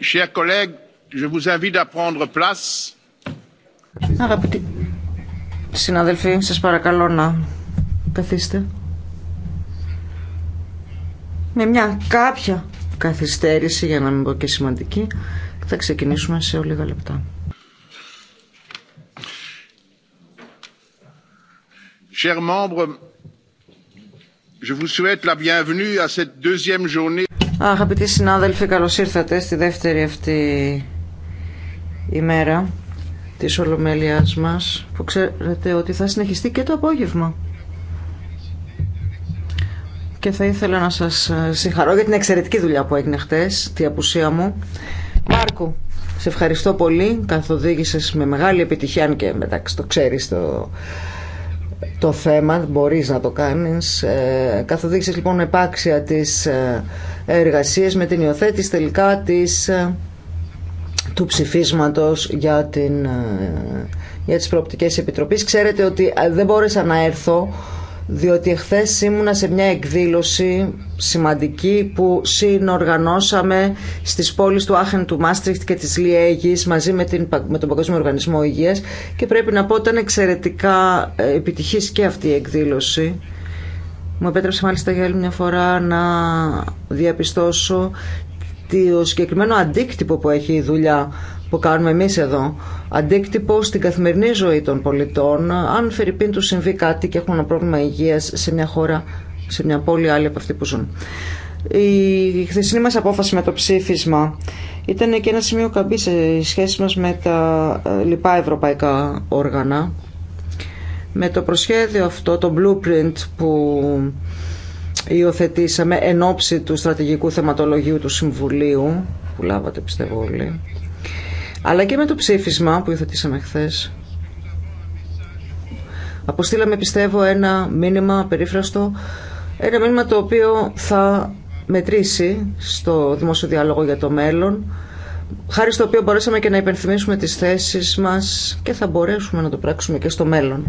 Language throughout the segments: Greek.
Chers collègues, je vous invite à prendre place. Αγαπητοί συναδελφοί, σας παρακαλώ να καθίστε. Με μια κάποια καθυστέρηση, για να μην πω και σημαντική, θα ξεκινήσουμε σε λίγα λεπτά. Chers membres, je vous souhaite la bienvenue à cette deuxième journée Αγαπητοί συνάδελφοι, καλώς ήρθατε στη δεύτερη αυτή ημέρα της Ολομέλειάς μας που ξέρετε ότι θα συνεχιστεί και το απόγευμα. Και θα ήθελα να σας ε, συγχαρώ για την εξαιρετική δουλειά που έγινε χτες, τη απουσία μου. Μάρκο, σε ευχαριστώ πολύ, καθοδήγησες με μεγάλη επιτυχία, αν και μεταξύ το ξέρεις το το θέμα, μπορείς να το κάνεις. Ε, καθοδήγησες λοιπόν επάξια της ε, εργασίες με την υιοθέτηση τελικά της, ε, του ψηφίσματος για, την, ε, για τις προοπτικές επιτροπής. Ξέρετε ότι δεν μπόρεσα να έρθω διότι εχθές ήμουνα σε μια εκδήλωση σημαντική που συνοργανώσαμε στις πόλεις του Άχεν, του Μάστριχτ και της Λιέγης μαζί με, την, με τον Παγκόσμιο Οργανισμό Υγείας και πρέπει να πω ότι ήταν εξαιρετικά ε, επιτυχής και αυτή η εκδήλωση. Μου επέτρεψε μάλιστα για άλλη μια φορά να διαπιστώσω το συγκεκριμένο αντίκτυπο που έχει η δουλειά που κάνουμε εμείς εδώ αντίκτυπο στην καθημερινή ζωή των πολιτών αν φερειπίν τους συμβεί κάτι και έχουν ένα πρόβλημα υγείας σε μια χώρα, σε μια πόλη άλλη από αυτή που ζουν. Η χθεσινή μας απόφαση με το ψήφισμα ήταν και ένα σημείο καμπή σε σχέση μας με τα ε, λοιπά ευρωπαϊκά όργανα. Με το προσχέδιο αυτό, το blueprint που υιοθετήσαμε εν ώψη του στρατηγικού θεματολογίου του Συμβουλίου, που λάβατε πιστεύω όλοι, αλλά και με το ψήφισμα που υιοθετήσαμε χθε. Αποστήλαμε, πιστεύω, ένα μήνυμα περίφραστο, ένα μήνυμα το οποίο θα μετρήσει στο δημόσιο διάλογο για το μέλλον, χάρη στο οποίο μπορέσαμε και να υπενθυμίσουμε τις θέσεις μας και θα μπορέσουμε να το πράξουμε και στο μέλλον.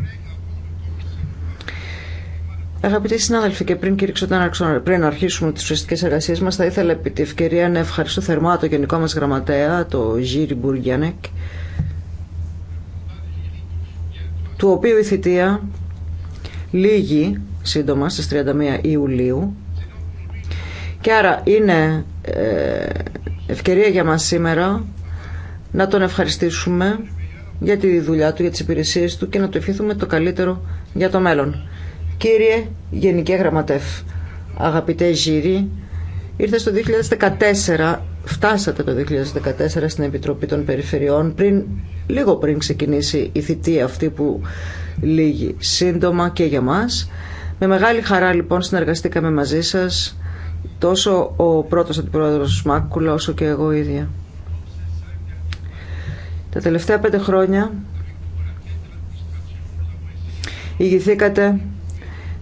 Αγαπητοί συνάδελφοι, και πριν κηρύξω πριν αρχίσουμε τι ουσιαστικέ εργασίε μα, θα ήθελα επί τη ευκαιρία να ευχαριστώ θερμά το γενικό μα γραμματέα, το Γύρι Μπουργιάνεκ, του οποίου η θητεία λύγει σύντομα στι 31 Ιουλίου. Και άρα είναι ε, ευκαιρία για μας σήμερα να τον ευχαριστήσουμε για τη δουλειά του, για τις υπηρεσίες του και να του ευχηθούμε το καλύτερο για το μέλλον. Κύριε Γενικέ Γραμματεύ, αγαπητέ Ζήρη, ήρθε στο 2014, φτάσατε το 2014 στην Επιτροπή των Περιφερειών, πριν, λίγο πριν ξεκινήσει η θητεία αυτή που λίγη σύντομα και για μας. Με μεγάλη χαρά λοιπόν συνεργαστήκαμε μαζί σας, τόσο ο πρώτος αντιπρόεδρος Μάκουλα όσο και εγώ ίδια. Τα τελευταία πέντε χρόνια ηγηθήκατε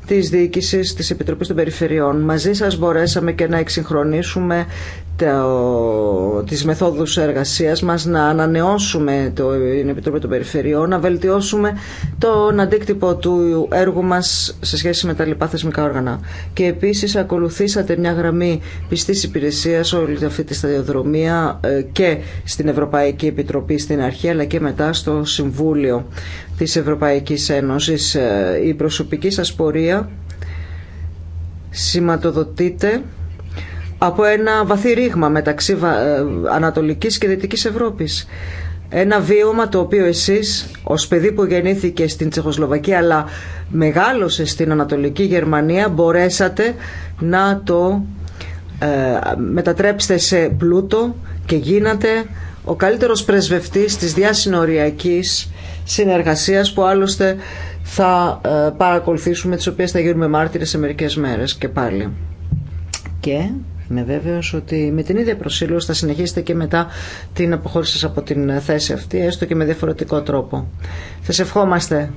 της Διοίκησης της Επιτροπής των Περιφερειών. Μαζί σας μπορέσαμε και να εξυγχρονίσουμε το, τις μεθόδους εργασίας μας, να ανανεώσουμε το, την Επιτροπή των Περιφερειών, να βελτιώσουμε τον αντίκτυπο του έργου μας σε σχέση με τα λοιπά θεσμικά όργανα. Και επίσης ακολουθήσατε μια γραμμή πιστής υπηρεσίας όλη αυτή τη σταδιοδρομία ε, και στην Ευρωπαϊκή Επιτροπή στην αρχή αλλά και μετά στο Συμβούλιο της Ευρωπαϊκής Ένωσης. Ε, η προσωπική σας πορεία σηματοδοτείται από ένα βαθύ ρήγμα μεταξύ ε, Ανατολικής και Δυτικής Ευρώπης. Ένα βίωμα το οποίο εσείς ως παιδί που γεννήθηκε στην Τσεχοσλοβακία αλλά μεγάλωσε στην Ανατολική Γερμανία μπορέσατε να το ε, μετατρέψετε σε πλούτο και γίνατε ο καλύτερος πρεσβευτής της διασυνοριακής συνεργασίας που άλλωστε θα ε, παρακολουθήσουμε τις οποίες θα γίνουμε μάρτυρες σε μερικές μέρες και πάλι. Και Είμαι βέβαιος ότι με την ίδια προσήλωση θα συνεχίσετε και μετά την αποχώρηση σας από την θέση αυτή, έστω και με διαφορετικό τρόπο. Σα ευχόμαστε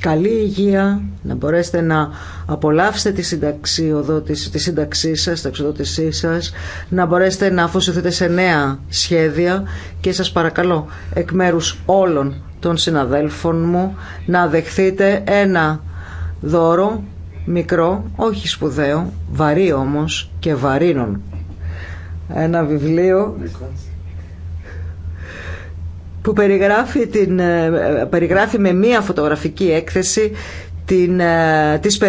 καλή υγεία, να μπορέσετε να απολαύσετε τη συνταξιοδότηση, τη σύνταξή σας, τη εξοδότησή σας, να μπορέσετε να αφοσιωθείτε σε νέα σχέδια και σας παρακαλώ εκ μέρους όλων των συναδέλφων μου να δεχθείτε ένα δώρο μικρό, όχι σπουδαίο, βαρύ όμως και βαρύνων. Ένα βιβλίο που περιγράφει, την, ε, περιγράφει με μία φωτογραφική έκθεση την, ε, τις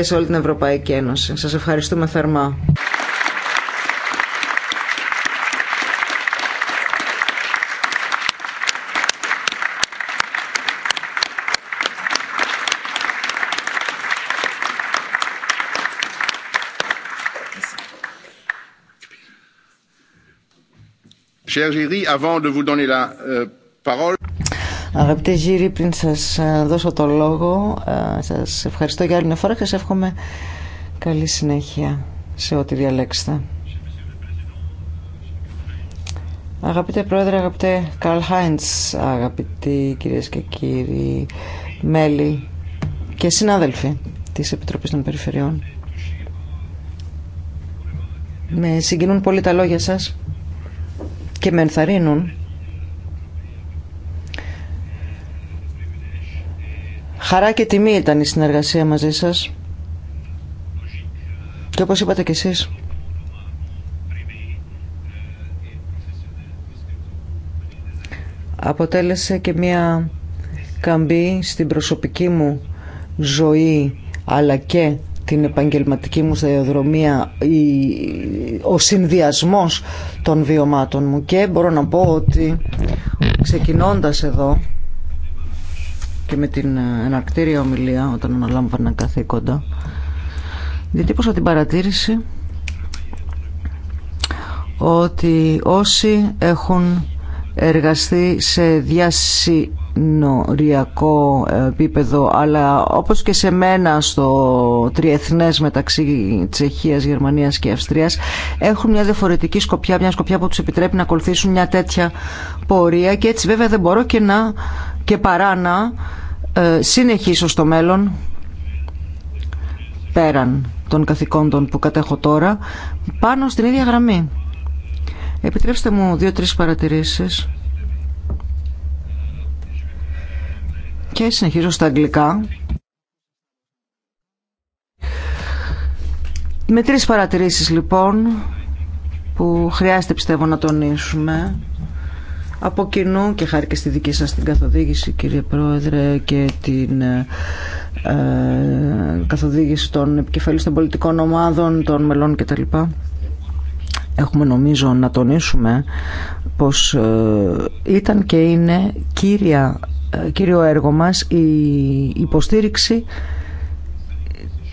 σε όλη την Ευρωπαϊκή Ένωση. Σας ευχαριστούμε θερμά. Euh, αγαπητέ Γύρι, πριν σας ε, δώσω το λόγο, ε, σας ευχαριστώ για άλλη μια φορά και σας εύχομαι καλή συνέχεια σε ό,τι διαλέξετε. Αγαπητέ Πρόεδρε, αγαπητέ Καρλ Χάιντς, αγαπητοί κυρίες και κύριοι μέλη και συνάδελφοι της Επιτροπής των Περιφερειών, με συγκινούν πολύ τα λόγια σας και με ενθαρρύνουν Χαρά και τιμή ήταν η συνεργασία μαζί σας και όπως είπατε κι εσείς αποτέλεσε και μια καμπή στην προσωπική μου ζωή αλλά και την επαγγελματική μου σταδιοδρομία ο συνδυασμός των βιωμάτων μου και μπορώ να πω ότι ξεκινώντας εδώ και με την ε, εναρκτήρια ομιλία όταν αναλάμβανα καθήκοντα διατύπωσα την παρατήρηση ότι όσοι έχουν εργαστεί σε διασυνοριακό επίπεδο αλλά όπως και σε μένα στο τριεθνές μεταξύ Τσεχίας, Γερμανίας και Αυστρίας έχουν μια διαφορετική σκοπιά, μια σκοπιά που τους επιτρέπει να ακολουθήσουν μια τέτοια πορεία και έτσι βέβαια δεν μπορώ και, να, και παρά να ε, συνεχίσω στο μέλλον πέραν των καθηκόντων που κατέχω τώρα πάνω στην ίδια γραμμή. Επιτρέψτε μου δύο-τρεις παρατηρήσεις και συνεχίζω στα αγγλικά. Με τρεις παρατηρήσεις λοιπόν που χρειάζεται πιστεύω να τονίσουμε από κοινού και χάρη και στη δική σας την καθοδήγηση κύριε Πρόεδρε και την ε, καθοδήγηση των επικεφαλής των πολιτικών ομάδων, των μελών κτλ έχουμε νομίζω να τονίσουμε πως ε, ήταν και είναι κύρια, ε, κύριο έργο μας η υποστήριξη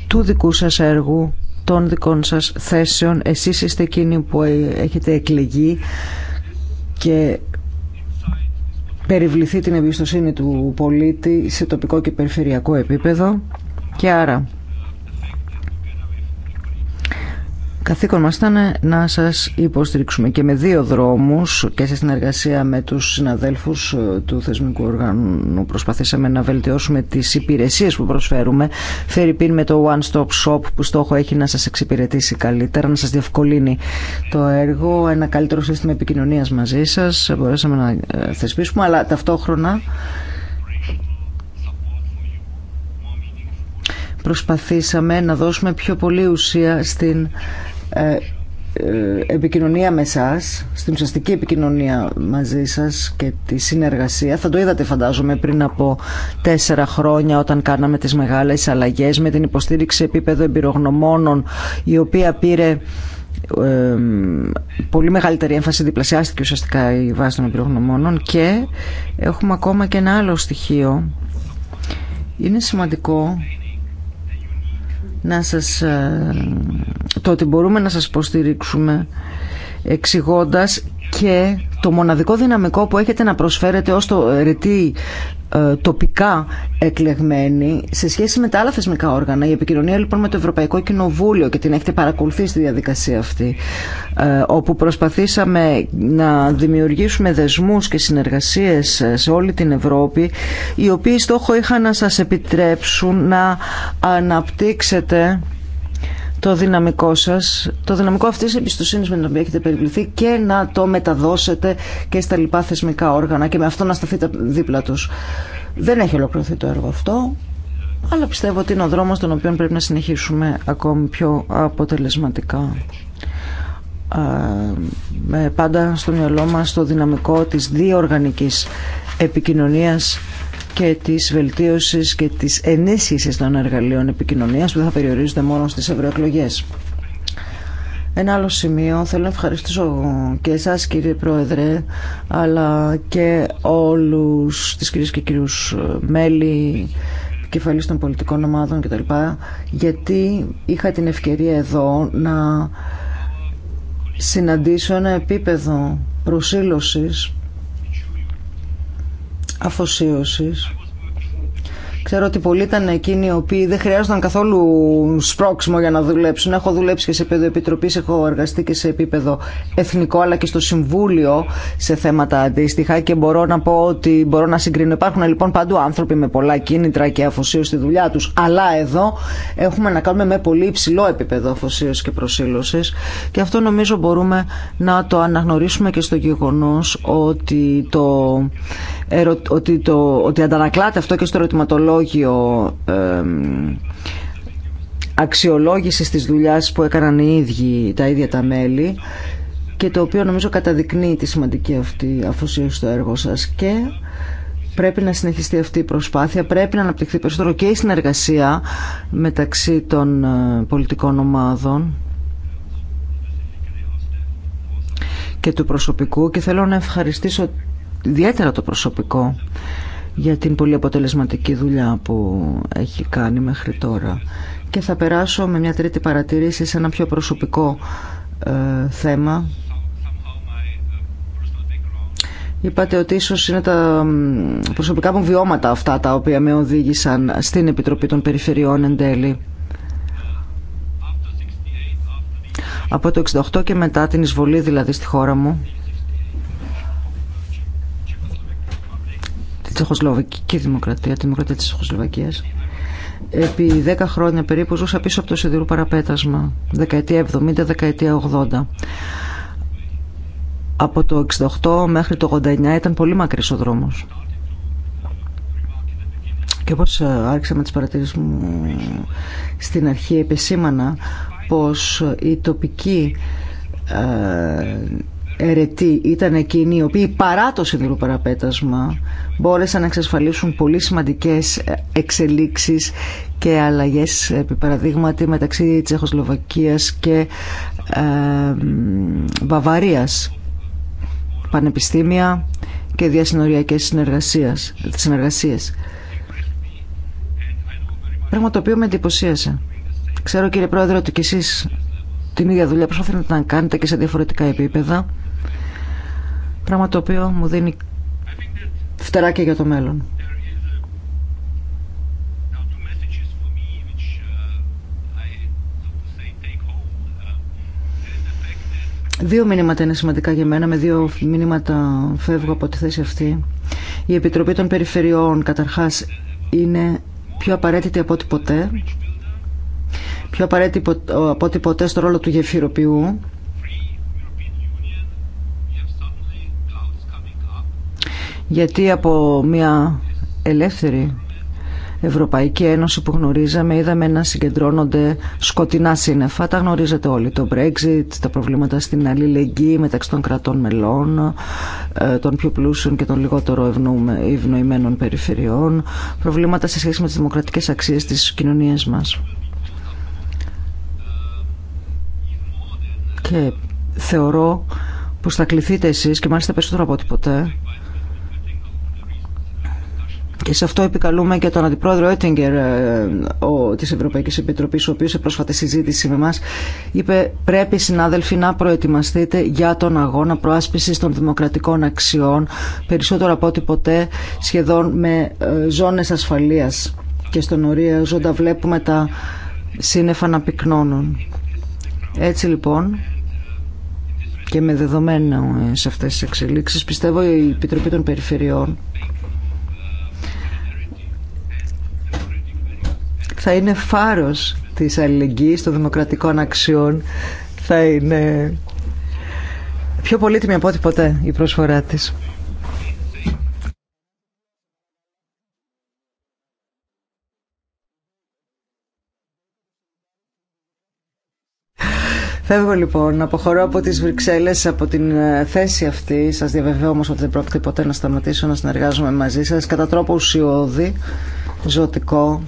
του δικού σας έργου, των δικών σας θέσεων. Εσείς είστε εκείνοι που ε, έχετε εκλεγεί και περιβληθεί την εμπιστοσύνη του πολίτη σε τοπικό και περιφερειακό επίπεδο και άρα καθήκον μας ήταν να σας υποστηρίξουμε και με δύο δρόμους και σε συνεργασία με τους συναδέλφους ε, του θεσμικού οργάνου προσπαθήσαμε να βελτιώσουμε τις υπηρεσίες που προσφέρουμε φέρει πίν με το One Stop Shop που στόχο έχει να σας εξυπηρετήσει καλύτερα να σας διευκολύνει το έργο ένα καλύτερο σύστημα επικοινωνίας μαζί σας μπορέσαμε να ε, θεσπίσουμε αλλά ταυτόχρονα προσπαθήσαμε να δώσουμε πιο πολύ ουσία στην ε, ε, επικοινωνία με εσά, στην ουσιαστική επικοινωνία μαζί σας και τη συνεργασία. Θα το είδατε φαντάζομαι πριν από τέσσερα χρόνια όταν κάναμε τις μεγάλες αλλαγές με την υποστήριξη επίπεδο εμπειρογνωμόνων η οποία πήρε πολύ μεγαλύτερη έμφαση διπλασιάστηκε ουσιαστικά η βάση των εμπειρογνωμόνων και έχουμε ακόμα και ένα άλλο στοιχείο. Είναι σημαντικό να σας, ε, το ότι μπορούμε να σας υποστηρίξουμε εξηγώντα και το μοναδικό δυναμικό που έχετε να προσφέρετε ως το ρητή ε, τοπικά εκλεγμένη σε σχέση με τα άλλα θεσμικά όργανα. Η επικοινωνία λοιπόν με το Ευρωπαϊκό Κοινοβούλιο και την έχετε παρακολουθεί στη διαδικασία αυτή ε, όπου προσπαθήσαμε να δημιουργήσουμε δεσμούς και συνεργασίες ε, σε όλη την Ευρώπη οι οποίοι στόχο είχαν να σας επιτρέψουν να αναπτύξετε το δυναμικό σας, το δυναμικό αυτής της εμπιστοσύνης με την οποία έχετε περιβληθεί και να το μεταδώσετε και στα λοιπά θεσμικά όργανα και με αυτό να σταθείτε δίπλα τους. Δεν έχει ολοκληρωθεί το έργο αυτό, αλλά πιστεύω ότι είναι ο δρόμος τον οποίο πρέπει να συνεχίσουμε ακόμη πιο αποτελεσματικά. Ε, πάντα στο μυαλό μας το δυναμικό της διοργανικής επικοινωνίας και της βελτίωσης και της ενίσχυση των εργαλείων επικοινωνίας που δεν θα περιορίζονται μόνο στι ευρωεκλογέ. Ένα άλλο σημείο, θέλω να ευχαριστήσω και εσάς κύριε Πρόεδρε, αλλά και όλους τις κυρίες και κυρίους ε, μέλη κεφαλής των πολιτικών ομάδων κτλ. Γιατί είχα την ευκαιρία εδώ να συναντήσω ένα επίπεδο προσήλωσης αφοσίωσης. Ξέρω ότι πολλοί ήταν εκείνοι οι οποίοι δεν χρειάζονταν καθόλου σπρόξιμο για να δουλέψουν. Έχω δουλέψει και σε επίπεδο επιτροπή, έχω εργαστεί και σε επίπεδο εθνικό, αλλά και στο Συμβούλιο σε θέματα αντίστοιχα και μπορώ να πω ότι μπορώ να συγκρίνω. Υπάρχουν λοιπόν παντού άνθρωποι με πολλά κίνητρα και αφοσίωση στη δουλειά του, αλλά εδώ έχουμε να κάνουμε με πολύ υψηλό επίπεδο αφοσίωση και προσήλωση και αυτό νομίζω μπορούμε να το αναγνωρίσουμε και στο γεγονό ότι το ότι, το, ότι αντανακλάται αυτό και στο ερωτηματολόγιο ε, αξιολόγησης της δουλειάς που έκαναν οι ίδιοι, τα ίδια τα μέλη και το οποίο νομίζω καταδεικνύει τη σημαντική αυτή αφοσίωση στο έργο σας και πρέπει να συνεχιστεί αυτή η προσπάθεια, πρέπει να αναπτυχθεί περισσότερο και η συνεργασία μεταξύ των ε, πολιτικών ομάδων και του προσωπικού και θέλω να ευχαριστήσω ιδιαίτερα το προσωπικό για την πολύ αποτελεσματική δουλειά που έχει κάνει μέχρι τώρα. Και θα περάσω με μια τρίτη παρατήρηση σε ένα πιο προσωπικό ε, θέμα. Είπατε ότι ίσως είναι τα προσωπικά μου βιώματα αυτά τα οποία με οδήγησαν στην Επιτροπή των Περιφερειών εν τέλει. Από το 68 και μετά την εισβολή δηλαδή στη χώρα μου Τσεχοσλοβακική Δημοκρατία, τη Δημοκρατία της Τσεχοσλοβακία. Επί 10 χρόνια περίπου ζούσα πίσω από το σιδηρού παραπέτασμα, δεκαετία 70, δεκαετία 80. Από το 68 μέχρι το 89 ήταν πολύ μακρύς ο δρόμος. Και όπως ε, άρχισα με τις παρατηρήσεις μου στην αρχή επισήμανα πως η τοπική ε, ήταν εκείνοι οι οποίοι παρά το σιδηρό παραπέτασμα μπόρεσαν να εξασφαλίσουν πολύ σημαντικές εξελίξεις και αλλαγές επί παραδείγματι μεταξύ Τσεχοσλοβακίας και ε, Βαβαρίας πανεπιστήμια και διασυνοριακές συνεργασίες, συνεργασίες. Πράγμα το οποίο με εντυπωσίασε. Ξέρω κύριε Πρόεδρε ότι κι εσείς την ίδια δουλειά προσπαθείτε να κάνετε και σε διαφορετικά επίπεδα Πράγμα το οποίο μου δίνει φτεράκια για το μέλλον. Δύο μηνύματα είναι σημαντικά για μένα, με δύο μηνύματα φεύγω από τη θέση αυτή. Η Επιτροπή των Περιφερειών καταρχάς είναι πιο απαραίτητη από ό,τι ποτέ, πιο απαραίτητη από ό,τι ποτέ στο ρόλο του γεφυροποιού γιατί από μια ελεύθερη Ευρωπαϊκή Ένωση που γνωρίζαμε είδαμε να συγκεντρώνονται σκοτεινά σύννεφα. Τα γνωρίζετε όλοι. Το Brexit, τα προβλήματα στην αλληλεγγύη μεταξύ των κρατών μελών, ε, των πιο πλούσιων και των λιγότερο ευνοημένων περιφερειών, προβλήματα σε σχέση με τις δημοκρατικές αξίες της κοινωνίας μας. Και θεωρώ πως θα κληθείτε εσείς και μάλιστα περισσότερο από ό,τι ποτέ και σε αυτό επικαλούμε και τον Αντιπρόεδρο Έτιγκερ τη Ευρωπαϊκή Επιτροπή, ο οποίο σε πρόσφατη συζήτηση με εμά είπε: Πρέπει, συνάδελφοι, να προετοιμαστείτε για τον αγώνα προάσπιση των δημοκρατικών αξιών περισσότερο από ό,τι ποτέ, σχεδόν με ε, ζώνε ασφαλεία. Και στον ζώντα βλέπουμε τα σύννεφα να πυκνώνουν. Έτσι λοιπόν, και με δεδομένα σε αυτές τις εξελίξεις, πιστεύω η Επιτροπή των Περιφερειών θα είναι φάρος της αλληλεγγύης των δημοκρατικών αξιών θα είναι πιο πολύτιμη από ό,τι ποτέ η προσφορά της. Φεύγω λοιπόν, αποχωρώ από τις Βρυξέλλες, από την ε, θέση αυτή. Σας διαβεβαιώ όμως ότι δεν πρόκειται ποτέ να σταματήσω να συνεργάζομαι μαζί σας κατά τρόπο ουσιώδη, ζωτικό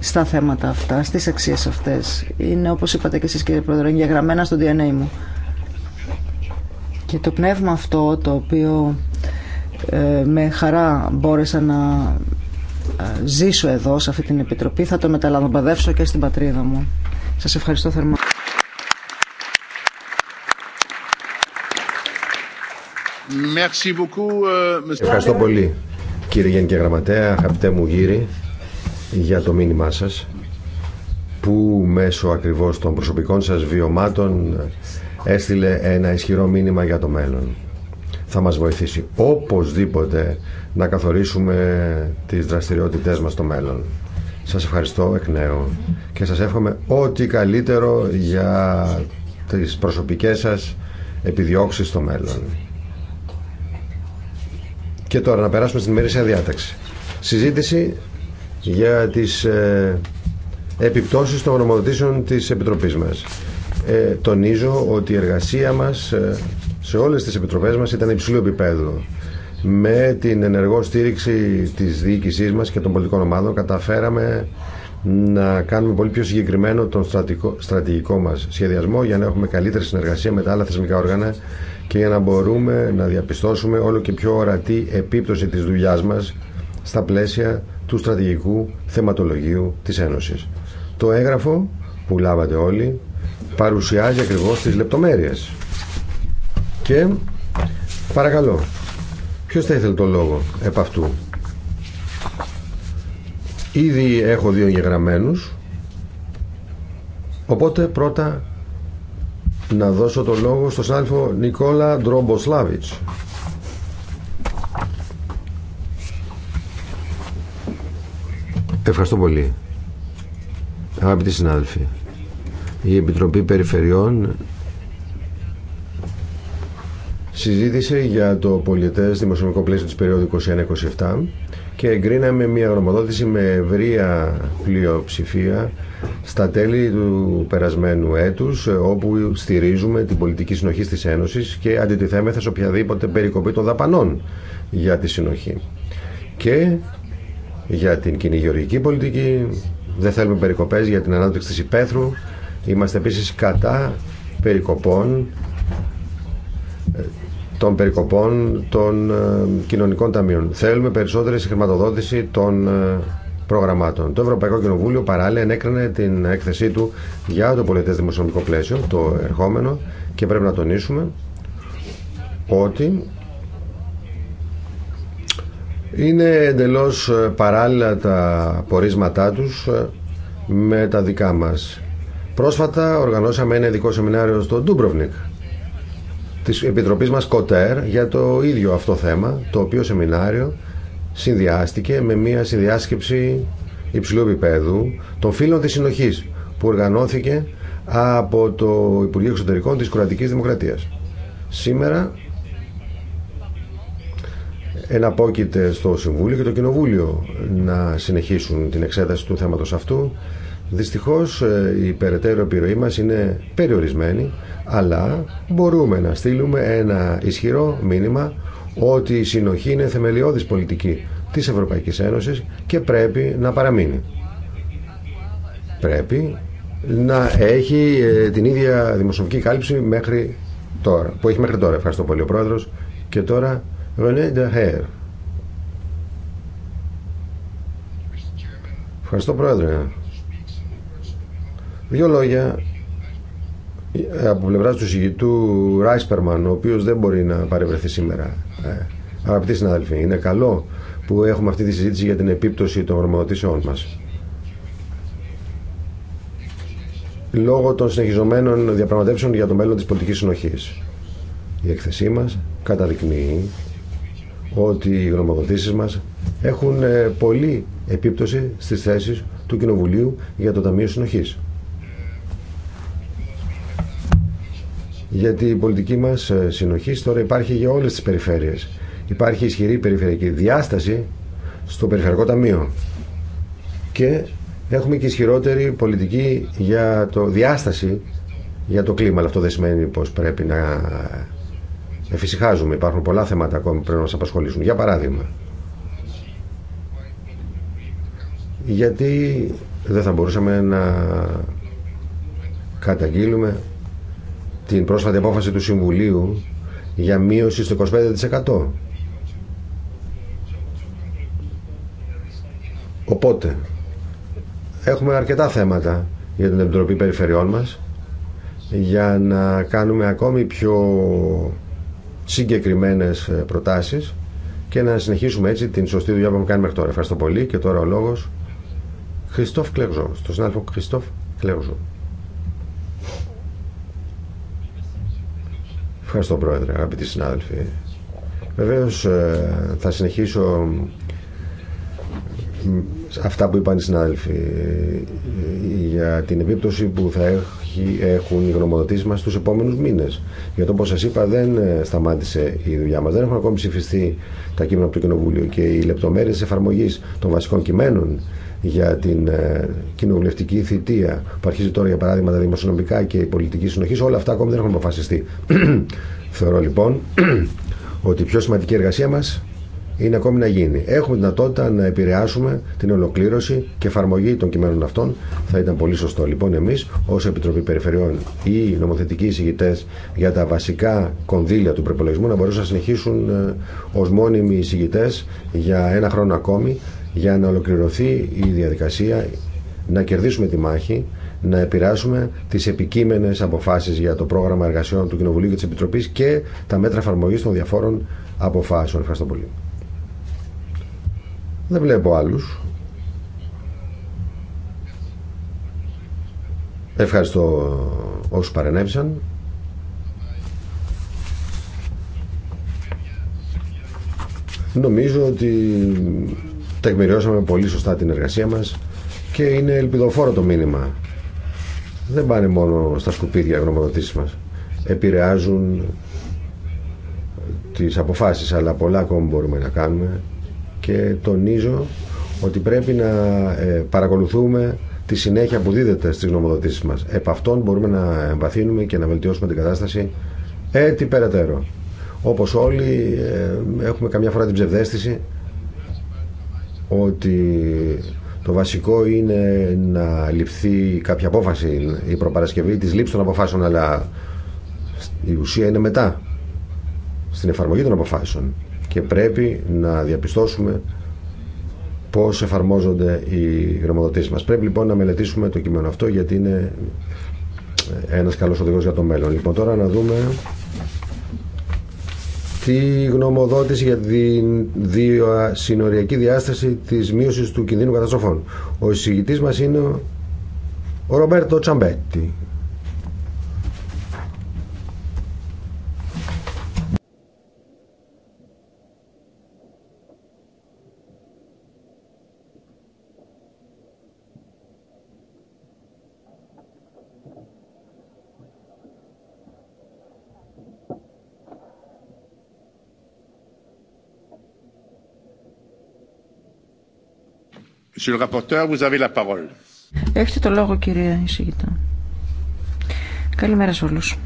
στα θέματα αυτά, στις αξίες αυτές. Είναι όπως είπατε και εσείς κύριε Πρόεδρε, εγγεγραμμένα στο DNA μου. Και το πνεύμα αυτό το οποίο ε, με χαρά μπόρεσα να ε, ζήσω εδώ σε αυτή την επιτροπή θα το μεταλαμπαδεύσω και στην πατρίδα μου. Σας ευχαριστώ θερμά. Ε, ευχαριστώ πολύ κύριε Γενική Γραμματέα, αγαπητέ μου γύρι για το μήνυμά σας που μέσω ακριβώς των προσωπικών σας βιωμάτων έστειλε ένα ισχυρό μήνυμα για το μέλλον. Θα μας βοηθήσει οπωσδήποτε να καθορίσουμε τις δραστηριότητές μας στο μέλλον. Σας ευχαριστώ εκ νέου και σας εύχομαι ό,τι καλύτερο για τις προσωπικές σας επιδιώξεις στο μέλλον. Και τώρα να περάσουμε στην ημερήσια διάταξη. Συζήτηση για τις ε, επιπτώσεις των γνωμοδοτήσεων της Επιτροπής μας. Ε, τονίζω ότι η εργασία μας ε, σε όλες τις επιτροπές μας ήταν υψηλού επίπεδου. Με την ενεργό στήριξη της διοίκησής μας και των πολιτικών ομάδων καταφέραμε να κάνουμε πολύ πιο συγκεκριμένο τον στρατηγικό μας σχεδιασμό για να έχουμε καλύτερη συνεργασία με τα άλλα θεσμικά όργανα και για να μπορούμε να διαπιστώσουμε όλο και πιο ορατή επίπτωση της δουλειάς μας στα πλαίσια του στρατηγικού θεματολογίου της Ένωσης. Το έγγραφο που λάβατε όλοι παρουσιάζει ακριβώ τις λεπτομέρειες. Και παρακαλώ, ποιο θα ήθελε το λόγο επ' αυτού. Ήδη έχω δύο εγγεγραμμένου. οπότε πρώτα να δώσω το λόγο στον συνάδελφο Νικόλα Ντρομποσλάβιτς. Ευχαριστώ πολύ. Αγαπητοί συνάδελφοι, η Επιτροπή Περιφερειών συζήτησε για το πολιτές δημοσιονομικό πλαίσιο της περίοδου 21-27 και εγκρίναμε μια γνωμοδότηση με ευρεία πλειοψηφία στα τέλη του περασμένου έτους όπου στηρίζουμε την πολιτική συνοχή της Ένωσης και αντιτιθέμεθα σε οποιαδήποτε περικοπή των δαπανών για τη συνοχή. Και για την κοινή πολιτική, δεν θέλουμε περικοπές για την ανάπτυξη της υπαίθρου, είμαστε επίσης κατά περικοπών των περικοπών των ε, κοινωνικών ταμείων. Θέλουμε περισσότερη χρηματοδότηση των ε, προγραμμάτων. Το Ευρωπαϊκό Κοινοβούλιο παράλληλα ενέκρινε την έκθεσή του για το πολιτές δημοσιονομικό πλαίσιο, το ερχόμενο, και πρέπει να τονίσουμε ότι είναι εντελώς ε, παράλληλα τα πορίσματά τους ε, με τα δικά μας. Πρόσφατα οργανώσαμε ένα ειδικό σεμινάριο στο Ντούμπροβνικ της Επιτροπής μας Κοτέρ για το ίδιο αυτό θέμα, το οποίο σεμινάριο συνδυάστηκε με μια συνδιάσκεψη υψηλού επίπεδου των φίλων της συνοχής που οργανώθηκε από το Υπουργείο Εξωτερικών της Κροατικής Δημοκρατίας. Σήμερα εναπόκειται στο Συμβούλιο και το Κοινοβούλιο να συνεχίσουν την εξέταση του θέματος αυτού. Δυστυχώς ε, η περαιτέρω επιρροή μας είναι περιορισμένη, αλλά μπορούμε να στείλουμε ένα ισχυρό μήνυμα ότι η συνοχή είναι θεμελιώδης πολιτική της Ευρωπαϊκής Ένωσης και πρέπει να παραμείνει. Πρέπει να έχει ε, την ίδια δημοσιοφική κάλυψη μέχρι τώρα, που έχει μέχρι τώρα. Ευχαριστώ πολύ ο Πρόεδρος. Και τώρα Ευχαριστώ Πρόεδρε. Δύο λόγια ε, από πλευρά του συγητού Ράισπερμαν, ο οποίος δεν μπορεί να παρευρεθεί σήμερα. Ε, αγαπητοί συνάδελφοι, είναι καλό που έχουμε αυτή τη συζήτηση για την επίπτωση των ορμοδοτήσεών μας. Λόγω των συνεχιζομένων διαπραγματεύσεων για το μέλλον της πολιτικής συνοχής. Η έκθεσή μας καταδεικνύει ότι οι γνωμοδοτήσεις μας έχουν ε, πολλή επίπτωση στις θέσεις του Κοινοβουλίου για το Ταμείο Συνοχής. Γιατί η πολιτική μας ε, συνοχής τώρα υπάρχει για όλες τις περιφέρειες. Υπάρχει ισχυρή περιφερειακή διάσταση στο Περιφερειακό Ταμείο. Και έχουμε και ισχυρότερη πολιτική για το διάσταση για το κλίμα. Αλλά αυτό δεν σημαίνει πως πρέπει να Εφησυχάζουμε. Υπάρχουν πολλά θέματα ακόμη που πρέπει να μα απασχολήσουν. Για παράδειγμα, γιατί δεν θα μπορούσαμε να καταγγείλουμε την πρόσφατη απόφαση του Συμβουλίου για μείωση στο 25%. Οπότε, έχουμε αρκετά θέματα για την Επιτροπή Περιφερειών μας για να κάνουμε ακόμη πιο συγκεκριμένες ε, προτάσεις και να συνεχίσουμε έτσι την σωστή δουλειά που έχουμε κάνει μέχρι τώρα. Ευχαριστώ πολύ και τώρα ο λόγος Χριστόφ Κλέγζο, στον συνάδελφο Χριστόφ Κλέγζο. Ευχαριστώ Πρόεδρε, αγαπητοί συνάδελφοι. Βεβαίως ε, θα συνεχίσω αυτά που είπαν οι συνάδελφοι ε, ε, για την επίπτωση που θα έχει, έχουν οι γνωμοδοτήσεις μας στους επόμενους μήνες. Γιατί όπω σα είπα δεν ε, σταμάτησε η δουλειά μα. Δεν έχουν ακόμη ψηφιστεί τα κείμενα από το Κοινοβούλιο και οι λεπτομέρειε εφαρμογή των βασικών κειμένων για την κοινοβουλευτική θητεία που αρχίζει τώρα για παράδειγμα τα δημοσιονομικά και η πολιτική συνοχή, όλα αυτά ακόμη δεν έχουν αποφασιστεί. Θεωρώ λοιπόν ότι η πιο σημαντική εργασία μα είναι ακόμη να γίνει. Έχουμε δυνατότητα να επηρεάσουμε την ολοκλήρωση και εφαρμογή των κειμένων αυτών. Θα ήταν πολύ σωστό λοιπόν εμεί ω Επιτροπή Περιφερειών ή νομοθετικοί εισηγητέ για τα βασικά κονδύλια του προπολογισμού να μπορούσαν να συνεχίσουν ε, ω μόνιμοι εισηγητέ για ένα χρόνο ακόμη για να ολοκληρωθεί η διαδικασία, να κερδίσουμε τη μάχη να επηρεάσουμε τις επικείμενες αποφάσεις για το πρόγραμμα εργασιών του Κοινοβουλίου και τη Επιτροπή και τα μέτρα εφαρμογή των διαφόρων αποφάσεων. Ευχαριστώ πολύ. Δεν βλέπω άλλους. Ευχαριστώ όσους παρενέβησαν. Νομίζω ότι τεκμηριώσαμε πολύ σωστά την εργασία μας και είναι ελπιδοφόρο το μήνυμα. Δεν πάνε μόνο στα σκουπίδια οι γνωμοδοτήσεις μας. Επηρεάζουν τις αποφάσεις, αλλά πολλά ακόμα μπορούμε να κάνουμε και τονίζω ότι πρέπει να ε, παρακολουθούμε τη συνέχεια που δίδεται στις νομοδοτήσεις μας. Επ' αυτών μπορούμε να εμβαθύνουμε και να βελτιώσουμε την κατάσταση έτσι περαιτέρω. Όπως όλοι ε, έχουμε καμιά φορά την ψευδέστηση ότι το βασικό είναι να ληφθεί κάποια απόφαση η προπαρασκευή της λήψης των αποφάσεων αλλά η ουσία είναι μετά στην εφαρμογή των αποφάσεων και πρέπει να διαπιστώσουμε πώς εφαρμόζονται οι γνωμοδοτήσεις μας. Πρέπει λοιπόν να μελετήσουμε το κείμενο αυτό γιατί είναι ένας καλός οδηγός για το μέλλον. Λοιπόν τώρα να δούμε τη γνωμοδότηση για τη συνοριακή διάσταση της μείωσης του κινδύνου καταστροφών. Ο εισηγητής μας είναι ο Ρομπέρτο Τσαμπέτη. Έχετε το λόγο, κύριε εισηγητή. Καλημέρα σε όλους.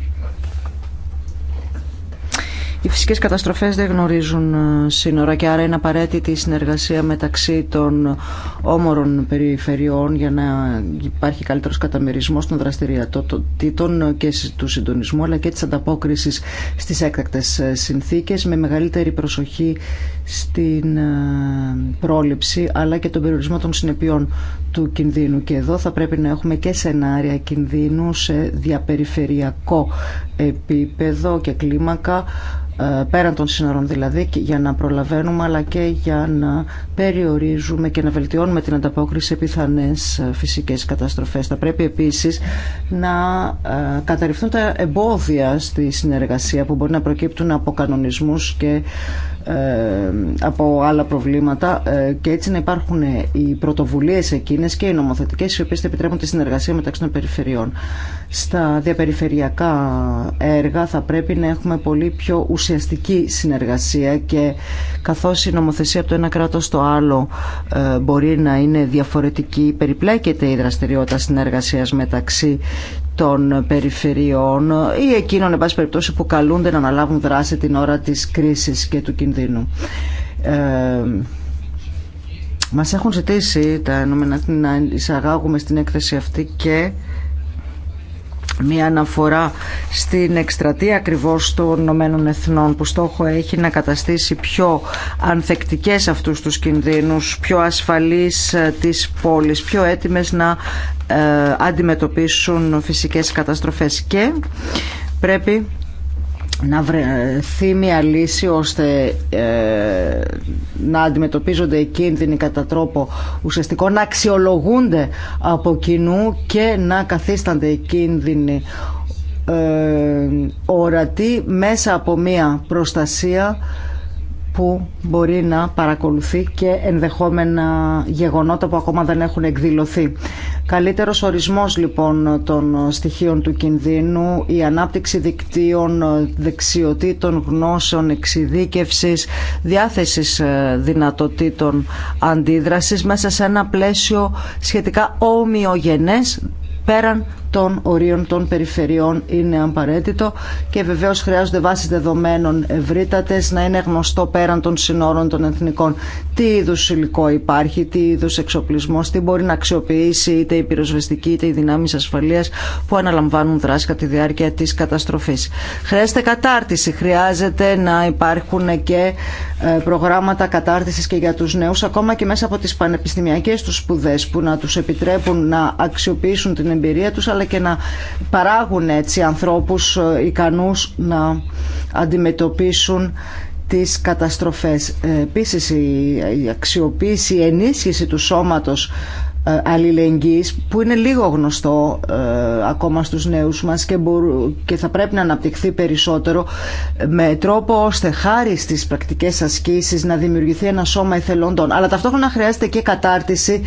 Οι φυσικές καταστροφές δεν γνωρίζουν ε, σύνορα και άρα είναι απαραίτητη η συνεργασία μεταξύ των όμορων περιφερειών για να υπάρχει καλύτερος καταμερισμός των δραστηριοτήτων και του συντονισμού αλλά και της ανταπόκρισης στις έκτακτες ε, συνθήκες με μεγαλύτερη προσοχή στην ε, πρόληψη αλλά και τον περιορισμό των συνεπειών του κινδύνου και εδώ θα πρέπει να έχουμε και σενάρια κινδύνου σε διαπεριφερειακό επίπεδο και κλίμακα ε, πέραν των σύνορων δηλαδή για να προλαβαίνουμε αλλά και για να περιορίζουμε και να βελτιώνουμε την ανταπόκριση σε πιθανές ε, φυσικές καταστροφές. Θα πρέπει επίσης να ε, καταρριφθούν τα εμπόδια στη συνεργασία που μπορεί να προκύπτουν από κανονισμούς και ε, από άλλα προβλήματα ε, και έτσι να υπάρχουν οι πρωτοβουλίες εκείνες και οι νομοθετικές οι οποίες επιτρέπουν τη συνεργασία μεταξύ των περιφερειών. Στα διαπεριφερειακά έργα θα πρέπει να έχουμε πολύ πιο ουσιαστική συνεργασία και καθώς η νομοθεσία από το ένα κράτος στο άλλο ε, μπορεί να είναι διαφορετική περιπλέκεται η δραστηριότητα συνεργασίας μεταξύ των περιφερειών ή εκείνων, εν πάση περιπτώσει, που καλούνται να αναλάβουν δράση την ώρα της κρίσης και του κινδύνου. Ε, μας έχουν ζητήσει τα ενωμένα να εισαγάγουμε στην έκθεση αυτή και μια αναφορά στην εκστρατεία ακριβώς των Ηνωμένων Εθνών που στόχο έχει να καταστήσει πιο ανθεκτικές αυτούς τους κινδύνους, πιο ασφαλείς ε, τις πόλεις, πιο έτοιμες να ε, αντιμετωπίσουν φυσικές καταστροφές και πρέπει να βρεθεί μια λύση ώστε ε, να αντιμετωπίζονται οι κίνδυνοι κατά τρόπο ουσιαστικό, να αξιολογούνται από κοινού και να καθίστανται οι κίνδυνοι ε, ορατοί μέσα από μια προστασία που μπορεί να παρακολουθεί και ενδεχόμενα γεγονότα που ακόμα δεν έχουν εκδηλωθεί. Καλύτερος ορισμός λοιπόν των στοιχείων του κινδύνου, η ανάπτυξη δικτύων, δεξιοτήτων, γνώσεων, εξειδίκευσης, διάθεσης ε, δυνατοτήτων αντίδρασης μέσα σε ένα πλαίσιο σχετικά ομοιογενές πέραν των ορίων των περιφερειών είναι απαραίτητο και βεβαίως χρειάζονται βάσει δεδομένων ευρύτατες να είναι γνωστό πέραν των συνόρων των εθνικών τι είδου υλικό υπάρχει, τι είδου εξοπλισμό, τι μπορεί να αξιοποιήσει είτε η πυροσβεστική είτε οι δυνάμει ασφαλεία που αναλαμβάνουν δράση κατά τη διάρκεια τη καταστροφή. Χρειάζεται κατάρτιση, χρειάζεται να υπάρχουν και ε, προγράμματα κατάρτιση και για του νέου, ακόμα και μέσα από τι πανεπιστημιακέ του σπουδέ που να του επιτρέπουν να αξιοποιήσουν την εμπειρία τους αλλά και να παράγουν έτσι ανθρώπους ε, ικανούς να αντιμετωπίσουν τις καταστροφές. Ε, επίσης η αξιοποίηση, η ενίσχυση του σώματος ε, αλληλεγγύης που είναι λίγο γνωστό ε, ακόμα στους νέους μας και, μπορού, και θα πρέπει να αναπτυχθεί περισσότερο με τρόπο ώστε χάρη στις πρακτικές ασκήσεις να δημιουργηθεί ένα σώμα εθελοντών. Αλλά ταυτόχρονα χρειάζεται και κατάρτιση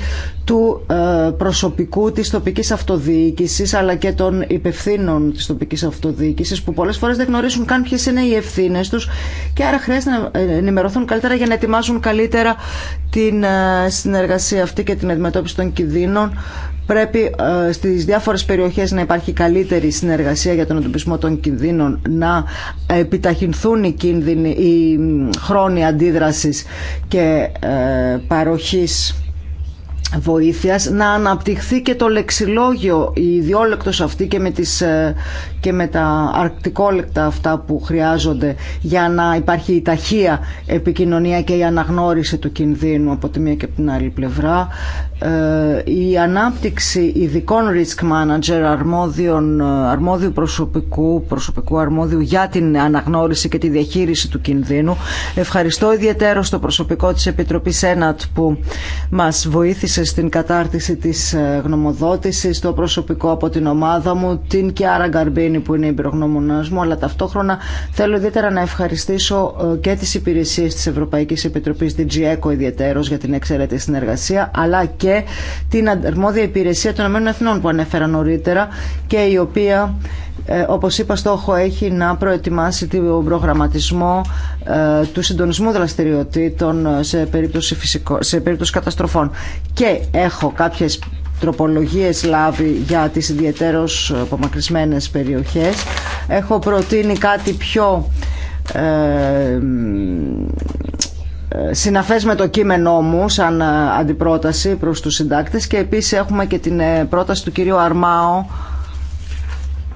του ε, προσωπικού της τοπικής αυτοδιοίκησης αλλά και των υπευθύνων της τοπικής αυτοδιοίκησης που πολλές φορές δεν γνωρίζουν καν ποιες είναι οι ευθύνε τους και άρα χρειάζεται να ενημερωθούν καλύτερα για να ετοιμάζουν καλύτερα την συνεργασία αυτή και την αντιμετώπιση των των κινδύνων. Πρέπει ε, στις διάφορες περιοχές να υπάρχει καλύτερη συνεργασία για τον εντοπισμό των κινδύνων, να επιταχυνθούν οι, κίνδυνοι, οι χρόνοι αντίδρασης και ε, παροχής βοήθειας να αναπτυχθεί και το λεξιλόγιο η ιδιόλεκτος αυτή και με, τις, ε, και με τα αρκτικόλεκτα αυτά που χρειάζονται για να υπάρχει η ταχεία επικοινωνία και η αναγνώριση του κινδύνου από τη μία και από την άλλη πλευρά ε, η ανάπτυξη ειδικών risk manager αρμόδιων, ε, αρμόδιου προσωπικού, προσωπικού αρμόδιου για την αναγνώριση και τη διαχείριση του κινδύνου. Ευχαριστώ ιδιαίτερο στο προσωπικό της Επιτροπής ΕΝΑΤ που μας βοήθησε στην κατάρτιση της ε, γνωμοδότησης, το προσωπικό από την ομάδα μου, την Κιάρα Γκαρμπίνη που είναι η πυρογνώμονας μου, αλλά ταυτόχρονα θέλω ιδιαίτερα να ευχαριστήσω ε, και τις υπηρεσίες της Ευρωπαϊκής Επιτροπής, την Τζιέκο e ιδιαίτερος για την εξαιρετική συνεργασία, αλλά και την αρμόδια υπηρεσία των ΗΕ που ανέφερα νωρίτερα και η οποία ε, όπως είπα στόχο έχει να προετοιμάσει τον προγραμματισμό ε, του συντονισμού δραστηριοτήτων ε, σε περίπτωση, φυσικό, σε περίπτωση καταστροφών. Και έχω κάποιες τροπολογίες λάβει για τις ιδιαίτερως απομακρυσμένες περιοχές. Έχω προτείνει κάτι πιο ε, συναφές με το κείμενό μου σαν αντιπρόταση προς τους συντάκτες και επίσης έχουμε και την πρόταση του κυρίου Αρμάου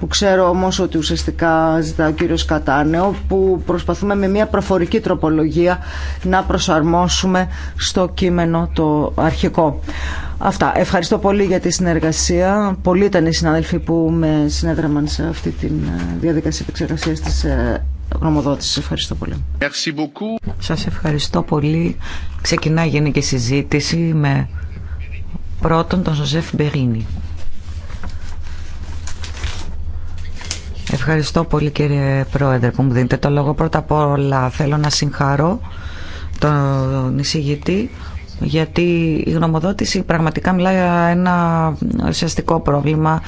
που ξέρω όμως ότι ουσιαστικά ζητά ο κύριος Κατάνεο που προσπαθούμε με μια προφορική τροπολογία να προσαρμόσουμε στο κείμενο το αρχικό. Αυτά. Ευχαριστώ πολύ για τη συνεργασία. Πολλοί ήταν οι συνάδελφοι που με συνέδραμαν σε αυτή τη διαδικασία επεξεργασία της ε, γνωμοδότησης. Ευχαριστώ πολύ. Σας ευχαριστώ πολύ. Ξεκινάει η συζήτηση με πρώτον τον Ζωζεφ Μπερίνη. Ευχαριστώ πολύ κύριε Πρόεδρε που μου δίνετε το λόγο. Πρώτα απ' όλα θέλω να συγχαρώ τον εισηγητή γιατί η γνωμοδότηση πραγματικά μιλάει για ένα ουσιαστικό πρόβλημα.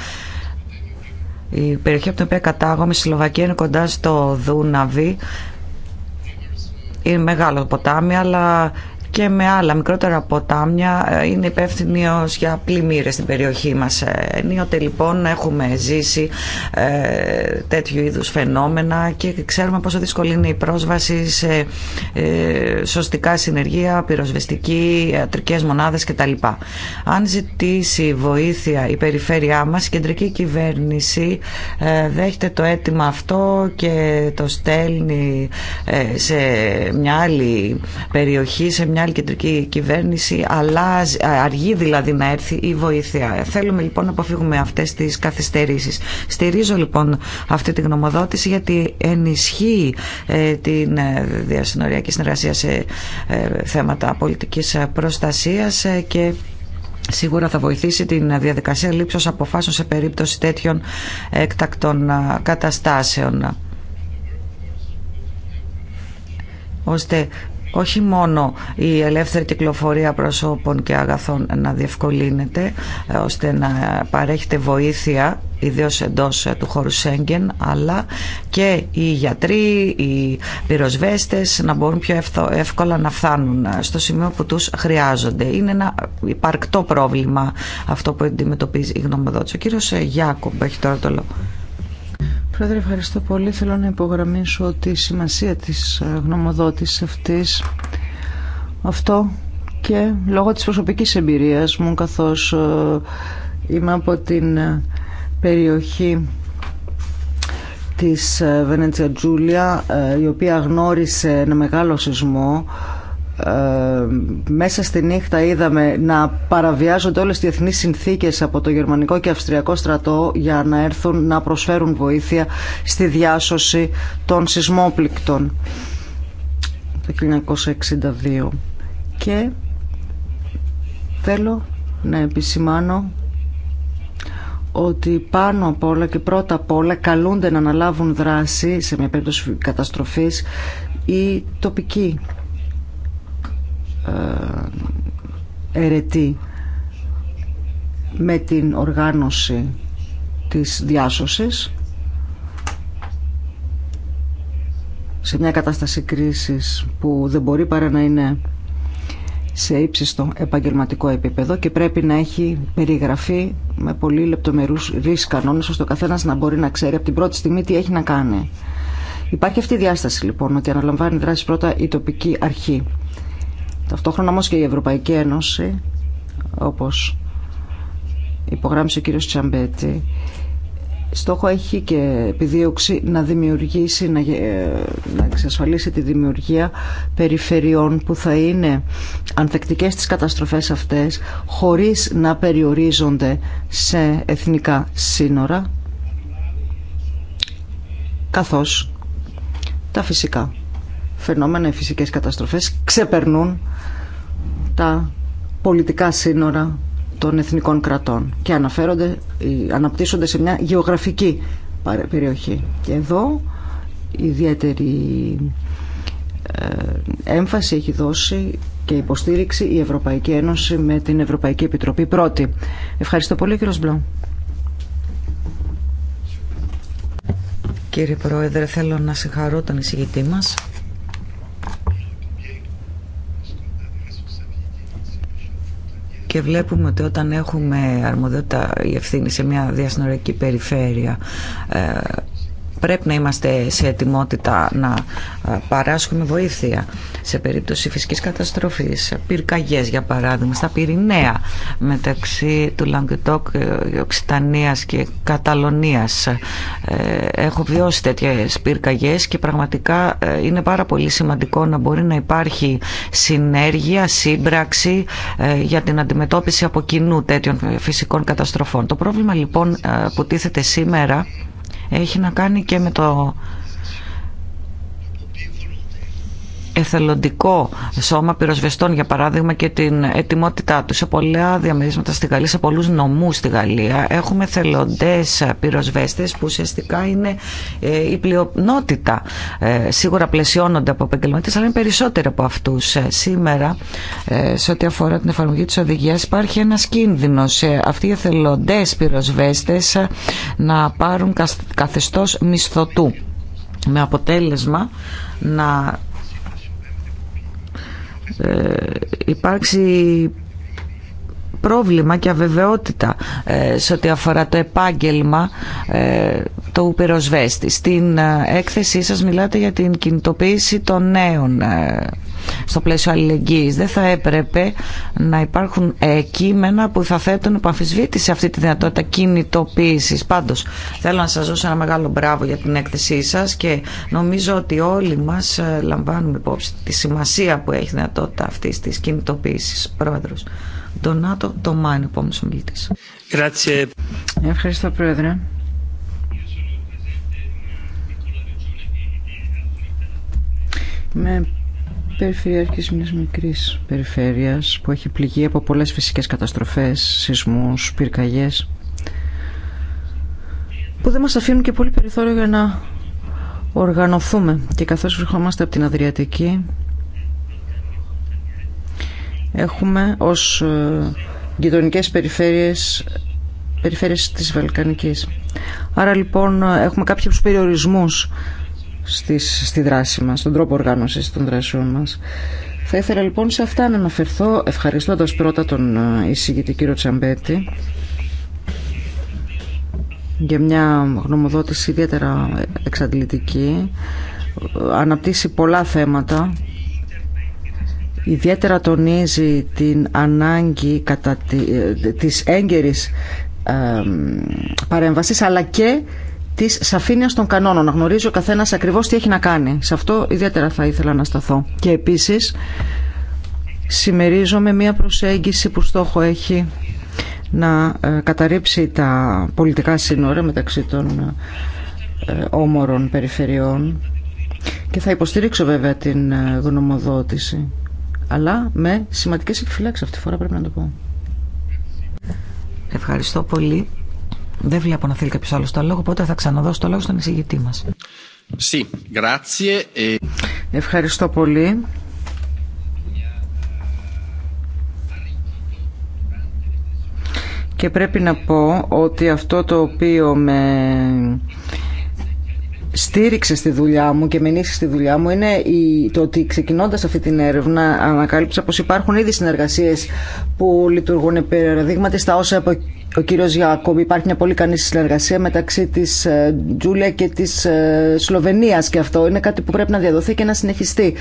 Η περιοχή από την οποία κατάγομαι, η Σλοβακία, είναι κοντά στο Δούναβι. Είναι μεγάλο ποτάμι, αλλά και με άλλα μικρότερα ποτάμια ε, είναι υπεύθυνοι για πλημμύρες στην περιοχή μας. Ε, ενίοτε λοιπόν έχουμε ζήσει ε, τέτοιου είδους φαινόμενα και ξέρουμε πόσο δύσκολη είναι η πρόσβαση σε σωστικά συνεργεία, πυροσβεστική, ιατρικές μονάδες κτλ. Αν ζητήσει βοήθεια η περιφέρειά μας, η κεντρική κυβέρνηση δέχεται το αίτημα αυτό και το στέλνει σε μια άλλη περιοχή, σε μια άλλη κεντρική κυβέρνηση, αλλά αργεί δηλαδή να έρθει η βοήθεια. Θέλουμε λοιπόν να αποφύγουμε αυτές τις καθυστερήσεις. Στηρίζω λοιπόν αυτή τη γνωμοδότηση γιατί ενισχύει ε, την ε, διασυνοριακή συνεργασία σε ε, θέματα πολιτικής προστασίας και σίγουρα θα βοηθήσει την διαδικασία λήψης αποφάσεων σε περίπτωση τέτοιων εκτακτών καταστάσεων ώστε όχι μόνο η ελεύθερη κυκλοφορία προσώπων και αγαθών να διευκολύνεται ε, ώστε να παρέχεται βοήθεια ιδίως εντός ε, του χώρου Σέγγεν αλλά και οι γιατροί, οι πυροσβέστες να μπορούν πιο εύκολα να φτάνουν ε, στο σημείο που τους χρειάζονται. Είναι ένα υπαρκτό πρόβλημα αυτό που αντιμετωπίζει η γνωμοδότηση. Ο κύριος Γιάκομπ έχει τώρα το λόγο. Πρόεδρε, ευχαριστώ πολύ. Θέλω να υπογραμμίσω τη σημασία της ε, γνωμοδότησης αυτής. Αυτό και λόγω της προσωπικής εμπειρίας μου, καθώς ε, είμαι από την ε, περιοχή της Βενέτσια Τζούλια, η οποία γνώρισε ένα μεγάλο σεισμό ε, μέσα στη νύχτα είδαμε να παραβιάζονται όλες τις διεθνείς συνθήκες από το γερμανικό και αυστριακό στρατό για να έρθουν να προσφέρουν βοήθεια στη διάσωση των σεισμόπληκτων το 1962 και θέλω να επισημάνω ότι πάνω απ' όλα και πρώτα απ' όλα καλούνται να αναλάβουν δράση σε μια περίπτωση καταστροφής οι τοπικοί ερετή με την οργάνωση της διάσωσης σε μια κατάσταση κρίσης που δεν μπορεί παρά να είναι σε ύψιστο επαγγελματικό επίπεδο και πρέπει να έχει περιγραφεί με πολύ λεπτομερούς ρίσκ κανόνες ώστε ο καθένας να μπορεί να ξέρει από την πρώτη στιγμή τι έχει να κάνει. Υπάρχει αυτή η διάσταση λοιπόν ότι αναλαμβάνει δράση πρώτα η τοπική αρχή Ταυτόχρονα όμως και η Ευρωπαϊκή Ένωση, όπως υπογράμμισε ο κύριος Τσαμπέτη, στόχο έχει και επιδίωξη να δημιουργήσει, να, ε, να εξασφαλίσει τη δημιουργία περιφερειών που θα είναι ανθεκτικές στις καταστροφές αυτές χωρίς να περιορίζονται σε εθνικά σύνορα καθώς τα φυσικά φαινόμενα, οι φυσικές καταστροφές ξεπερνούν τα πολιτικά σύνορα των εθνικών κρατών και αναφέρονται, αναπτύσσονται σε μια γεωγραφική περιοχή. Και εδώ η ιδιαίτερη ε, έμφαση έχει δώσει και υποστήριξη η Ευρωπαϊκή Ένωση με την Ευρωπαϊκή Επιτροπή πρώτη. Ευχαριστώ πολύ κύριο Μπλό. Κύριε Πρόεδρε, θέλω να συγχαρώ τον εισηγητή μας και βλέπουμε ότι όταν έχουμε αρμοδιότητα ή ευθύνη σε μια διασυνορική περιφέρεια ε, πρέπει να είμαστε σε ετοιμότητα να ε, παράσχουμε βοήθεια σε περίπτωση φυσικής καταστροφής. Πυρκαγιές για παράδειγμα στα Πυρηναία μεταξύ του Λαγκτόκ, ε, Οξυτανίας και Καταλωνίας. Ε, έχω βιώσει τέτοιες πυρκαγιές και πραγματικά ε, είναι πάρα πολύ σημαντικό να μπορεί να υπάρχει συνέργεια, σύμπραξη για την αντιμετώπιση από κοινού τέτοιων φυσικών καταστροφών. Το πρόβλημα λοιπόν που τίθεται σήμερα έχει να κάνει και με το εθελοντικό σώμα πυροσβεστών για παράδειγμα και την ετοιμότητά του. Σε πολλά διαμερίσματα στη Γαλλία, σε πολλούς νομούς στη Γαλλία έχουμε θελοντές πυροσβέστες που ουσιαστικά είναι ε, η πλειονότητα. Ε, σίγουρα πλαισιώνονται από επαγγελματίε, αλλά είναι περισσότεροι από αυτούς. Ε, σήμερα σε ό,τι αφορά την εφαρμογή της οδηγίας υπάρχει ένας κίνδυνος. Αυτοί οι εθελοντές πυροσβέστες να πάρουν καθεστώς μισθωτού με αποτέλεσμα να ε, υπάρξει πρόβλημα και αβεβαιότητα ε, σε ό,τι αφορά το επάγγελμα ε, του πυροσβέστη. Στην έκθεσή σας μιλάτε για την κινητοποίηση των νέων στο πλαίσιο αλληλεγγύη. Δεν θα έπρεπε να υπάρχουν κείμενα που θα θέτουν σε αυτή τη δυνατότητα κινητοποίησης. Πάντως, θέλω να σας δώσω ένα μεγάλο μπράβο για την έκθεσή σας και νομίζω ότι όλοι μας ε, λαμβάνουμε υπόψη τη σημασία που έχει η δυνατότητα αυτή της κινητοποίησης. Πρόεδρος. Ντονάτο το επόμενο ομιλητή. Ευχαριστώ, Πρόεδρε περιφερειάρχης μιας μικρής περιφέρειας που έχει πληγεί από πολλές φυσικές καταστροφές, σεισμούς, πυρκαγιές που δεν μας αφήνουν και πολύ περιθώριο για να οργανωθούμε και καθώς βρισκόμαστε από την Αδριατική έχουμε ως ε, γειτονικές περιφέρειες περιφέρειες της Βαλκανικής. Άρα λοιπόν ε, έχουμε κάποιους περιορισμούς στις, στη δράση μας, στον τρόπο οργάνωσης των δράσεων μας. Θα ήθελα λοιπόν σε αυτά να αναφερθώ ευχαριστώντας πρώτα τον ε, εισηγητή κύριο Τσαμπέτη για μια γνωμοδότηση ιδιαίτερα εξαντλητική αναπτύσσει πολλά θέματα ιδιαίτερα τονίζει την ανάγκη τη, ε, της έγκαιρης ε, παρέμβασης αλλά και τη σαφήνεια των κανόνων, να γνωρίζει ο καθένα ακριβώ τι έχει να κάνει. Σε αυτό ιδιαίτερα θα ήθελα να σταθώ. Και επίση, συμμερίζομαι μία προσέγγιση που στόχο έχει να ε, καταρρύψει τα πολιτικά σύνορα μεταξύ των ε, ε, όμορων περιφερειών και θα υποστηρίξω βέβαια την γνωμοδότηση αλλά με σημαντικές επιφυλάξεις αυτή τη φορά πρέπει να το πω Ευχαριστώ πολύ δεν βλέπω να θέλει κάποιο άλλο το λόγο, οπότε θα ξαναδώσω το λόγο στον εισηγητή μα. E- Ευχαριστώ πολύ. Και πρέπει να πω ότι αυτό το οποίο με στήριξε στη δουλειά μου και με ενίσχυσε στη δουλειά μου είναι η, το ότι ξεκινώντα αυτή την έρευνα ανακάλυψα πως υπάρχουν ήδη συνεργασίε που λειτουργούν παραδείγματι στα όσα ο κύριο Γιάκομ. Υπάρχει μια πολύ κανή συνεργασία μεταξύ της ε, Τζούλια και της ε, Σλοβενία. και αυτό είναι κάτι που πρέπει να διαδοθεί και να συνεχιστεί.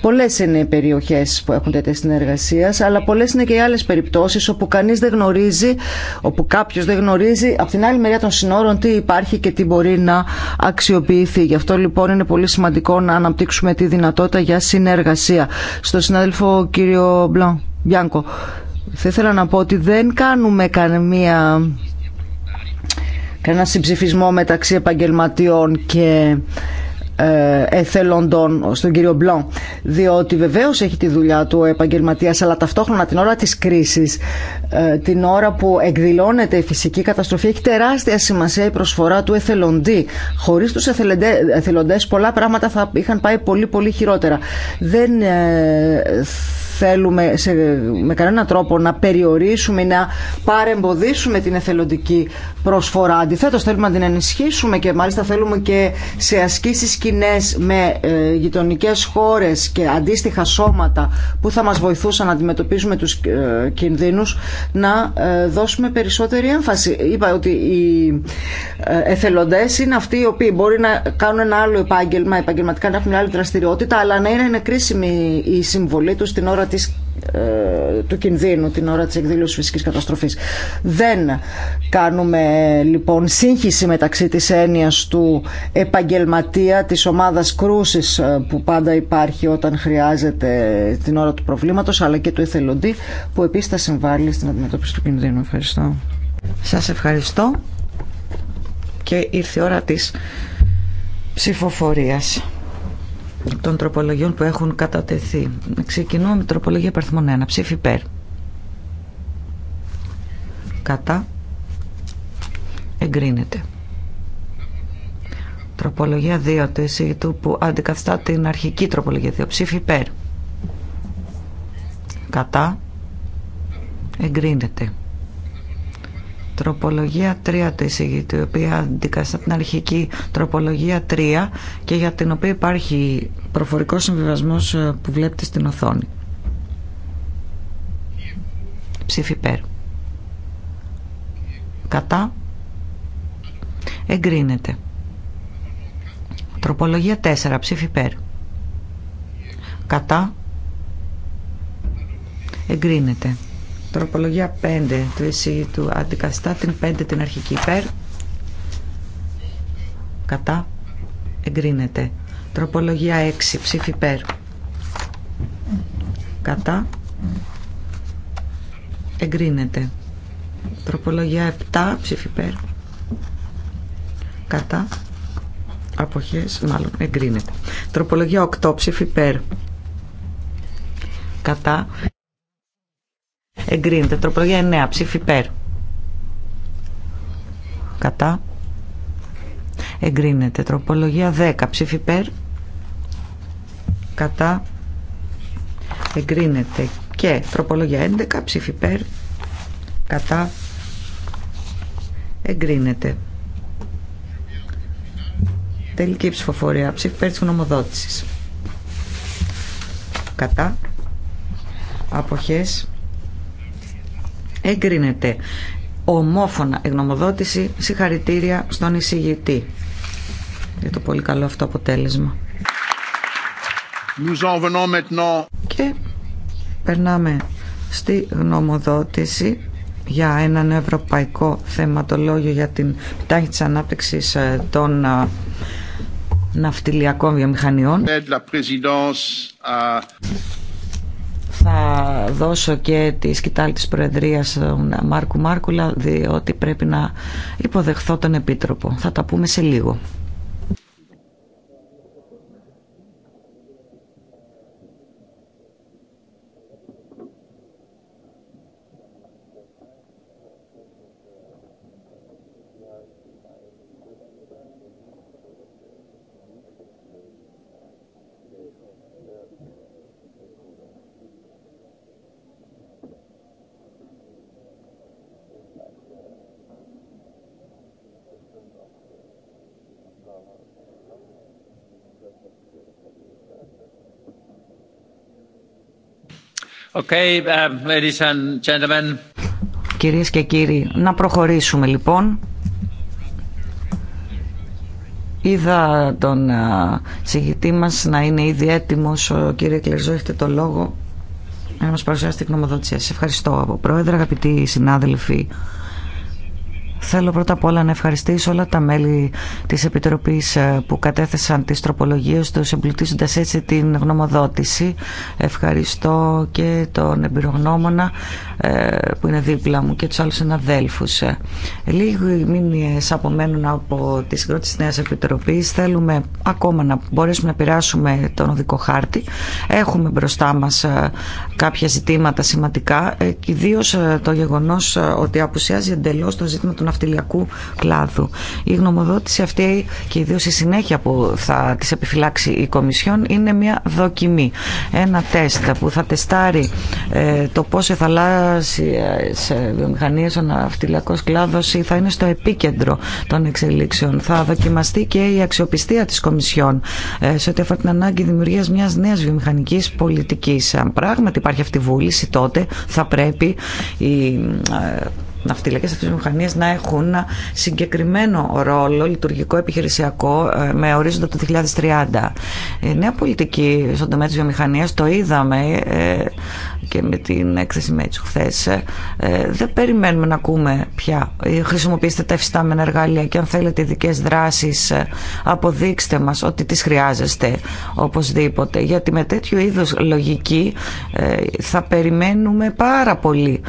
Πολλέ είναι οι περιοχέ που έχουν τέτοια συνεργασία, αλλά πολλέ είναι και οι άλλε περιπτώσει όπου κανεί δεν γνωρίζει, όπου κάποιο δεν γνωρίζει από την άλλη μεριά των συνόρων τι υπάρχει και τι μπορεί να αξιοποιηθεί. Γι' αυτό λοιπόν είναι πολύ σημαντικό να αναπτύξουμε τη δυνατότητα για συνεργασία. Στο συνάδελφο κύριο Μπλαν, Μπιάνκο, θα ήθελα να πω ότι δεν κάνουμε κανένα συμψηφισμό μεταξύ επαγγελματιών και ε, εθελοντών στον κύριο Μπλον διότι βεβαίως έχει τη δουλειά του ο επαγγελματίας αλλά ταυτόχρονα την ώρα της κρίσης ε, την ώρα που εκδηλώνεται η φυσική καταστροφή έχει τεράστια σημασία η προσφορά του εθελοντή χωρίς τους εθελοντές πολλά πράγματα θα είχαν πάει πολύ πολύ χειρότερα δεν ε, θέλουμε σε, με κανέναν τρόπο να περιορίσουμε ή να παρεμποδίσουμε την εθελοντική προσφορά. Αντιθέτω, θέλουμε να την ενισχύσουμε και μάλιστα θέλουμε και σε ασκήσει κοινέ με ε, γειτονικέ χώρε και αντίστοιχα σώματα που θα μα βοηθούσαν να αντιμετωπίσουμε του ε, κινδύνου να ε, δώσουμε περισσότερη έμφαση. Είπα ότι οι ε, εθελοντέ είναι αυτοί οι οποίοι μπορεί να κάνουν ένα άλλο επάγγελμα, επαγγελματικά να έχουν μια άλλη δραστηριότητα, αλλά να είναι, είναι κρίσιμη η συμβολή του στην ώρα της, ε, του κινδύνου, την ώρα της εκδήλωσης φυσικής καταστροφής. Δεν κάνουμε λοιπόν σύγχυση μεταξύ της έννοιας του επαγγελματία, της ομάδας κρούσης ε, που πάντα υπάρχει όταν χρειάζεται την ώρα του προβλήματος, αλλά και του εθελοντή που επίσης θα συμβάλλει στην αντιμετώπιση του κινδύνου. Ευχαριστώ. Σας ευχαριστώ και ήρθε η ώρα της ψηφοφορίας των τροπολογιών που έχουν κατατεθεί. Ξεκινούμε με τροπολογία παρθμών 1. Ψήφι υπέρ. Κατά. Εγκρίνεται. Τροπολογία 2 του που αντικαθιστά την αρχική τροπολογία 2. Ψήφι υπέρ. Κατά. Εγκρίνεται τροπολογία 3 του εισηγητή, η οποία αντικαθιστά την αρχική τροπολογία 3 και για την οποία υπάρχει προφορικό συμβιβασμό ε, που βλέπετε στην οθόνη. Ψήφι υπέρ. Κατά. Εγκρίνεται. Τροπολογία 4. Ψήφι υπέρ. Κατά. Εγκρίνεται. Τροπολογία 5 του εισηγητού αντικαστά την 5 την αρχική υπέρ. Κατά. Εγκρίνεται. Τροπολογία 6 ψήφι υπέρ. Κατά. Εγκρίνεται. Τροπολογία 7 ψήφι υπέρ. Κατά. Αποχές, μάλλον εγκρίνεται. Τροπολογία 8 ψήφι υπέρ. Κατά. Εγκρίνεται. Τροπολογία 9. Ψήφι υπέρ. Κατά. Εγκρίνεται. Τροπολογία 10. Ψήφι υπέρ. Κατά. Εγκρίνεται. Και τροπολογία 11. Ψήφι υπέρ. Κατά. Εγκρίνεται. Τελική ψηφοφορία. Ψήφι υπέρ της γνωμοδότησης. Κατά. Αποχές Εγκρίνεται ομόφωνα εγνωμοδότηση συγχαρητήρια στον εισηγητή για το πολύ καλό αυτό αποτέλεσμα. Και περνάμε στη γνωμοδότηση για έναν ευρωπαϊκό θεματολόγιο για την πτάχη της ανάπτυξης ε, των ε, ναυτιλιακών βιομηχανιών θα δώσω και τη σκητάλη της Προεδρίας ε, Μάρκου Μάρκουλα διότι πρέπει να υποδεχθώ τον Επίτροπο. Θα τα πούμε σε λίγο. Okay, um, ladies and gentlemen. Κυρίες και κύριοι, να προχωρήσουμε λοιπόν. Είδα τον συγητή μας να είναι ήδη έτοιμος. Ο κύριε Κλερζό, έχετε το λόγο να μας παρουσιάσει την γνωμοδότησία. Σε ευχαριστώ, από πρόεδρε, αγαπητοί συνάδελφοι. Θέλω πρώτα απ' όλα να ευχαριστήσω όλα τα μέλη της Επιτροπής ε, που κατέθεσαν τις τροπολογίες τους εμπλουτίζοντας έτσι την γνωμοδότηση. Ευχαριστώ και τον εμπειρογνώμονα ε, που είναι δίπλα μου και τους άλλους συναδέλφους. Ε, λίγοι μήνες απομένουν από τη συγκρότηση της Νέας Επιτροπής. Θέλουμε ακόμα να μπορέσουμε να πειράσουμε τον οδικό χάρτη. Έχουμε μπροστά μας κάποια ζητήματα σημαντικά, ιδίω το γεγονός ότι απουσιάζει εντελώς το ζήτημα των ναυτιλιακού κλάδου. Η γνωμοδότηση αυτή και ιδίω η συνέχεια που θα τη επιφυλάξει η Κομισιόν είναι μια δοκιμή. Ένα τεστ που θα τεστάρει ε, το πόσο θαλάσσιε βιομηχανίε, ο ναυτιλιακό κλάδος θα είναι στο επίκεντρο των εξελίξεων. Θα δοκιμαστεί και η αξιοπιστία τη Κομισιόν ε, σε ό,τι αφορά την ανάγκη δημιουργία μια νέα βιομηχανική πολιτική. Αν πράγματι υπάρχει αυτή η βούληση τότε θα πρέπει η ε, ναυτιλιακέ αυτές μηχανίες να έχουν συγκεκριμένο ρόλο λειτουργικό επιχειρησιακό ε, με ορίζοντα το 2030. Η ε, νέα πολιτική στον τομέα τη βιομηχανία το είδαμε ε, και με την έκθεση με έτσι χθε. Ε, δεν περιμένουμε να ακούμε πια. Ε, χρησιμοποιήστε τα εφιστάμενα εργαλεία και αν θέλετε ειδικέ δράσει, ε, αποδείξτε μα ότι τι χρειάζεστε οπωσδήποτε. Γιατί με τέτοιο είδου λογική θα περιμένουμε πάρα πολύ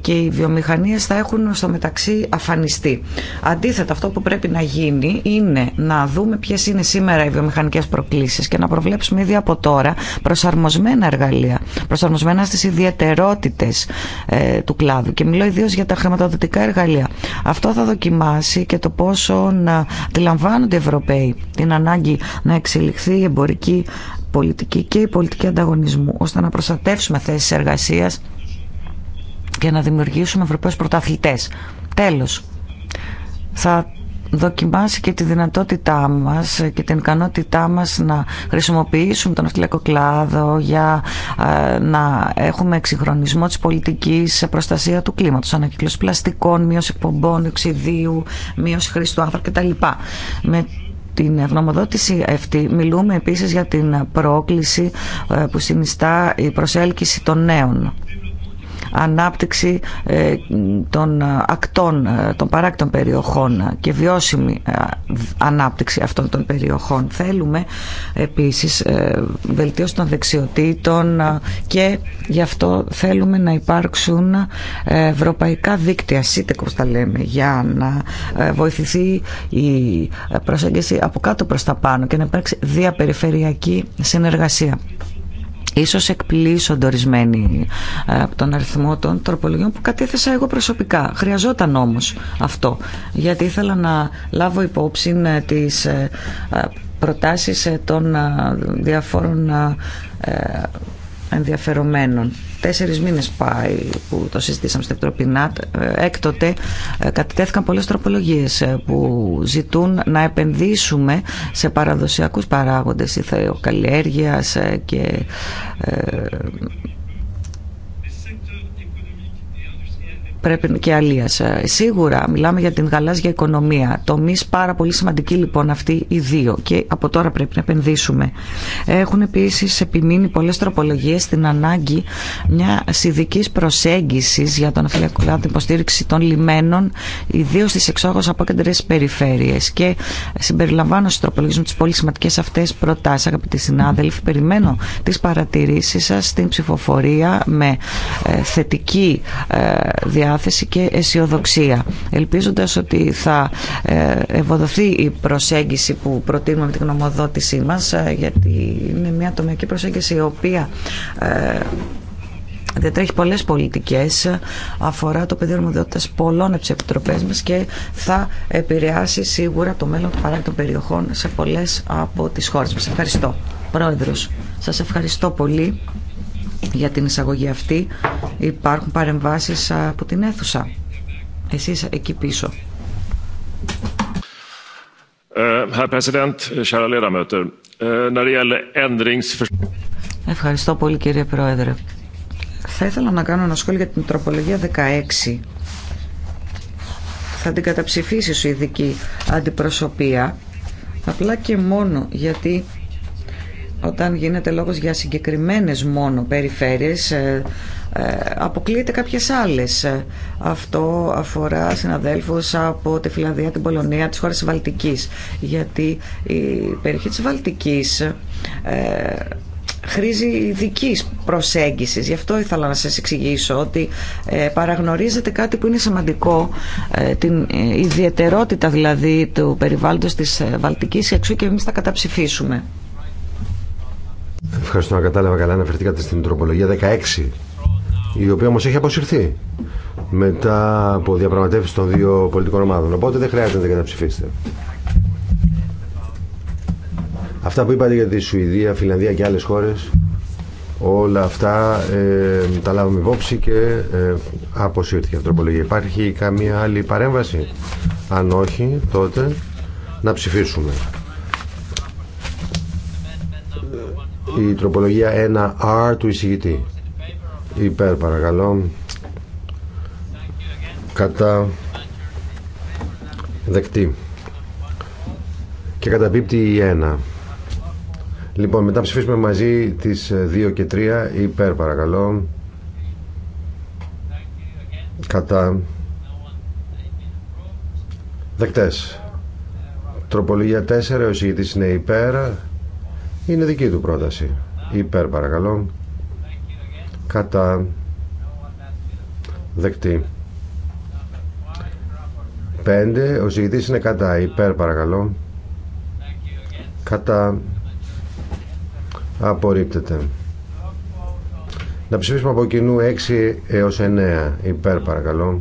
και οι βιομηχανίε θα έχουν στο μεταξύ αφανιστεί. Αντίθετα, αυτό που πρέπει να γίνει είναι να δούμε ποιε είναι σήμερα οι βιομηχανικέ προκλήσει και να προβλέψουμε ήδη από τώρα προσαρμοσμένα εργαλεία, προσαρμοσμένα ανάστηση στις ιδιαιτερότητες ε, του κλάδου και μιλώ ιδίως για τα χρηματοδοτικά εργαλεία. Αυτό θα δοκιμάσει και το πόσο να αντιλαμβάνονται οι Ευρωπαίοι την ανάγκη να εξελιχθεί η εμπορική πολιτική και η πολιτική ανταγωνισμού ώστε να προστατεύσουμε θέσεις εργασίας και να δημιουργήσουμε Ευρωπαίους πρωταθλητές. Τέλος, θα δοκιμάσει και τη δυνατότητά μας και την ικανότητά μας να χρησιμοποιήσουμε τον αυτιλιακό κλάδο για ε, να έχουμε εξυγχρονισμό της πολιτικής σε προστασία του κλίματος, ανακύκλωση πλαστικών, μείωση εκπομπών, οξυδίου, μείωση χρήση του τα κτλ. Με την ευνομοδότηση αυτή μιλούμε επίσης για την πρόκληση ε, που συνιστά η προσέλκυση των νέων ανάπτυξη ε, των ακτών, ε, των παράκτων περιοχών και βιώσιμη ε, ανάπτυξη αυτών των περιοχών. Θέλουμε επίσης βελτίωση των δεξιοτήτων και γι' αυτό θέλουμε να υπάρξουν ευρωπαϊκά δίκτυα, σύντεκο e τα λέμε, για να βοηθηθεί η προσέγγιση από κάτω προς τα πάνω και να υπάρξει διαπεριφερειακή συνεργασία. Ίσως εκπλήσονται ορισμένοι ε, από τον αριθμό των τροπολογιών που κατέθεσα εγώ προσωπικά. Χρειαζόταν όμως αυτό, γιατί ήθελα να λάβω υπόψη ε, τις ε, προτάσεις των διαφόρων ενδιαφερομένων. Τέσσερι μήνε πάει που το συζητήσαμε στην Επιτροπή ΝΑΤ. Ε, έκτοτε ε, κατητέθηκαν πολλέ τροπολογίε ε, που ζητούν να επενδύσουμε σε παραδοσιακού παράγοντε ηθαιοκαλλιέργεια και πρέπει και αλίας. Ε, σίγουρα μιλάμε για την γαλάζια οικονομία. Τομεί πάρα πολύ σημαντικοί λοιπόν αυτοί οι δύο και από τώρα πρέπει να επενδύσουμε. Έχουν επίση επιμείνει πολλέ τροπολογίε στην ανάγκη μια ειδική προσέγγιση για τον αφιλιακό την υποστήριξη των λιμένων, ιδίω στις από απόκεντρε περιφέρειες και συμπεριλαμβάνω στου τροπολογισμούς τι πολύ σημαντικέ αυτέ προτάσει. αγαπητοί συνάδελφοι. Περιμένω τι παρατηρήσει σα στην ψηφοφορία με ε, θετική ε, διαδικασία διάθεση και αισιοδοξία. Ελπίζοντας ότι θα ε, ευοδοθεί η προσέγγιση που προτείνουμε με την γνωμοδότησή μας, ε, γιατί είναι μια τομιακή προσέγγιση η οποία ε, τρέχει πολλέ πολιτικέ, αφορά το πεδίο αρμοδιότητα πολλών από τι επιτροπέ μα και θα επηρεάσει σίγουρα το μέλλον των παράλληλων περιοχών σε πολλέ από τι χώρε μα. Ευχαριστώ. Πρόεδρο, σα ευχαριστώ πολύ για την εισαγωγή αυτή. Υπάρχουν παρεμβάσεις από την αίθουσα. Εσείς εκεί πίσω. Ε, ε, Ευχαριστώ πολύ κύριε Πρόεδρε. Θα ήθελα να κάνω ένα σχόλιο για την τροπολογία 16. Θα την καταψηφίσει σου ειδική αντιπροσωπεία απλά και μόνο γιατί όταν γίνεται λόγος για συγκεκριμένες μόνο περιφέρειες ε, ε, αποκλείεται κάποιες άλλες. Αυτό αφορά συναδέλφους από τη Φιλανδία, την Πολωνία, τις χώρες της Βαλτικής. Γιατί η περιοχή της Βαλτικής ε, χρήζει ειδική προσέγγισης. Γι' αυτό ήθελα να σας εξηγήσω ότι ε, παραγνωρίζετε κάτι που είναι σημαντικό, ε, την ιδιαιτερότητα δηλαδή του περιβάλλοντος της Βαλτικής, εξού και εμείς θα καταψηφίσουμε. Ευχαριστώ να κατάλαβα καλά. Αναφερθήκατε στην τροπολογία 16, η οποία όμω έχει αποσυρθεί μετά από διαπραγματεύσει των δύο πολιτικών ομάδων. Οπότε δεν χρειάζεται να την καταψηφίσετε. Αυτά που είπατε για τη Σουηδία, Φιλανδία και άλλες χώρες, όλα αυτά ε, τα λάβουμε υπόψη και ε, αποσύρθηκε η τροπολογία. Υπάρχει καμία άλλη παρέμβαση. Αν όχι, τότε να ψηφίσουμε. η τροπολογία 1R του εισηγητή. Υπέρ παρακαλώ. Κατά δεκτή. Και καταπίπτει η 1. Λοιπόν, μετά ψηφίσουμε μαζί τις 2 ε, και 3. Υπέρ παρακαλώ. Κατά δεκτές. Τροπολογία 4, ο εισηγητής είναι υπέρ είναι δική του πρόταση. Υπέρ παρακαλώ. Κατά. Δεκτή. Πέντε. Ο ζητητής είναι κατά. Υπέρ παρακαλώ. Κατά. Απορρίπτεται. Να ψηφίσουμε από κοινού 6 έως 9. Υπέρ παρακαλώ.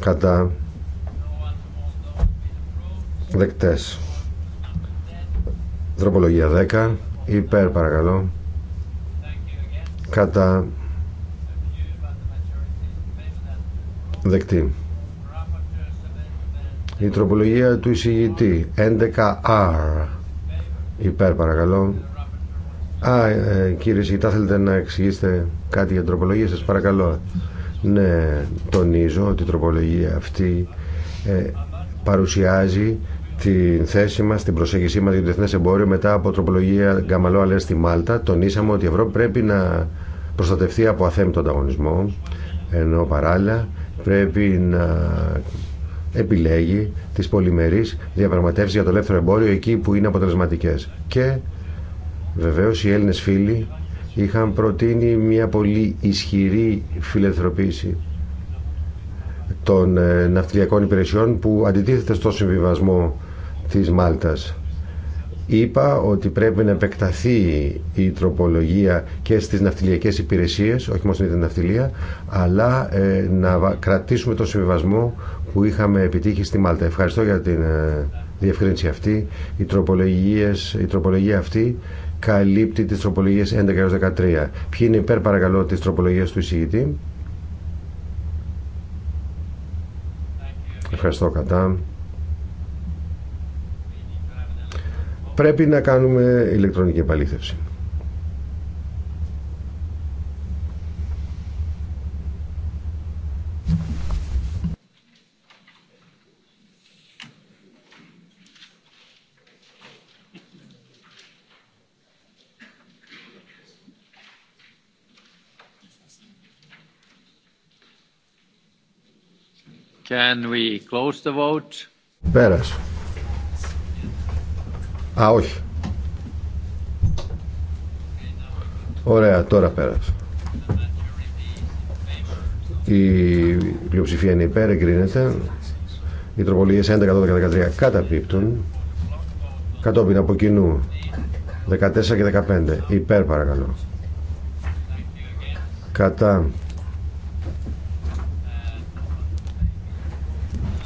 Κατά. Δεκτές. Τροπολογία 10. Υπέρ παρακαλώ. Κατά. Δεκτή. Η τροπολογία του εισηγητή 11R. Υπέρ παρακαλώ. Α, ε, κύριε εισηγητα θέλετε να εξηγήσετε κάτι για την τροπολογία σας, παρακαλώ. Ναι, τονίζω ότι η τροπολογία αυτή ε, παρουσιάζει στην θέση μα, την προσέγγιση μα για το διεθνέ εμπόριο, μετά από τροπολογία Γκαμαλό Αλέ στη Μάλτα, τονίσαμε ότι η Ευρώπη πρέπει να προστατευτεί από αθέμητο ανταγωνισμό, ενώ παράλληλα πρέπει να επιλέγει τι πολυμερεί διαπραγματεύσει για το ελεύθερο εμπόριο εκεί που είναι αποτελεσματικέ. Και βεβαίω οι Έλληνε φίλοι είχαν προτείνει μια πολύ ισχυρή φιλελευθερωποίηση των ε, ναυτιλιακών υπηρεσιών που αντιτίθεται στο συμβιβασμό της Μάλτας. Είπα ότι πρέπει να επεκταθεί η τροπολογία και στις ναυτιλιακές υπηρεσίες, όχι μόνο στην ναυτιλία, αλλά ε, να κρατήσουμε το συμβιβασμό που είχαμε επιτύχει στη Μάλτα. Ευχαριστώ για την ε, διευκρίνηση αυτή. Η, τροπολογίες, η τροπολογία αυτή καλύπτει τις τροπολογίες 11 13. Ποιοι είναι υπέρ παρακαλώ τις τροπολογίες του εισηγητή. Ευχαριστώ κατά. πρέπει να κάνουμε ηλεκτρονική επαλήθευση. Can we close the vote? Πέρασε. Α, όχι. Ωραία, τώρα πέρασε. Η πλειοψηφία είναι υπέρ, εγκρίνεται. Οι τροπολογίες 11, 12, 13 καταπίπτουν. Κατόπιν από κοινού 14 και 15. Υπέρ παρακαλώ. Κατά.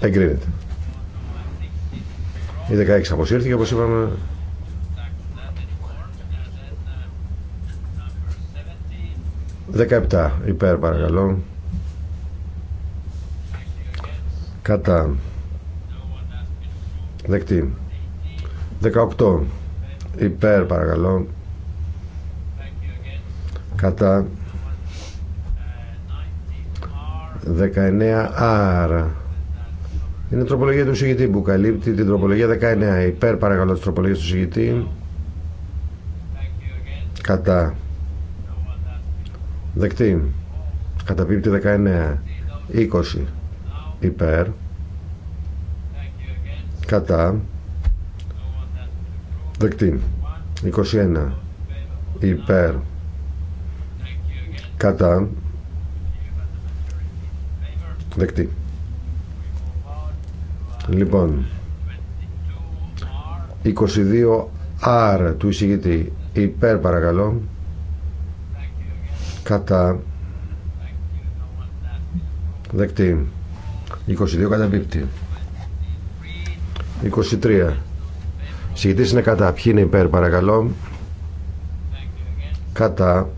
Εγκρίνεται. Η 16 αποσύρθηκε όπως είπαμε. 17, υπέρ παρακαλώ. Κατά. Δεκτή. 18 υπέρ παρακαλώ. Κατά. 19 άρα. Είναι τροπολογία του συγητή που καλύπτει την τροπολογία 19. Υπέρ παρακαλώ τη τροπολογία του συγητή. Κατά. Δεκτή. Καταπίπτει 19. 20. Υπέρ. Κατά. Δεκτή. 21. Υπέρ. Κατά. Δεκτή. Λοιπόν, 22R του εισηγητή υπέρ παρακαλώ κατά δεκτή 22 r του εισηγητη υπερ παρακαλω κατα δεκτη 22 πιπτη 23 Συγητής είναι κατά Ποιοι είναι υπέρ παρακαλώ Κατά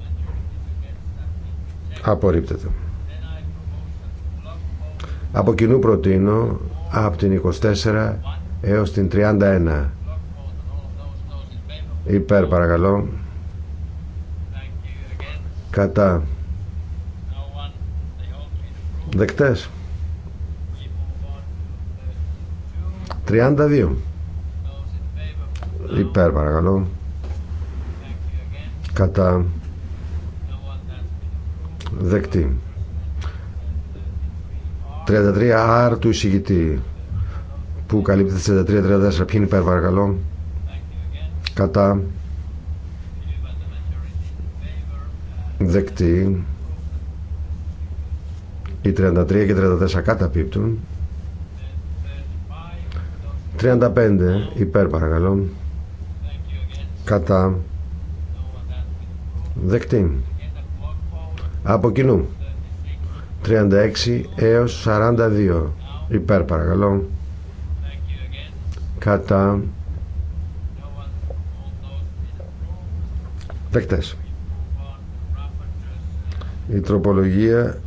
Απορρίπτεται Από κοινού προτείνω από την 24 έως την 31 υπέρ παρακαλώ κατά δεκτές 32 υπέρ παρακαλώ κατά δεκτή 33R του εισηγητή που καλύπτει 33-34. Ποιοι είναι υπέρ παρακαλώ. Κατά. Δεκτή. Οι 33 και 34 καταπίπτουν. 35 υπέρ παρακαλώ. Κατά. Δεκτή. Από κοινού. 36 έως 42 υπέρ παρακαλώ κατά δεκτές η τροπολογία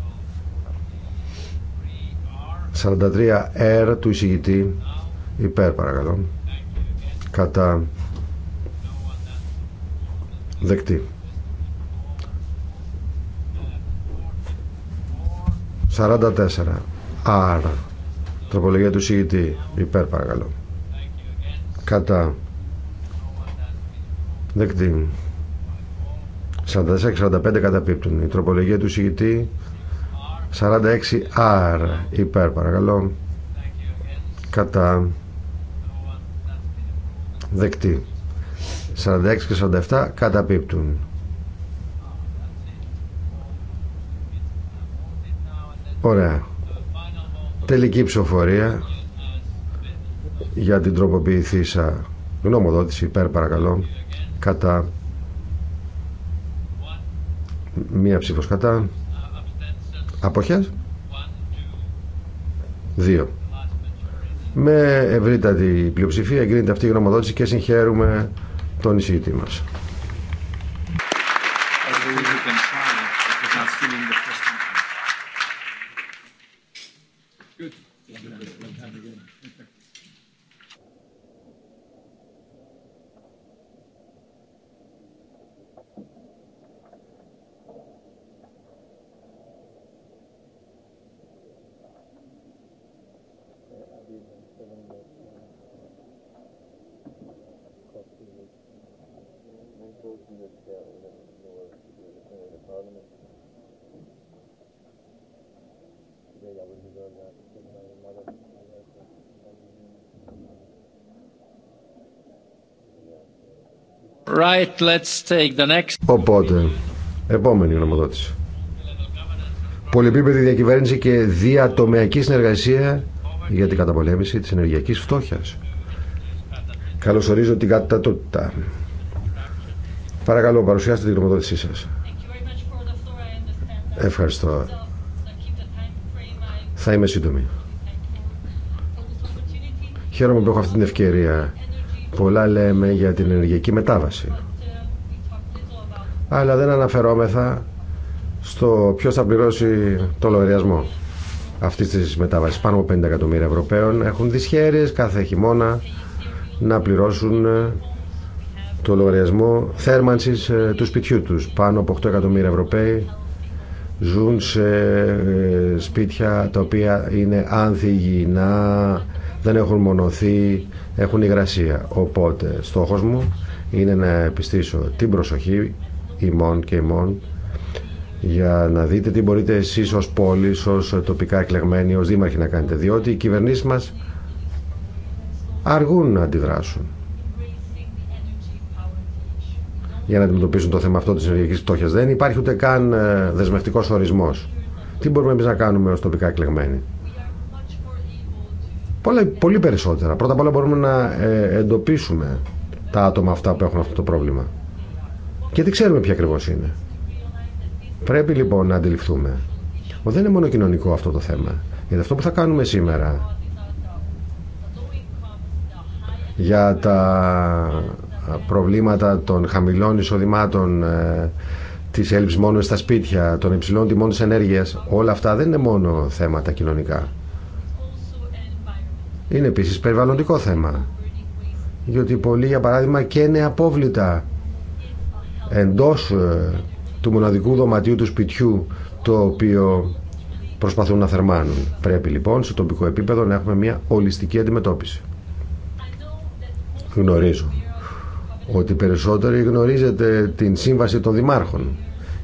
43R του εισηγητή υπέρ παρακαλώ κατά δεκτή 44. R, Τροπολογία του συγητή. Υπέρ παρακαλώ. Κατά. Δεκτή. 44-45 καταπίπτουν. Η τροπολογία του συγητή 46R. Υπέρ παρακαλώ. Κατά. Δεκτή. 46 και 47 καταπίπτουν. Ωραία. Τελική ψηφοφορία για την τροποποιηθήσα γνωμοδότηση υπέρ παρακαλώ κατά μία ψήφος κατά αποχές δύο με ευρύτατη πλειοψηφία εγκρίνεται αυτή η γνωμοδότηση και συγχαίρουμε τον εισηγητή μας. Right, let's take the Οπότε, επόμενη γνωμοδότηση. Πολυπίπεδη διακυβέρνηση και διατομιακή συνεργασία για την καταπολέμηση της ενεργειακής φτώχειας. Καλωσορίζω την κατατότητα. Παρακαλώ, παρουσιάστε την γνωμοδότησή σας. Ευχαριστώ. Θα είμαι σύντομη. Χαίρομαι που έχω αυτή την ευκαιρία Πολλά λέμε για την ενεργειακή μετάβαση. Αλλά δεν αναφερόμεθα στο ποιο θα πληρώσει το λογαριασμό αυτή τη μετάβαση. Πάνω από 50 εκατομμύρια Ευρωπαίων έχουν δυσχέρειε κάθε χειμώνα να πληρώσουν ε, το λογαριασμό θέρμανση ε, του σπιτιού του. Πάνω από 8 εκατομμύρια Ευρωπαίοι ζουν σε ε, σπίτια τα οποία είναι να δεν έχουν μονοθεί, έχουν υγρασία. Οπότε στόχος μου είναι να επιστήσω την προσοχή ημών και ημών για να δείτε τι μπορείτε εσείς ως πόλεις, ως τοπικά εκλεγμένοι, ως δήμαρχοι να κάνετε. Διότι οι κυβερνήσεις μας αργούν να αντιδράσουν για να αντιμετωπίσουν το θέμα αυτό της ενεργειακής πτώχειας. Δεν υπάρχει ούτε καν ε, δεσμευτικός ορισμός. Τι μπορούμε εμείς να κάνουμε ως τοπικά εκλεγμένοι. Πολλά, πολύ περισσότερα. Πρώτα απ' όλα μπορούμε να ε, εντοπίσουμε τα άτομα αυτά που έχουν αυτό το πρόβλημα. Και δεν ξέρουμε ποια ακριβώ είναι. Πρέπει λοιπόν να αντιληφθούμε ότι δεν είναι μόνο κοινωνικό αυτό το θέμα. Γιατί αυτό που θα κάνουμε σήμερα για τα προβλήματα των χαμηλών εισοδημάτων, ε, της έλλειψης μόνο στα σπίτια, των υψηλών τιμών της ενέργειας, όλα αυτά δεν είναι μόνο θέματα κοινωνικά. Είναι επίσης περιβαλλοντικό θέμα. Γιατί πολλοί, για παράδειγμα, καίνε απόβλητα εντός ε, του μοναδικού δωματίου του σπιτιού το οποίο προσπαθούν να θερμάνουν. Πρέπει λοιπόν σε τοπικό επίπεδο να έχουμε μια ολιστική αντιμετώπιση. Γνωρίζω ότι περισσότεροι γνωρίζετε την σύμβαση των δημάρχων.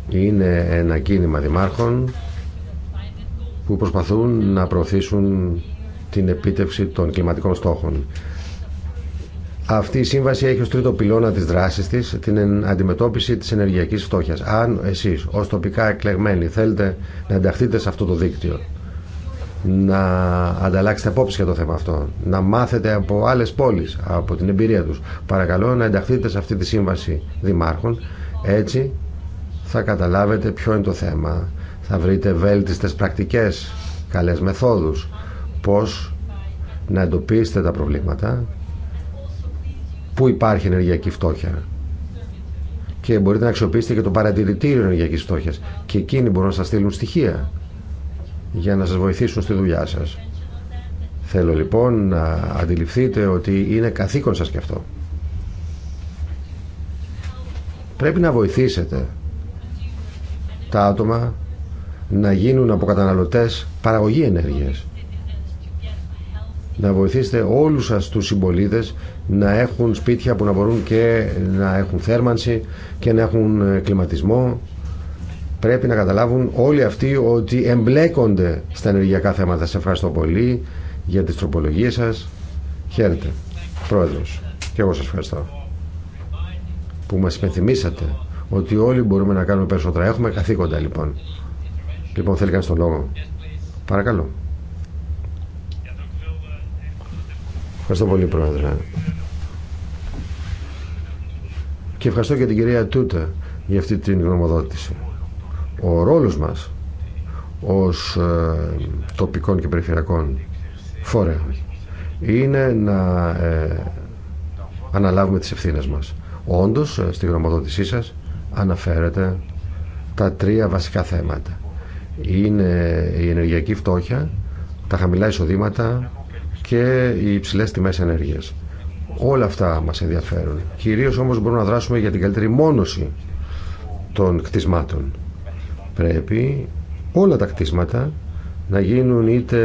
Είναι ένα κίνημα δημάρχων που προσπαθούν να προωθήσουν την επίτευξη των κλιματικών στόχων. Αυτή η σύμβαση έχει ως τρίτο πυλώνα της δράσης της την αντιμετώπιση της ενεργειακής φτώχειας. Αν εσείς ως τοπικά εκλεγμένοι θέλετε να ενταχθείτε σε αυτό το δίκτυο, να ανταλλάξετε απόψεις για το θέμα αυτό, να μάθετε από άλλες πόλεις, από την εμπειρία τους, παρακαλώ να ενταχθείτε σε αυτή τη σύμβαση δημάρχων, έτσι θα καταλάβετε ποιο είναι το θέμα, θα βρείτε βέλτιστες πρακτικές, καλές μεθόδους, πώς να εντοπίσετε τα προβλήματα που υπάρχει ενεργειακή φτώχεια και μπορείτε να αξιοποιήσετε και το παρατηρητήριο ενεργειακής φτώχειας και εκείνοι μπορούν να σας στείλουν στοιχεία για να σας βοηθήσουν στη δουλειά σας. Θέλω λοιπόν να αντιληφθείτε ότι είναι καθήκον σας και αυτό. Πρέπει να βοηθήσετε τα άτομα να γίνουν από παραγωγή ενέργειας να βοηθήσετε όλους σας τους συμπολίτε να έχουν σπίτια που να μπορούν και να έχουν θέρμανση και να έχουν ε, κλιματισμό. Πρέπει να καταλάβουν όλοι αυτοί ότι εμπλέκονται στα ενεργειακά θέματα. Σε ευχαριστώ πολύ για τις τροπολογίες σας. Χαίρετε. Πρόεδρος, και εγώ σας ευχαριστώ που μας υπενθυμίσατε ότι όλοι μπορούμε να κάνουμε περισσότερα. Έχουμε καθήκοντα λοιπόν. Λοιπόν, θέλει κανείς τον λόγο. Παρακαλώ. Ευχαριστώ πολύ, Πρόεδρε. Και ευχαριστώ και την κυρία Τούτα για αυτή την γνωμοδότηση. Ο ρόλος μας ως ε, τοπικών και περιφερειακών φορέων είναι να ε, αναλάβουμε τις ευθύνες μας. Όντως, ε, στη γνωμοδότησή σας αναφέρεται τα τρία βασικά θέματα. Είναι η ενεργειακή φτώχεια, τα χαμηλά εισοδήματα και οι υψηλέ τιμέ ενέργεια. Όλα αυτά μα ενδιαφέρουν. Κυρίω όμω μπορούμε να δράσουμε για την καλύτερη μόνωση των κτισμάτων. Πρέπει όλα τα κτίσματα να γίνουν είτε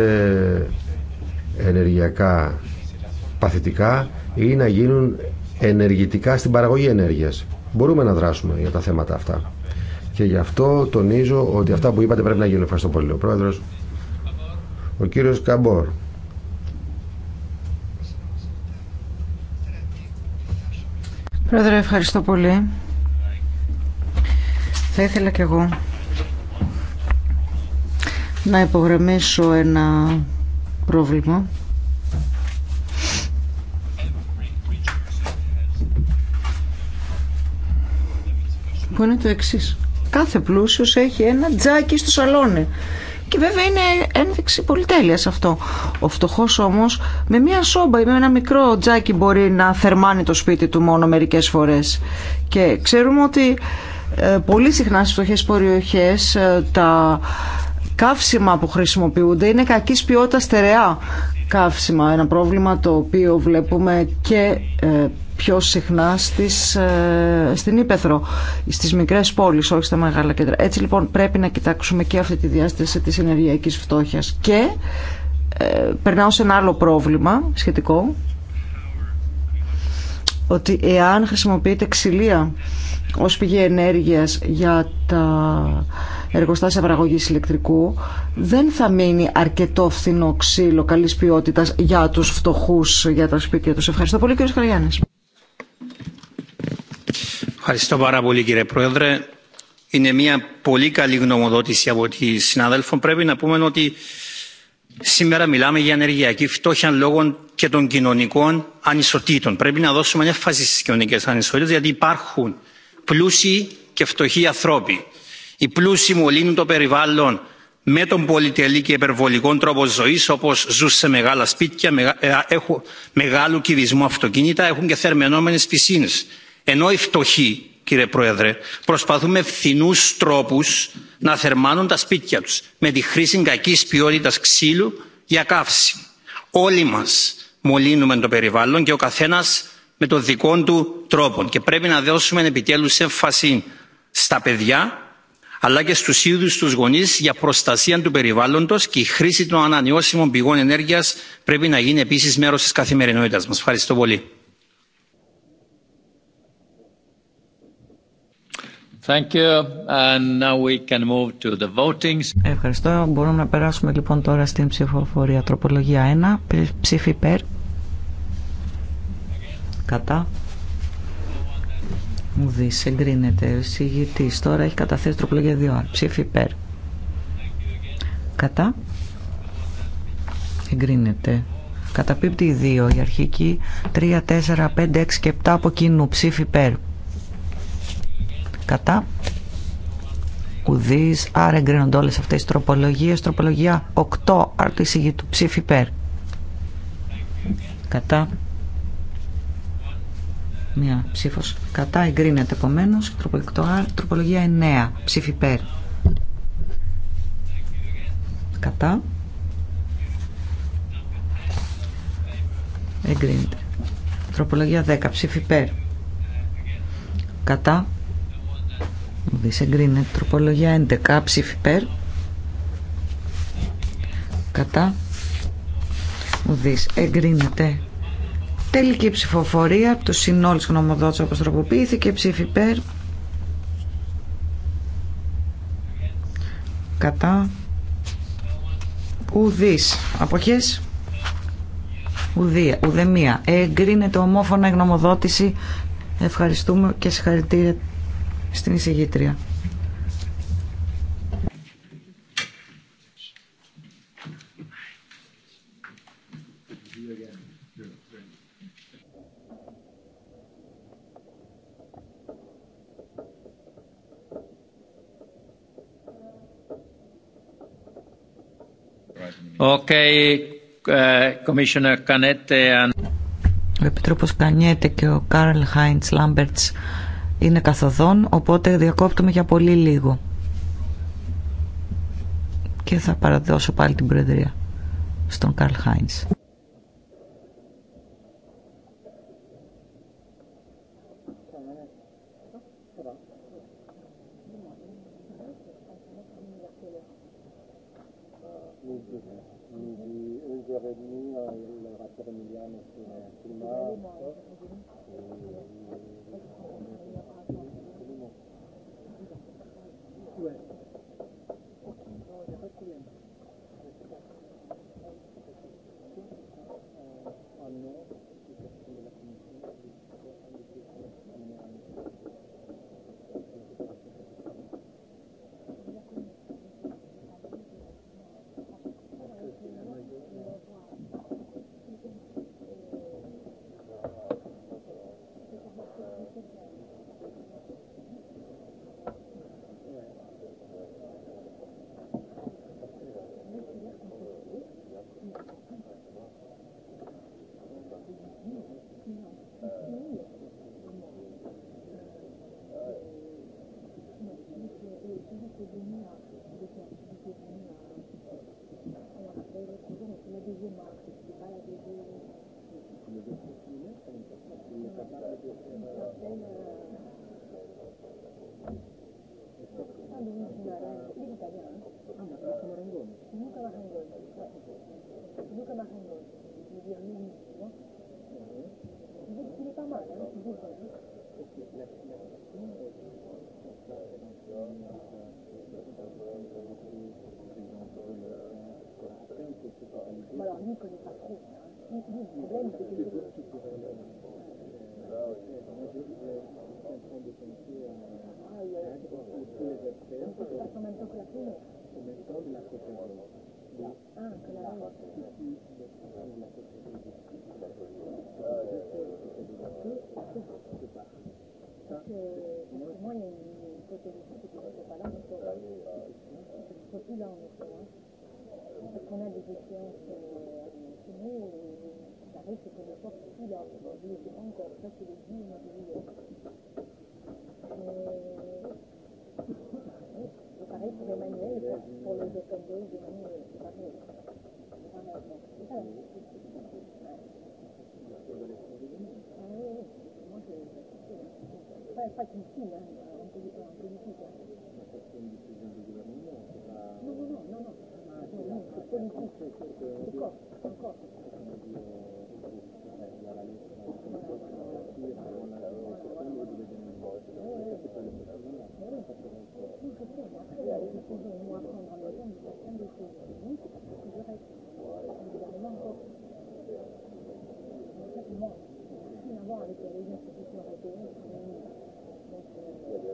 ενεργειακά παθητικά ή να γίνουν ενεργητικά στην παραγωγή ενέργειας. Μπορούμε να δράσουμε για τα θέματα αυτά. Και γι' αυτό τονίζω ότι αυτά που είπατε πρέπει να γίνουν. Ευχαριστώ πολύ, ο Πρόεδρος. Ο κύριος Καμπόρ. Πρόεδρε, ευχαριστώ πολύ. Θα ήθελα κι εγώ να υπογραμμίσω ένα πρόβλημα που είναι το εξής. Κάθε πλούσιος έχει ένα τζάκι στο σαλόνι και βέβαια είναι ένδειξη πολυτέλεια αυτό. Ο φτωχό όμω με μία σόμπα ή με ένα μικρό τζάκι μπορεί να θερμάνει το σπίτι του μόνο μερικέ φορέ. Και ξέρουμε ότι ε, πολύ συχνά στι φτωχέ περιοχέ ε, τα καύσιμα που χρησιμοποιούνται είναι κακής ποιότητας στερεά καύσιμα, ένα πρόβλημα το οποίο βλέπουμε και ε, πιο συχνά στις, ε, στην Ήπεθρο, στις μικρές πόλεις, όχι στα μεγάλα κέντρα. Έτσι λοιπόν πρέπει να κοιτάξουμε και αυτή τη διάσταση της ενεργειακής φτώχειας. Και ε, περνάω σε ένα άλλο πρόβλημα σχετικό, ότι εάν χρησιμοποιείται ξυλία ως πηγή ενέργειας για τα εργοστάσια παραγωγής ηλεκτρικού δεν θα μείνει αρκετό φθηνό ξύλο καλή ποιότητας για τους φτωχούς, για τα σπίτια τους. Ευχαριστώ πολύ κύριε Σκαριάννης. Ευχαριστώ πάρα πολύ κύριε Πρόεδρε. Είναι μια πολύ καλή γνωμοδότηση από τη συνάδελφο. Πρέπει να πούμε ότι Σήμερα μιλάμε για ενεργειακή φτώχεια λόγω και των κοινωνικών ανισοτήτων. Πρέπει να δώσουμε έμφαση στι κοινωνικέ ανισότητε γιατί υπάρχουν πλούσιοι και φτωχοί ανθρώποι. Οι πλούσιοι μολύνουν το περιβάλλον με τον πολυτελή και υπερβολικό τρόπο ζωή όπω ζουν σε μεγάλα σπίτια, ε, έχουν μεγάλου κυβισμού αυτοκίνητα, έχουν και θερμενόμενε πισίνε. Ενώ οι φτωχοί κύριε πρόεδρε προσπαθούμε με τρόπους να θερμάνουν τα σπίτια τους με τη χρήση κακής ποιότητας ξύλου για καύση. όλοι μας μολύνουμε το περιβάλλον και ο καθένας με τον δικό του τρόπο και πρέπει να δώσουμε επιτέλους έμφαση στα παιδιά αλλά και στους ίδιους τους γονείς για προστασία του περιβάλλοντος και η χρήση των ανανεώσιμων πηγών ενέργειας πρέπει να γίνει επίσης μέρος της καθημερινότητας μας. Ευχαριστώ πολύ. Ευχαριστώ. Μπορούμε να περάσουμε λοιπόν τώρα στην ψηφοφορία. Τροπολογία 1. Ψήφι υπέρ. Κατά. Ουδή. Εγκρίνεται. Ο συγητή τώρα έχει καταθέσει τροπολογία 2. Ψήφι υπέρ. Κατά. Εγκρίνεται. Καταπίπτει 2. Η αρχική 3, 4, 5, 6 και 7 από κοινού. Ψήφι υπέρ κατά ουδής άρα εγκρίνονται όλες αυτές οι τροπολογίες τροπολογία 8 αρτήσιγη του ψήφι πέρ κατά μία ψήφος κατά εγκρίνεται επομένω. τροπολογία 9 ψήφι πέρ κατά εγκρίνεται τροπολογία 10 ψήφι πέρ κατά Δις εγκρίνεται. Τροπολογία 11. Ψήφι περ. Κατά. Ουδής εγκρίνεται. Τελική ψηφοφορία του συνόλου γνωμοδότης όπως τροποποιήθηκε. Ψήφι περ. Κατά. Ουδής. Αποχές. Ουδία, ουδεμία. Εγκρίνεται ομόφωνα η γνωμοδότηση. Ευχαριστούμε και συγχαρητήρια στην εισηγήτρια. Okay, uh, Commissioner and... Ο Επιτρόπος Κανιέτε και ο Κάρλ Χάιντς Λάμπερτς είναι καθοδόν, οπότε διακόπτουμε για πολύ λίγο. Και θα παραδώσω πάλι την Προεδρία στον Καρλ Χάινς.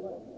Gracias.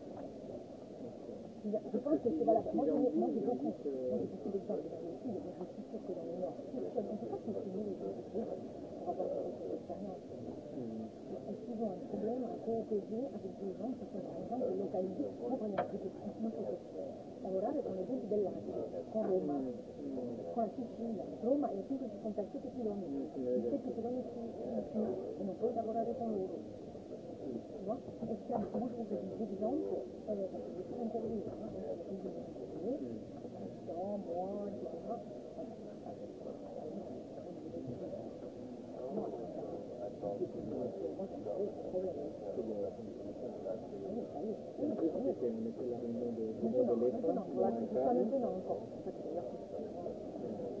je pense que c'est valable. Moi, j'ai beaucoup, moi, j'ai beaucoup de que dans le Nord, on ne peut pas continuer les un problème à coopérer avec des gens qui sont, par Roma, con Sicilia. Roma è a km, 7 lavorare con no? E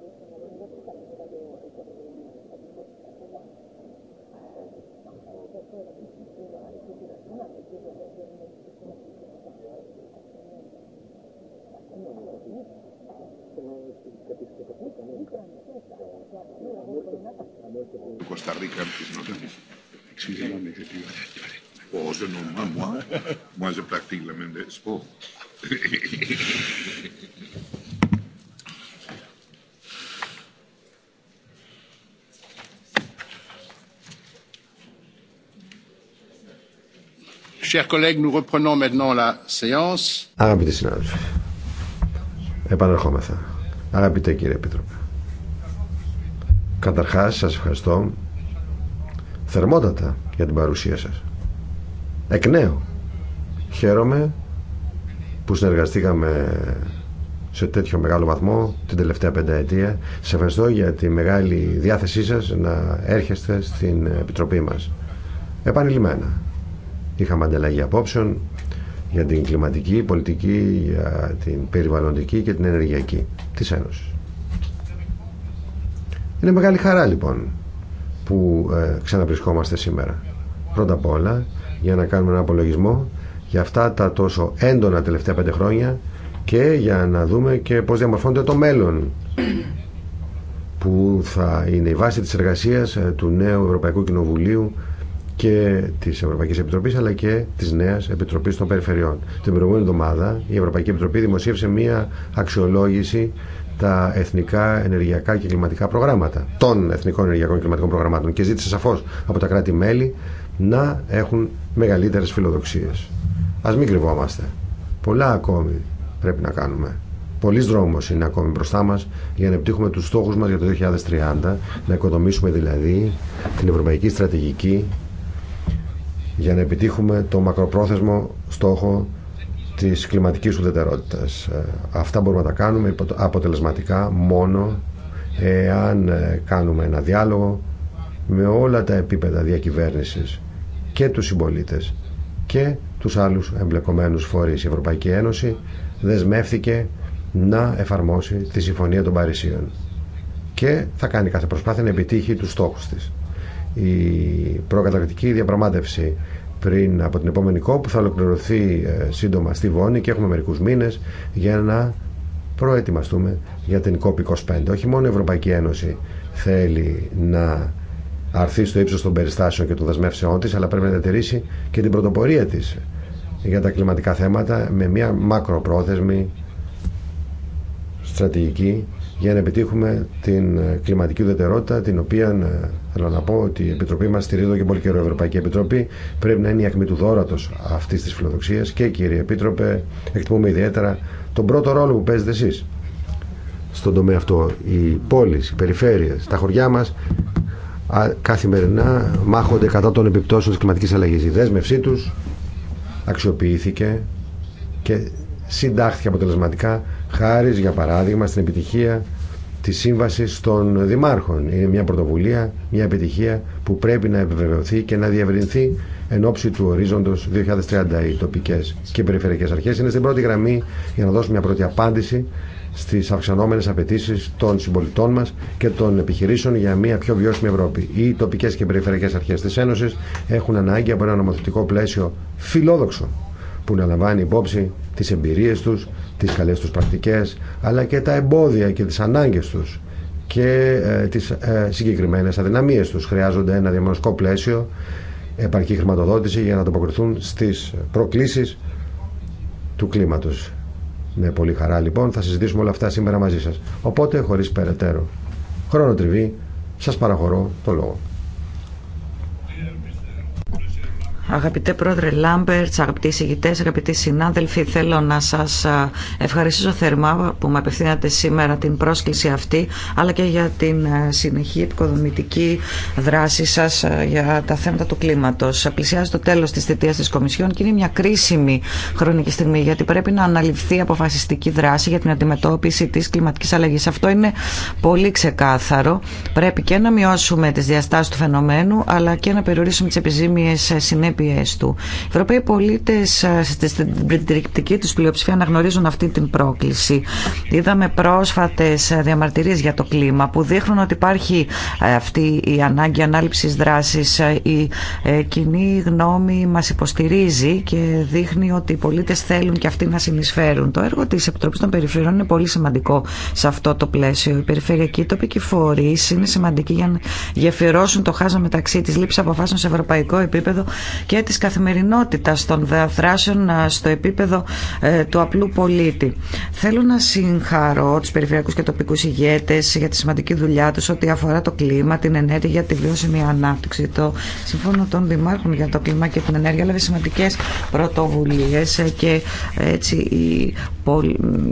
Costa Rica, excusez-moi, mais je oh, je moi, moi je pratique le même sport. Chers collègues, nous reprenons maintenant la séance. Αγαπητοί συνάδελφοι, επαναρχόμεθα. Αγαπητέ κύριε Επίτροπε, καταρχάς σας ευχαριστώ θερμότατα για την παρουσία σας. Εκ νέου, χαίρομαι που συνεργαστήκαμε σε τέτοιο μεγάλο βαθμό την τελευταία πενταετία. Σε ευχαριστώ για τη μεγάλη διάθεσή σας να έρχεστε στην Επιτροπή μας. Επανειλημμένα. Είχαμε ανταλλαγή απόψεων για την κλιματική, πολιτική, για την περιβαλλοντική και την ενεργειακή της Ένωσης. Είναι μεγάλη χαρά λοιπόν που ε, σήμερα. Πρώτα απ' όλα για να κάνουμε ένα απολογισμό για αυτά τα τόσο έντονα τελευταία πέντε χρόνια και για να δούμε και πώς διαμορφώνεται το μέλλον που θα είναι η βάση της εργασίας ε, του νέου Ευρωπαϊκού Κοινοβουλίου και τη Ευρωπαϊκή Επιτροπή αλλά και τη νέα Επιτροπή των Περιφερειών. Την προηγούμενη εβδομάδα η Ευρωπαϊκή Επιτροπή δημοσίευσε μία αξιολόγηση τα εθνικά ενεργειακά και κλιματικά προγράμματα, των εθνικών ενεργειακών και κλιματικών προγραμμάτων και ζήτησε σαφώ από τα κράτη-μέλη να έχουν μεγαλύτερε φιλοδοξίε. Α μην κρυβόμαστε. Πολλά ακόμη πρέπει να κάνουμε. Πολλοί δρόμο είναι ακόμη μπροστά μα για να επιτύχουμε του στόχου μα για το 2030, να οικοδομήσουμε δηλαδή την ευρωπαϊκή στρατηγική για να επιτύχουμε το μακροπρόθεσμο στόχο της κλιματικής ουδετερότητας. Ε, αυτά μπορούμε να τα κάνουμε αποτελεσματικά μόνο εάν ε, κάνουμε ένα διάλογο με όλα τα επίπεδα διακυβέρνησης και τους συμπολίτε και τους άλλους εμπλεκομένους φορείς. Η Ευρωπαϊκή Ένωση δεσμεύθηκε να εφαρμόσει τη Συμφωνία των Παρισίων και θα κάνει κάθε προσπάθεια να επιτύχει τους στόχους της η προκαταρκτική διαπραγμάτευση πριν από την επόμενη κόπ που θα ολοκληρωθεί ε, σύντομα στη Βόνη και έχουμε μερικούς μήνες για να προετοιμαστούμε για την COP25. Όχι μόνο η Ευρωπαϊκή Ένωση θέλει να αρθεί στο ύψος των περιστάσεων και των δεσμεύσεών της, αλλά πρέπει να διατηρήσει και την πρωτοπορία της για τα κλιματικά θέματα με μια μακροπρόθεσμη στρατηγική για να επιτύχουμε την ε, κλιματική ουδετερότητα, την οποία ε, θέλω να πω ότι η Επιτροπή μα στηρίζει εδώ και πολύ καιρό. Η Ευρωπαϊκή Επιτροπή πρέπει να είναι η ακμή του δόρατο αυτή τη φιλοδοξία και κύριε Επίτροπε, εκτιμούμε ιδιαίτερα τον πρώτο ρόλο που παίζετε εσεί στον τομέα αυτό. Οι πόλει, οι περιφέρειε, τα χωριά μα καθημερινά μάχονται κατά των επιπτώσεων τη κλιματική αλλαγή. Η δέσμευσή του αξιοποιήθηκε και συντάχθηκε αποτελεσματικά χάρη για παράδειγμα στην επιτυχία τη σύμβαση των δημάρχων. Είναι μια πρωτοβουλία, μια επιτυχία που πρέπει να επιβεβαιωθεί και να διευρυνθεί εν ώψη του ορίζοντο 2030. Οι τοπικέ και περιφερειακέ αρχέ είναι στην πρώτη γραμμή για να δώσουν μια πρώτη απάντηση στι αυξανόμενε απαιτήσει των συμπολιτών μα και των επιχειρήσεων για μια πιο βιώσιμη Ευρώπη. Οι τοπικέ και περιφερειακέ αρχέ τη Ένωση έχουν ανάγκη από ένα νομοθετικό πλαίσιο φιλόδοξο που να λαμβάνει υπόψη τι εμπειρίε του, τις καλές τους πρακτικές αλλά και τα εμπόδια και τις ανάγκες τους και ε, τις ε, συγκεκριμένες αδυναμίες τους. Χρειάζονται ένα διαμονωσικό πλαίσιο, επαρκή χρηματοδότηση για να τοποκριθούν στις προκλήσεις του κλίματος. Με πολύ χαρά λοιπόν θα συζητήσουμε όλα αυτά σήμερα μαζί σας. Οπότε χωρίς περαιτέρω χρόνο τριβή σας παραχωρώ το λόγο. Αγαπητέ πρόεδρε Λάμπερτ, αγαπητοί συγητέ, αγαπητοί συνάδελφοι, θέλω να σα ευχαριστήσω θερμά που με απευθύνατε σήμερα την πρόσκληση αυτή, αλλά και για την συνεχή επικοδομητική δράση σα για τα θέματα του κλίματο. Πλησιάζει το τέλο τη θητεία τη Κομισιόν και είναι μια κρίσιμη χρονική στιγμή, γιατί πρέπει να αναλυφθεί αποφασιστική δράση για την αντιμετώπιση τη κλιματική αλλαγή. Αυτό είναι πολύ ξεκάθαρο. Πρέπει και να μειώσουμε τι διαστάσει του φαινομένου, αλλά και να περιορίσουμε τι επιζήμιε συνέπειε του. Οι Ευρωπαίοι πολίτε στην πριτρικτική του πλειοψηφία αναγνωρίζουν αυτή την πρόκληση. Είδαμε πρόσφατε διαμαρτυρίε για το κλίμα που δείχνουν ότι υπάρχει αυτή η ανάγκη ανάληψη δράση. Η ε, κοινή γνώμη μα υποστηρίζει και δείχνει ότι οι πολίτε θέλουν και αυτοί να συνεισφέρουν. Το έργο τη επιτροπή των Περιφερειών είναι πολύ σημαντικό σε αυτό το πλαίσιο. Οι περιφερειακοί τοπικοί φορείς είναι σημαντικοί για να γεφυρώσουν το χάσμα μεταξύ τη λήψη αποφάσεων σε ευρωπαϊκό επίπεδο και της καθημερινότητας των δράσεων στο επίπεδο ε, του απλού πολίτη. Θέλω να συγχαρώ τους περιφερειακούς και τοπικούς ηγέτες για τη σημαντική δουλειά τους ό,τι αφορά το κλίμα, την ενέργεια, για τη βιώσιμη ανάπτυξη. Το Σύμφωνο των Δημάρχων για το κλίμα και την ενέργεια έλαβε σημαντικές πρωτοβουλίες ε, και έτσι οι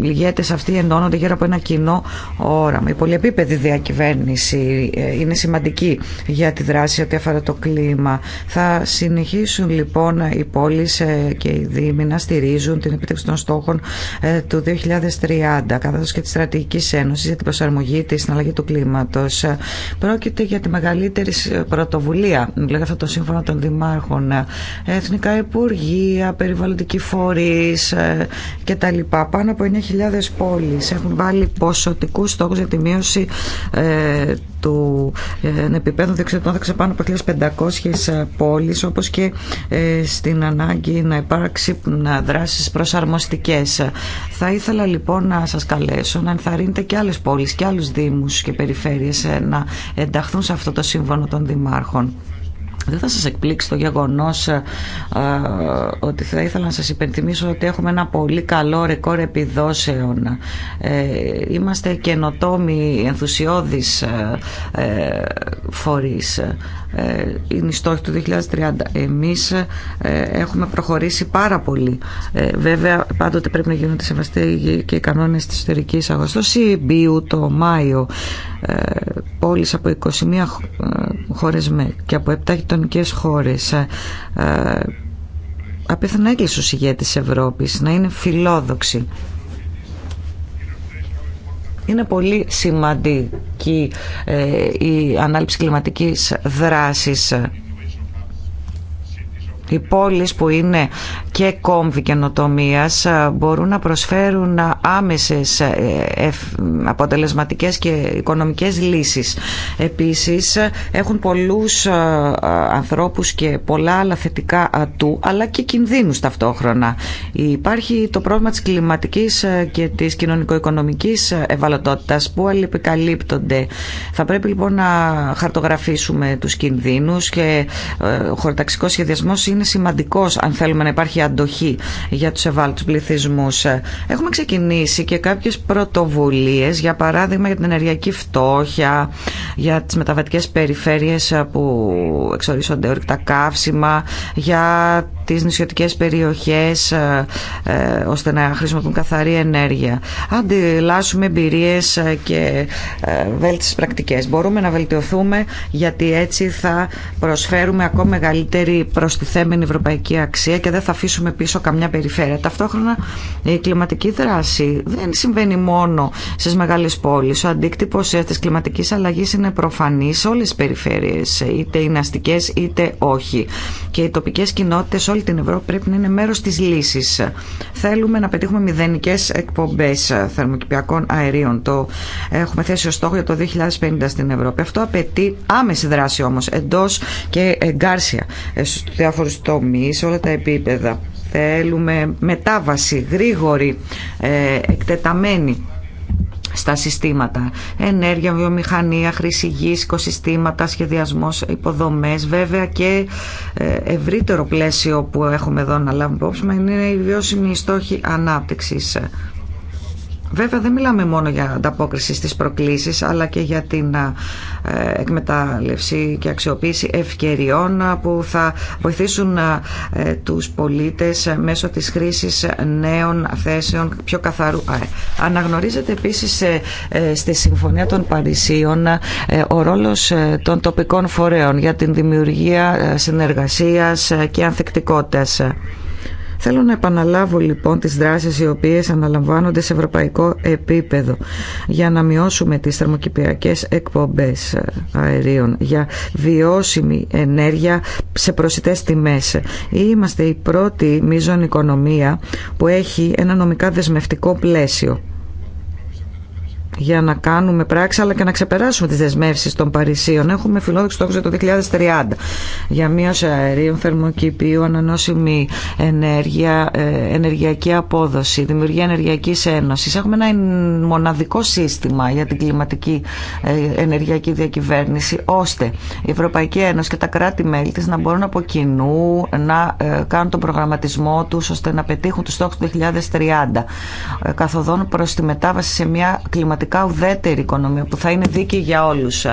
ηγέτες αυτοί ενώνονται γύρω από ένα κοινό όραμα. Η πολυεπίπεδη διακυβέρνηση ε, είναι σημαντική για τη δράση ό,τι αφορά το κλίμα. Θα συνεχίσω λοιπόν οι πόλεις ε, και οι Δήμοι να στηρίζουν την επιτεύξη των στόχων ε, του 2030 καθώς και τη Στρατηγική Ένωση για την προσαρμογή της στην αλλαγή του κλίματος. Ε, πρόκειται για τη μεγαλύτερη πρωτοβουλία, λέγαμε αυτό το σύμφωνο των δημάρχων, εθνικά υπουργεία, περιβαλλοντικοί φορείς κτλ. Πάνω από 9.000 πόλεις έχουν βάλει ποσοτικού στόχου για τη μείωση του επίπεδου διοξιδιωτών θα ξεπάνω από 1.500 πόλεις όπως και ε, στην ανάγκη να υπάρξει να δράσεις προσαρμοστικές. Θα ήθελα λοιπόν να σας καλέσω να ενθαρρύνετε και άλλες πόλεις και άλλους δήμους και περιφέρειες ε, να ενταχθούν σε αυτό το σύμφωνο των δημάρχων. Δεν θα σας εκπλήξει το γεγονός ε, α, ότι θα ήθελα να σας υπενθυμίσω ότι έχουμε ένα πολύ καλό ρεκόρ επιδόσεων. Ε, είμαστε καινοτόμοι, ενθουσιώδεις ε, φορείς. Ε, είναι η στόχη του 2030. Εμείς ε, έχουμε προχωρήσει πάρα πολύ. Ε, βέβαια πάντοτε πρέπει να γίνονται σεβαστοί και οι κανόνες της ιστορικής αγοράς. Το CBU το Μάιο πόλεις από 21 χώρες και από 7 γειτονικέ χώρες απίθανα έκλεισε ο Ευρώπης να είναι φιλόδοξη είναι πολύ σημαντική ε, η ανάληψη κλιματικής δράσης οι πόλεις που είναι και κόμβοι καινοτομία ε, μπορούν να προσφέρουν ε, άμεσες ε, αποτελεσματικές και οικονομικές λύσεις. Επίσης έχουν πολλούς ανθρώπους και πολλά άλλα θετικά ατού αλλά και κινδύνους ταυτόχρονα. Υπάρχει το πρόβλημα της κλιματικής και της κοινωνικο-οικονομικής ευαλωτότητας που αλληλεπικαλύπτονται. Θα πρέπει λοιπόν να χαρτογραφήσουμε τους κινδύνους και ο χωροταξικός σχεδιασμός είναι είναι σημαντικός αν θέλουμε να υπάρχει αντοχή για τους ευάλωτους πληθυσμούς. Έχουμε ξεκινήσει και κάποιες πρωτοβουλίες, για παράδειγμα για την ενεργειακή φτώχεια, για τις μεταβατικές περιφέρειες που εξορίσσονται ορυκτά καύσιμα, για τις νησιωτικές περιοχές ε, ε, ώστε να χρησιμοποιούν καθαρή ενέργεια. Αντιλάσσουμε εμπειρίε ε, και βέλτιστες πρακτικές. Μπορούμε να βελτιωθούμε γιατί έτσι θα προσφέρουμε ακόμα μεγαλύτερη προστιθέμενη ευρωπαϊκή αξία και δεν θα αφήσουμε πίσω καμιά περιφέρεια. Ταυτόχρονα η κλιματική δράση δεν συμβαίνει μόνο στις μεγάλες πόλεις. Ο αντίκτυπος της κλιματικής αλλαγής είναι προφανής σε όλες τις περιφέρειες, είτε είναι αστικές είτε όχι. Και οι τοπικές κοινότητες την Ευρώπη πρέπει να είναι μέρο τη λύση. Θέλουμε να πετύχουμε μηδενικές εκπομπές θερμοκηπιακών αερίων. Το έχουμε θέσει ως στόχο για το 2050 στην Ευρώπη. Αυτό απαιτεί άμεση δράση όμως εντό και εγκάρσια ε, διάφορου τομεί, σε όλα τα επίπεδα. Θέλουμε μετάβαση γρήγορη, ε, εκτεταμένη στα συστήματα. Ενέργεια, βιομηχανία, χρήση γη, οικοσυστήματα, σχεδιασμός, υποδομέ, Βέβαια και ε, ευρύτερο πλαίσιο που έχουμε εδώ να λάβουμε υπόψη είναι η βιώσιμη στόχη ανάπτυξη. Βέβαια δεν μιλάμε μόνο για ανταπόκριση στις προκλήσεις αλλά και για την ε, εκμετάλλευση και αξιοποίηση ευκαιριών που θα βοηθήσουν ε, τους πολίτες ε, μέσω της χρήσης νέων θέσεων πιο καθαρού. Αναγνωρίζεται επίσης στη Συμφωνία των Παρισίων ο ρόλος των τοπικών φορέων για την δημιουργία συνεργασίας και ανθεκτικότητας. Θέλω να επαναλάβω λοιπόν τις δράσεις οι οποίες αναλαμβάνονται σε ευρωπαϊκό επίπεδο για να μειώσουμε τις θερμοκηπιακές εκπομπές ε, αερίων, για βιώσιμη ενέργεια σε προσιτές τιμές. Είμαστε η πρώτη μείζων οικονομία που έχει ένα νομικά δεσμευτικό πλαίσιο για να κάνουμε πράξη αλλά και να ξεπεράσουμε τις δεσμεύσεις των Παρισίων. Έχουμε φιλόδοξο στόχο για το 2030 για μείωση αερίων, θερμοκηπίου, ανανόσιμη ενέργεια, ε, ενεργειακή απόδοση, δημιουργία ενεργειακής ένωσης. Έχουμε ένα μοναδικό σύστημα για την κλιματική ε, ενεργειακή διακυβέρνηση ώστε η Ευρωπαϊκή Ένωση και τα κράτη-μέλη της να μπορούν από κοινού να ε, κάνουν τον προγραμματισμό τους ώστε να πετύχουν τους στόχους του 2030 καθοδόν προς τη μετάβαση σε μια κλιματική πραγματικά ουδέτερη οικονομία που θα είναι δίκαιη για όλους.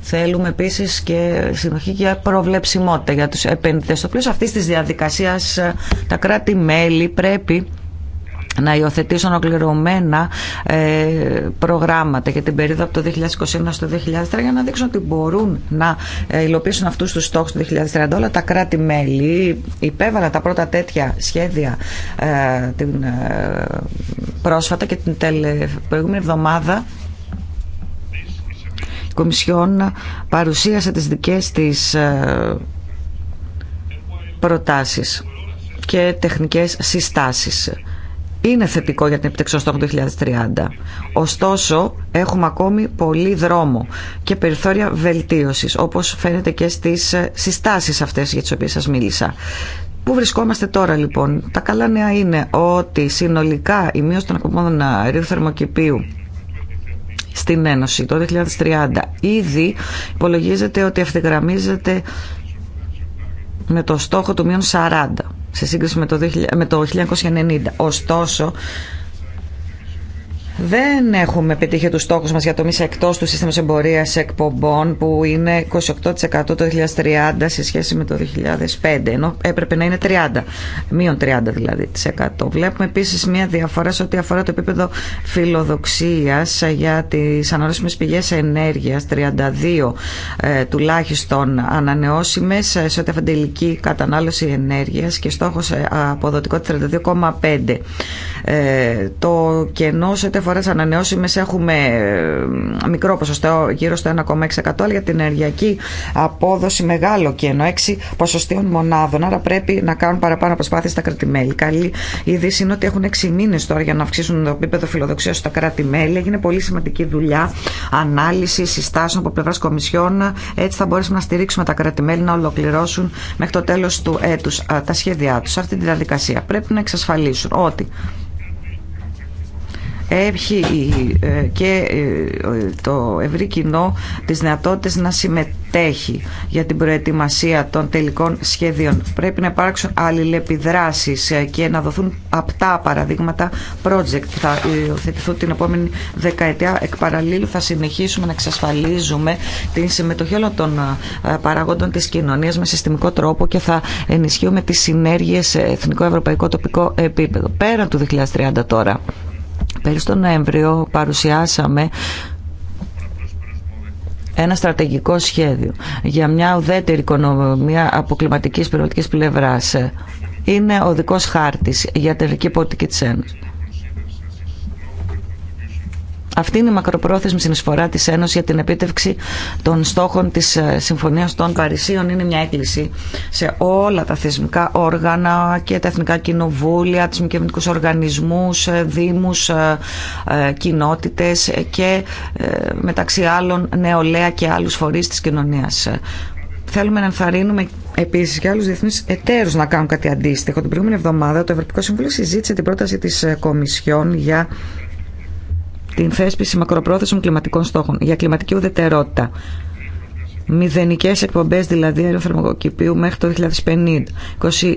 Θέλουμε επίση και συνοχή για προβλεψιμότητα για τους επενδυτές. Στο πλαίσιο αυτής της διαδικασίας τα κράτη-μέλη πρέπει να υιοθετήσουν ολοκληρωμένα ε, προγράμματα για την περίοδο από το 2021 στο 2030 για να δείξουν ότι μπορούν να ε, υλοποιήσουν αυτού του στόχου του 2030. Όλα τα κράτη-μέλη υπέβαλαν τα πρώτα τέτοια σχέδια ε, την, πρόσφατα και την προηγούμενη εβδομάδα η Κομισιόν παρουσίασε τις δικές της προτάσεις και τεχνικές συστάσεις είναι θετικό για την επιτεξία του 2030. Ωστόσο, έχουμε ακόμη πολύ δρόμο και περιθώρια βελτίωσης, όπως φαίνεται και στις συστάσεις αυτές για τις οποίες σας μίλησα. Πού βρισκόμαστε τώρα λοιπόν. Τα καλά νέα είναι ότι συνολικά η μείωση των εκπομπών αερίου θερμοκηπίου στην Ένωση το 2030 ήδη υπολογίζεται ότι ευθυγραμμίζεται με το στόχο του μείον 40 σε σύγκριση με το 1990. Ωστόσο, δεν έχουμε πετύχει του στόχου μας για το μισό εκτός του σύστημα εμπορία εκπομπών που είναι 28% το 2030 σε σχέση με το 2005 ενώ έπρεπε να είναι 30, μείον 30 δηλαδή της 100. Βλέπουμε επίση μια διαφορά σε ό,τι αφορά το επίπεδο φιλοδοξίας για τι ανανεώσιμες πηγέ ενέργειας 32 ε, τουλάχιστον ανανεώσιμε σε ό,τι αφορά τελική κατανάλωση ενέργεια και στόχος ε, αποδοτικότητα 32,5. Ε, το κενό σε Τώρα τι ανανεώσιμε έχουμε ε, μικρό ποσοστό γύρω στο 1,6% αλλά για την ενεργειακή απόδοση μεγάλο κενό 6 ποσοστίων μονάδων. Άρα πρέπει να κάνουν παραπάνω προσπάθειε στα κράτη-μέλη. Καλή είδηση είναι ότι έχουν 6 μήνε τώρα για να αυξήσουν το επίπεδο φιλοδοξία στα κράτη-μέλη. Έγινε πολύ σημαντική δουλειά ανάλυση συστάσεων από πλευρά Κομισιών. Έτσι θα μπορέσουμε να στηρίξουμε τα κρατη να ολοκληρώσουν μέχρι το τέλο του έτου ε, τα σχέδιά του. Αυτή τη διαδικασία πρέπει να εξασφαλίσουν ότι έχει ε, και ε, το ευρύ κοινό τις δυνατότητες να συμμετέχει για την προετοιμασία των τελικών σχεδίων. Πρέπει να υπάρξουν αλληλεπιδράσεις ε, και να δοθούν απτά παραδείγματα project που θα υιοθετηθούν την επόμενη δεκαετία. Εκ παραλλήλου θα συνεχίσουμε να εξασφαλίζουμε την συμμετοχή όλων των παραγόντων της κοινωνίας με συστημικό τρόπο και θα ενισχύουμε τις συνέργειες σε εθνικό, ευρωπαϊκό, τοπικό επίπεδο. Πέραν του 2030 τώρα. Πέρυσι τον Νοέμβριο παρουσιάσαμε ένα στρατηγικό σχέδιο για μια ουδέτερη οικονομία από κλιματικής πλευράς. Είναι ο δικός χάρτης για την πολιτική της Ένωσης. Αυτή είναι η μακροπρόθεσμη συνεισφορά της Ένωσης για την επίτευξη των στόχων της ε, Συμφωνίας των Παρισίων. Είναι μια έκκληση σε όλα τα θεσμικά όργανα και τα εθνικά κοινοβούλια, τους μη κυβερνητικούς οργανισμούς, ε, δήμους, ε, κοινότητες και μεταξύ άλλων νεολαία και άλλους φορείς της κοινωνίας. Θέλουμε να ενθαρρύνουμε επίση και άλλου διεθνεί εταίρου να κάνουν κάτι αντίστοιχο. Την προηγούμενη εβδομάδα το Ευρωπαϊκό Συμβούλιο συζήτησε την πρόταση τη Κομισιόν για την θέσπιση μακροπρόθεσμων κλιματικών στόχων για κλιματική ουδετερότητα. Μηδενικέ εκπομπέ δηλαδή αεροθερμοκοκυπίου μέχρι το 2050. 20...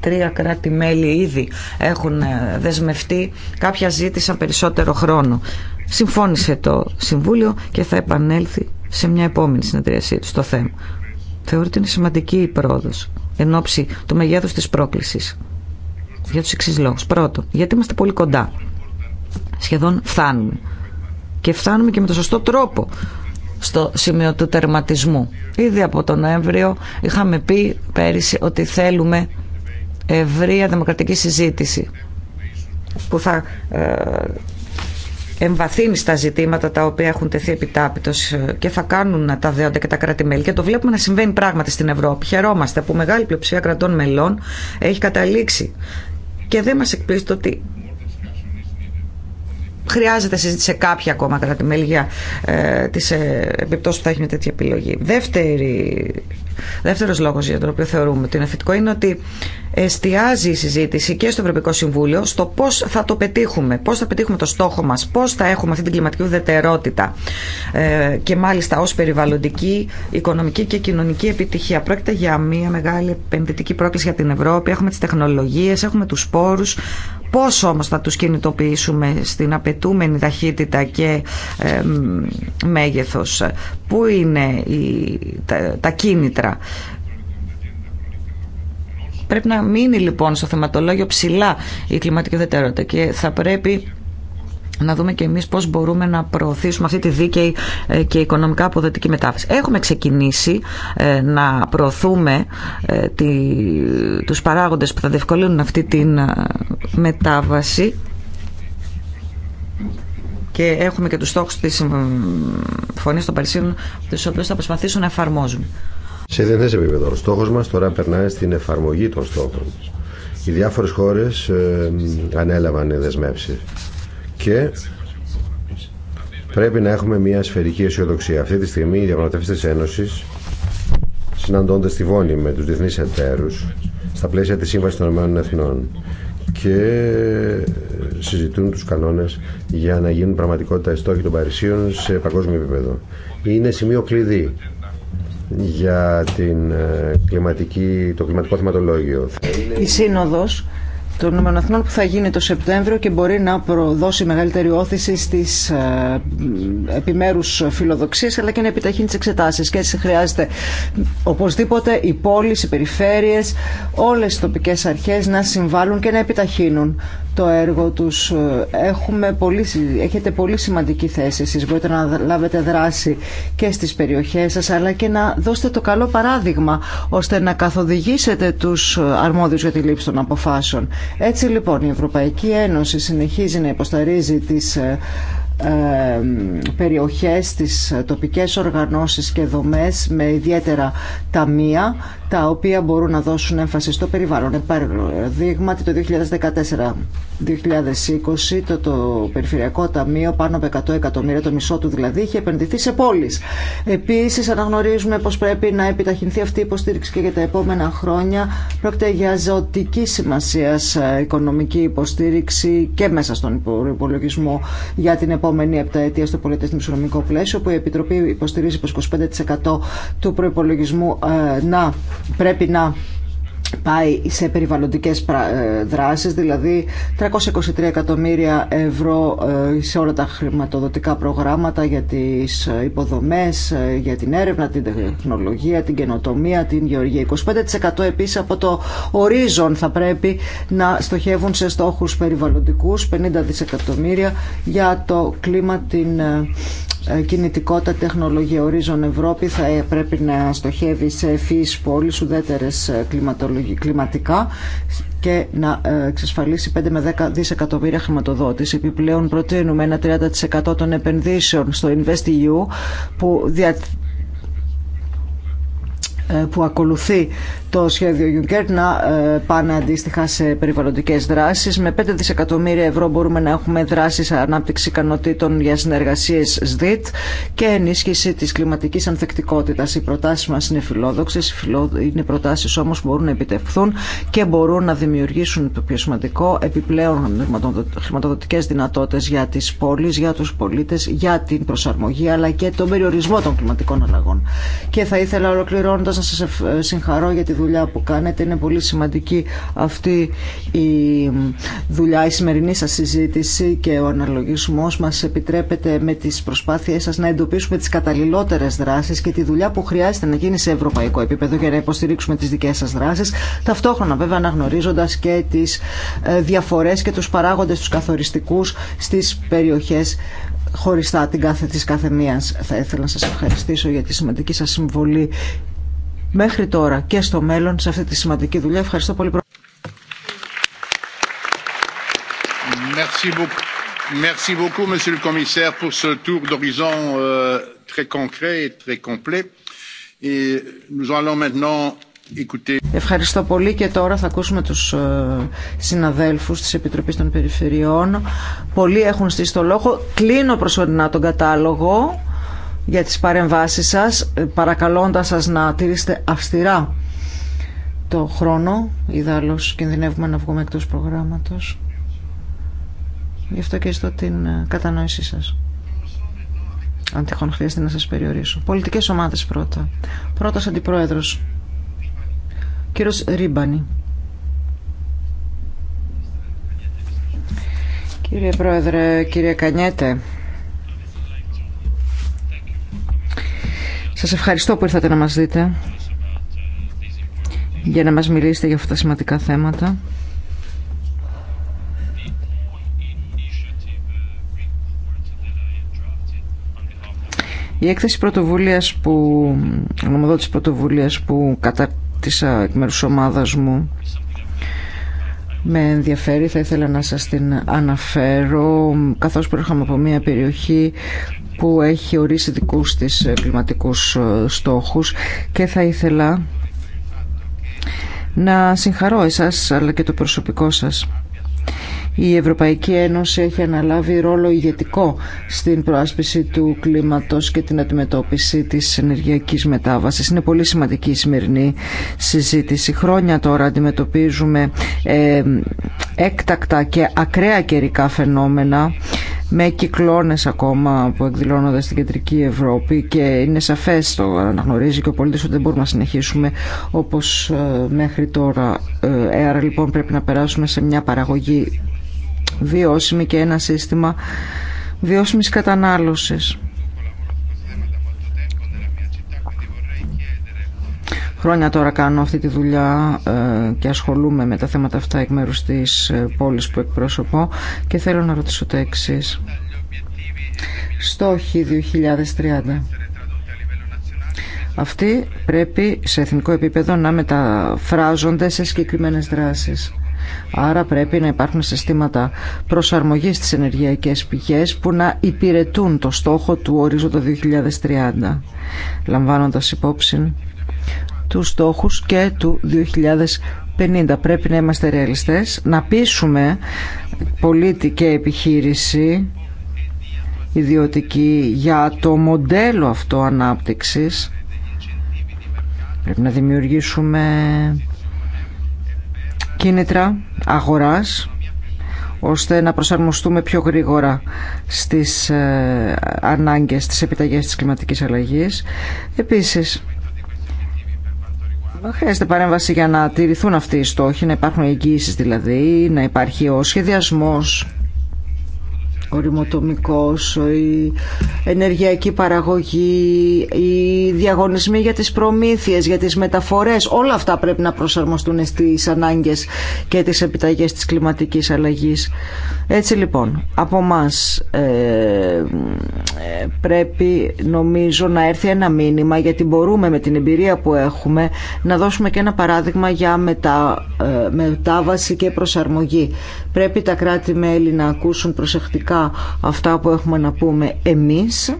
Τρία κράτη-μέλη ήδη έχουν ε, δεσμευτεί. Κάποια ζήτησαν περισσότερο χρόνο. Συμφώνησε το Συμβούλιο και θα επανέλθει σε μια επόμενη συνεδρίασή του στο θέμα. Θεωρείται ότι είναι σημαντική η πρόοδος εν ώψη του μεγέθους της πρόκλησης. Για του εξή λόγου. Πρώτο, γιατί είμαστε πολύ κοντά. Σχεδόν φτάνουμε. Και φτάνουμε και με το σωστό τρόπο στο σημείο του τερματισμού. Ήδη από τον Νοέμβριο είχαμε πει πέρυσι ότι θέλουμε ευρεία δημοκρατική συζήτηση που θα ε, εμβαθύνει στα ζητήματα τα οποία έχουν τεθεί επιτάπητος ε, και θα κάνουν τα δέοντα και τα κράτη-μέλη. Και το βλέπουμε να συμβαίνει πράγματι στην Ευρώπη. Χαιρόμαστε που μεγάλη πλειοψηφία κρατών μελών έχει καταλήξει και δεν μας εκπλήσει το ότι χρειάζεται συζήτηση σε κάποια ακόμα κατά τη μέλη που θα έχει μια τέτοια επιλογή. Δεύτερη Δεύτερο λόγο για τον οποίο θεωρούμε ότι είναι θετικό είναι ότι εστιάζει η συζήτηση και στο Ευρωπαϊκό Συμβούλιο στο πώ θα το πετύχουμε, πώ θα πετύχουμε το στόχο μα, πώ θα έχουμε αυτή την κλιματική ουδετερότητα ε, και μάλιστα ω περιβαλλοντική, οικονομική και κοινωνική επιτυχία. Πρόκειται για μια μεγάλη επενδυτική πρόκληση για την Ευρώπη. Έχουμε τι τεχνολογίε, έχουμε του πόρου. Πώ όμω θα του κινητοποιήσουμε στην απαιτούμενη ταχύτητα και μέγεθο, Πού είναι τα κίνητρα Πρέπει να μείνει λοιπόν στο θεματολόγιο ψηλά η κλιματική ουδετερότητα και θα πρέπει να δούμε και εμείς πώς μπορούμε να προωθήσουμε αυτή τη δίκαιη ε, και οικονομικά αποδοτική μετάβαση. Έχουμε ξεκινήσει ε, να προωθούμε ε, τους παράγοντες που θα διευκολύνουν αυτή τη μετάβαση και έχουμε και τους στόχους της Συμφωνίας των Παρισίων τους οποίους θα προσπαθήσουν να εφαρμόζουν σε διεθνέ επίπεδο. Ο στόχο μα τώρα περνάει στην εφαρμογή των στόχων Οι διάφορε χώρε ε, ανέλαβαν δεσμεύσει. και πρέπει να έχουμε μια σφαιρική αισιοδοξία. Αυτή τη στιγμή οι διαπραγματεύσει τη Ένωση, συναντώνται στη Βόνη με του διεθνεί εταίρου στα πλαίσια τη σύμβαση των Ηνωμένων Εθνών και συζητούν τους κανόνες για να γίνουν πραγματικότητα οι στόχοι των Παρισίων σε παγκόσμιο επίπεδο. Είναι σημείο κλειδί για την ε, κλιματική, το κλιματικό θεματολόγιο. Η σύνοδος των ΗΠΑ που θα γίνει το Σεπτέμβριο και μπορεί να προδώσει μεγαλύτερη όθηση στις ε, επιμέρους φιλοδοξίες αλλά και να επιταχύνει τις εξετάσεις και έτσι χρειάζεται οπωσδήποτε οι πόλεις, οι περιφέρειες, όλες οι τοπικές αρχές να συμβάλλουν και να επιταχύνουν το έργο τους. Έχουμε πολύ, έχετε πολύ σημαντική θέση εσείς. Μπορείτε να λάβετε δράση και στις περιοχές σας αλλά και να δώσετε το καλό παράδειγμα ώστε να καθοδηγήσετε τους αρμόδιους για τη λήψη των αποφάσεων. Έτσι λοιπόν η Ευρωπαϊκή Ένωση συνεχίζει να υποσταρίζει τις ε, ε, περιοχές, τις τοπικές οργανώσεις και δομές με ιδιαίτερα ταμεία τα οποία μπορούν να δώσουν έμφαση στο περιβάλλον. παραδείγμα, το 2014-2020 το, το Περιφερειακό Ταμείο πάνω από 100 εκατομμύρια, το μισό του δηλαδή, είχε επενδυθεί σε πόλεις. Επίση, αναγνωρίζουμε πω πρέπει να επιταχυνθεί αυτή η υποστήριξη και για τα επόμενα χρόνια. Πρόκειται για ζωτική σημασία ε, οικονομική υποστήριξη και μέσα στον υπολογισμό για την επόμενη επταετία στο πολιτισμικό οικονομικό πλαίσιο που η Επιτροπή υποστηρίζει πω 25% του προπολογισμού ε, να πρέπει να πάει σε περιβαλλοντικές ε, δράσεις, δηλαδή 323 εκατομμύρια ευρώ ε, σε όλα τα χρηματοδοτικά προγράμματα για τις υποδομές, ε, για την έρευνα, την τεχνολογία, την καινοτομία, την γεωργία. 25% επίσης από το ορίζον θα πρέπει να στοχεύουν σε στόχους περιβαλλοντικούς, 50 δισεκατομμύρια για το κλίμα, την ε, κινητικότητα, τεχνολογία, ορίζων Ευρώπη θα ε, πρέπει να στοχεύει σε φύσεις πόλεις, ουδέτερες ε, κλιματικά και να εξασφαλίσει 5 με 10 δισεκατομμύρια χρηματοδότηση. Επιπλέον προτείνουμε ένα 30% των επενδύσεων στο InvestEU που δια, ε, που ακολουθεί το σχέδιο Juncker να ε, πάνε αντίστοιχα σε περιβαλλοντικές δράσεις. Με 5 δισεκατομμύρια ευρώ μπορούμε να έχουμε δράσεις ανάπτυξη ικανοτήτων για συνεργασίες ΣΔΙΤ και ενίσχυση της κλιματικής ανθεκτικότητας. Οι προτάσεις μας είναι φιλόδοξες, είναι προτάσεις όμως που μπορούν να επιτευχθούν και μπορούν να δημιουργήσουν το πιο σημαντικό επιπλέον χρηματοδοτικές δυνατότητες για τις πόλεις, για τους πολίτες, για την προσαρμογή αλλά και τον περιορισμό των κλιματικών αλλαγών. Και θα ήθελα ολοκληρώνοντα να σας ε, συγχαρώ για τη δουλειά που κάνετε. Είναι πολύ σημαντική αυτή η δουλειά, η σημερινή σας συζήτηση και ο αναλογισμός μας επιτρέπεται με τις προσπάθειές σας να εντοπίσουμε τις καταλληλότερες δράσεις και τη δουλειά που χρειάζεται να γίνει σε ευρωπαϊκό επίπεδο για να υποστηρίξουμε τις δικές σας δράσεις. Ταυτόχρονα βέβαια αναγνωρίζοντας και τις ε, διαφορές και τους παράγοντες τους καθοριστικούς στις περιοχές χωριστά την κάθε της καθεμίας. Θα ήθελα να σας ευχαριστήσω για τη σημαντική σας συμβολή μέχρι τώρα και στο μέλλον σε αυτή τη σημαντική δουλειά. Ευχαριστώ πολύ. Merci beaucoup, Monsieur le Commissaire, pour ce tour d'horizon euh, très concret et très complet. Et nous allons maintenant Ευχαριστώ πολύ και τώρα θα ακούσουμε τους ε, συναδέλφους της Επιτροπής των Περιφερειών. Πολλοί έχουν στήσει το λόγο. Κλείνω προσωρινά τον κατάλογο για τις παρεμβάσεις σας, ε, παρακαλώντας σας να τηρήσετε αυστηρά το χρόνο, ιδάλλως κινδυνεύουμε να βγούμε εκτός προγράμματος. Γι' αυτό και ζητώ την ε, κατανόησή σας. Αν τυχόν χρειάζεται να σας περιορίσω. Πολιτικές ομάδες πρώτα. Πρώτος αντιπρόεδρος. Κύριος Ρίμπανη. Κύριε Πρόεδρε, κύριε Κανιέτε, Σας ευχαριστώ που ήρθατε να μας δείτε για να μας μιλήσετε για αυτά τα σημαντικά θέματα. Η έκθεση πρωτοβουλίας που, η πρωτοβουλίας που κατάρτισα εκ μέρους ομάδας μου με ενδιαφέρει, θα ήθελα να σας την αναφέρω, καθώς προέρχομαι από μια περιοχή που έχει ορίσει δικούς της κλιματικούς ε, στόχους και θα ήθελα να συγχαρώ εσάς αλλά και το προσωπικό σας η Ευρωπαϊκή Ένωση έχει αναλάβει ρόλο ηγετικό στην προάσπιση του κλίματος και την αντιμετώπιση της ενεργειακής μετάβασης. Είναι πολύ σημαντική η σημερινή συζήτηση. Χρόνια τώρα αντιμετωπίζουμε ε, έκτακτα και ακραία καιρικά φαινόμενα με κυκλώνες ακόμα που εκδηλώνονται στην κεντρική Ευρώπη και είναι σαφές το αναγνωρίζει και ο πολίτης ότι δεν μπορούμε να συνεχίσουμε όπως ε, μέχρι τώρα. Ε, άρα λοιπόν πρέπει να περάσουμε σε μια παραγωγή βιώσιμη και ένα σύστημα βιώσιμης κατανάλωσης. Χρόνια τώρα κάνω αυτή τη δουλειά ε, και ασχολούμαι με τα θέματα αυτά εκ μέρους της ε, πόλης που εκπροσωπώ και θέλω να ρωτήσω το εξή. Στόχοι 2030. Αυτοί πρέπει σε εθνικό επίπεδο να μεταφράζονται σε συγκεκριμένες δράσεις. Άρα πρέπει να υπάρχουν συστήματα προσαρμογής στις ενεργειακές πηγές που να υπηρετούν το στόχο του ορίζοντα 2030, λαμβάνοντας υπόψη του στόχους και του 2050. Πρέπει να είμαστε ρεαλιστές, να πείσουμε πολίτη και επιχείρηση ιδιωτική για το μοντέλο αυτό ανάπτυξης. Πρέπει να δημιουργήσουμε κίνητρα αγοράς ώστε να προσαρμοστούμε πιο γρήγορα στις ε, ανάγκες, στις επιταγές της κλιματικής αλλαγής. Επίσης, Χρειάζεται παρέμβαση για να τηρηθούν αυτοί οι στόχοι, να υπάρχουν εγγύησεις δηλαδή, να υπάρχει ο σχεδιασμός οριμοτομικός, η ενεργειακή παραγωγή, οι διαγωνισμοί για τις προμήθειες, για τις μεταφορές, όλα αυτά πρέπει να προσαρμοστούν στις ανάγκες και τις επιταγές της κλιματικής αλλαγής. Έτσι λοιπόν, από μας ε, πρέπει νομίζω να έρθει ένα μήνυμα γιατί μπορούμε με την εμπειρία που έχουμε να δώσουμε και ένα παράδειγμα για μετα, ε, μετάβαση και προσαρμογή. Πρέπει τα κράτη-μέλη να ακούσουν προσεκτικά αυτά που έχουμε να πούμε εμείς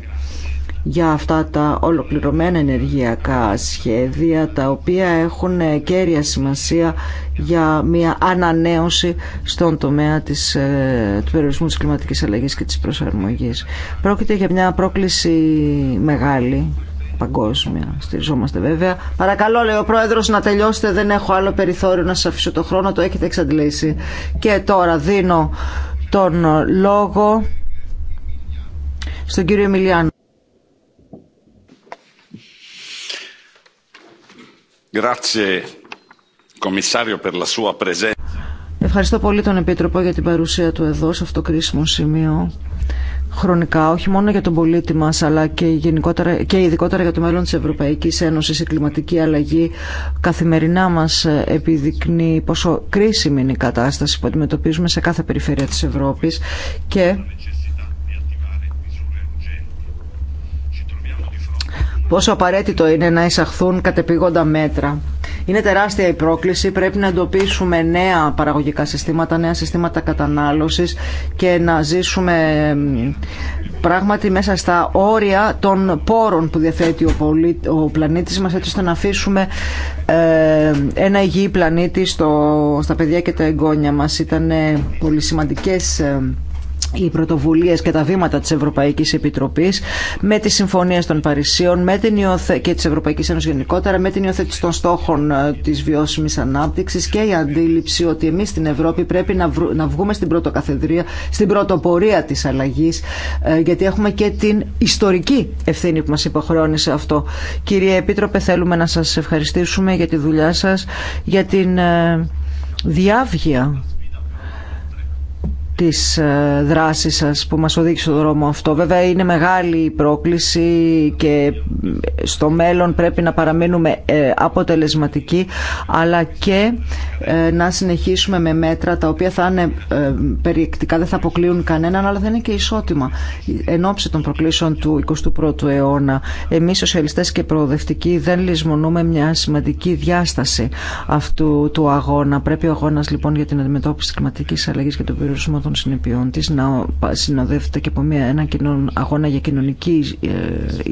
για αυτά τα ολοκληρωμένα ενεργειακά σχέδια τα οποία έχουν κέρια σημασία για μια ανανέωση στον τομέα της, ε, του περιορισμού της κλιματικής αλλαγής και της προσαρμογής. Πρόκειται για μια πρόκληση μεγάλη παγκόσμια. Στηριζόμαστε βέβαια. Παρακαλώ, λέει ο πρόεδρο, να τελειώσετε. Δεν έχω άλλο περιθώριο να σα αφήσω το χρόνο. Το έχετε εξαντλήσει. Και τώρα δίνω τον λόγο στον κύριο Εμιλιάνο. Ευχαριστώ πολύ τον Επίτροπο για την παρουσία του εδώ σε αυτό το κρίσιμο σημείο χρονικά, όχι μόνο για τον πολίτη μας, αλλά και, γενικότερα, και ειδικότερα για το μέλλον της Ευρωπαϊκής Ένωση, η κλιματική αλλαγή καθημερινά μας ε, επιδεικνύει πόσο κρίσιμη είναι η κατάσταση που αντιμετωπίζουμε σε κάθε περιφέρεια της Ευρώπης και πόσο απαραίτητο είναι να εισαχθούν κατεπηγόντα μέτρα. Είναι τεράστια η πρόκληση, πρέπει να εντοπίσουμε νέα παραγωγικά συστήματα, νέα συστήματα κατανάλωσης και να ζήσουμε πράγματι μέσα στα όρια των πόρων που διαθέτει ο, ο πλανήτης μας έτσι ώστε να αφήσουμε ε, ένα υγιή πλανήτη στο, στα παιδιά και τα εγγόνια μας. Ήταν πολύ σημαντικές ε, οι πρωτοβουλίες και τα βήματα της Ευρωπαϊκής Επιτροπής με τις συμφωνίες των Παρισίων με την υιοθε... και της Ευρωπαϊκής Ένωσης γενικότερα με την υιοθέτηση των στόχων ε, της βιώσιμης ανάπτυξης και η αντίληψη ότι εμείς στην Ευρώπη πρέπει να, να βγούμε στην πρωτοκαθεδρία, στην πρωτοπορία της αλλαγής ε, γιατί έχουμε και την ιστορική ευθύνη που μας υποχρεώνει σε αυτό. Κύριε Επίτροπε θέλουμε να σας ευχαριστήσουμε για τη δουλειά σας, για την ε, διάβγεια της ε, δράσης σας που μας οδήγησε στον δρόμο αυτό. Βέβαια είναι μεγάλη η πρόκληση και ε, στο μέλλον πρέπει να παραμείνουμε ε, αποτελεσματικοί αλλά και να συνεχίσουμε με μέτρα τα οποία θα είναι περιεκτικά, δεν θα αποκλείουν κανέναν αλλά δεν είναι και ισότιμα εν ώψη των προκλήσεων του 21ου αιώνα. Εμείς σοσιαλιστές και προοδευτικοί δεν λησμονούμε μια σημαντική διάσταση αυτού του αγώνα. Πρέπει ο αγώνας λοιπόν για την αντιμετώπιση της κλιματικής αλλαγής και του περιορισμού των συνεπειών της να συνοδεύεται και από μια, ένα αγώνα για κοινωνική ε,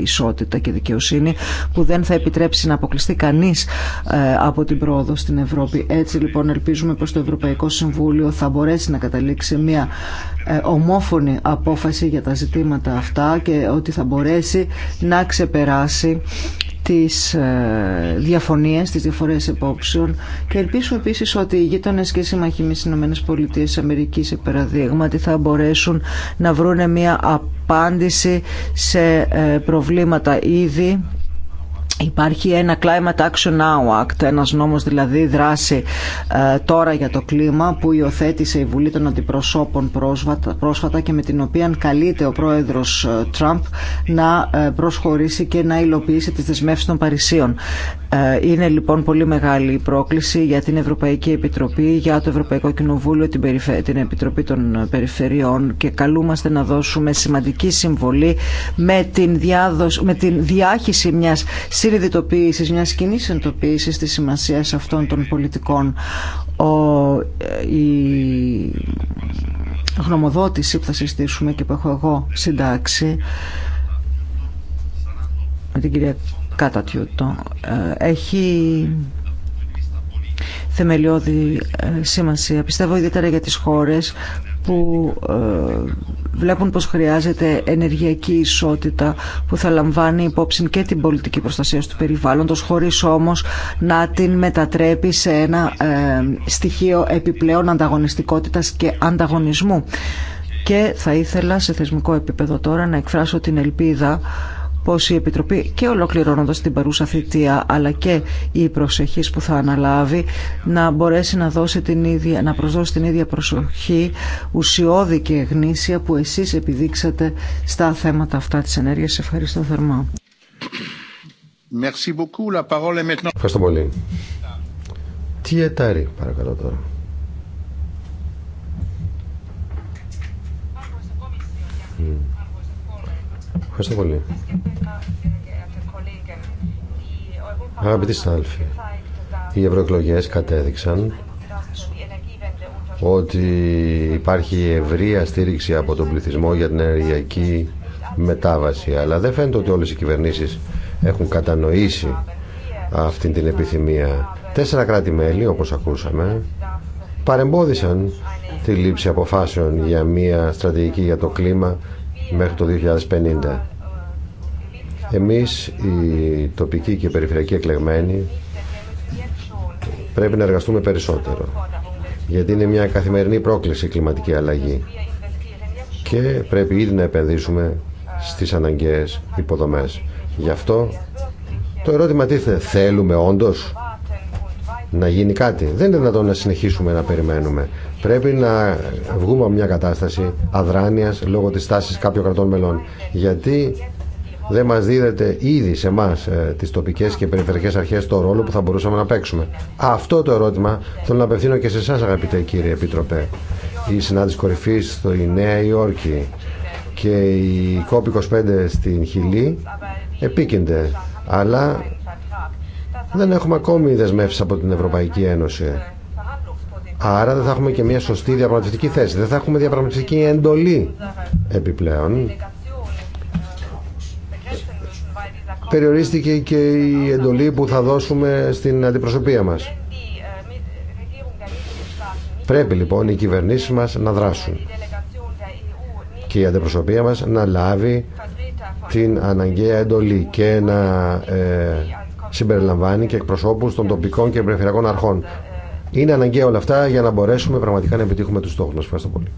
ισότητα και δικαιοσύνη που δεν θα επιτρέψει να αποκλειστεί κανείς ε, από την πρόοδο στην Ευρώπη. Έτσι λοιπόν ελπίζουμε πως το Ευρωπαϊκό Συμβούλιο θα μπορέσει να καταλήξει μια ε, ομόφωνη απόφαση για τα ζητήματα αυτά και ότι θα μπορέσει να ξεπεράσει τις ε, διαφωνίες, τις διαφορές επόψεων και ελπίζω επίσης ότι οι γείτονες και οι σύμμαχοι με τις ΗΠΑ Αμερικής σε θα μπορέσουν να βρουν μια απάντηση σε ε, προβλήματα ήδη Υπάρχει ένα Climate Action Now Act, ένας νόμος δηλαδή δράση ε, τώρα για το κλίμα που υιοθέτησε η Βουλή των Αντιπροσώπων πρόσφατα, και με την οποία καλείται ο πρόεδρος ε, Τραμπ να ε, προσχωρήσει και να υλοποιήσει τις δεσμεύσεις των Παρισίων. Ε, είναι λοιπόν πολύ μεγάλη η πρόκληση για την Ευρωπαϊκή Επιτροπή, για το Ευρωπαϊκό Κοινοβούλιο, την, την Επιτροπή των Περιφερειών και καλούμαστε να δώσουμε σημαντική συμβολή με την, διάδοση, με την διάχυση μιας συνειδητοποίησης, μιας κοινή συνειδητοποίησης της σημασίας αυτών των πολιτικών. Ο, ε, η γνωμοδότηση που θα συστήσουμε και που έχω εγώ συντάξει με την κυρία Κατατιούτο ε, έχει θεμελιώδη ε, σημασία. Πιστεύω ιδιαίτερα για τις χώρες που ε, βλέπουν πως χρειάζεται ενεργειακή ισότητα που θα λαμβάνει υπόψη και την πολιτική προστασία του περιβάλλοντος χωρίς όμως να την μετατρέπει σε ένα ε, στοιχείο επιπλέον ανταγωνιστικότητας και ανταγωνισμού. Και θα ήθελα σε θεσμικό επίπεδο τώρα να εκφράσω την ελπίδα πως η Επιτροπή και ολοκληρώνοντας την παρούσα θητεία αλλά και η προσεχής που θα αναλάβει να μπορέσει να, δώσει την ίδια, να προσδώσει την ίδια προσοχή ουσιώδη και γνήσια που εσείς επιδείξατε στα θέματα αυτά της ενέργειας. ευχαριστώ θερμά. Ευχαριστώ πολύ. Τι ετάρι, παρακαλώ τώρα. Ευχαριστώ πολύ. Αγαπητοί συνάδελφοι, οι ευρωεκλογέ κατέδειξαν ότι υπάρχει ευρεία στήριξη από τον πληθυσμό για την ενεργειακή μετάβαση. Αλλά δεν φαίνεται ότι όλες οι κυβερνήσεις έχουν κατανοήσει αυτή την επιθυμία. Τέσσερα κράτη-μέλη, όπως ακούσαμε, παρεμπόδισαν τη λήψη αποφάσεων για μια στρατηγική για το κλίμα μέχρι το 2050. Εμείς οι τοπικοί και περιφερειακοί εκλεγμένοι πρέπει να εργαστούμε περισσότερο γιατί είναι μια καθημερινή πρόκληση η κλιματική αλλαγή και πρέπει ήδη να επενδύσουμε στις αναγκαίες υποδομές. Γι' αυτό το ερώτημα τι θέλουμε όντως να γίνει κάτι. Δεν είναι δυνατόν να συνεχίσουμε να περιμένουμε. Πρέπει να βγούμε από μια κατάσταση αδράνειας λόγω της τάσης κάποιων κρατών μελών. Γιατί δεν μας δίδεται ήδη σε εμά ε, τις τοπικές και περιφερειακές αρχές το ρόλο που θα μπορούσαμε να παίξουμε. Αυτό το ερώτημα θέλω να απευθύνω και σε εσά αγαπητέ κύριε Επιτροπέ. Η συνάντηση κορυφής στο Νέα Υόρκη και η COP25 στην Χιλή επίκενται. αλλά δεν έχουμε ακόμη δεσμεύσει από την Ευρωπαϊκή Ένωση Άρα δεν θα έχουμε και μια σωστή διαπραγματευτική θέση. Δεν θα έχουμε διαπραγματευτική εντολή επιπλέον. Περιορίστηκε και η εντολή που θα δώσουμε στην αντιπροσωπεία μας. Πρέπει λοιπόν οι κυβερνήσεις μας να δράσουν και η αντιπροσωπεία μας να λάβει την αναγκαία εντολή και να ε, συμπεριλαμβάνει και εκπροσώπους των τοπικών και περιφερειακών αρχών. Είναι αναγκαία όλα αυτά για να μπορέσουμε πραγματικά να επιτύχουμε τους στόχους μας. Ευχαριστώ πολύ.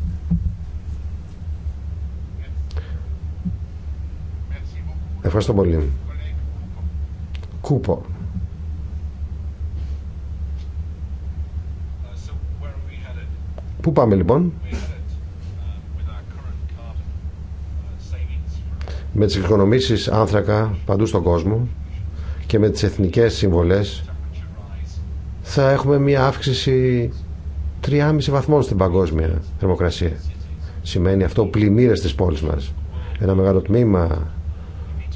Ευχαριστώ πολύ. Κούπο. Πού πάμε λοιπόν. Με τις οικονομήσεις άνθρακα παντού στον κόσμο και με τις εθνικές συμβολές θα έχουμε μια αύξηση 3,5 βαθμών στην παγκόσμια θερμοκρασία. Σημαίνει αυτό πλημμύρε στις πόλεις μας. Ένα μεγάλο τμήμα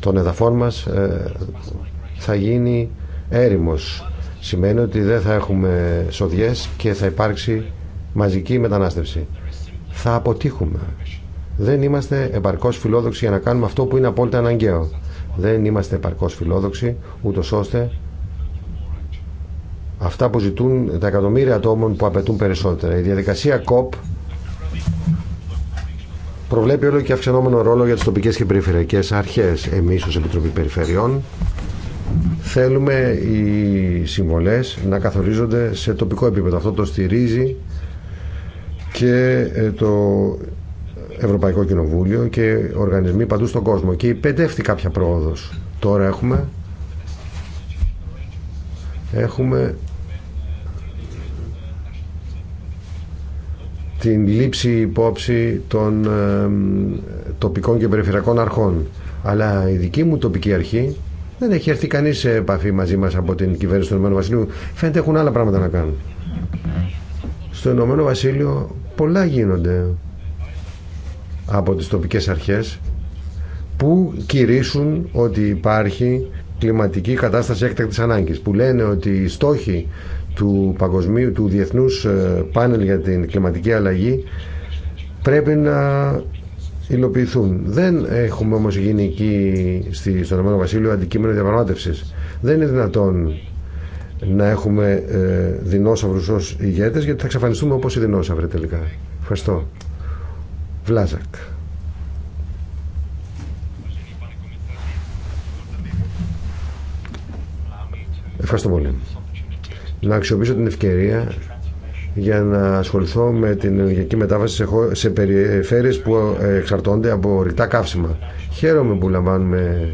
των εδαφών μας ε, θα γίνει έρημο. Σημαίνει ότι δεν θα έχουμε σοδιές και θα υπάρξει μαζική μετανάστευση. Θα αποτύχουμε. Δεν είμαστε επαρκώς φιλόδοξοι για να κάνουμε αυτό που είναι απόλυτα αναγκαίο. Δεν είμαστε επαρκώς φιλόδοξοι ούτω ώστε αυτά που ζητούν τα εκατομμύρια ατόμων που απαιτούν περισσότερα. Η διαδικασία COP προβλέπει όλο και αυξανόμενο ρόλο για τις τοπικές και περιφερειακές αρχές. Εμείς ως Επιτροπή Περιφερειών θέλουμε οι συμβολές να καθορίζονται σε τοπικό επίπεδο. Αυτό το στηρίζει και ε, το Ευρωπαϊκό Κοινοβούλιο και οργανισμοί παντού στον κόσμο. Και υπεντεύχθη κάποια πρόοδος. Τώρα έχουμε έχουμε την λήψη υπόψη των ε, τοπικών και περιφερειακών αρχών. Αλλά η δική μου τοπική αρχή δεν έχει έρθει κανεί σε επαφή μαζί μα από την κυβέρνηση του Ηνωμένου Βασιλείου. Φαίνεται έχουν άλλα πράγματα να κάνουν. Στο Ηνωμένο Βασίλειο πολλά γίνονται από τις τοπικές αρχές που κηρύσουν ότι υπάρχει κλιματική κατάσταση έκτακτης ανάγκης που λένε ότι οι στόχοι του παγκοσμίου, του διεθνούς ε, πάνελ για την κλιματική αλλαγή πρέπει να υλοποιηθούν. Δεν έχουμε όμως γίνει εκεί στη, στον Ρωμανό Βασίλειο αντικείμενο διαπραγμάτευσης. Δεν είναι δυνατόν να έχουμε ε, δεινόσαυρους ως ηγέτες γιατί θα εξαφανιστούμε όπως οι δεινόσαυροι τελικά. Ευχαριστώ. Βλάζακ. Ευχαριστώ πολύ να αξιοποιήσω την ευκαιρία για να ασχοληθώ με την ενεργειακή μετάβαση σε περιφέρειες που ε, εξαρτώνται από ρητά καύσιμα. Χαίρομαι που λαμβάνουμε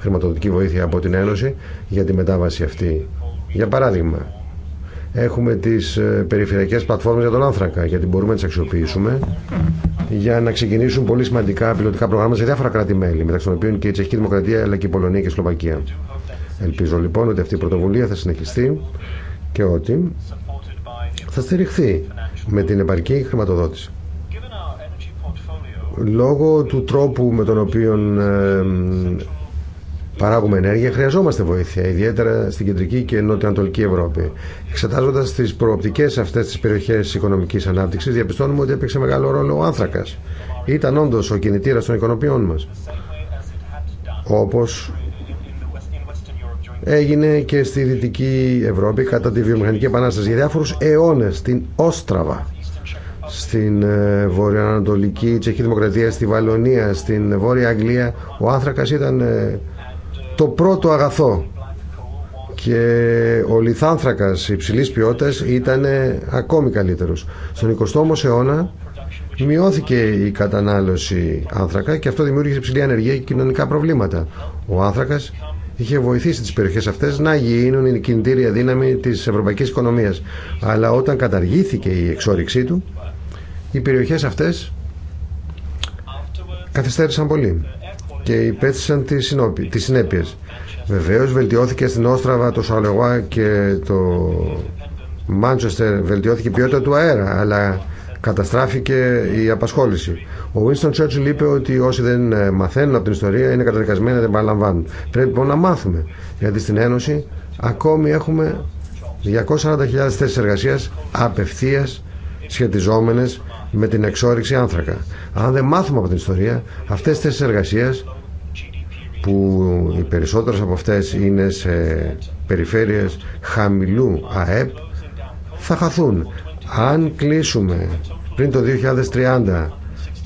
χρηματοδοτική βοήθεια από την Ένωση για τη μετάβαση αυτή. Για παράδειγμα, έχουμε τις ε, περιφερειακές πλατφόρμες για τον άνθρακα, γιατί μπορούμε να τις αξιοποιήσουμε για να ξεκινήσουν πολύ σημαντικά πιλωτικά προγράμματα σε διάφορα κράτη-μέλη, μεταξύ των οποίων και η Τσεχική Δημοκρατία, αλλά και η Πολωνία και η Σλοβακία. Ελπίζω λοιπόν ότι αυτή η πρωτοβουλία θα συνεχιστεί και ότι θα στηριχθεί με την επαρκή χρηματοδότηση. Λόγω του τρόπου με τον οποίο ε, παράγουμε ενέργεια, χρειαζόμαστε βοήθεια, ιδιαίτερα στην κεντρική και νοτιοανατολική Ευρώπη. Εξετάζοντα τι προοπτικέ αυτέ τι περιοχέ οικονομική ανάπτυξη, διαπιστώνουμε ότι έπαιξε μεγάλο ρόλο ο άνθρακα. Ήταν όντω ο κινητήρα των οικονομιών μα. Όπω έγινε και στη Δυτική Ευρώπη κατά τη βιομηχανική επανάσταση για διάφορους αιώνες στην Όστραβα στην ε, βορειοανατολική Τσεχική Δημοκρατία, στη Βαλονία, στην Βόρεια Αγγλία. Ο άνθρακας ήταν ε, το πρώτο αγαθό και ο λιθάνθρακας υψηλή ποιότητας ήταν ε, ακόμη καλύτερος. Στον 20ο όμως αιώνα μειώθηκε η κατανάλωση άνθρακα και αυτό δημιούργησε υψηλή ανεργία και κοινωνικά προβλήματα. Ο άνθρακας είχε βοηθήσει τις περιοχές αυτές να γίνουν η κινητήρια δύναμη της ευρωπαϊκής οικονομίας. Αλλά όταν καταργήθηκε η εξόριξή του, οι περιοχές αυτές καθυστέρησαν πολύ και υπέστησαν τις συνέπειες. Βεβαίως βελτιώθηκε στην Όστραβα το Σαλεγουά και το Μάντσεστερ, βελτιώθηκε η ποιότητα του αέρα, αλλά καταστράφηκε η απασχόληση. Ο Winston Churchill είπε ότι όσοι δεν ε, μαθαίνουν από την ιστορία είναι καταδικασμένοι να την παραλαμβάνουν. Πρέπει λοιπόν να μάθουμε, γιατί στην Ένωση ακόμη έχουμε 240.000 θέσει εργασία, απευθεία, σχετιζόμενε με την εξόριξη άνθρακα. Αν δεν μάθουμε από την ιστορία, αυτέ τι θέσει εργασία που οι περισσότερε από αυτέ είναι σε περιφέρειες χαμηλού ΑΕΠ θα χαθούν. Αν κλείσουμε πριν το 2030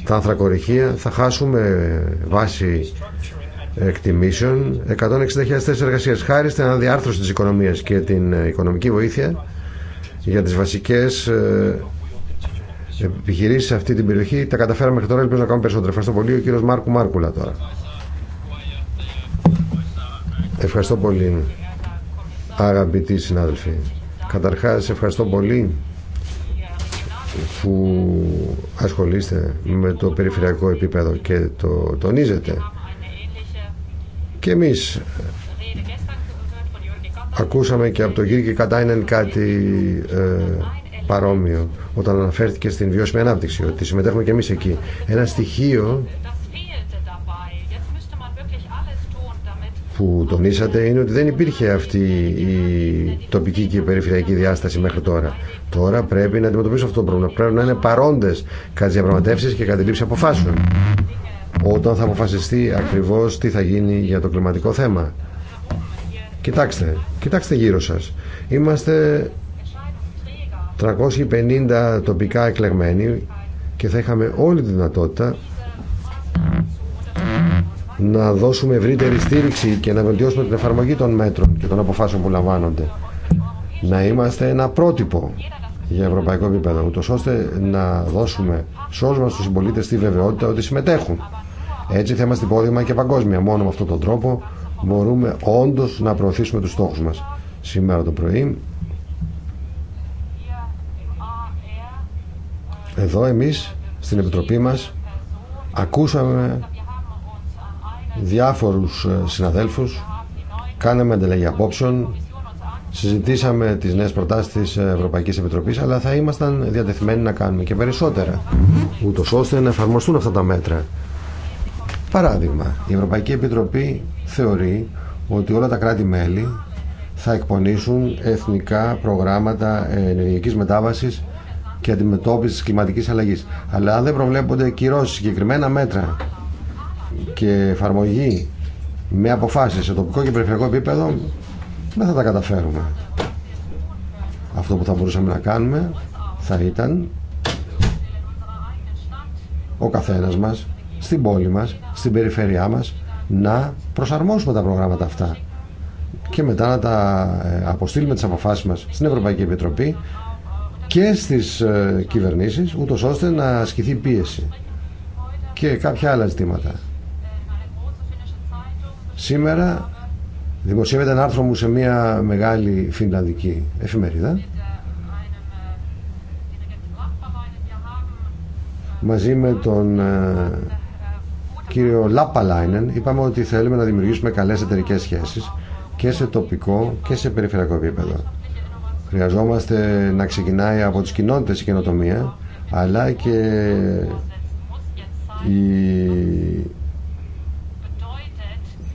τα ανθρακοριχεία θα χάσουμε βάση εκτιμήσεων 160.000 θέσει Χάριστε χάρη στην αναδιάρθρωση της οικονομίας και την ε, οικονομική βοήθεια για τις βασικές ε, επιχειρήσεις σε αυτή την περιοχή τα καταφέραμε μέχρι τώρα ελπίζω να κάνουμε περισσότερο ευχαριστώ πολύ ο κύριος Μάρκου Μάρκουλα τώρα ευχαριστώ πολύ αγαπητοί συνάδελφοι καταρχάς ευχαριστώ πολύ που ασχολείστε με το περιφερειακό επίπεδο και το τονίζετε. Και εμείς ακούσαμε και από τον κύριο Κατάινεν κάτι ε, παρόμοιο όταν αναφέρθηκε στην βιώσιμη ανάπτυξη ότι συμμετέχουμε και εμείς εκεί. Ένα στοιχείο που τονίσατε είναι ότι δεν υπήρχε αυτή η τοπική και η περιφερειακή διάσταση μέχρι τώρα. Τώρα πρέπει να αντιμετωπίσουμε αυτό το πρόβλημα. Πρέπει να είναι παρόντε κατά τι διαπραγματεύσει και κατά τη λήψη αποφάσεων. Όταν θα αποφασιστεί ακριβώ τι θα γίνει για το κλιματικό θέμα. Κοιτάξτε, κοιτάξτε γύρω σα. Είμαστε 350 τοπικά εκλεγμένοι και θα είχαμε όλη τη δυνατότητα να δώσουμε ευρύτερη στήριξη και να βελτιώσουμε την εφαρμογή των μέτρων και των αποφάσεων που λαμβάνονται. Να είμαστε ένα πρότυπο για ευρωπαϊκό επίπεδο, ούτω ώστε να δώσουμε σε όλου μα συμπολίτε τη βεβαιότητα ότι συμμετέχουν. Έτσι θα είμαστε υπόδειγμα και παγκόσμια. Μόνο με αυτόν τον τρόπο μπορούμε όντω να προωθήσουμε του στόχου μα. Σήμερα το πρωί, εδώ εμείς στην Επιτροπή μας ακούσαμε διάφορους ε, συναδέλφους, κάναμε ανταλλαγή απόψεων, συζητήσαμε τις νέες προτάσεις της Ευρωπαϊκής Επιτροπής, αλλά θα ήμασταν διατεθειμένοι να κάνουμε και περισσότερα, ούτω ώστε να εφαρμοστούν αυτά τα μέτρα. Παράδειγμα, η Ευρωπαϊκή Επιτροπή θεωρεί ότι όλα τα κράτη-μέλη θα εκπονήσουν εθνικά προγράμματα ε, ενεργειακής μετάβασης και αντιμετώπισης κλιματικής αλλαγής. Αλλά αν δεν προβλέπονται κυρώσεις συγκεκριμένα μέτρα και εφαρμογή με αποφάσεις σε τοπικό και περιφερειακό επίπεδο δεν θα τα καταφέρουμε. Αυτό που θα μπορούσαμε να κάνουμε θα ήταν ο καθένας μας, στην πόλη μας, στην περιφερειά μας, να προσαρμόσουμε τα προγράμματα αυτά και μετά να τα ε, αποστείλουμε τις αποφάσεις μας στην Ευρωπαϊκή Επιτροπή και στις ε, κυβερνήσεις, ούτως ώστε να ασκηθεί πίεση και κάποια άλλα ζητήματα. Σήμερα δημοσιεύεται ένα άρθρο μου σε μια μεγάλη φινλανδική εφημερίδα μαζί με τον ε, κύριο Λάπαλάινεν είπαμε ότι θέλουμε να δημιουργήσουμε καλές εταιρικές σχέσεις και σε τοπικό και σε περιφερειακό επίπεδο. Χρειαζόμαστε να ξεκινάει από τις κοινότητες η καινοτομία αλλά και η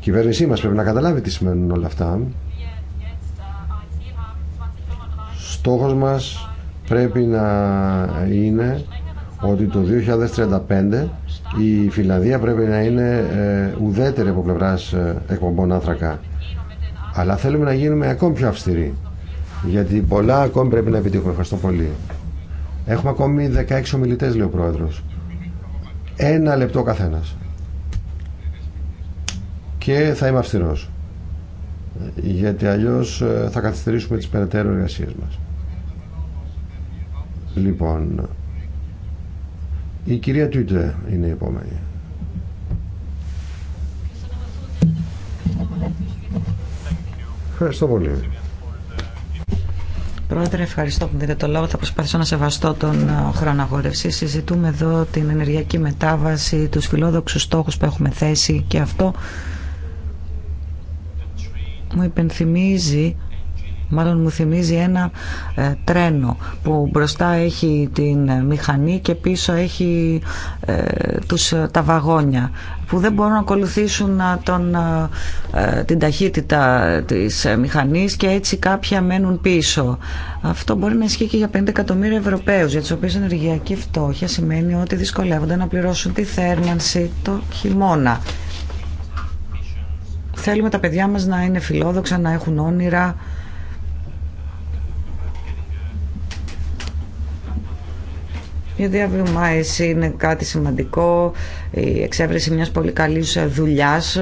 κυβέρνησή μας πρέπει να καταλάβει τι σημαίνουν όλα αυτά. Στόχος μας πρέπει να είναι ότι το 2035 η Φιλανδία πρέπει να είναι ε, ουδέτερη από πλευράς ε, εκπομπών άνθρακα. Αλλά θέλουμε να γίνουμε ακόμη πιο αυστηροί. Γιατί πολλά ακόμη πρέπει να επιτύχουμε. Ευχαριστώ πολύ. Έχουμε ακόμη 16 ομιλητές λέει ο πρόεδρο. Ένα λεπτό καθένα και θα είμαι αυστηρό. γιατί αλλιώ ε, θα καθυστερήσουμε τις περαιτέρω εργασίες μας. Λοιπόν, η κυρία Τούτε είναι η επόμενη. Ευχαριστώ πολύ. Πρόεδρε, ευχαριστώ που δείτε το λόγο. Θα προσπαθήσω να σεβαστώ τον ε, χρόνο αγόρευση. Συζητούμε εδώ την ενεργειακή μετάβαση, τους φιλόδοξους στόχους που έχουμε θέσει και αυτό μου υπενθυμίζει μάλλον μου θυμίζει ένα ε, τρένο που μπροστά έχει την ε, μηχανή και πίσω έχει ε, τους, τα βαγόνια που δεν μπορούν να ακολουθήσουν τον, την ταχύτητα της μηχανής και έτσι κάποια μένουν πίσω. Αυτό μπορεί να ισχύει και για 50 εκατομμύρια Ευρωπαίους για τους οποίους ενεργειακή φτώχεια σημαίνει ότι δυσκολεύονται να πληρώσουν τη θέρμανση το χειμώνα. Θέλουμε τα παιδιά μας να είναι φιλόδοξα, να έχουν όνειρα, Η εσύ είναι κάτι σημαντικό, η εξέβρεση μιας πολύ καλής δουλειάς.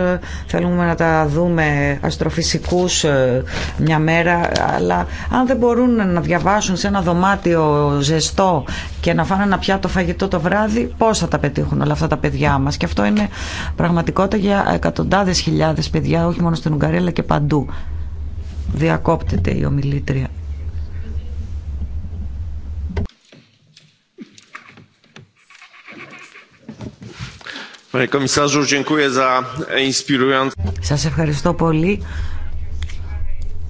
Θέλουμε να τα δούμε αστροφυσικούς ε, μια μέρα, αλλά αν δεν μπορούν να διαβάσουν σε ένα δωμάτιο ζεστό και να φάνε ένα πιάτο φαγητό το βράδυ, πώς θα τα πετύχουν όλα αυτά τα παιδιά μας. Και αυτό είναι πραγματικότητα για εκατοντάδες χιλιάδες παιδιά, όχι μόνο στην Ουγγαρία αλλά και παντού. Διακόπτεται η ομιλήτρια. Σας ευχαριστώ πολύ.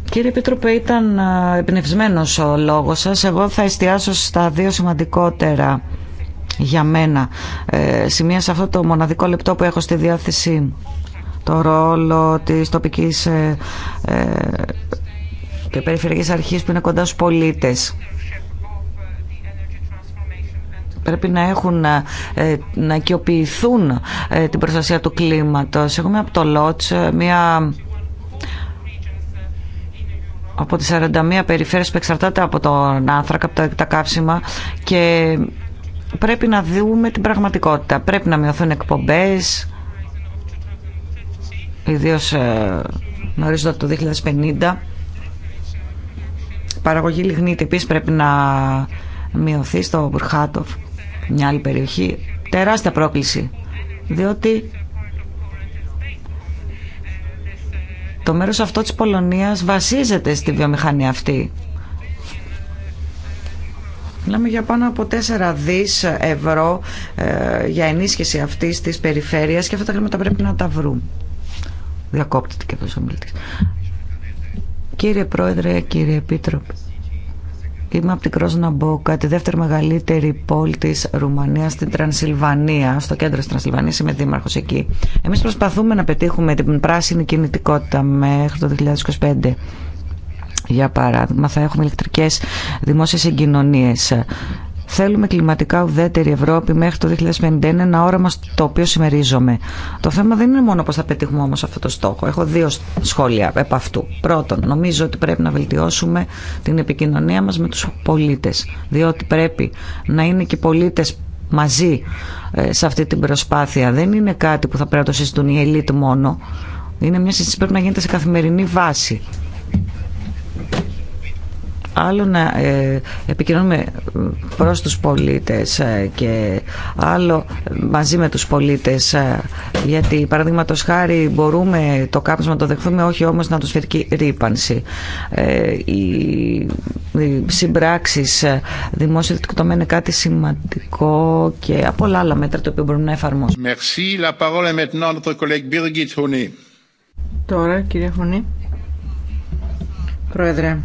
Κύριε Επίτροπε, ήταν εμπνευσμένο ο λόγος σα. Εγώ θα εστιάσω στα δύο σημαντικότερα για μένα ε, σημεία σε αυτό το μοναδικό λεπτό που έχω στη διάθεσή Το ρόλο της τοπικής ε, ε, και περιφερειακής αρχής που είναι κοντά στους πολίτες πρέπει να έχουν ε, ε, να οικειοποιηθούν ε, την προστασία του κλίματος. Έχουμε από το ΛΟΤΣ μια από τις 41 περιφέρειες που εξαρτάται από τον άνθρακα, από τα, τα κάψιμα και πρέπει να δούμε την πραγματικότητα. Πρέπει να μειωθούν εκπομπές, ιδίως ε, το 2050. Παραγωγή λιγνίτη επίσης πρέπει να μειωθεί στο Μπουρχάτοφ μια άλλη περιοχή. Τεράστια πρόκληση, διότι το μέρος αυτό της Πολωνίας βασίζεται στη βιομηχανία αυτή. Μιλάμε για πάνω από 4 δις ευρώ ε, για ενίσχυση αυτής της περιφέρειας και αυτά τα χρήματα πρέπει να τα βρούμε. Διακόπτεται και αυτός ο Κύριε Πρόεδρε, κύριε Επίτροπε, Είμαι από την Κρόσνα Μπόκα, τη δεύτερη μεγαλύτερη πόλη τη Ρουμανία στην Τρανσιλβανία, στο κέντρο τη Τρανσιλβανία. Είμαι δήμαρχο εκεί. Εμεί προσπαθούμε να πετύχουμε την πράσινη κινητικότητα μέχρι το 2025. Για παράδειγμα, θα έχουμε ηλεκτρικές δημόσιες συγκοινωνίες Θέλουμε κλιματικά ουδέτερη Ευρώπη μέχρι το 2051, ένα όραμα στο οποίο συμμερίζομαι. Το θέμα δεν είναι μόνο πώ θα πετύχουμε όμω αυτό το στόχο. Έχω δύο σχόλια επ' αυτού. Πρώτον, νομίζω ότι πρέπει να βελτιώσουμε την επικοινωνία μα με του πολίτε. Διότι πρέπει να είναι και οι πολίτε μαζί ε, σε αυτή την προσπάθεια. Δεν είναι κάτι που θα πρέπει να το συζητούν οι ελίτ μόνο. Είναι μια συζήτηση που πρέπει να γίνεται σε καθημερινή βάση άλλο να ε, επικοινωνούμε προς τους πολίτες ε, και άλλο μαζί με τους πολίτες ε, γιατί παραδείγματο χάρη μπορούμε το κάψιμο να το δεχθούμε όχι όμως να τους φέρει ρήπανση οι συμπράξεις δημόσια τομέα είναι κάτι σημαντικό και από όλα άλλα μέτρα το οποίο μπορούμε να εφαρμόσουμε La parole maintenant notre Τώρα, κύριε Χωνή. Πρόεδρε,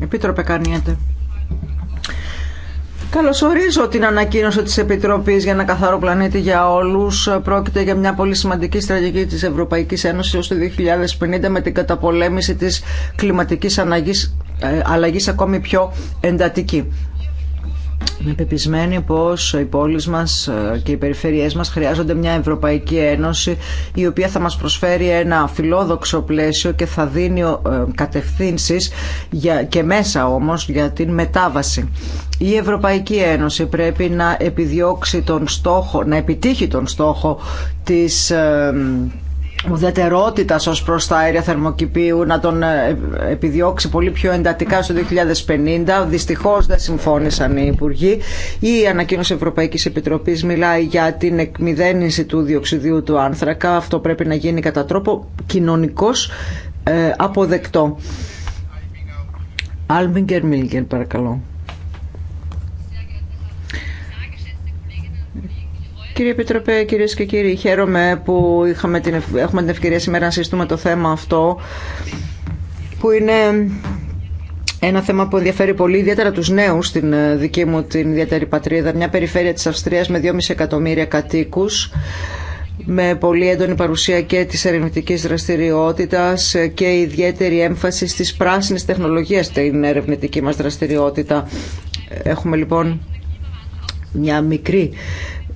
Επίτροπε Καρνιέτε. Καλωσορίζω την ανακοίνωση της Επιτροπής για ένα καθαρό πλανήτη για όλους. Πρόκειται για μια πολύ σημαντική στρατηγική της Ευρωπαϊκής Ένωσης ως το 2050 με την καταπολέμηση της κλιματικής αναγής, ε, αλλαγής ακόμη πιο εντατική. Είμαι πεπισμένη πως οι πόλεις μας ε, και οι περιφέρειές μας χρειάζονται μια Ευρωπαϊκή Ένωση η οποία θα μας προσφέρει ένα φιλόδοξο πλαίσιο και θα δίνει ε, κατευθύνσεις και μέσα όμως για την μετάβαση. Η Ευρωπαϊκή Ένωση πρέπει να επιδιώξει τον στόχο, να επιτύχει τον στόχο της ε, ουδετερότητας ως προς τα αέρια θερμοκηπίου να τον ε, επιδιώξει πολύ πιο εντατικά στο 2050. Δυστυχώς δεν συμφώνησαν οι Υπουργοί. Η ανακοίνωση Ευρωπαϊκής Επιτροπής μιλάει για την εκμυδένιση του διοξιδίου του άνθρακα. Αυτό πρέπει να γίνει κατά τρόπο κοινωνικός ε, αποδεκτό. Άλμιγκερ Μίλγκερ παρακαλώ. Κύριε Επιτροπέ, κυρίες και κύριοι, χαίρομαι που είχαμε την, έχουμε την ευκαιρία σήμερα να συζητούμε το θέμα αυτό, που είναι ένα θέμα που ενδιαφέρει πολύ, ιδιαίτερα τους νέους στην ε, δική μου την ιδιαίτερη πατρίδα, μια περιφέρεια της Αυστρίας με 2,5 εκατομμύρια κατοίκους, με πολύ έντονη παρουσία και της ερευνητικής δραστηριότητας ε, και ιδιαίτερη έμφαση στις πράσινες τεχνολογίες στην ερευνητική μας δραστηριότητα. Ε, έχουμε λοιπόν μια μικρή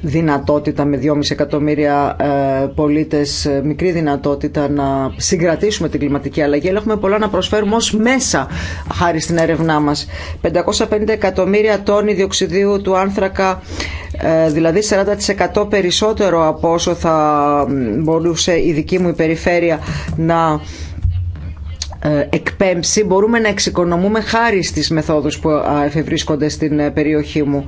δυνατότητα με 2,5 εκατομμύρια ε, πολίτες, ε, μικρή δυνατότητα να συγκρατήσουμε την κλιματική αλλαγή, αλλά έχουμε πολλά να προσφέρουμε ως μέσα χάρη στην έρευνά μας. 550 εκατομμύρια τόνοι διοξιδίου του άνθρακα, ε, δηλαδή 40% περισσότερο από όσο θα μπορούσε η δική μου η περιφέρεια να ε, εκπέμψη μπορούμε να εξοικονομούμε χάρη στις μεθόδους που εφευρίσκονται στην ε, περιοχή μου.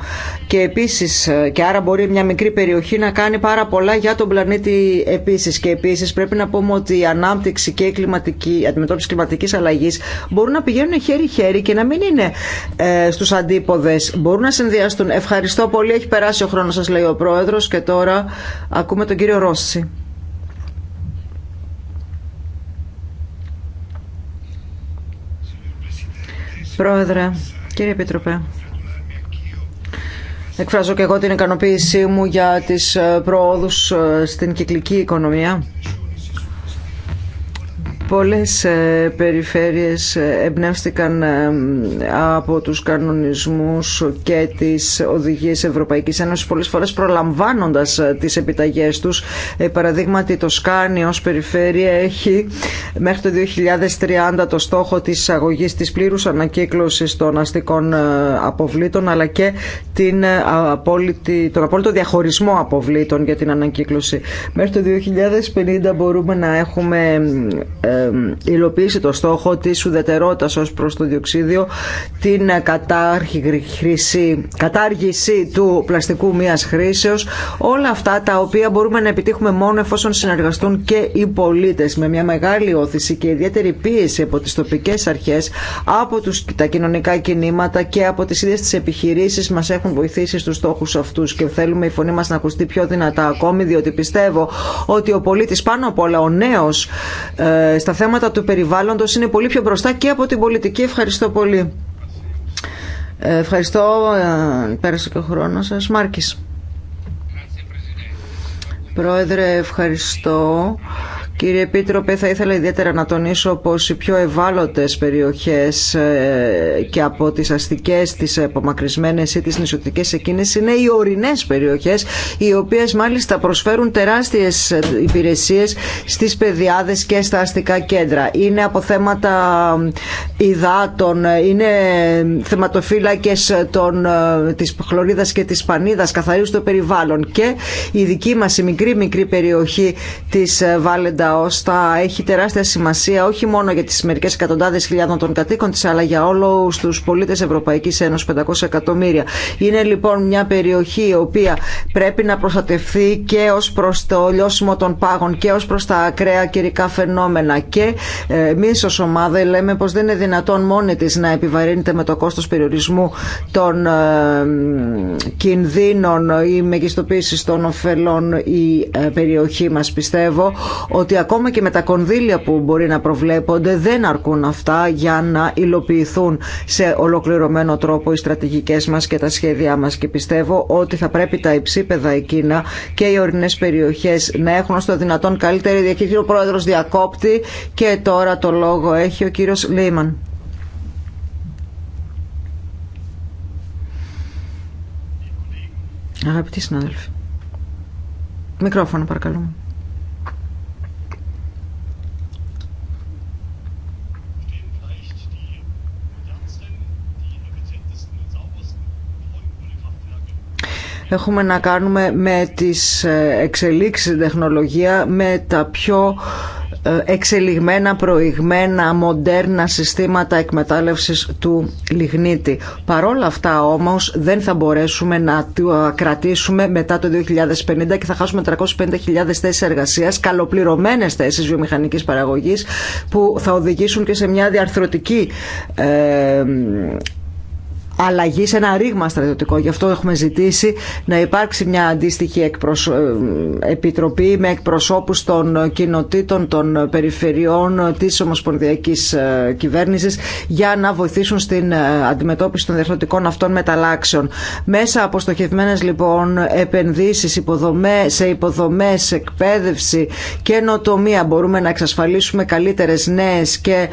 Και επίσης, ε, και άρα μπορεί μια μικρή περιοχή να κάνει πάρα πολλά για τον πλανήτη επίσης. Και επίσης πρέπει να πούμε ότι η ανάπτυξη και η κλιματική, αντιμετώπιση κλιματικής αλλαγής μπορούν να πηγαίνουν χέρι-χέρι και να μην είναι ε, στους αντίποδες. Μπορούν να συνδυαστούν. Ευχαριστώ πολύ. Έχει περάσει ο χρόνος σας λέει ο Πρόεδρος και τώρα ακούμε τον κύριο Ρώση. Πρόεδρε, κύριε Επίτροπε, εκφράζω και εγώ την ικανοποίησή μου για τις ε, πρόοδους ε, στην κυκλική οικονομία. Πολλές ε, περιφέρειες ε, εμπνεύστηκαν ε, από τους κανονισμούς και τις οδηγίες Ευρωπαϊκής Ένωσης πολλές φορές προλαμβάνοντας τις επιταγές τους. Παραδείγματι το Σκάνι ως περιφέρεια έχει μέχρι το 2030 το στόχο της αγωγής της πλήρους ανακύκλωσης των αστικών αποβλήτων αλλά και την τον απόλυτο διαχωρισμό αποβλήτων για την ανακύκλωση. Μέχρι το 2050 μπορούμε να έχουμε ε, υλοποιήσει το στόχο της ουδετερότητας ως προς το διοξίδιο, την ε, κατάργηση του πλαστικού μίας χρήσεως, όλα αυτά τα οποία μπορούμε να επιτύχουμε μόνο εφόσον συνεργαστούν και οι πολίτες με μια μεγάλη όθηση και ιδιαίτερη πίεση από τις τοπικές αρχές, από τους, τα κοινωνικά κινήματα και από τις ίδιες τις επιχειρήσεις μας έχουν βοηθήσει στους στόχους αυτούς και θέλουμε η φωνή μας να ακουστεί πιο δυνατά ακόμη διότι πιστεύω ότι ο πολίτης πάνω απ' όλα ο νέος ε, τα θέματα του περιβάλλοντος είναι πολύ πιο μπροστά και από την πολιτική. Ευχαριστώ πολύ. Ε, ευχαριστώ. Ε, πέρασε και ο χρόνος σα. Μάρκης. Πρόεδρε, ευχαριστώ. Κύριε Επίτροπε, θα ήθελα ιδιαίτερα να τονίσω πως οι πιο ευάλωτες περιοχές ε, και από τις αστικές, τις απομακρυσμένες ή τις νησιωτικές εκείνες είναι οι ορεινές περιοχές, οι οποίες μάλιστα προσφέρουν τεράστιες υπηρεσίες στις παιδιάδες και στα αστικά κέντρα. Είναι από θέματα υδάτων, είναι θεματοφύλακες των, ε, της χλωρίδας και της πανίδας, καθαρίζουν το περιβάλλον και η δική μας η μικρή μικρή περιοχή της Βάλεντα λαός έχει τεράστια σημασία όχι μόνο για τις μερικές εκατοντάδες χιλιάδων των κατοίκων της αλλά για όλους τους πολίτες Ευρωπαϊκής Ένωσης 500 εκατομμύρια. Είναι λοιπόν μια περιοχή η οποία πρέπει να προστατευθεί και ως προς το λιώσιμο των πάγων και ως προς τα ακραία καιρικά φαινόμενα και ε, εμεί ω ομάδα λέμε πως δεν είναι δυνατόν μόνη της να επιβαρύνεται με το κόστος περιορισμού των ε, κινδύνων ή μεγιστοποίησης των ωφελών η ε, περιοχή μας πιστεύω ότι ότι ακόμα και με τα κονδύλια που μπορεί να προβλέπονται δεν αρκούν αυτά για να υλοποιηθούν σε ολοκληρωμένο τρόπο οι στρατηγικές μας και τα σχέδιά μας και πιστεύω ότι θα πρέπει τα υψίπεδα εκείνα και οι ορεινές περιοχές να έχουν στο δυνατόν καλύτερη διακήρυξη. Ο πρόεδρος διακόπτει και τώρα το λόγο έχει ο κύριος Λίμαν. Αγαπητοί συνάδελφοι. Μικρόφωνο παρακαλούμε. Έχουμε να κάνουμε με τις ε, εξελίξεις στην τεχνολογία, με τα πιο ε, εξελιγμένα, προηγμένα, μοντέρνα συστήματα εκμετάλλευσης του λιγνίτη. Παρόλα αυτά όμως δεν θα μπορέσουμε να το κρατήσουμε μετά το 2050 και θα χάσουμε 350.000 θέσεις εργασίας, καλοπληρωμένες θέσεις βιομηχανικής παραγωγής που θα οδηγήσουν και σε μια διαρθρωτική ε, αλλαγή, σε ένα ρήγμα στρατιωτικό. Γι' αυτό έχουμε ζητήσει να υπάρξει μια αντίστοιχη ε, επιτροπή με εκπροσώπους των κοινοτήτων, των περιφερειών της Ομοσπονδιακής ε, Κυβέρνησης για να βοηθήσουν στην ε, αντιμετώπιση των διεθνωτικών αυτών μεταλλάξεων. Μέσα από στοχευμένες λοιπόν επενδύσεις υποδομές, σε υποδομές, εκπαίδευση και νοτομία μπορούμε να εξασφαλίσουμε καλύτερες νέες και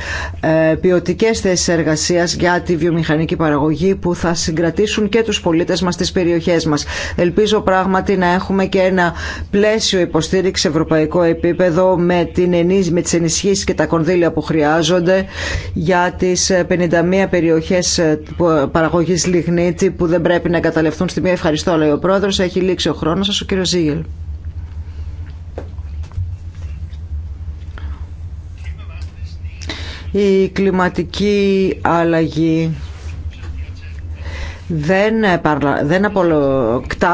ποιοτικές θέσεις εργασίας για τη βιομηχανική παραγωγή που θα συγκρατήσουν και τους πολίτες μας στις περιοχές μας. Ελπίζω πράγματι να έχουμε και ένα πλαίσιο υποστήριξη ευρωπαϊκό επίπεδο με, την ενίσ, με τις ενισχύσεις και τα κονδύλια που χρειάζονται για τις 51 περιοχές ε, ε, παραγωγής λιγνίτη που δεν πρέπει να εγκαταλευτούν στη μία. Ευχαριστώ, λέει ο πρόεδρος. Έχει λήξει ο χρόνος σας, ο κύριος Ζήγελ. η κλιματική αλλαγή δεν, δεν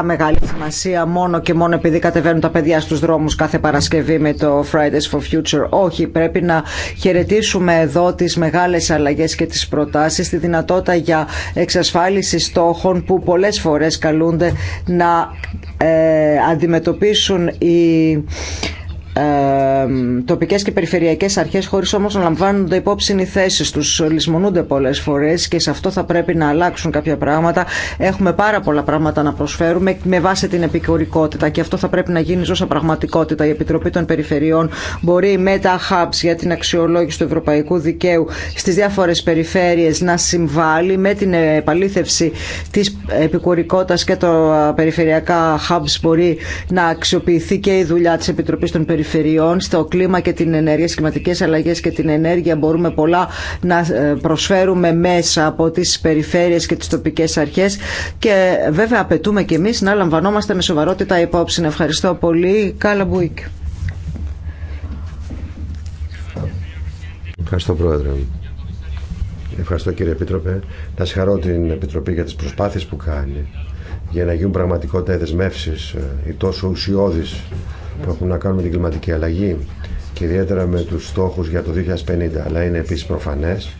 μεγάλη σημασία μόνο και μόνο επειδή κατεβαίνουν τα παιδιά στους δρόμους κάθε Παρασκευή με το Fridays for Future. Όχι, πρέπει να χαιρετήσουμε εδώ τις μεγάλες αλλαγές και τις προτάσεις, τη δυνατότητα για εξασφάλιση στόχων που πολλές φορές καλούνται να ε, αντιμετωπίσουν οι τοπικές και περιφερειακές αρχές χωρίς όμως να λαμβάνονται υπόψη οι θέσεις τους. Λυσμονούνται πολλές φορές και σε αυτό θα πρέπει να αλλάξουν κάποια πράγματα. Έχουμε πάρα πολλά πράγματα να προσφέρουμε με βάση την επικουρικότητα και αυτό θα πρέπει να γίνει ζώσα πραγματικότητα. Η Επιτροπή των Περιφερειών μπορεί με τα hubs για την αξιολόγηση του ευρωπαϊκού δικαίου στις διάφορες περιφέρειες να συμβάλλει με την επαλήθευση της επικουρικότητας και τα περιφερειακά hubs μπορεί να αξιοποιηθεί και η δουλειά της Επιτροπής των Περιφερειών στο κλίμα και την ενέργεια, στις κλιματικές αλλαγές και την ενέργεια μπορούμε πολλά να ε, προσφέρουμε μέσα από τις περιφέρειες και τις τοπικές αρχές και βέβαια απαιτούμε και εμείς να λαμβανόμαστε με σοβαρότητα υπόψη. Ευχαριστώ πολύ. Κάλα Μπουίκ. Ευχαριστώ Πρόεδρε. Ευχαριστώ κύριε Επίτροπε. Να συγχαρώ την Επιτροπή για τις προσπάθειες που κάνει για να γίνουν πραγματικότητα οι δεσμεύσεις, ε, οι τόσο ουσιώδεις που έχουν να κάνουν την κλιματική αλλαγή και ιδιαίτερα με τους στόχους για το 2050 αλλά είναι επίσης προφανές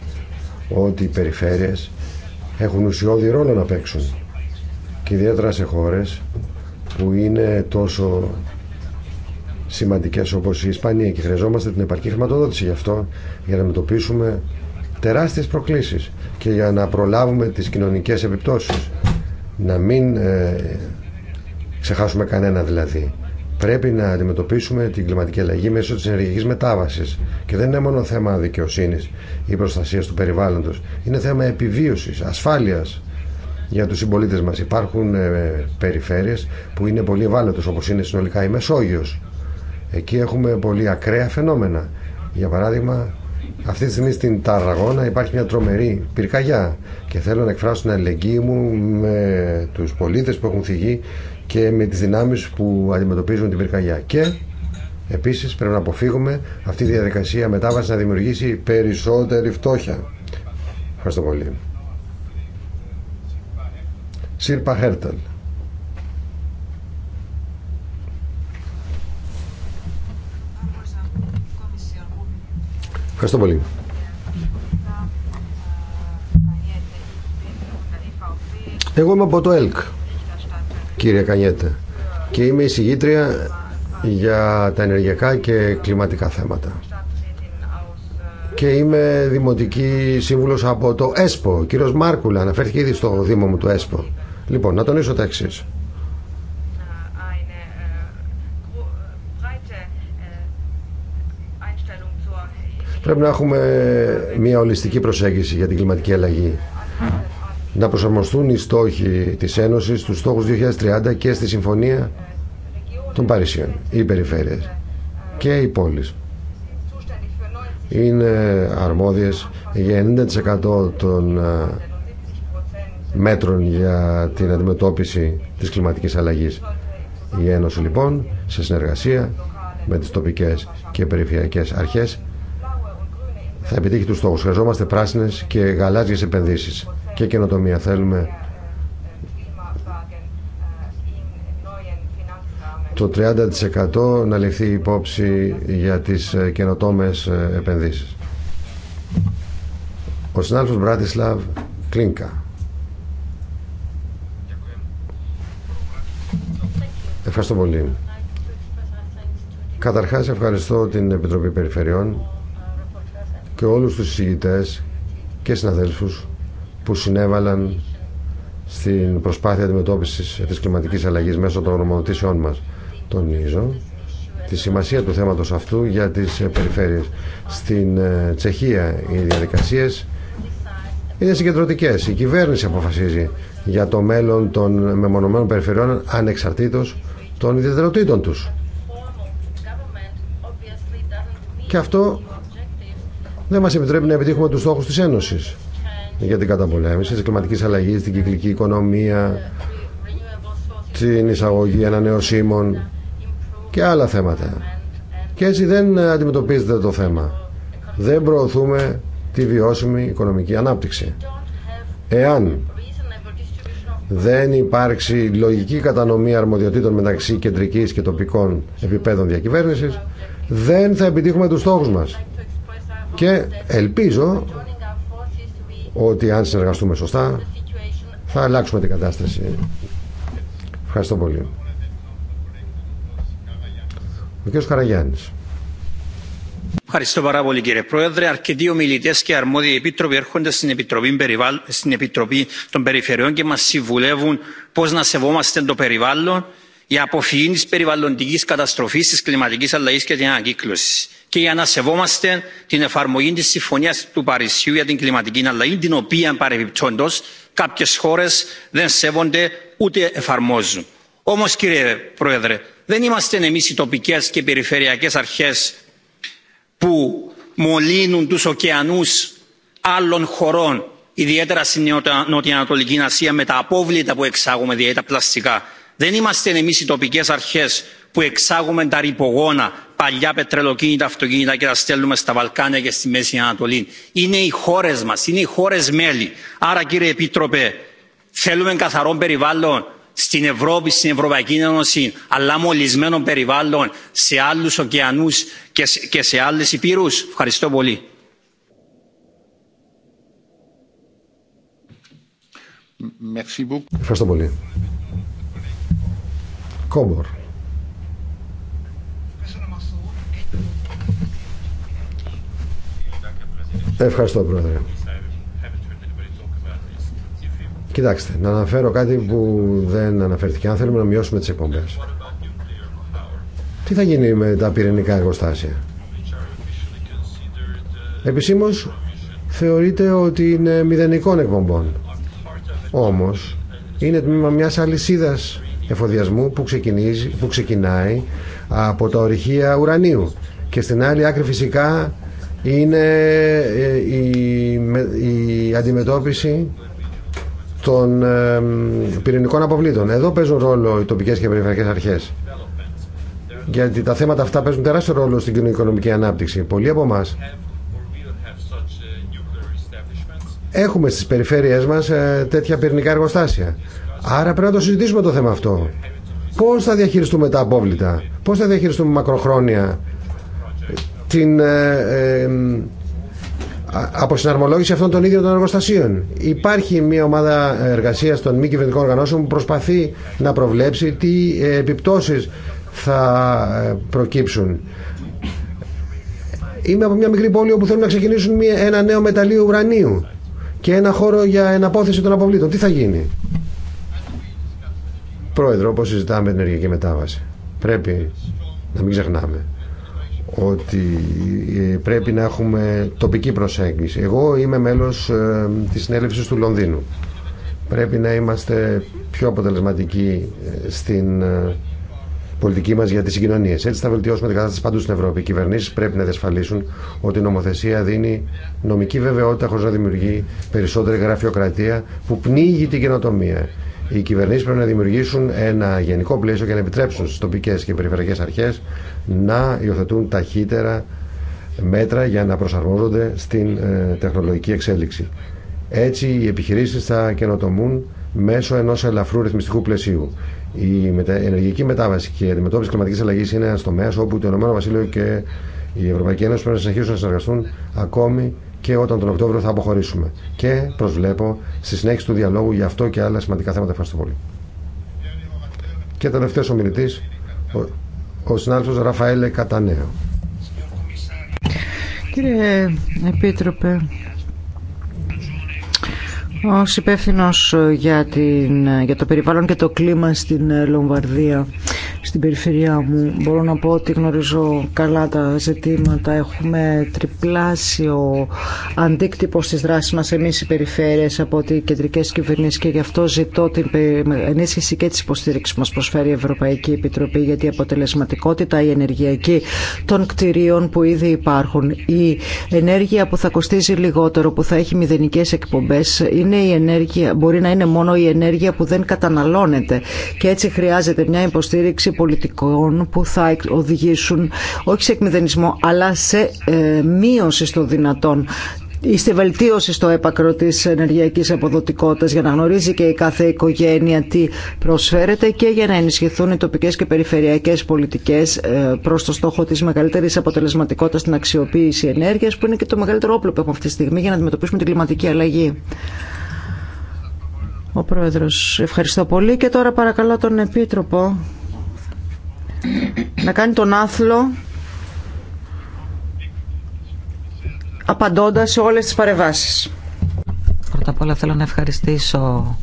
ότι οι περιφέρειες έχουν ουσιώδη ρόλο να παίξουν και ιδιαίτερα σε χώρες που είναι τόσο σημαντικές όπως η Ισπανία και χρειαζόμαστε την επαρκή χρηματοδότηση γι' αυτό για να μετοπίσουμε τεράστιες προκλήσεις και για να προλάβουμε τις κοινωνικές επιπτώσεις να μην ε, ξεχάσουμε κανένα δηλαδή Πρέπει να αντιμετωπίσουμε την κλιματική αλλαγή μέσω τη ενεργειακή μετάβαση. Και δεν είναι μόνο θέμα δικαιοσύνη ή προστασία του περιβάλλοντο. Είναι θέμα επιβίωση, ασφάλεια για του συμπολίτε μα. Υπάρχουν ε, περιφέρειες που είναι πολύ ευάλωτε, όπω είναι συνολικά η Μεσόγειο. Εκεί έχουμε πολύ ακραία φαινόμενα. Για παράδειγμα, αυτή τη στιγμή στην Ταραγώνα υπάρχει μια τρομερή πυρκαγιά και θέλω να εκφράσω την αλληλεγγύη μου με τους πολίτες που έχουν θυγεί και με τις δυνάμεις που αντιμετωπίζουν την πυρκαγιά. Και επίσης πρέπει να αποφύγουμε αυτή τη διαδικασία μετάβαση να δημιουργήσει περισσότερη φτώχεια. Ευχαριστώ πολύ. Σύρπα Ευχαριστώ πολύ. Εγώ είμαι από το ΕΛΚ κύριε Κανιέτε και είμαι εισηγήτρια για τα ενεργειακά και κλιματικά θέματα και είμαι δημοτική σύμβουλος από το ΕΣΠΟ. Ο κύριος Μάρκουλα αναφέρθηκε ήδη στο Δήμο μου του ΕΣΠΟ. Λοιπόν, να τονίσω τα εξή. Πρέπει να έχουμε μια ολιστική προσέγγιση για την κλιματική αλλαγή να προσαρμοστούν οι στόχοι της Ένωσης στους στόχους 2030 και στη Συμφωνία των Παρισιών, οι περιφέρειες και οι πόλεις. Είναι αρμόδιες για 90% των μέτρων για την αντιμετώπιση της κλιματικής αλλαγής. Η Ένωση λοιπόν σε συνεργασία με τις τοπικές και περιφερειακές αρχές θα επιτύχει του στόχου. Χρειαζόμαστε πράσινε και γαλάζιε επενδύσει και καινοτομία. Θέλουμε το 30% να ληφθεί υπόψη για τις ε, καινοτόμες ε, επενδύσεις. Ο συνάδελφος Μπράτισλαβ Κλίνκα. Ευχαριστώ πολύ. Καταρχάς ευχαριστώ την Επιτροπή Περιφερειών και όλους τους συζητητές και συναδέλφους που συνέβαλαν στην προσπάθεια αντιμετώπισης της κλιματικής αλλαγής μέσω των γνωμονωτήσεών μας. Τονίζω τη σημασία του θέματος αυτού για τις περιφέρειες. Στην ε, Τσεχία οι διαδικασίες είναι συγκεντρωτικές. Η κυβέρνηση αποφασίζει για το μέλλον των μεμονωμένων περιφερειών ανεξαρτήτως των ιδιαιτεροτήτων τους. Και αυτό δεν μας επιτρέπει να επιτύχουμε τους στόχου της Ένωσης για την καταπολέμηση της κλιματικής αλλαγής, την κυκλική οικονομία, την εισαγωγή ανανεωσίμων και άλλα θέματα. Και έτσι δεν αντιμετωπίζεται το θέμα. Δεν προωθούμε τη βιώσιμη οικονομική ανάπτυξη. Εάν δεν υπάρξει λογική κατανομή αρμοδιοτήτων μεταξύ κεντρικής και τοπικών επιπέδων διακυβέρνησης, δεν θα επιτύχουμε τους στόχους μας. Και ελπίζω ότι αν συνεργαστούμε σωστά θα αλλάξουμε την κατάσταση. Ευχαριστώ πολύ. Ο κ. Καραγιάννης. Ευχαριστώ πάρα πολύ κύριε Πρόεδρε. Αρκετοί ομιλητέ και αρμόδιοι επίτροποι έρχονται στην Επιτροπή, στην Επιτροπή των Περιφερειών και μα συμβουλεύουν πώ να σεβόμαστε το περιβάλλον, η αποφυγή τη περιβαλλοντική καταστροφή, τη κλιματική αλλαγή και την ανακύκλωση και για να σεβόμαστε την εφαρμογή της συμφωνίας του παρισιού για την κλιματική αλλαγή την οποία παρεμπιπτόντως κάποιες χώρες δεν σέβονται ούτε εφαρμόζουν. όμως κύριε πρόεδρε δεν είμαστε εμείς οι τοπικές και περιφερειακές αρχές που μολύνουν τους ωκεανούς άλλων χωρών ιδιαίτερα στην νοτιοανατολική ασία με τα απόβλητα που εξάγουμε δηλαδή τα πλαστικά δεν είμαστε εμεί οι τοπικέ αρχέ που εξάγουμε τα ρηπογόνα παλιά πετρελοκίνητα αυτοκίνητα και τα στέλνουμε στα βαλκάνια και στη μέση ανατολή. είναι οι χώρε μα, είναι οι χώρε μέλη. άρα κύριε επίτροπε θέλουμε καθαρό περιβάλλον στην ευρώπη στην ευρωπαϊκή ένωση αλλά μολυσμένο περιβάλλον σε άλλου ωκεανού και σε άλλε υπήρους. Ευχαριστώ πολύ. Ευχαριστώ πρόεδρε. Κοιτάξτε, να αναφέρω κάτι που δεν αναφέρθηκε. Αν θέλουμε να μειώσουμε τις εκπομπές, τι θα γίνει με τα πυρηνικά εργοστάσια. Επισήμως θεωρείται ότι είναι μηδενικών εκπομπών. Όμως είναι τμήμα μιας αλυσίδας εφοδιασμού που, που ξεκινάει από τα ορυχεία ουρανίου. Και στην άλλη άκρη φυσικά είναι ε, η, η αντιμετώπιση των πυρηνικών αποβλήτων. Εδώ παίζουν ρόλο οι τοπικές και περιφερειακές αρχές. Γιατί τα θέματα αυτά παίζουν τεράστιο ρόλο στην κοινωνικονομική ανάπτυξη. Πολλοί από εμά έχουμε στις περιφέρειές μας ε, τέτοια πυρηνικά εργοστάσια. Άρα πρέπει να το συζητήσουμε το θέμα αυτό. Πώ θα διαχειριστούμε τα απόβλητα, πώ θα διαχειριστούμε μακροχρόνια την ε, ε, αποσυναρμολόγηση αυτών των ίδιων των εργοστασίων. Υπάρχει μια ομάδα εργασία των μη κυβερνητικών οργανώσεων που προσπαθεί να προβλέψει τι ε, επιπτώσει θα ε, προκύψουν. Είμαι από μια μικρή πόλη όπου θέλουν να ξεκινήσουν ένα νέο μεταλλείο ουρανίου και ένα χώρο για εναπόθεση των αποβλήτων. Τι θα γίνει. Πρόεδρο, όπως συζητάμε την ενεργειακή μετάβαση, πρέπει να μην ξεχνάμε ότι ε, πρέπει να έχουμε τοπική προσέγγιση. Εγώ είμαι μέλος ε, της συνέλευσης του Λονδίνου. Πρέπει να είμαστε πιο αποτελεσματικοί ε, στην πολιτική μας για τις συγκοινωνίες. Έτσι θα βελτιώσουμε την κατάσταση παντού στην Ευρώπη. Οι κυβερνήσει πρέπει να διασφαλίσουν ότι η νομοθεσία δίνει νομική βεβαιότητα χωρί να δημιουργεί περισσότερη γραφειοκρατία που πνίγει την καινοτομία. Οι κυβερνήσει πρέπει να δημιουργήσουν ένα γενικό πλαίσιο και να επιτρέψουν στι τοπικέ και περιφερειακέ αρχέ να υιοθετούν ταχύτερα μέτρα για να προσαρμόζονται στην ε, τεχνολογική εξέλιξη. Έτσι οι επιχειρήσει θα καινοτομούν μέσω ενό ελαφρού ρυθμιστικού πλαισίου. Η ενεργειακή μετάβαση και η αντιμετώπιση κλιματικής αλλαγής είναι ένα τομέα όπου το Ηνωμένο και η Ευρωπαϊκή Ένωση πρέπει να συνεχίσουν να συνεργαστούν ακόμη και όταν τον Οκτώβριο θα αποχωρήσουμε. Και προσβλέπω στη συνέχιση του διαλόγου για αυτό και άλλα σημαντικά θέματα. Ευχαριστώ πολύ. Και τελευταίο ομιλητή, ο, ο συνάδελφο Ραφαέλε Κατανέο. Κύριε Επίτροπε, ω υπεύθυνο για, για το περιβάλλον και το κλίμα στην Λομβαρδία, στην περιφερειά μου. Μπορώ να πω ότι γνωρίζω καλά τα ζητήματα. Έχουμε τριπλάσιο αντίκτυπο στις δράσεις μας εμείς οι περιφέρειες από ότι οι κεντρικές κυβερνήσεις και γι' αυτό ζητώ την ενίσχυση και της υποστήριξη που μας προσφέρει η Ευρωπαϊκή Επιτροπή για την αποτελεσματικότητα, η ενεργειακή των κτηρίων που ήδη υπάρχουν, η ενέργεια που θα κοστίζει λιγότερο, που θα έχει μηδενικές εκπομπές, μπορεί να είναι μόνο η ενέργεια που δεν καταναλώνεται και έτσι χρειάζεται μια υποστήριξη πολιτικών που θα οδηγήσουν όχι σε εκμηδενισμό αλλά σε ε, μείωση στο δυνατόν ή στη βελτίωση στο έπακρο τη ενεργειακή αποδοτικότητα για να γνωρίζει και η κάθε οικογένεια τι προσφέρεται και για να ενισχυθούν οι τοπικέ και περιφερειακέ πολιτικέ ε, προ το στόχο τη μεγαλύτερη αποτελεσματικότητα στην αξιοποίηση ενέργεια, που είναι και το μεγαλύτερο όπλο που έχουμε αυτή τη στιγμή για να αντιμετωπίσουμε την κλιματική αλλαγή. Ο Πρόεδρος, ευχαριστώ πολύ και τώρα παρακαλώ τον Επίτροπο να κάνει τον άθλο απαντώντας σε όλες τις παρεμβάσεις. Πρώτα απ' όλα θέλω να ευχαριστήσω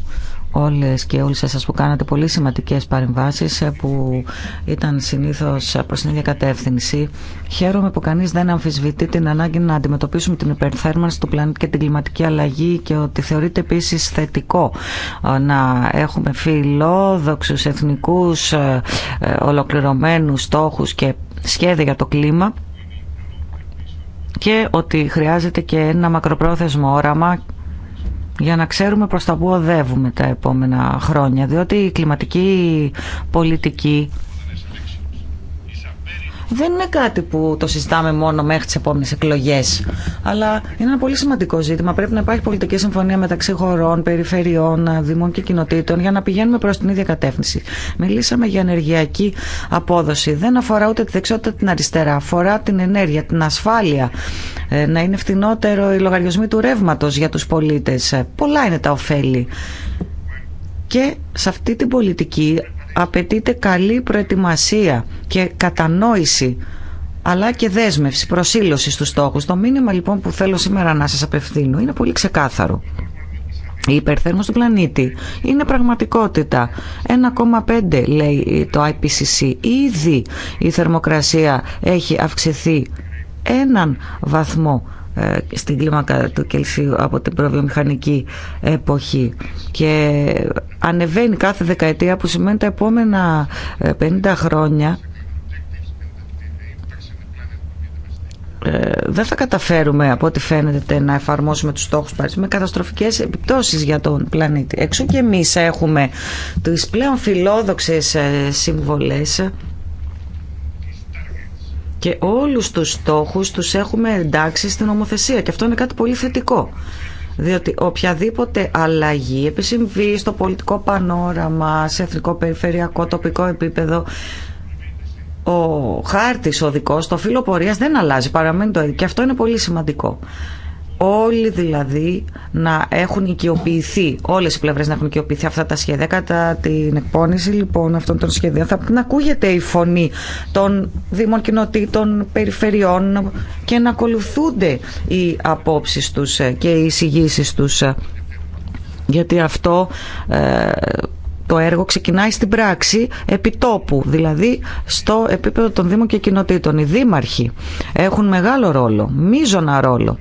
όλες και όλοι σας που κάνατε πολύ σημαντικές παρεμβάσεις ε, που ήταν συνήθως προς την ίδια κατεύθυνση. Χαίρομαι που κανείς δεν αμφισβητεί την ανάγκη να αντιμετωπίσουμε την υπερθέρμανση του πλανήτη και την κλιματική αλλαγή και ότι θεωρείται επίσης θετικό ε, να έχουμε φιλόδοξους εθνικούς ε, ολοκληρωμένους στόχους και σχέδια για το κλίμα και ότι χρειάζεται και ένα μακροπρόθεσμο όραμα για να ξέρουμε προς τα που οδεύουμε τα επόμενα χρόνια, διότι η κλιματική πολιτική δεν είναι κάτι που το συζητάμε μόνο μέχρι τι επόμενε εκλογέ. Αλλά είναι ένα πολύ σημαντικό ζήτημα. Πρέπει να υπάρχει πολιτική συμφωνία μεταξύ χωρών, περιφερειών, δημών και κοινοτήτων για να πηγαίνουμε προ την ίδια κατεύθυνση. Μιλήσαμε για ενεργειακή απόδοση. Δεν αφορά ούτε τη δεξιότητα την αριστερά. Αφορά την ενέργεια, την ασφάλεια. Ε, να είναι φτηνότερο οι λογαριασμοί του ρεύματο για του πολίτε. Ε, πολλά είναι τα ωφέλη. Και σε αυτή την πολιτική απαιτείται καλή προετοιμασία και κατανόηση αλλά και δέσμευση, προσήλωση στους στόχους. Το μήνυμα λοιπόν που θέλω σήμερα να σας απευθύνω είναι πολύ ξεκάθαρο. Η υπερθέρμανση του πλανήτη είναι πραγματικότητα. 1,5 λέει το IPCC. Ήδη η θερμοκρασία έχει αυξηθεί έναν βαθμό ε, στην κλίμακα του Κελσίου από την προβιομηχανική εποχή και ανεβαίνει κάθε δεκαετία που σημαίνει τα επόμενα 50 ε, χρόνια ε, δεν θα καταφέρουμε από ό,τι φαίνεται να εφαρμόσουμε τους στόχους Παρίσιου με καταστροφικές επιπτώσεις για τον πλανήτη. Έξω και εμείς έχουμε τις πλέον φιλόδοξες συμβολές και όλους τους στόχους τους έχουμε εντάξει στην νομοθεσία και αυτό είναι κάτι πολύ θετικό. Διότι οποιαδήποτε αλλαγή επισυμβεί στο πολιτικό πανόραμα, σε εθνικό, περιφερειακό, τοπικό επίπεδο, ο χάρτης, ο δικός, το φύλλο πορείας δεν αλλάζει, παραμένει το ίδιο. Και αυτό είναι πολύ σημαντικό όλοι δηλαδή να έχουν οικειοποιηθεί, όλες οι πλευρές να έχουν οικειοποιηθεί αυτά τα σχέδια. Κατά την εκπόνηση λοιπόν αυτών των σχεδίων θα πρέπει να ακούγεται η φωνή των δήμων κοινοτήτων, περιφερειών και να ακολουθούνται οι απόψει τους ε, και οι εισηγήσει τους. Ε. Γιατί αυτό ε, το έργο ξεκινάει στην πράξη επιτόπου, δηλαδή στο επίπεδο των Δήμων και Κοινοτήτων. Οι δήμαρχοι έχουν μεγάλο ρόλο, μίζωνα ρόλο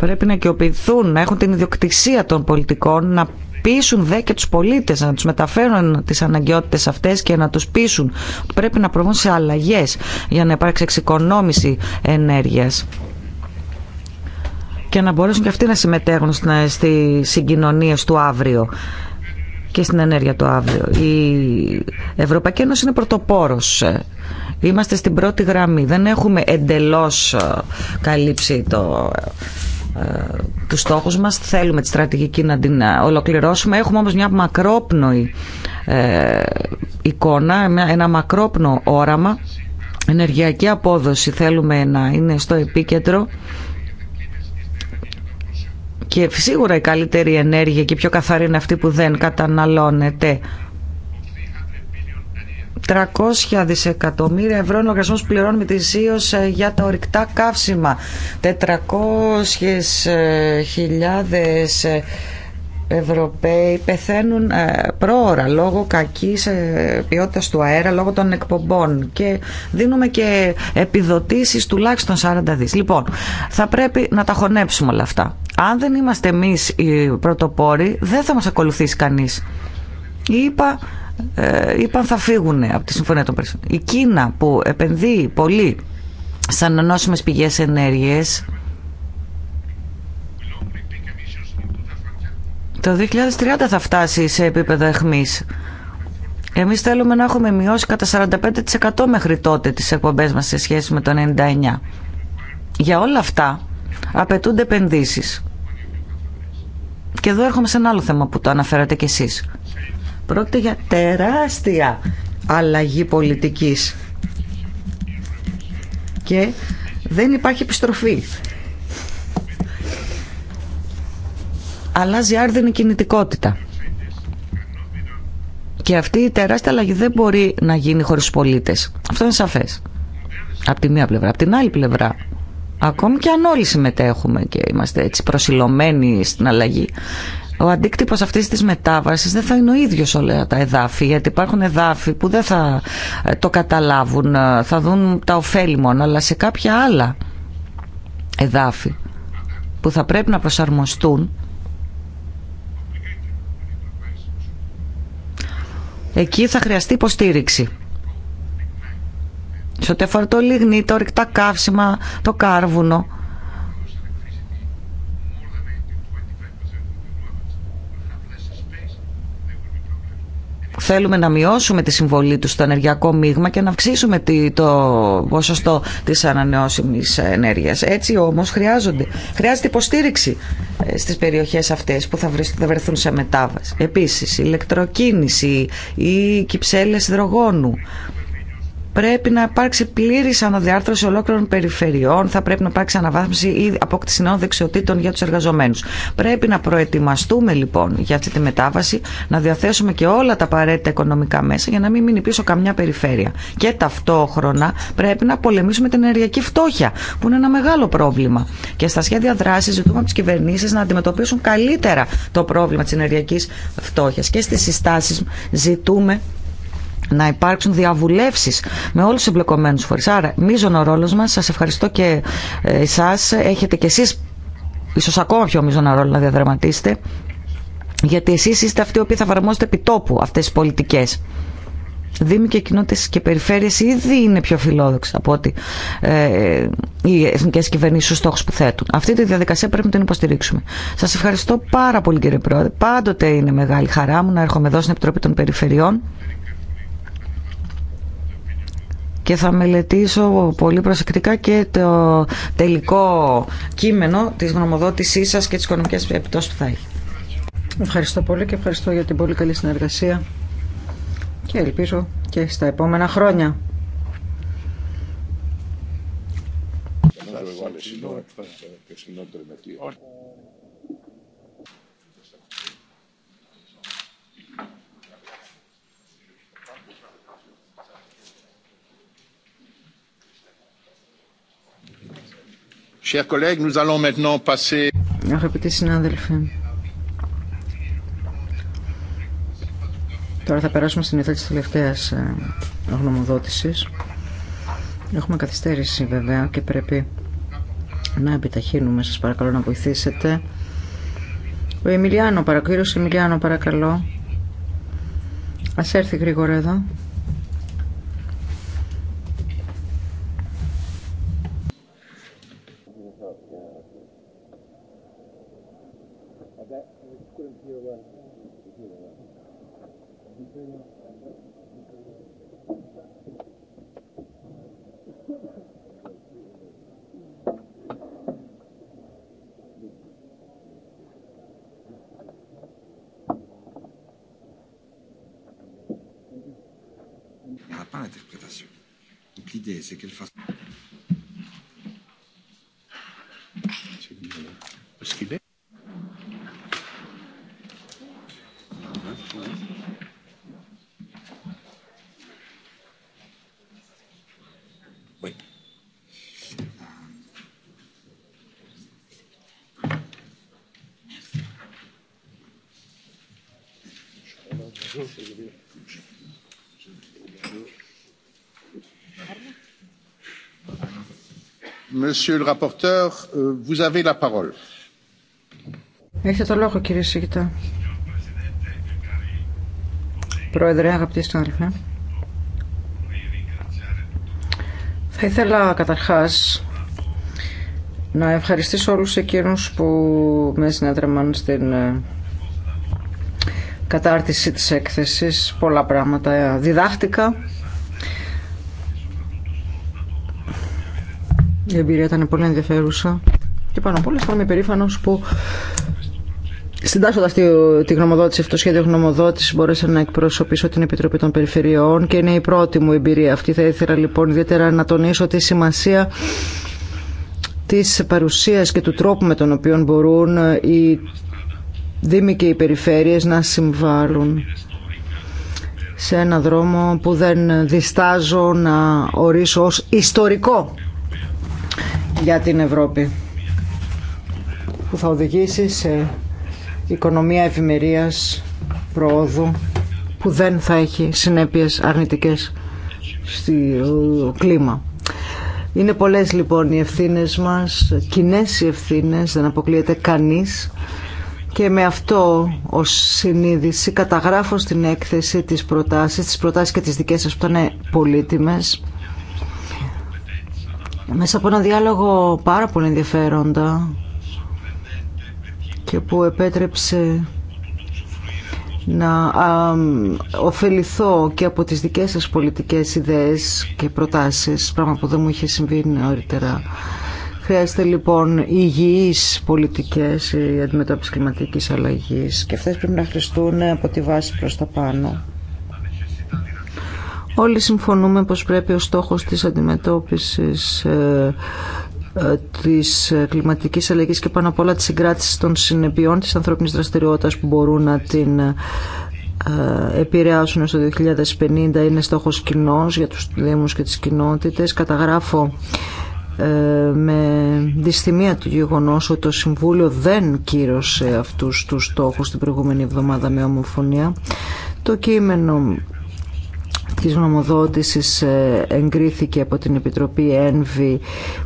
πρέπει να οικειοποιηθούν, να έχουν την ιδιοκτησία των πολιτικών, να πείσουν δε και τους πολίτες, να τους μεταφέρουν τις αναγκαιότητες αυτές και να τους πείσουν πρέπει να προβούν σε αλλαγές για να υπάρξει εξοικονόμηση ενέργειας και να μπορέσουν και αυτοί να συμμετέχουν στις συγκοινωνίες του αύριο και στην ενέργεια του αύριο. Η Ευρωπαϊκή Ένωση είναι πρωτοπόρος. Είμαστε στην πρώτη γραμμή. Δεν έχουμε εντελώς ε, καλύψει το ε, τους στόχους μας. Θέλουμε τη στρατηγική να την ε, ολοκληρώσουμε. Έχουμε όμως μια μακρόπνοη ε, εικόνα, ένα μακρόπνο όραμα. Ενεργειακή απόδοση θέλουμε να είναι στο επίκεντρο και σίγουρα η καλύτερη ενέργεια και η πιο καθαρή είναι αυτή που δεν καταναλώνεται. 300 δισεκατομμύρια ευρώ είναι ο οργανισμό που πληρώνουμε ΣΥΟ ε, για τα ορυκτά καύσιμα. 400.000 ε, ε, Ευρωπαίοι πεθαίνουν πρόωρα λόγω κακής ποιότητας του αέρα, λόγω των εκπομπών και δίνουμε και επιδοτήσεις τουλάχιστον 40 δις. Λοιπόν, θα πρέπει να τα χωνέψουμε όλα αυτά. Αν δεν είμαστε εμείς οι πρωτοπόροι, δεν θα μας ακολουθήσει κανείς. Είπα ε, είπαν θα φύγουν από τη Συμφωνία των Παρισιών. Η Κίνα που επενδύει πολύ σαν ανανόσιμες πηγές ενέργειας το 2030 θα φτάσει σε επίπεδο αιχμής. Εμείς θέλουμε να έχουμε μειώσει κατά 45% μέχρι τότε τις εκπομπές μας σε σχέση με το 99. Για όλα αυτά απαιτούνται επενδύσεις. Και εδώ έρχομαι σε ένα άλλο θέμα που το αναφέρατε κι εσείς. Πρόκειται για τεράστια αλλαγή πολιτικής και δεν υπάρχει επιστροφή. Αλλάζει άρδινη κινητικότητα. Και αυτή η τεράστια αλλαγή δεν μπορεί να γίνει χωρίς πολίτες. Αυτό είναι σαφές. Από τη μία πλευρά. Από την άλλη πλευρά, ακόμη και αν όλοι συμμετέχουμε και είμαστε έτσι προσιλωμένοι στην αλλαγή, ο αντίκτυπο αυτή τη μετάβασης δεν θα είναι ο ίδιος όλα τα εδάφη, γιατί υπάρχουν εδάφη που δεν θα ε, το καταλάβουν, ε, θα δουν τα ωφέλη μόνο, αλλά σε κάποια άλλα εδάφη που θα πρέπει να προσαρμοστούν εκεί θα χρειαστεί υποστήριξη. Σε ό,τι αφορά το λιγνί, το ρηκτά καύσιμα, το κάρβουνο, Θέλουμε να μειώσουμε τη συμβολή του στο ενεργειακό μείγμα και να αυξήσουμε το ποσοστό τη ανανεώσιμη ενέργεια. Έτσι όμω χρειάζεται υποστήριξη ε, στι περιοχέ αυτέ που θα βρεθούν σε μετάβαση. Επίση, ηλεκτροκίνηση ή κυψέλε υδρογόνου Πρέπει να υπάρξει πλήρη αναδιάρθρωση ολόκληρων περιφερειών, θα πρέπει να υπάρξει αναβάθμιση ή απόκτηση νέων δεξιοτήτων για του εργαζομένου. Πρέπει να προετοιμαστούμε λοιπόν για αυτή τη μετάβαση, να διαθέσουμε και όλα τα απαραίτητα οικονομικά μέσα για να μην μείνει πίσω καμιά περιφέρεια. Και ταυτόχρονα πρέπει να πολεμήσουμε την ενεργειακή φτώχεια, που είναι ένα μεγάλο πρόβλημα. Και στα σχέδια δράση ζητούμε από τι κυβερνήσει να αντιμετωπίσουν καλύτερα το πρόβλημα τη ενεργειακή φτώχεια. Και στι συστάσει ζητούμε να υπάρξουν διαβουλευσει με όλου του εμπλεκομένου φορείς. Άρα, μίζων ο ρόλο μα, σα ευχαριστώ και ε, εσά. Έχετε και εσεί, ίσω ακόμα πιο μείζον ρόλο να διαδραματίσετε. Γιατί εσεί είστε αυτοί οι οποίοι θα εφαρμόζετε επιτόπου αυτέ τι πολιτικέ. Δήμοι και κοινότητε και περιφέρειε ήδη είναι πιο φιλόδοξοι από ότι ε, ε οι εθνικέ κυβερνήσει στου στόχου που θέτουν. Αυτή τη διαδικασία πρέπει να την υποστηρίξουμε. Σα ευχαριστώ πάρα πολύ κύριε Πρόεδρε. Πάντοτε είναι μεγάλη χαρά μου να έρχομαι εδώ στην Επιτροπή των Περιφερειών και θα μελετήσω πολύ προσεκτικά και το τελικό κείμενο της γνωμοδότησής σας και τις οικονομικές επιπτώσεις που θα έχει. Ευχαριστώ πολύ και ευχαριστώ για την πολύ καλή συνεργασία και ελπίζω και στα επόμενα χρόνια. Αγαπητοί συνάδελφοι, τώρα θα περάσουμε στην ιδέα τη τελευταία ε, γνωμοδότησης. Έχουμε καθυστέρηση βέβαια και πρέπει να επιταχύνουμε. Σα παρακαλώ να βοηθήσετε. Ο Εμιλιάνο, παρακαλώ. Εμιλιάνο, παρακαλώ. Ας έρθει γρήγορα εδώ. l'idée, c'est qu'elle fasse. Monsieur le rapporteur, euh, vous avez la parole. Έχετε το λόγο κύριε Σίγητα. Πρόεδρε, αγαπητοί συνάδελφοι. Θα ήθελα καταρχάς να ευχαριστήσω όλους εκείνους που με συνέδρεμαν στην ε, κατάρτιση της έκθεσης. Πολλά πράγματα διδάχτηκα Η εμπειρία ήταν πολύ ενδιαφέρουσα και πάνω απ' όλα αισθάνομαι περήφανο που Συντάσσοντα τη γνωμοδότηση, αυτό το σχέδιο γνωμοδότηση, μπορέσα να εκπροσωπήσω την Επιτροπή των Περιφερειών και είναι η πρώτη μου εμπειρία αυτή. Θα ήθελα λοιπόν ιδιαίτερα να τονίσω τη σημασία τη παρουσίας και του τρόπου με τον οποίο μπορούν οι δήμοι και οι περιφέρειες να συμβάλλουν σε ένα δρόμο που δεν διστάζω να ορίσω ως ιστορικό για την Ευρώπη που θα οδηγήσει σε οικονομία ευημερίας, προόδου που δεν θα έχει συνέπειες αρνητικές στο κλίμα. Είναι πολλές λοιπόν οι ευθύνες μας, κοινέ οι ευθύνες, δεν αποκλείεται κανείς και με αυτό ως συνείδηση καταγράφω στην έκθεση τις προτάσεις, τις προτάσεις και τις δικές σας που ήταν πολύτιμες μέσα από ένα διάλογο πάρα πολύ ενδιαφέροντα και που επέτρεψε να ωφεληθώ και από τις δικές σας πολιτικές ιδέες και προτάσεις, πράγμα που δεν μου είχε συμβεί νωρίτερα. Χρειάζεται λοιπόν υγιείς πολιτικές η αντιμετώπιση κλιματικής αλλαγής και αυτές πρέπει να χρηστούν από τη βάση προς τα πάνω. Όλοι συμφωνούμε πως πρέπει ο στόχος της αντιμετώπισης ε, ε, της κλιματικής αλλαγής και πάνω απ' όλα της συγκράτησης των συνεπειών της ανθρώπινης δραστηριότητας που μπορούν να την ε, επηρεάσουν στο 2050 είναι στόχος κοινό για τους Δήμους και τις κοινότητες. Καταγράφω με δυστημία του γεγονός ότι το Συμβούλιο δεν κύρωσε αυτούς τους στόχους την προηγούμενη εβδομάδα με ομοφωνία. Το κείμενο της νομοδότησης ε, εγκρίθηκε από την Επιτροπή ΕΝΒΗ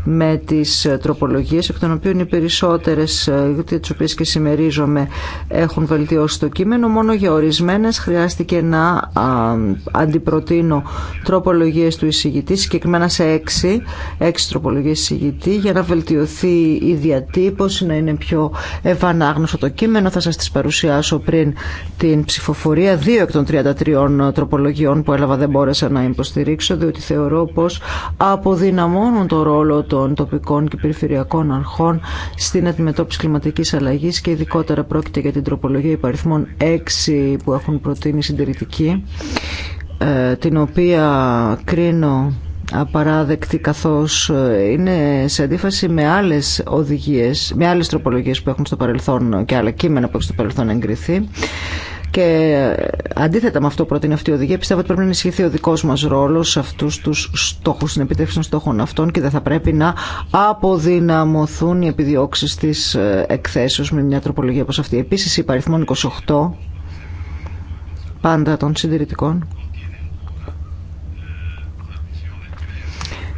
με τις ε, τροπολογίες εκ των οποίων οι περισσότερες ε, τις οποίες και συμμερίζομαι έχουν βελτιώσει το κείμενο μόνο για ορισμένες χρειάστηκε να αντιπροτείνω τροπολογίες του εισηγητή συγκεκριμένα σε έξι, έξι τροπολογίες εισηγητή για να βελτιωθεί η διατύπωση να είναι πιο ευανάγνωστο το κείμενο θα σας τις παρουσιάσω πριν την ψηφοφορία δύο εκ των 33 τροπολογιών που έλαβα δεν μπόρεσα να υποστηρίξω, διότι θεωρώ πως αποδυναμώνουν το ρόλο των τοπικών και περιφερειακών αρχών στην αντιμετώπιση κλιματικής αλλαγής και ειδικότερα πρόκειται για την τροπολογία υπαριθμών 6 που έχουν προτείνει συντηρητική, ε, την οποία κρίνω απαράδεκτη καθώς ε, είναι σε αντίφαση με άλλες οδηγίες, με άλλες τροπολογίες που έχουν στο παρελθόν και άλλα κείμενα που έχουν στο παρελθόν εγκριθεί. Και αντίθετα με αυτό που προτείνει αυτή η οδηγία, πιστεύω ότι πρέπει να ενισχυθεί ο δικό μα ρόλο σε αυτού του στόχου, στην επιτεύξη των στόχων αυτών και δεν θα πρέπει να αποδυναμωθούν οι επιδιώξει τη ε, εκθέσεω με μια τροπολογία όπω αυτή. Επίση, η παριθμόν 28, πάντα των συντηρητικών,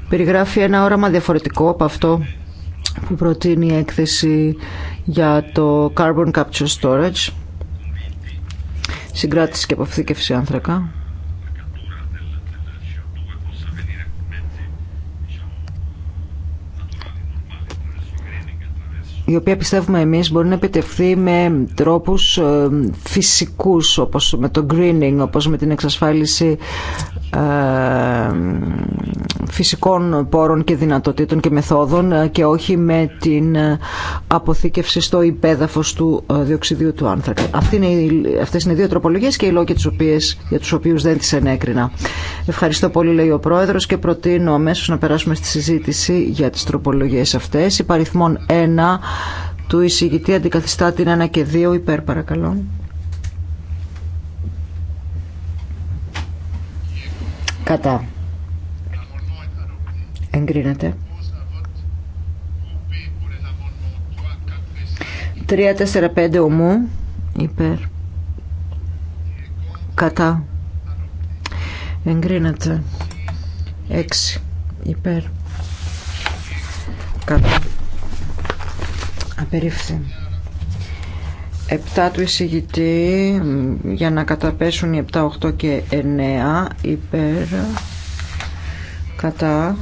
περιγράφει ένα όραμα διαφορετικό από αυτό που προτείνει η έκθεση για το Carbon Capture Storage συγκράτηση και αποθήκευση άνθρακα. η οποία πιστεύουμε εμείς μπορεί να επιτευχθεί με τρόπους ε, φυσικούς όπως με το greening, όπως με την εξασφάλιση ε, φυσικών πόρων και δυνατοτήτων και μεθόδων ε, και όχι με την ε, αποθήκευση στο υπέδαφος του διοξιδίου του άνθρακα. Αυτή είναι, αυτές είναι οι δύο τροπολογίες και οι λόγοι τις οποίες, για τους οποίους δεν τις ενέκρινα. Ευχαριστώ πολύ λέει ο Πρόεδρος και προτείνω αμέσω να περάσουμε στη συζήτηση για τις τροπολογίες αυτές. Υπαριθμών 1 του εισηγητή αντικαθιστά την 1 και 2 υπέρ παρακαλώ. Κατά. Εγκρίνεται. 3-4-5 ομού. Υπέρ. Κατά. Εγκρίνεται. 6. Υπέρ. Κατά. Απερίφθη. 7 του εισηγητή για να καταπέσουν οι 7, 8 και 9 υπέρ κατά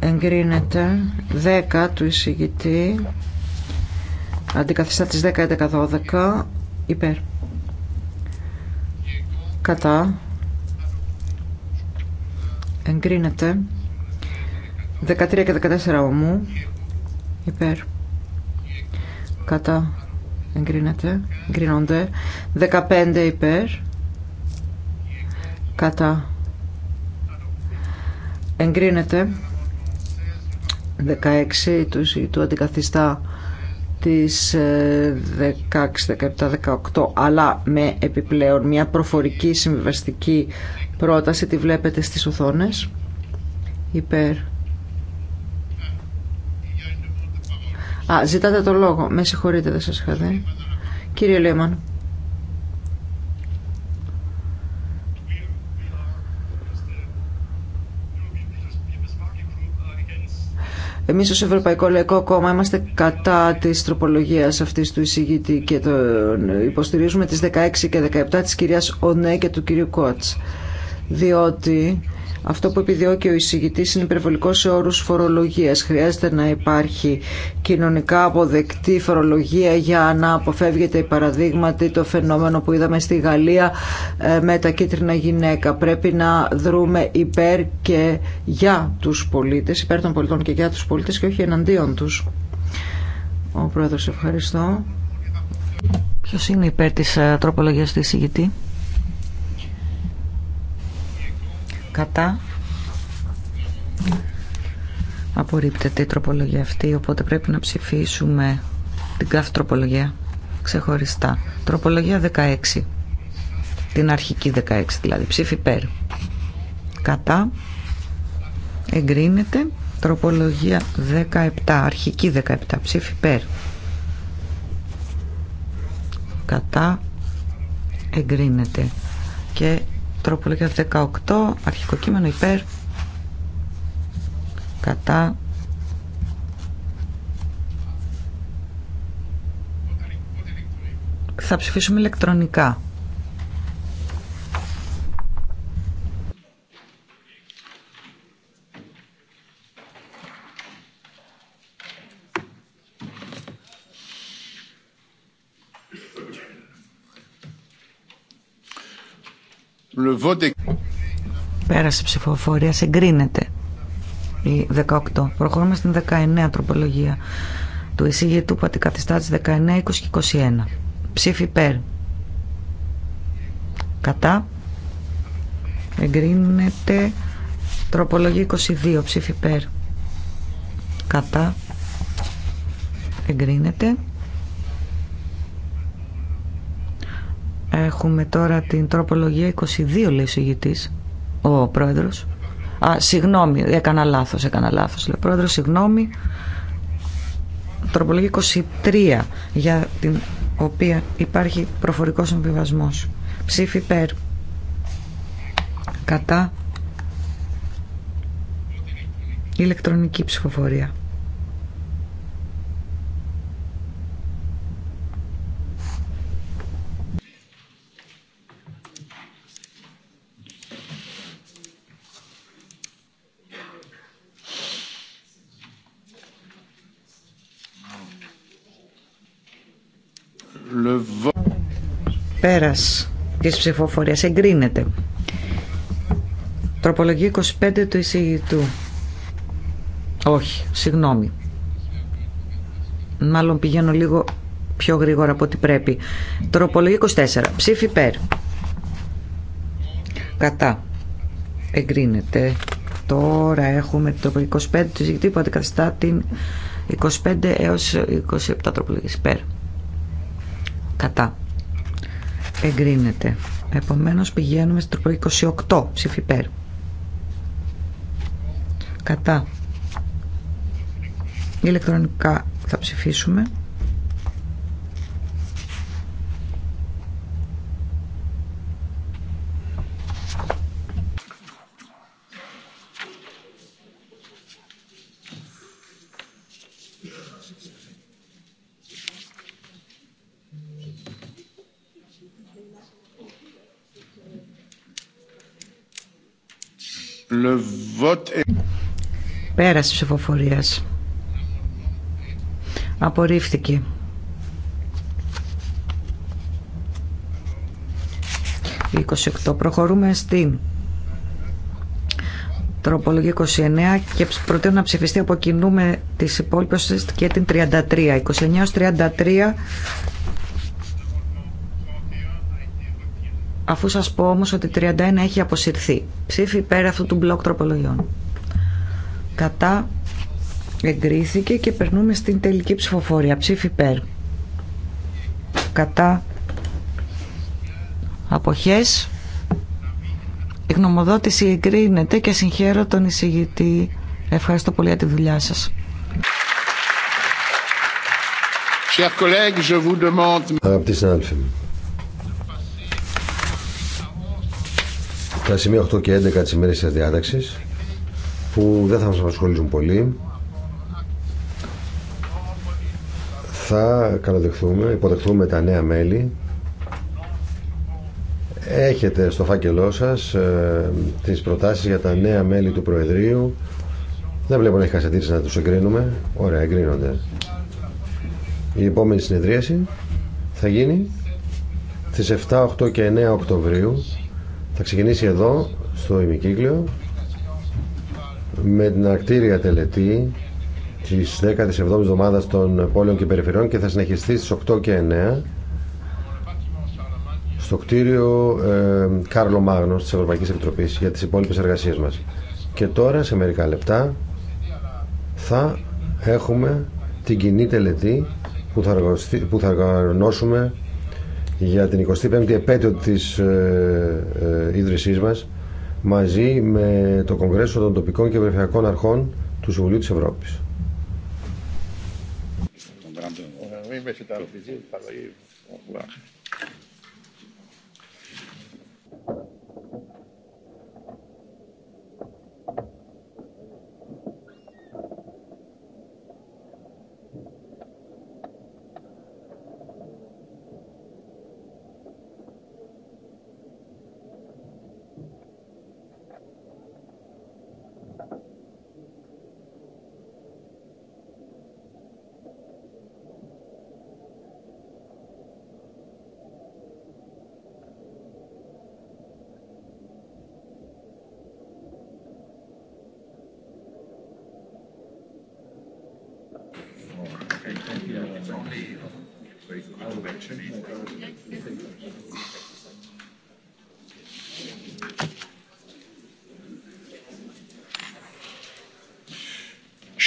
εγκρίνεται 10 του εισηγητή αντικαθιστά τι 10, 11, 12 υπέρ κατά εγκρίνεται 13 και 14 ομού υπέρ κατά εγκρίνεται, εγκρίνονται 15 υπέρ κατά εγκρίνεται 16 του, του αντικαθιστά τις 16, 17, 18 αλλά με επιπλέον μια προφορική συμβιβαστική πρόταση τη βλέπετε στις οθόνες υπέρ Α, ζητάτε το λόγο. Με συγχωρείτε, δεν σας είχα δει. Κύριε Λίμαν. Εμείς ως Ευρωπαϊκό Λαϊκό Κόμμα είμαστε κατά της τροπολογίας αυτής του εισηγητή και το υποστηρίζουμε τις 16 και 17 της κυρίας Ονέ και του κυρίου Κότς. Διότι αυτό που επιδιώκει ο εισηγητή είναι υπερβολικό σε όρου φορολογία. Χρειάζεται να υπάρχει κοινωνικά αποδεκτή φορολογία για να αποφεύγεται, παραδείγματι, το φαινόμενο που είδαμε στη Γαλλία ε, με τα κίτρινα γυναίκα. Πρέπει να δρούμε υπέρ και για του πολίτε, υπέρ των πολιτών και για του πολίτε και όχι εναντίον του. Ο πρόεδρο, ευχαριστώ. Ποιο είναι υπέρ τη ε, τροπολογία του εισηγητή. κατά απορρίπτεται η τροπολογία αυτή οπότε πρέπει να ψηφίσουμε την κάθε τροπολογία ξεχωριστά τροπολογία 16 την αρχική 16 δηλαδή ψήφι ΠΕΡ. κατά εγκρίνεται τροπολογία 17 αρχική 17 ψήφι ΠΕΡ. κατά εγκρίνεται και Τροπολογία 18, αρχικό κείμενο υπέρ, κατά, θα ψηφίσουμε ηλεκτρονικά. Πέρασε ψηφοφορία, εγκρίνεται η 18. Προχωρούμε στην 19 τροπολογία του εισηγητού που αντικαθιστά τις 19, 20 και 21. Ψήφι υπέρ. Κατά. Εγκρίνεται τροπολογία 22. Ψήφι υπέρ. Κατά. Εγκρίνεται Έχουμε τώρα την τροπολογία 22, λέει ο συγητή, ο πρόεδρος. Α, συγγνώμη, έκανα λάθος, έκανα λάθος, λέει ο πρόεδρος, συγγνώμη. Τροπολογία 23, για την οποία υπάρχει προφορικός συμβιβασμό. Ψήφι υπέρ. Κατά. Ηλεκτρονική ψηφοφορία. Πέρας της ψηφοφορίας εγκρίνεται. Τροπολογία 25 του εισηγητού. Όχι, συγγνώμη. Μάλλον πηγαίνω λίγο πιο γρήγορα από ό,τι πρέπει. Τροπολογία 24. Ψήφι περ. Κατά. Εγκρίνεται. Τώρα έχουμε το 25 του εισηγητή που αντικαθιστά την 25 έως 27 τροπολογίες Περ. Κατά εγκρίνεται. Επομένως πηγαίνουμε στο 28 ψηφιπέρ. Κατά. Ηλεκτρονικά θα ψηφίσουμε. Le vote Πέραση ψηφοφορίας. Απορρίφθηκε. Η 28. Προχωρούμε στην τροπολογία 29 και προτείνω να ψηφιστεί από κοινού με τις υπόλοιπες και την 33. 29 33 αφού σας πω όμως ότι 31 έχει αποσυρθεί. Ψήφι υπέρ αυτού του μπλοκ τροπολογιών. Κατά εγκρίθηκε και περνούμε στην τελική ψηφοφορία. Ψήφι υπέρ. Κατά αποχές. Η γνωμοδότηση εγκρίνεται και συγχαίρω τον εισηγητή. Ευχαριστώ πολύ για τη δουλειά σας. τα σημεία 8 και 11 της ημέρας διάταξης που δεν θα μας απασχολήσουν πολύ θα καλοδεχθούμε, υποδεχθούμε τα νέα μέλη έχετε στο φάκελό σας ε, τις προτάσεις για τα νέα μέλη του Προεδρείου δεν βλέπω να έχει κασατήρηση να τους εγκρίνουμε ωραία εγκρίνονται η επόμενη συνεδρίαση θα γίνει στις 7, 8 και 9 Οκτωβρίου θα ξεκινήσει εδώ, στο ημικύκλιο, με την ακτήρια τελετή της 17ης εβδομάδας των πόλεων και περιφερειών και θα συνεχιστεί στις 8 και 9 στο κτίριο ε, Κάρλο Μάγνο της Ευρωπαϊκής Επιτροπής για τις υπόλοιπες εργασίες μας. Και τώρα, σε μερικά λεπτά, θα έχουμε την κοινή τελετή που θα οργανώσουμε για την 25η επέτειο της ε, ε, ίδρυσής μας μαζί με το Κογκρέσο των Τοπικών και Ευρωπαϊκών Αρχών του Συμβουλίου της Ευρώπης.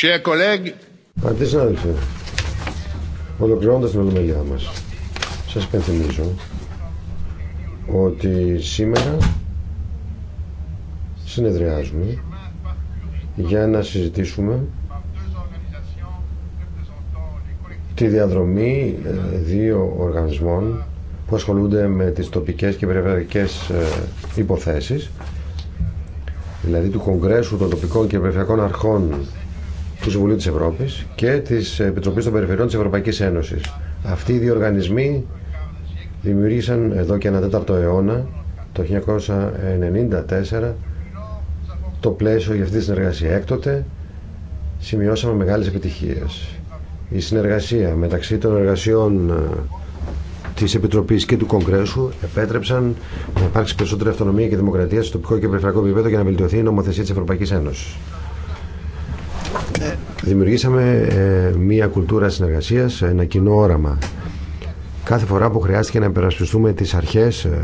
Chers collègues. Αγαπητοί συνάδελφοι, ολοκληρώνοντα την ολομελιά μα, σα υπενθυμίζω ότι σήμερα συνεδριάζουμε για να συζητήσουμε τη διαδρομή ε, δύο οργανισμών που ασχολούνται με τις τοπικές και περιφερειακές ε, υποθέσεις δηλαδή του Κογκρέσου των τοπικών και περιφερειακών αρχών του Συμβουλίου τη Ευρώπη και τη Επιτροπή των Περιφερειών τη Ευρωπαϊκή Ένωση. Αυτοί οι δύο οργανισμοί δημιουργήσαν εδώ και ένα τέταρτο αιώνα, το 1994, το πλαίσιο για αυτή τη συνεργασία. Έκτοτε σημειώσαμε μεγάλες επιτυχίες. Η συνεργασία μεταξύ των εργασιών ε, της Επιτροπής και του Κογκρέσου επέτρεψαν να υπάρξει περισσότερη αυτονομία και δημοκρατία στο τοπικό και περιφερειακό επίπεδο για να βελτιωθεί η νομοθεσία της Ευρωπαϊκής Ένωσης. Ε, δημιουργήσαμε ε, μία κουλτούρα συνεργασίας, ένα κοινό όραμα. Κάθε φορά που χρειάστηκε να υπερασπιστούμε τις αρχές ε,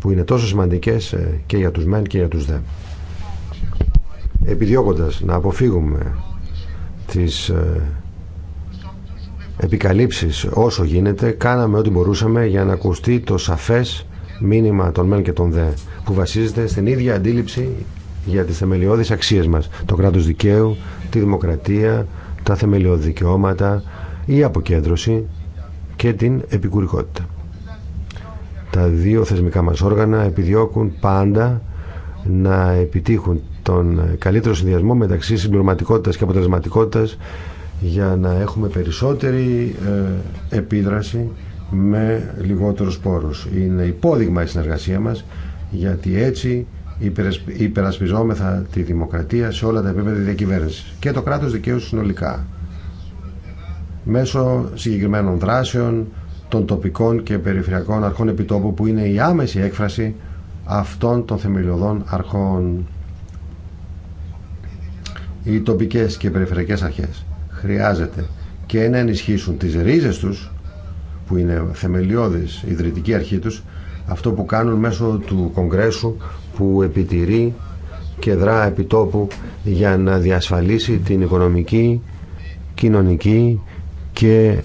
που είναι τόσο σημαντικές ε, και για τους μεν και για τους δε. Επιδιώκοντας να αποφύγουμε τις επικαλύψεις όσο γίνεται, κάναμε ό,τι μπορούσαμε για να ακουστεί το σαφές μήνυμα των μεν και των δε, που βασίζεται στην ίδια αντίληψη για τις θεμελιώδεις αξίες μας. Το κράτος δικαίου, τη δημοκρατία, τα θεμελιώδη δικαιώματα, η αποκέντρωση και την επικουρικότητα. Τα δύο θεσμικά μας όργανα επιδιώκουν πάντα να επιτύχουν τον καλύτερο συνδυασμό μεταξύ συμπληρωματικότητας και αποτελεσματικότητας για να έχουμε περισσότερη ε, επίδραση με λιγότερους πόρους. Είναι υπόδειγμα η συνεργασία μας γιατί έτσι υπερασπιζόμεθα τη δημοκρατία σε όλα τα επίπεδα διακυβέρνηση και το κράτος δικαίου συνολικά μέσω συγκεκριμένων δράσεων των τοπικών και περιφερειακών αρχών επιτόπου που είναι η άμεση έκφραση αυτών των θεμελιωδών αρχών οι τοπικές και περιφερειακές αρχές χρειάζεται και να ενισχύσουν τις ρίζες τους που είναι θεμελιώδης ιδρυτική αρχή τους αυτό που κάνουν μέσω του Κογκρέσου που επιτηρεί και δρά επιτόπου για να διασφαλίσει την οικονομική, κοινωνική και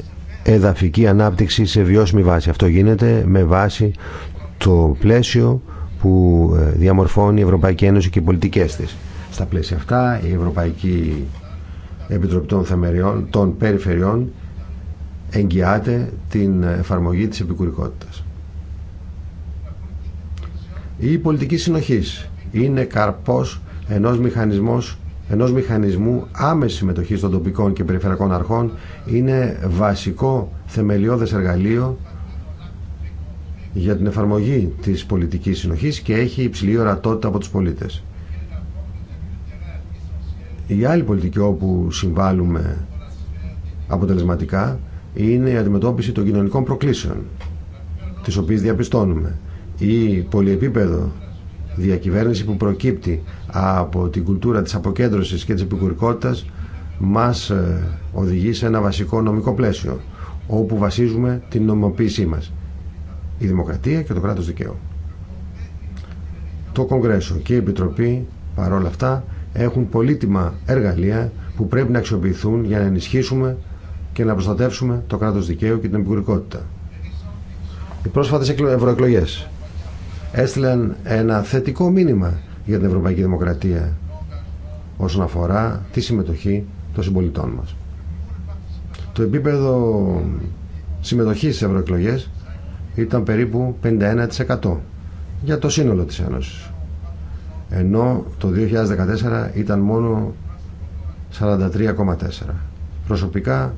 εδαφική ανάπτυξη σε βιώσιμη βάση. Αυτό γίνεται με βάση το πλαίσιο που ε, διαμορφώνει η Ευρωπαϊκή Ένωση και οι πολιτικές της. Στα πλαίσια αυτά η Ευρωπαϊκή Επιτροπή των, Θεμεριών, των Περιφερειών εγγυάται την εφαρμογή της επικουρικότητας. Η πολιτική συνοχής είναι καρπός ενός, μηχανισμού, ενός μηχανισμού άμεση συμμετοχής των τοπικών και περιφερειακών αρχών. Είναι βασικό θεμελιώδες εργαλείο για την εφαρμογή της πολιτικής συνοχής και έχει υψηλή ορατότητα από τους πολίτες. Η άλλη πολιτική όπου συμβάλλουμε αποτελεσματικά είναι η αντιμετώπιση των κοινωνικών προκλήσεων τις οποίες διαπιστώνουμε η πολυεπίπεδο διακυβέρνηση που προκύπτει από την κουλτούρα της αποκέντρωσης και της επικουρικότητας μας ε, οδηγεί σε ένα βασικό νομικό πλαίσιο όπου βασίζουμε την νομοποίησή μας η δημοκρατία και το κράτος δικαίου το Κογκρέσο και η Επιτροπή παρόλα αυτά έχουν πολύτιμα εργαλεία που πρέπει να αξιοποιηθούν για να ενισχύσουμε και να προστατεύσουμε το κράτος δικαίου και την επικουρικότητα οι πρόσφατες ευρωεκλογές έστειλαν ένα θετικό μήνυμα για την Ευρωπαϊκή Δημοκρατία όσον αφορά τη συμμετοχή των συμπολιτών μας. Το επίπεδο συμμετοχής στις ευρωεκλογέ ήταν περίπου 51% για το σύνολο της Ένωσης. Ενώ το 2014 ήταν μόνο 43,4%. Προσωπικά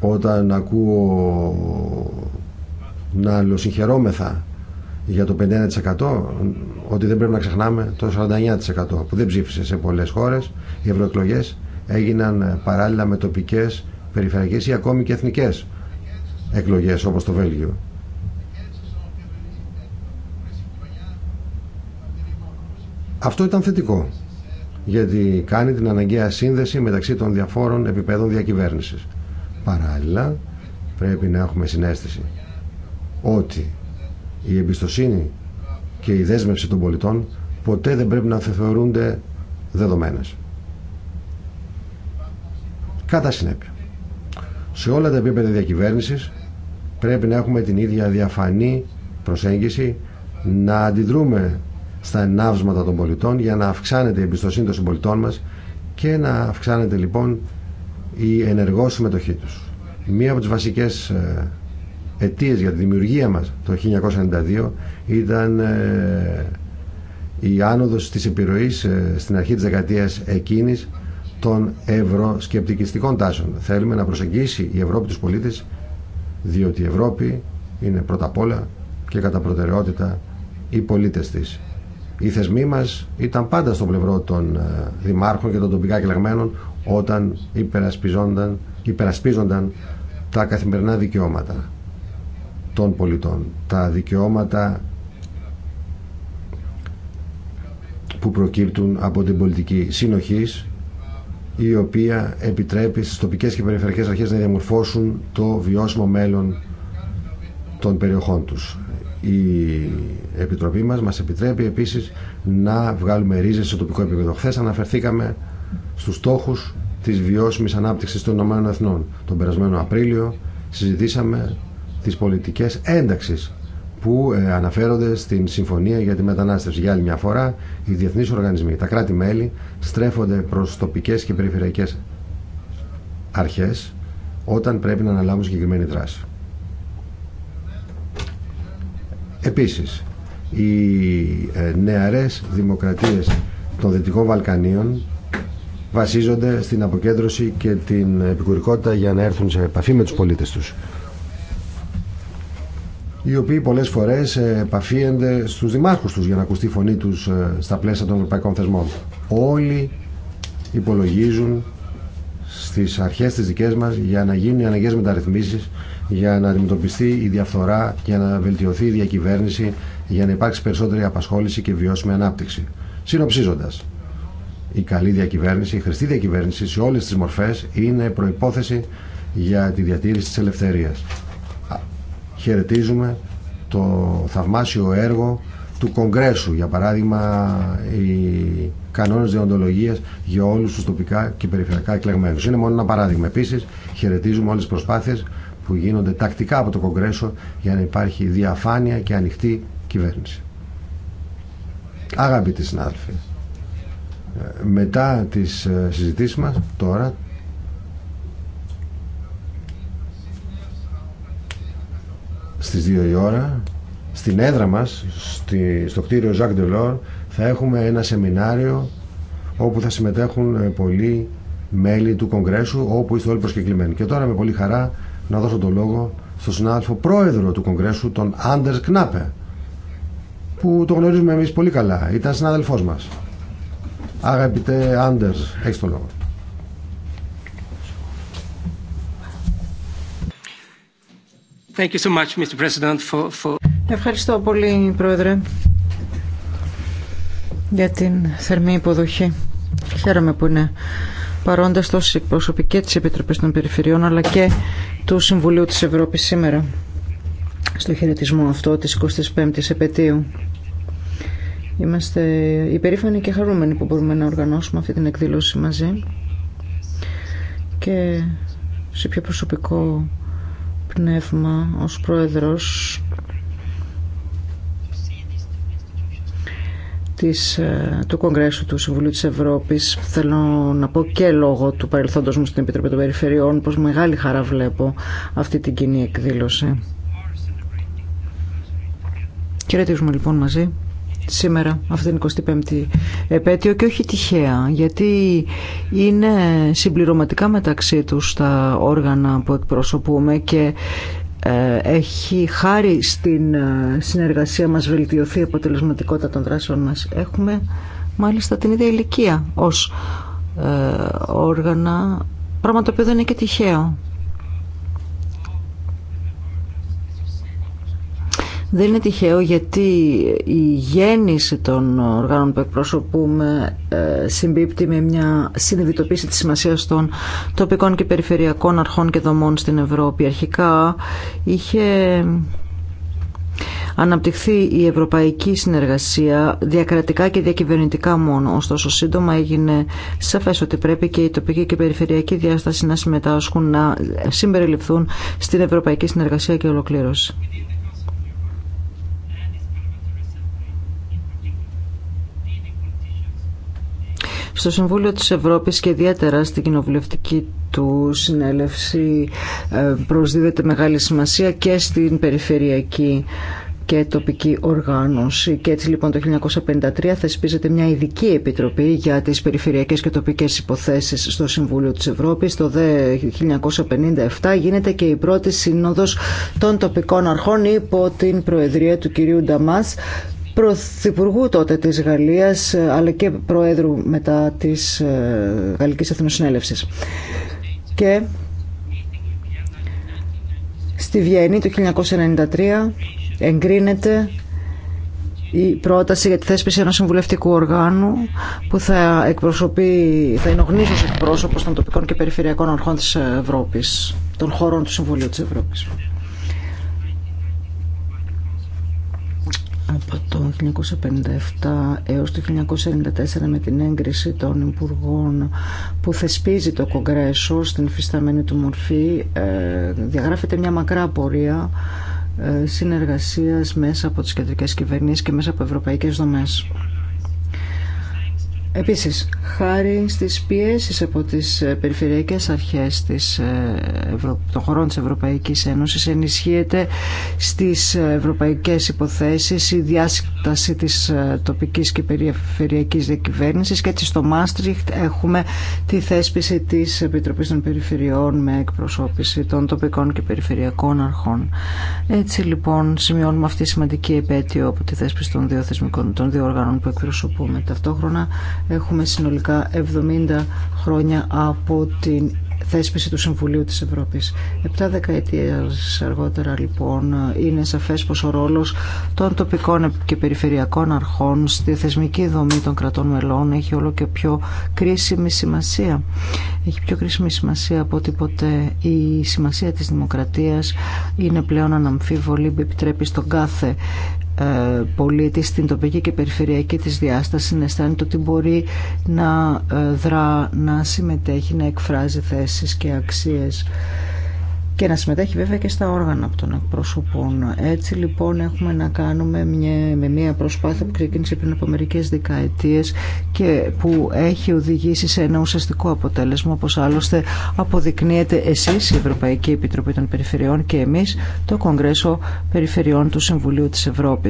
όταν ακούω να αλληλοσυγχαιρόμεθα για το 51% ότι δεν πρέπει να ξεχνάμε το 49% που δεν ψήφισε σε πολλές χώρες οι ευρωεκλογέ έγιναν ε, παράλληλα με τοπικές, περιφερειακές ή ακόμη και εθνικές εκλογές όπως το Βέλγιο Αυτό ήταν θετικό γιατί κάνει την αναγκαία σύνδεση μεταξύ των διαφόρων επιπέδων διακυβέρνησης. Παράλληλα πρέπει να έχουμε συνέστηση ότι η εμπιστοσύνη και η δέσμευση των πολιτών ποτέ δεν πρέπει να θεωρούνται δεδομένες. Κατά συνέπεια, σε όλα τα επίπεδα διακυβέρνησης πρέπει να έχουμε την ίδια διαφανή προσέγγιση να αντιδρούμε στα ενάυσματα των πολιτών για να αυξάνεται η εμπιστοσύνη των συμπολιτών μας και να αυξάνεται λοιπόν η ενεργό συμμετοχή τους. Μία από τις βασικές ε, αιτίες για τη δημιουργία μας το 1992 ήταν ε, η άνοδος της επιρροής ε, στην αρχή της δεκαετίας εκείνης των ευρωσκεπτικιστικών τάσεων. Θέλουμε να προσεγγίσει η Ευρώπη τους πολίτες διότι η Ευρώπη είναι πρώτα απ' όλα και κατά προτεραιότητα οι πολίτες της. Οι θεσμοί μας ήταν πάντα στο πλευρό των ε, δημάρχων και των τοπικά εκλεγμένων όταν υπερασπίζονταν τα καθημερινά δικαιώματα των πολιτών. Τα δικαιώματα που προκύπτουν από την πολιτική συνοχής η οποία επιτρέπει στις τοπικές και περιφερειακές αρχές να διαμορφώσουν το βιώσιμο μέλλον των περιοχών τους. Η Επιτροπή μας μας επιτρέπει επίσης να βγάλουμε ρίζες σε τοπικό επίπεδο. Χθε αναφερθήκαμε στους στόχους της βιώσιμης ανάπτυξης των ΗΠΑ. Τον περασμένο Απρίλιο συζητήσαμε τις πολιτικές ένταξης που ε, αναφέρονται στην Συμφωνία για τη Μετανάστευση. Για άλλη μια φορά, οι διεθνείς οργανισμοί, τα κράτη-μέλη, στρέφονται προς τοπικές και περιφερειακές αρχές όταν πρέπει να αναλάβουν συγκεκριμένη δράση. Επίσης, οι ε, νεαρές δημοκρατίες των Δυτικών Βαλκανίων βασίζονται στην αποκέντρωση και την επικουρικότητα για να έρθουν σε επαφή με τους πολίτες τους οι οποίοι πολλέ φορέ ε, επαφίενται στου δημάρχου του για να ακουστεί η φωνή του ε, στα πλαίσια των ευρωπαϊκών θεσμών. Όλοι υπολογίζουν στι αρχέ τι δικέ μα για να γίνουν οι αναγκαίε μεταρρυθμίσει, για να αντιμετωπιστεί η διαφθορά, για να βελτιωθεί η διακυβέρνηση, για να υπάρξει περισσότερη απασχόληση και βιώσιμη ανάπτυξη. Συνοψίζοντα, η καλή διακυβέρνηση, η χρηστή διακυβέρνηση σε όλε τι μορφέ είναι προπόθεση για τη διατήρηση τη ελευθερία χαιρετίζουμε το θαυμάσιο έργο του Κογκρέσου, για παράδειγμα οι κανόνες διοντολογίας για όλους τους τοπικά και περιφερειακά εκλεγμένους. Είναι μόνο ένα παράδειγμα. Επίσης χαιρετίζουμε όλες τις προσπάθειες που γίνονται τακτικά από το Κογκρέσο για να υπάρχει διαφάνεια και ανοιχτή κυβέρνηση. Αγαπητοί συνάδελφοι, ε, μετά τις ε, συζητήσεις μας τώρα στις 2 η ώρα στην έδρα μας, στη, στο κτίριο Jacques Delors, θα έχουμε ένα σεμινάριο όπου θα συμμετέχουν ε, πολλοί μέλη του Κογκρέσου, όπου είστε όλοι προσκεκλημένοι. Και τώρα με πολύ χαρά να δώσω το λόγο στον συνάδελφο πρόεδρο του Κογκρέσου, τον Άντερς Κνάπε, που το γνωρίζουμε εμείς πολύ καλά. Ήταν συνάδελφός μας. Αγαπητέ Άντερς, έχεις το λόγο. Ευχαριστώ πολύ, Πρόεδρε, για την θερμή υποδοχή. Χαίρομαι που είναι παρόντα τόσοι εκπρόσωποι και τη Επιτροπή των Περιφερειών αλλά και του Συμβουλίου τη Ευρώπη σήμερα στο χαιρετισμό αυτό τη 25η επαιτίου. Είμαστε υπερήφανοι και χαρούμενοι που μπορούμε να οργανώσουμε αυτή την εκδήλωση μαζί και σε πιο προσωπικό πνεύμα ως πρόεδρος ε, του Κογκρέσου του Συμβουλίου της Ευρώπης θέλω να πω και λόγω του παρελθόντος μου στην Επιτροπή των Περιφερειών πως μεγάλη χαρά βλέπω αυτή την κοινή εκδήλωση. Χαιρετίζουμε λοιπόν μαζί σήμερα αυτήν την 25η επέτειο και όχι τυχαία γιατί είναι συμπληρωματικά μεταξύ τους τα όργανα που εκπροσωπούμε και ε, έχει χάρη στην ε, συνεργασία μας βελτιωθεί η αποτελεσματικότητα των δράσεων μας. Έχουμε μάλιστα την ίδια ηλικία ως ε, όργανα, πράγμα το οποίο δεν είναι και τυχαίο. Δεν είναι τυχαίο γιατί η γέννηση των οργάνων που εκπροσωπούμε ε, συμπίπτει με μια συνειδητοποίηση της σημασίας των τοπικών και περιφερειακών αρχών και δομών στην Ευρώπη. Αρχικά είχε αναπτυχθεί η ευρωπαϊκή συνεργασία διακρατικά και διακυβερνητικά μόνο. Ωστόσο, σύντομα έγινε σαφέ ότι πρέπει και η τοπική και περιφερειακή διάσταση να συμμετάσχουν, να συμπεριληφθούν στην ευρωπαϊκή συνεργασία και ολοκλήρωση. Στο Συμβούλιο της Ευρώπης και ιδιαίτερα στην κοινοβουλευτική του συνέλευση ε, προσδίδεται μεγάλη σημασία και στην περιφερειακή και τοπική οργάνωση. Και έτσι λοιπόν το 1953 θεσπίζεται μια ειδική επιτροπή για τις περιφερειακές και τοπικές υποθέσεις στο Συμβούλιο της Ευρώπης. Το 1957 γίνεται και η πρώτη σύνοδος των τοπικών αρχών υπό την προεδρία του κυρίου Νταμά, Πρωθυπουργού τότε της Γαλλίας αλλά και Προέδρου μετά της ε, Γαλλικής Εθνοσυνέλευσης. Και στη Βιέννη το 1993 εγκρίνεται η πρόταση για τη θέσπιση ενός συμβουλευτικού οργάνου που θα εκπροσωπεί, θα είναι ο γνήσιος εκπρόσωπος των τοπικών και περιφερειακών αρχών της Ευρώπης, των χωρών του Συμβουλίου της Ευρώπης. από το 1957 έως το 1994 με την έγκριση των Υπουργών που θεσπίζει το Κογκρέσο στην φυσταμένη του μορφή ε, διαγράφεται μια μακρά πορεία ε, συνεργασίας μέσα από τις κεντρικές κυβερνήσεις και μέσα από ευρωπαϊκές δομές. Επίσης, χάρη στις πιέσεις από τις ε, περιφερειακές αρχές της, ε, των χωρών της Ευρωπαϊκής Ένωσης ενισχύεται στις ε, ευρωπαϊκές υποθέσεις η διάσταση της τοπικής και περιφερειακής διακυβέρνησης και έτσι στο Μάστριχτ έχουμε τη θέσπιση της Επιτροπής των Περιφερειών με εκπροσώπηση των τοπικών και περιφερειακών αρχών. Έτσι λοιπόν σημειώνουμε αυτή η σημαντική επέτειο από τη θέσπιση των δύο, θεσμικών, των δύο οργανών που εκπροσωπούμε ταυτόχρονα έχουμε συνολικά 70 χρόνια από την θέσπιση του Συμβουλίου της Ευρώπης. Επτά δεκαετίες αργότερα λοιπόν είναι σαφές πως ο ρόλος των τοπικών και περιφερειακών αρχών στη θεσμική δομή των κρατών μελών έχει όλο και πιο κρίσιμη σημασία. Έχει πιο κρίσιμη σημασία από ότι ποτέ η σημασία της δημοκρατίας είναι πλέον αναμφίβολη, επιτρέπει στον κάθε ε, πολίτη στην τοπική και περιφερειακή της διάσταση να αισθάνεται ότι μπορεί να ε, δρά, να συμμετέχει, να εκφράζει θέσεις και αξίες και να συμμετέχει βέβαια και στα όργανα από τον Έτσι λοιπόν έχουμε να κάνουμε μια, με μια προσπάθεια που ξεκίνησε πριν από μερικέ δεκαετίε και που έχει οδηγήσει σε ένα ουσιαστικό αποτέλεσμα όπω άλλωστε αποδεικνύεται εσεί η Ευρωπαϊκή Επιτροπή των Περιφερειών και εμεί, το Κογκρέσο Περιφερειών του Συμβουλίου τη Ευρώπη.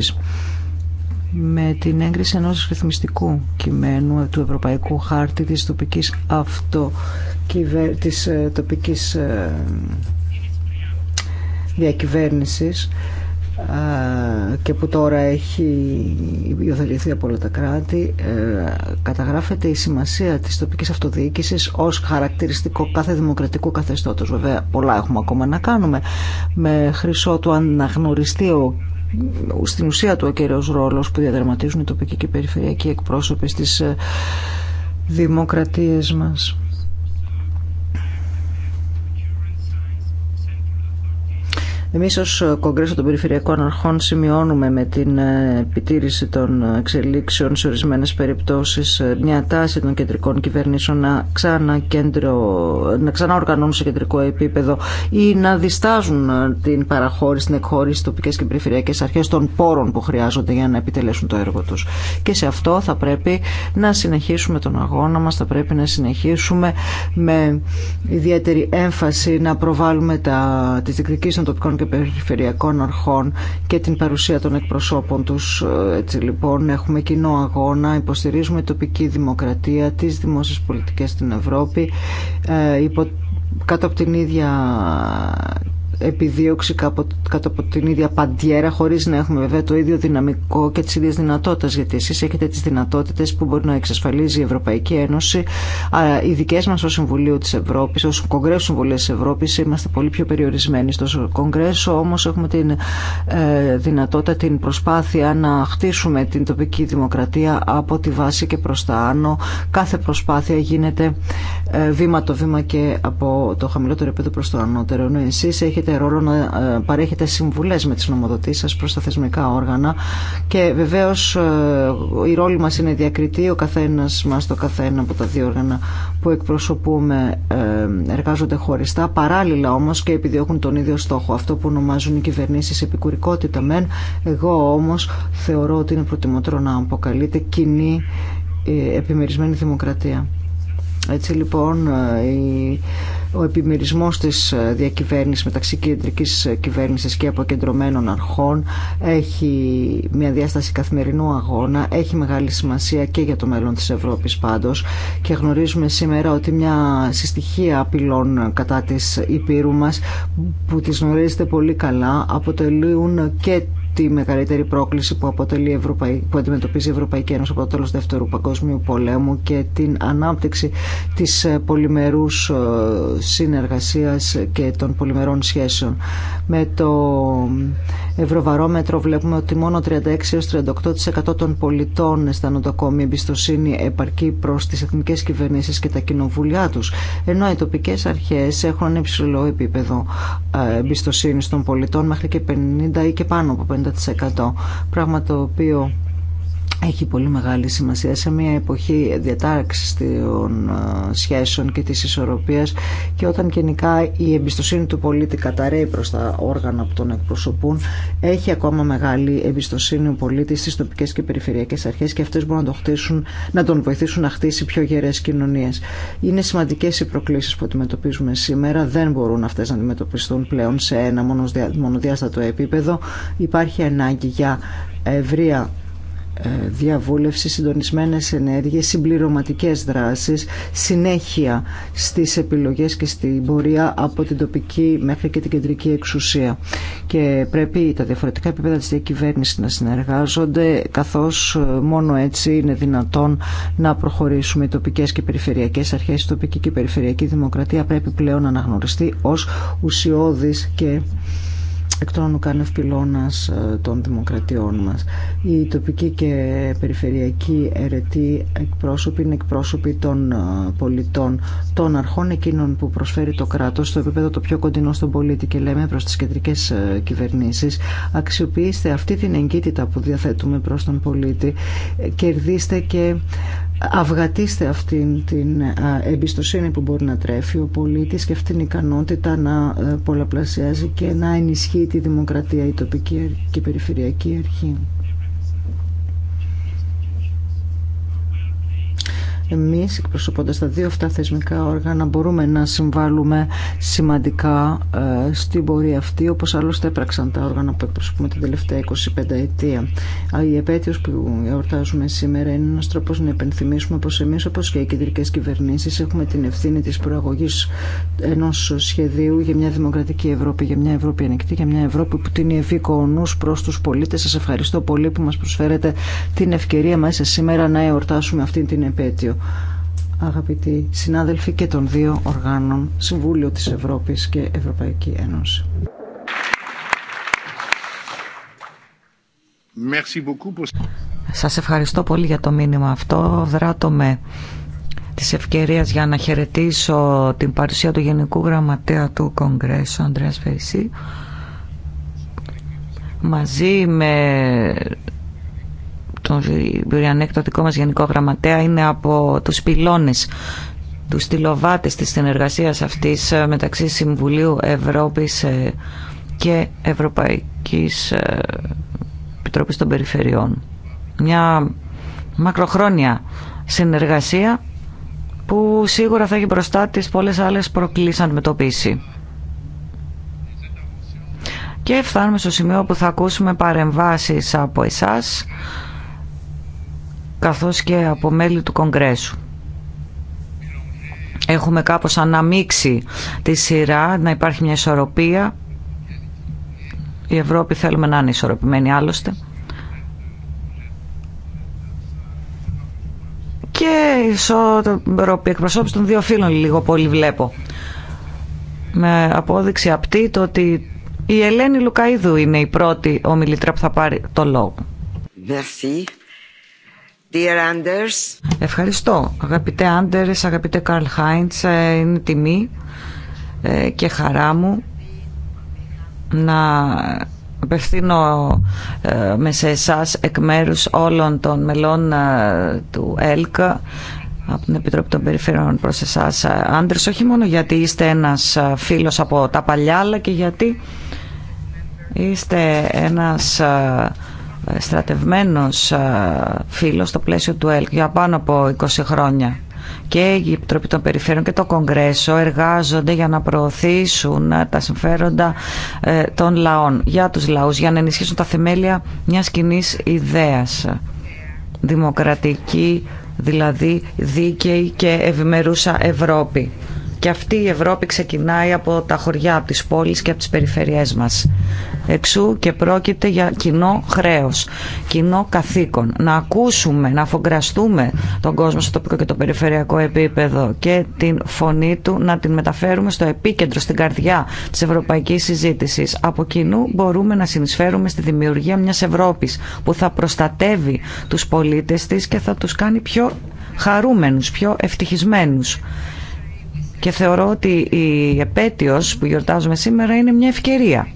με την έγκριση ενό ρυθμιστικού κειμένου του Ευρωπαϊκού Χάρτη τη τοπική αυτοκυβέρνηση. της τοπικής ε, ε, διακυβέρνησης και που τώρα έχει υιοθετηθεί από όλα τα κράτη ε, καταγράφεται η σημασία της τοπικής αυτοδιοίκησης ως χαρακτηριστικό κάθε δημοκρατικού καθεστώτος βέβαια πολλά έχουμε ακόμα να κάνουμε με χρυσό του αναγνωριστεί ο στην ουσία του ο κύριος ρόλος που διαδραματίζουν οι τοπικοί και οι περιφερειακοί εκπρόσωποι στις ε, δημοκρατίες μας. Εμείς ως Κογκρέσο των Περιφερειακών Αρχών σημειώνουμε με την ε, επιτήρηση των εξελίξεων σε ορισμένες περιπτώσεις ε, μια τάση των κεντρικών κυβερνήσεων να, ξανακέντρο, να ξαναοργανώνουν σε κεντρικό επίπεδο ή να διστάζουν ε, την παραχώρηση, την εκχώρηση τοπικές και περιφερειακές αρχές των πόρων που χρειάζονται για να επιτελέσουν το έργο τους. Και σε αυτό θα πρέπει να συνεχίσουμε τον αγώνα μας, θα πρέπει να συνεχίσουμε με ιδιαίτερη έμφαση να προβάλλουμε τα, τις των τοπικών περιφερειακών αρχών και την παρουσία των εκπροσώπων τους. Ε, έτσι λοιπόν έχουμε κοινό αγώνα, υποστηρίζουμε τοπική δημοκρατία, τις δημόσιες πολιτικές στην Ευρώπη, ε, κάτω από την ίδια επιδίωξη κάτω από την ίδια παντιέρα χωρίς να έχουμε βέβαια το ίδιο δυναμικό και τις ίδιες δυνατότητες γιατί εσείς έχετε τις δυνατότητες που μπορεί να εξασφαλίζει η Ευρωπαϊκή Ένωση αλλά οι δικές μας ως Συμβουλίο της Ευρώπης, ως Κογκρέσου Συμβουλίας της Ευρώπης είμαστε πολύ πιο περιορισμένοι στο Κογκρέσο όμως έχουμε την ε, δυνατότητα την προσπάθεια να χτίσουμε την τοπική δημοκρατία από τη βάση και προς τα άνω κάθε προσπάθεια γίνεται ε, βήμα το βήμα και από το χαμηλότερο επίπεδο προς το ανώτερο ενώ ναι, εσείς έχετε έχετε ρόλο να ε, παρέχετε συμβουλές με τις νομοδοτήσεις σας προς τα θεσμικά όργανα και βεβαίως ε, η ρόλη μας είναι διακριτή, ο καθένας μας το καθένα από τα δύο όργανα που εκπροσωπούμε ε, εργάζονται χωριστά, παράλληλα όμως και επιδιώκουν τον ίδιο στόχο, αυτό που ονομάζουν οι κυβερνήσεις επικουρικότητα μεν, εγώ όμως θεωρώ ότι είναι προτιμότερο να αποκαλείται κοινή επιμερισμένη δημοκρατία. Έτσι λοιπόν ε, ο επιμερισμός της ε, διακυβέρνησης μεταξύ κεντρικής ε, κυβέρνησης και αποκεντρωμένων αρχών έχει μια διάσταση καθημερινού αγώνα, έχει μεγάλη σημασία και για το μέλλον της Ευρώπης πάντως και γνωρίζουμε σήμερα ότι μια συστοιχία απειλών κατά της Υπήρου μας που τις γνωρίζετε πολύ καλά αποτελούν και τη μεγαλύτερη πρόκληση που, αποτελεί Ευρωπαϊ... που αντιμετωπίζει η Ευρωπαϊκή Ένωση από το τέλος Δεύτερου Παγκόσμιου Πολέμου και την ανάπτυξη της ε, πολυμερούς ε, συνεργασίας και των πολυμερών σχέσεων. Με το ε, Ευρωβαρόμετρο βλέπουμε ότι μόνο 36-38% των πολιτών αισθάνονται ακόμη εμπιστοσύνη επαρκή προς τις εθνικές κυβερνήσεις και τα κοινοβουλιά τους, ενώ οι τοπικές αρχές έχουν υψηλό επίπεδο εμπιστοσύνη των πολιτών μέχρι και 50 ή και πάνω από 40%. Πράγμα το οποίο έχει πολύ μεγάλη σημασία σε μια εποχή διατάξης των ε, σχέσεων και της ισορροπίας και όταν γενικά η εμπιστοσύνη του πολίτη καταραίει προς τα όργανα που τον εκπροσωπούν έχει ακόμα μεγάλη εμπιστοσύνη ο πολίτης στις τοπικές και περιφερειακές αρχές και αυτές μπορούν να, το χτίσουν, να τον βοηθήσουν να χτίσει πιο γερές κοινωνίες. Είναι σημαντικές οι προκλήσεις που αντιμετωπίζουμε σήμερα, δεν μπορούν αυτές να αντιμετωπιστούν πλέον σε ένα μονοδιάστατο επίπεδο. Υπάρχει ανάγκη για ευρεία ε, διαβούλευση, συντονισμένες ενέργειες, συμπληρωματικές δράσεις, συνέχεια στις επιλογές και στην πορεία από την τοπική μέχρι και την κεντρική εξουσία. Και πρέπει τα διαφορετικά επίπεδα της διακυβέρνησης να συνεργάζονται, καθώς ε, μόνο έτσι είναι δυνατόν να προχωρήσουμε οι τοπικές και περιφερειακές αρχές, η τοπική και περιφερειακή δημοκρατία πρέπει πλέον να αναγνωριστεί ως ουσιώδης και εκ των ουκάνευ πυλώνας ε, των δημοκρατιών μας. η τοπική και περιφερειακή αιρετοί εκπρόσωποι είναι εκπρόσωποι των ε, πολιτών, των αρχών εκείνων που προσφέρει το κράτος στο επίπεδο το πιο κοντινό στον πολίτη και λέμε προς τις κεντρικές ε, κυβερνήσεις αξιοποιήστε αυτή την εγκύτητα που διαθέτουμε προς τον πολίτη κερδίστε και αυγατίστε αυτήν την εμπιστοσύνη που μπορεί να τρέφει ο πολίτης και αυτήν την ικανότητα να ε, πολλαπλασιάζει και να ενισχύει τη δημοκρατία η τοπική και η περιφερειακή αρχή. Εμείς εκπροσωπώντας τα δύο αυτά θεσμικά όργανα μπορούμε να συμβάλλουμε σημαντικά ε, στην πορεία αυτή όπως άλλωστε έπραξαν τα όργανα που εκπροσωπούμε την τελευταία 25 ετία. Η επέτειος που εορτάζουμε σήμερα είναι ένας τρόπος να επενθυμίσουμε πως εμείς όπως και οι κεντρικές κυβερνήσεις έχουμε την ευθύνη της προαγωγής ενός σχεδίου για μια δημοκρατική Ευρώπη, για μια Ευρώπη ανοιχτή, για μια Ευρώπη που την ευήκονους προς τους πολίτες. Σας ευχαριστώ πολύ που μας προσφέρετε την ευκαιρία μέσα σήμερα να εορτάσουμε αυτή την επέτειο αγαπητοί συνάδελφοι και των δύο οργάνων Συμβούλιο της Ευρώπης και Ευρωπαϊκή Ένωση. Σας ευχαριστώ πολύ για το μήνυμα αυτό. Δράτω με της ευκαιρίας για να χαιρετήσω την παρουσία του Γενικού Γραμματέα του Κογκρέσου, Ανδρέας Φερισί, μαζί με τον Μπυριανέκ, το δικό μας Γενικό Γραμματέα, είναι από τους πυλώνες του στυλοβάτε της συνεργασίας αυτής ε, μεταξύ Συμβουλίου Ευρώπης ε, και Ευρωπαϊκής ε, Επιτροπής των Περιφερειών. Μια μακροχρόνια συνεργασία που σίγουρα θα έχει μπροστά της πολλές άλλες προκλήσεις να αντιμετωπίσει. Και φτάνουμε στο σημείο που θα ακούσουμε παρεμβάσεις από εσάς καθώς και από μέλη του Κογκρέσου. Έχουμε κάπως αναμίξει τη σειρά, να υπάρχει μια ισορροπία. Η Ευρώπη θέλουμε να είναι ισορροπημένη άλλωστε. Και ισορροπή εκπροσώπηση των δύο φίλων λίγο πολύ βλέπω. Με απόδειξη απτή το ότι η Ελένη Λουκαίδου είναι η πρώτη ομιλήτρα που θα πάρει το λόγο. Merci. Ευχαριστώ. Αγαπητέ Άντερς, αγαπητέ Καρλ Χάιντς, ε, είναι τιμή ε, και χαρά μου να απευθύνω ε, με σε εσάς εκ μέρους όλων των μελών του ΕΛΚΑ από την Επιτροπή των Περιφερειών προς εσάς όχι μόνο γιατί είστε ένας φίλος από τα παλιά, αλλά και γιατί είστε ένας στρατευμένος φίλος στο πλαίσιο του ΕΛΚ για πάνω από 20 χρόνια και η Επιτροπή των Περιφέρων και το Κογκρέσο εργάζονται για να προωθήσουν τα συμφέροντα ε, των λαών, για τους λαούς, για να ενισχύσουν τα θεμέλια μιας κοινή ιδέας. Δημοκρατική, δηλαδή δίκαιη και ευημερούσα Ευρώπη. Και αυτή η Ευρώπη ξεκινάει από τα χωριά, από τις πόλεις και από τις περιφερειές μας. Εξού και πρόκειται για κοινό χρέος, κοινό καθήκον. Να ακούσουμε, να αφογκραστούμε τον κόσμο στο τοπικό και το περιφερειακό επίπεδο και την φωνή του να την μεταφέρουμε στο επίκεντρο, στην καρδιά της ευρωπαϊκής συζήτησης. Από κοινού μπορούμε να συνεισφέρουμε στη δημιουργία μιας Ευρώπης που θα προστατεύει τους πολίτες της και θα τους κάνει πιο χαρούμενους, πιο ευτυχισμένους. Και θεωρώ ότι η επέτειος που γιορτάζουμε σήμερα είναι μια ευκαιρία.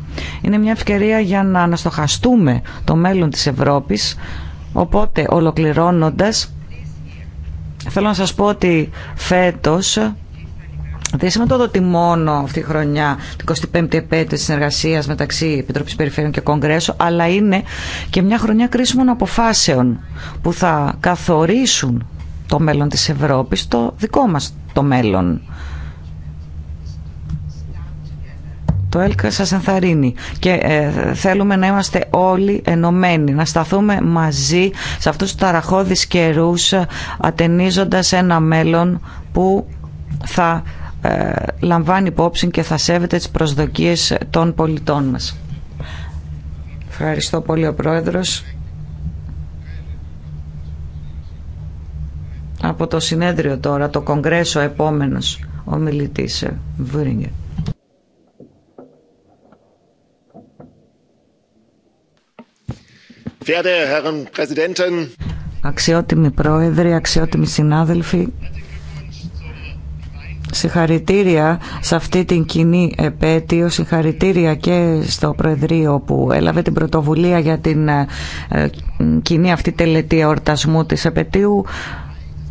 Είναι μια ευκαιρία για να αναστοχαστούμε το μέλλον της Ευρώπης, οπότε ολοκληρώνοντας θέλω να σας πω ότι φέτος δεν ότι μόνο αυτή η χρονιά, την 25η επέτειο τη συνεργασίας μεταξύ Επιτροπή Περιφέρειων και Κογκρέσου, αλλά είναι και μια χρονιά κρίσιμων αποφάσεων που θα καθορίσουν το μέλλον της Ευρώπης, το δικό μας το μέλλον. Το ΕΛΚΑ σας ενθαρρύνει και ε, θέλουμε να είμαστε όλοι ενωμένοι, να σταθούμε μαζί σε αυτούς τους ταραχώδεις καιρούς ατενίζοντας ένα μέλλον που θα ε, λαμβάνει υπόψη και θα σέβεται τις προσδοκίες των πολιτών μας. Ευχαριστώ πολύ ο Πρόεδρος. από το συνέδριο τώρα, το Κογκρέσο επόμενος ο μιλητής ε, Präsidenten, Αξιότιμοι πρόεδροι, αξιότιμοι συνάδελφοι, συγχαρητήρια σε αυτή την κοινή επέτειο, συγχαρητήρια και στο Προεδρείο που έλαβε την πρωτοβουλία για την ε, ε, κοινή αυτή τελετή εορτασμού της επέτειου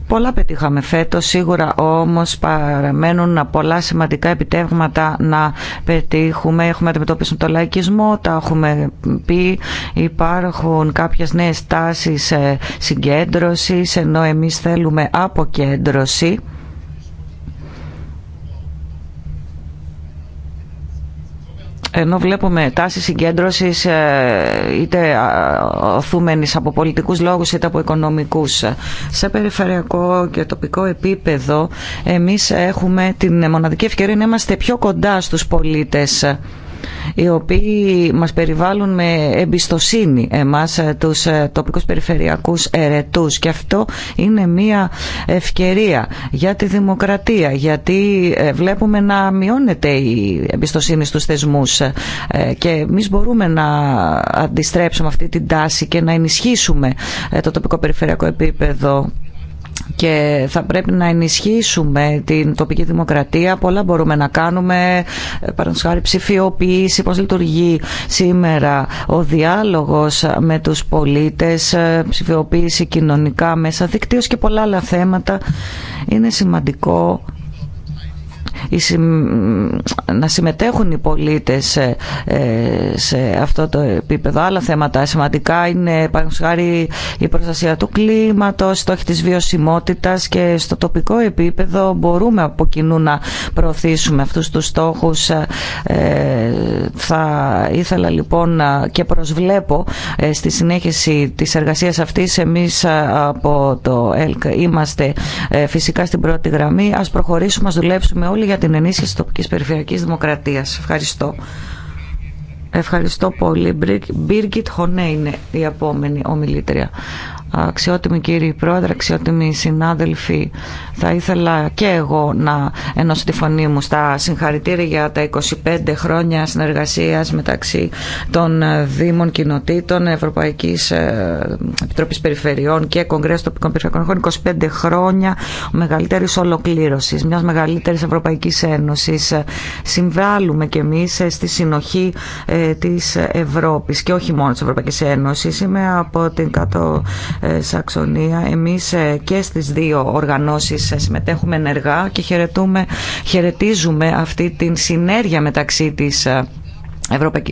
Πολλά πετύχαμε φέτος, σίγουρα όμως παραμένουν πολλά σημαντικά επιτεύγματα να πετύχουμε. Έχουμε αντιμετωπίσει τον λαϊκισμό, τα έχουμε πει, υπάρχουν κάποιες νέες τάσεις ε, συγκέντρωσης, ενώ εμείς θέλουμε αποκέντρωση. ενώ βλέπουμε τάσεις συγκέντρωσης ε, είτε οθούμενης από πολιτικούς λόγους είτε από οικονομικούς. Σε περιφερειακό και τοπικό επίπεδο εμείς έχουμε την μοναδική ευκαιρία να είμαστε πιο κοντά στους πολίτες οι οποίοι μας περιβάλλουν με εμπιστοσύνη εμάς ε, τους ε, τοπικούς περιφερειακούς ερετούς και αυτό είναι μια ευκαιρία για τη δημοκρατία γιατί ε, βλέπουμε να μειώνεται η εμπιστοσύνη στους θεσμούς και εμείς μπορούμε να αντιστρέψουμε αυτή την τάση και να ενισχύσουμε το τοπικό περιφερειακό επίπεδο και θα πρέπει να ενισχύσουμε την τοπική δημοκρατία. Πολλά μπορούμε να κάνουμε, παραδείγματο ψηφιοποίηση, πώς λειτουργεί σήμερα ο διάλογος με τους πολίτες, ψηφιοποίηση κοινωνικά μέσα δικτύως και πολλά άλλα θέματα. Είναι σημαντικό να συμμετέχουν οι πολίτες ε, σε αυτό το επίπεδο. Άλλα θέματα σημαντικά είναι χάρη η προστασία του κλίματος, στόχη της βιωσιμότητας και στο τοπικό επίπεδο μπορούμε από κοινού να προωθήσουμε αυτούς τους στόχους. Ε, θα ήθελα λοιπόν και προσβλέπω ε, στη συνέχιση της εργασίας αυτής εμείς από το ΕΛΚ είμαστε φυσικά στην πρώτη γραμμή. Ας προχωρήσουμε, ας δουλέψουμε όλοι για την ενίσχυση τοπικής περιφερειακής δημοκρατίας. Ευχαριστώ. Ευχαριστώ πολύ. Μπίργκιτ Χονέ είναι η επόμενη ομιλήτρια. Αξιότιμοι κύριοι πρόεδρε, αξιότιμοι συνάδελφοι, θα ήθελα και εγώ να ενώσω τη φωνή μου στα συγχαρητήρια για τα 25 χρόνια συνεργασίας μεταξύ των ε, Δήμων Κοινοτήτων, Ευρωπαϊκής ε, Επιτροπής Περιφερειών και Κογκρέας Τοπικών Περιφερειακών 25 χρόνια μεγαλύτερης ολοκλήρωσης, μιας μεγαλύτερης Ευρωπαϊκής Ένωσης. Ε, συμβάλλουμε κι εμείς στη συνοχή της Ευρώπης και όχι μόνο της Ευρωπαϊκής Ένωσης. Είμαι από την ε, Σαξονία. Εμείς ε, και στις δύο οργανώσεις ε, συμμετέχουμε ενεργά και χαιρετούμε, χαιρετίζουμε αυτή την συνέργεια μεταξύ της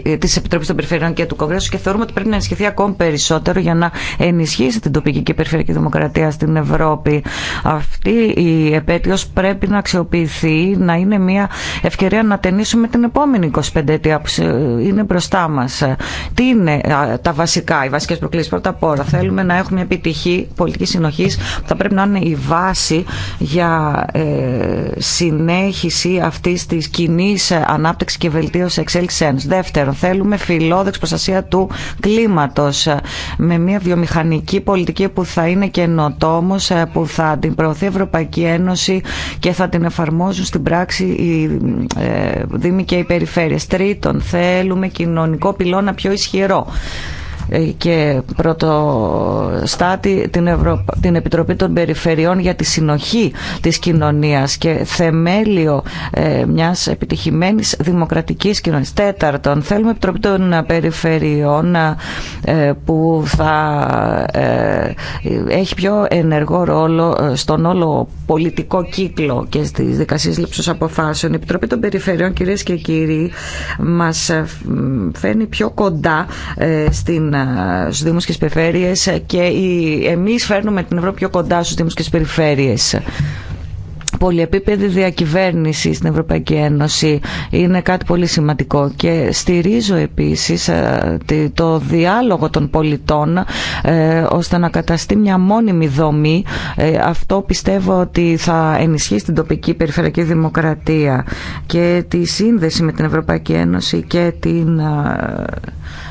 ε, τη Επιτροπή των Περιφερειών και του Κογκρέσου και θεωρούμε ότι πρέπει να ενισχυθεί ακόμη περισσότερο για να ενισχύσει την τοπική και περιφερειακή δημοκρατία στην Ευρώπη. Αυτή η επέτειο πρέπει να αξιοποιηθεί, να είναι μια ευκαιρία να ταινίσουμε την επόμενη 25 αιτία που είναι μπροστά μα. Τι είναι τα βασικά, οι βασικέ προκλήσει. Πρώτα απ' όλα, θέλουμε να έχουμε επιτυχή πολιτική συνοχή που θα πρέπει να είναι η βάση για ε, συνέχιση αυτή τη κοινή ανάπτυξη και βελτίωση εξέλιξη Ένωση. Δεύτερον, θέλουμε φιλόδοξη προστασία του κλίματο με μια βιομηχανική πολιτική που θα είναι καινοτόμο, ε, που θα την προωθεί η Ευρωπαϊκή Ένωση και θα την εφαρμόζουν στην πράξη οι ε, Δήμοι και οι Περιφέρειε. Τρίτον, θέλουμε κοινωνικό πυλώνα πιο ισχυρό ε, και πρωτοστάτη την, την Επιτροπή των Περιφερειών για τη συνοχή της κοινωνίας και θεμέλιο ε, μιας επιτυχημένης δημοκρατικής κοινωνίας. Τέταρτον, θέλουμε Επιτροπή των Περιφερειών ε, που θα έχει πιο ενεργό ρόλο στον όλο πολιτικό κύκλο και στις δικασίες λήψης αποφάσεων. Η Επιτροπή των Περιφερειών, κυρίες και κύριοι, μας φαίνει πιο κοντά στην Στου Δήμους και τις Περιφέρειες και εμεί εμείς φέρνουμε την Ευρώπη πιο κοντά στους Δήμου και τις Περιφέρειες πολυεπίπεδη διακυβέρνηση στην Ευρωπαϊκή Ένωση είναι κάτι πολύ σημαντικό και στηρίζω επίσης ε, το διάλογο των πολιτών ε, ώστε να καταστεί μια μόνιμη δομή. Ε, αυτό πιστεύω ότι θα ενισχύσει την τοπική περιφερειακή δημοκρατία και τη σύνδεση με την Ευρωπαϊκή Ένωση και την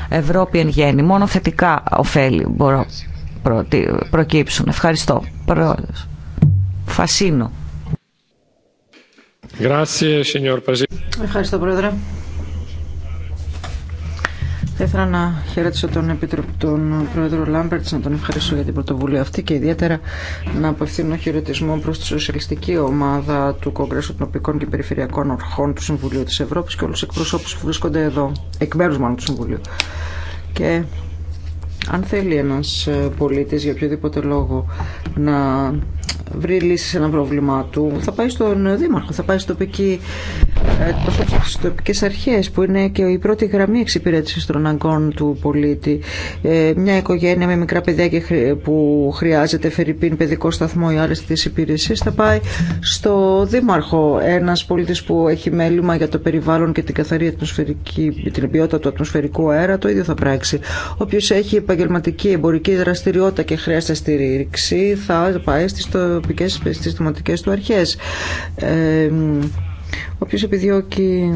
Ευρώπη εν γέννη. Μόνο θετικά ωφέλη μπορώ να προκύψουν. Ευχαριστώ. Πρόεδρος. Φασίνο. Ευχαριστώ, Πρόεδρε. Θα ήθελα να χαιρετήσω τον, τον Πρόεδρο Λάμπερτ, να τον ευχαριστώ για την πρωτοβουλία αυτή και ιδιαίτερα να απευθύνω χαιρετισμό προ τη σοσιαλιστική ομάδα του Κογκρέσου των Οπικών και Περιφερειακών Ορχών του Συμβουλίου τη Ευρώπη και όλου του εκπροσώπου που βρίσκονται εδώ, εκ μέρου μάλλον του Συμβουλίου. Και αν θέλει ένα πολίτη για οποιοδήποτε λόγο να βρει λύση σε ένα πρόβλημά του, θα πάει στον Δήμαρχο, θα πάει στι τοπική ε, αρχέ, στις αρχές που είναι και η πρώτη γραμμή εξυπηρέτησης των αγκών του πολίτη. Ε, μια οικογένεια με μικρά παιδιά που χρειάζεται φερρυπίν παιδικό σταθμό ή άλλες τις υπηρεσίες θα πάει στο Δήμαρχο. Ένας πολίτης που έχει μέλημα για το περιβάλλον και την καθαρή ατμοσφαιρική, την ποιότητα του ατμοσφαιρικού αέρα το ίδιο θα πράξει. Όποιος έχει επαγγελματική εμπορική δραστηριότητα και χρειάζεται στηρίξη θα πάει στο τοπικές, στις δημοτικές του αρχές. Ε, όποιος επιδιώκει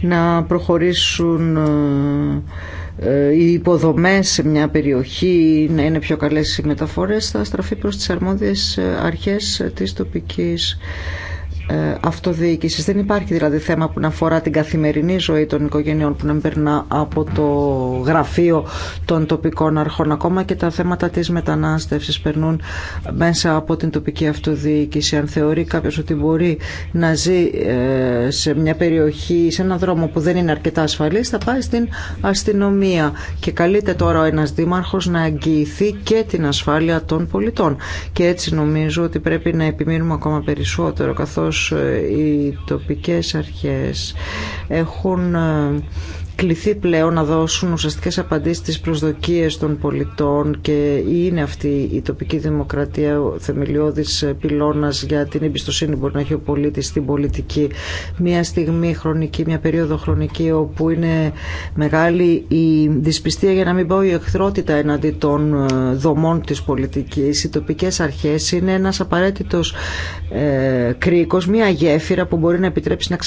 να προχωρήσουν ε, ε, οι υποδομές σε μια περιοχή να είναι πιο καλές οι μεταφορές θα στραφεί προς τις αρμόδιες ε, αρχές της τοπικής ε, αυτοδιοίκησης. Δεν υπάρχει δηλαδή θέμα που να αφορά την καθημερινή ζωή των οικογενειών που να περνά από το γραφείο των τοπικών αρχών. Ακόμα και τα θέματα τη μετανάστευση περνούν μέσα από την τοπική αυτοδιοίκηση. Αν θεωρεί κάποιο ότι μπορεί να ζει ε, σε μια περιοχή, σε έναν δρόμο που δεν είναι αρκετά ασφαλή, θα πάει στην αστυνομία. Και καλείται τώρα ο ένα δήμαρχος να αγγιηθεί και την ασφάλεια των πολιτών. Και έτσι νομίζω ότι πρέπει να επιμείνουμε ακόμα περισσότερο καθώ ε, οι τοπικές αρχές έχουν ε, κληθεί πλέον να δώσουν ουσιαστικές απαντήσεις στις προσδοκίες των πολιτών και είναι αυτή η τοπική δημοκρατία ο θεμελιώδης πυλώνας για την εμπιστοσύνη που μπορεί να έχει ο πολίτης στην πολιτική. Μια στιγμή χρονική, μια περίοδο χρονική όπου είναι μεγάλη η δυσπιστία για να μην πω η εχθρότητα εναντί των ε, δομών της πολιτικής. Οι τοπικές αρχές είναι ένας απαραίτητος ε, κρίκος, μια γέφυρα που μπορεί να επιτρέψει να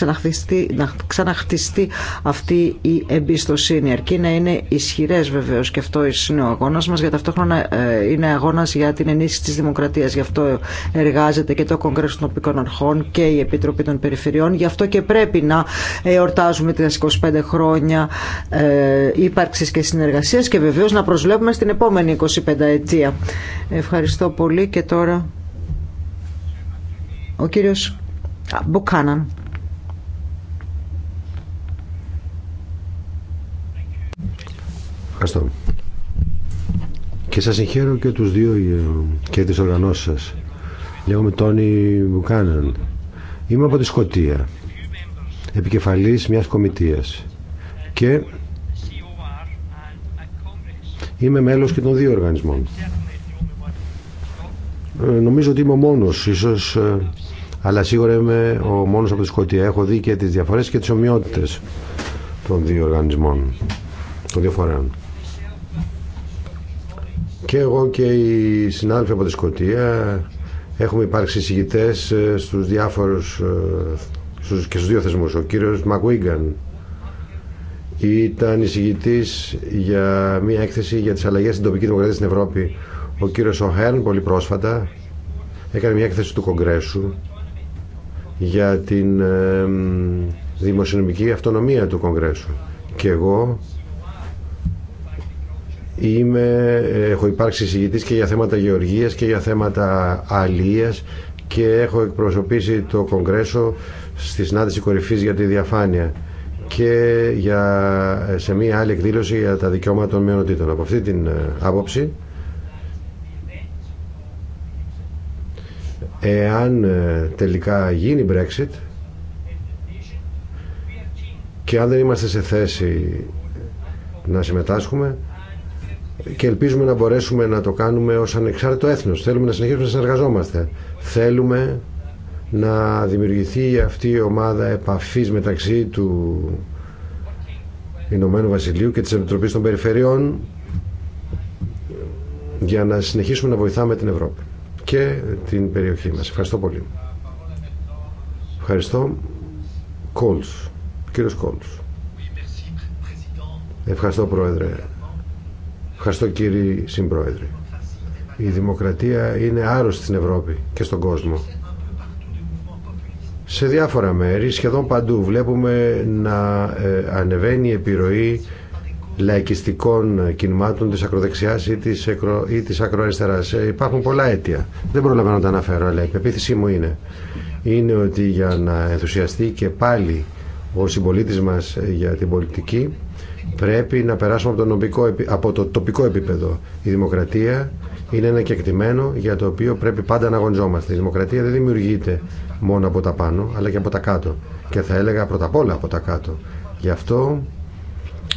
να ξαναχτιστεί αυτή η εμπιστοσύνη αρκεί να είναι ισχυρές βεβαίω και αυτό είναι ο αγώνα μα, για ταυτόχρονα ε, είναι αγώνας για την ενίσχυση της δημοκρατίας γι' αυτό εργάζεται και το Κογκρέσο των Οπικών Αρχών και η Επίτροπη των Περιφερειών γι' αυτό και πρέπει να εορτάζουμε τι 25 χρόνια ε, ύπαρξης και συνεργασία και βεβαίω να προσβλέπουμε στην επόμενη 25 ετία Ευχαριστώ πολύ και τώρα ο κύριος Μπουκάναν Ευχαριστώ. Και σας συγχαίρω και τους δύο ε, και τις οργανώσεις σας. Λέγομαι Τόνι Μουκάναν. Είμαι από τη Σκωτία, επικεφαλής μιας κομιτείας και είμαι μέλος και των δύο οργανισμών. Ε, νομίζω ότι είμαι ο μόνος, ίσως, ε, αλλά σίγουρα είμαι ο μόνος από τη Σκωτία. Έχω δει και τις διαφορές και τις ομοιότητες των δύο οργανισμών, των δύο φορέων. Και εγώ και οι συνάδελφοι από τη Σκωτία έχουμε υπάρξει συγκητές ε, στους διάφορους ε, και στους δύο θεσμούς. Ο κύριος Μακουίγκαν ήταν εισηγητής για μια έκθεση για τις αλλαγές στην τοπική δημοκρατία στην Ευρώπη. Ο κύριος Οχέρν πολύ πρόσφατα έκανε μια έκθεση του Κογκρέσου για την ε, δημοσιονομική αυτονομία του Κογκρέσου. Και εγώ Είμαι, έχω υπάρξει συζητητής και για θέματα γεωργίας και για θέματα αλίας και έχω εκπροσωπήσει το Κογκρέσο στη συνάντηση κορυφής για τη διαφάνεια και για, σε μία άλλη εκδήλωση για τα δικαιώματα των μειονοτήτων. Από αυτή την ε, άποψη, εάν ε, τελικά γίνει Brexit και αν δεν είμαστε σε θέση να συμμετάσχουμε, και ελπίζουμε να μπορέσουμε να το κάνουμε ως ανεξάρτητο έθνος. Θέλουμε να συνεχίσουμε να συνεργαζόμαστε. Θέλουμε να δημιουργηθεί αυτή η ομάδα επαφής μεταξύ του Ηνωμένου Βασιλείου και της Επιτροπής των Περιφερειών για να συνεχίσουμε να βοηθάμε την Ευρώπη και την περιοχή μας. Ευχαριστώ πολύ. Ευχαριστώ. Κόλτς Κύριος Ευχαριστώ Πρόεδρε. Ευχαριστώ κύριε Συμπρόεδρε. Η δημοκρατία είναι άρρωστη στην Ευρώπη και στον κόσμο. Σε διάφορα μέρη, σχεδόν παντού, βλέπουμε να ε, ανεβαίνει η επιρροή λαϊκιστικών κινημάτων της ακροδεξιάς ή της, εκρο... της ακροαριστεράς. Ε, υπάρχουν πολλά αίτια. Δεν προλαβαίνω να τα αναφέρω, αλλά η πεποίθησή μου είναι. Είναι ότι για να ενθουσιαστεί και πάλι ο συμπολίτη μας για την πολιτική Πρέπει να περάσουμε από το, νομικό, από το τοπικό επίπεδο. Η δημοκρατία είναι ένα κεκτημένο για το οποίο πρέπει πάντα να αγωνιζόμαστε. Η δημοκρατία δεν δημιουργείται μόνο από τα πάνω, αλλά και από τα κάτω. Και θα έλεγα πρώτα απ' όλα από τα κάτω. Γι' αυτό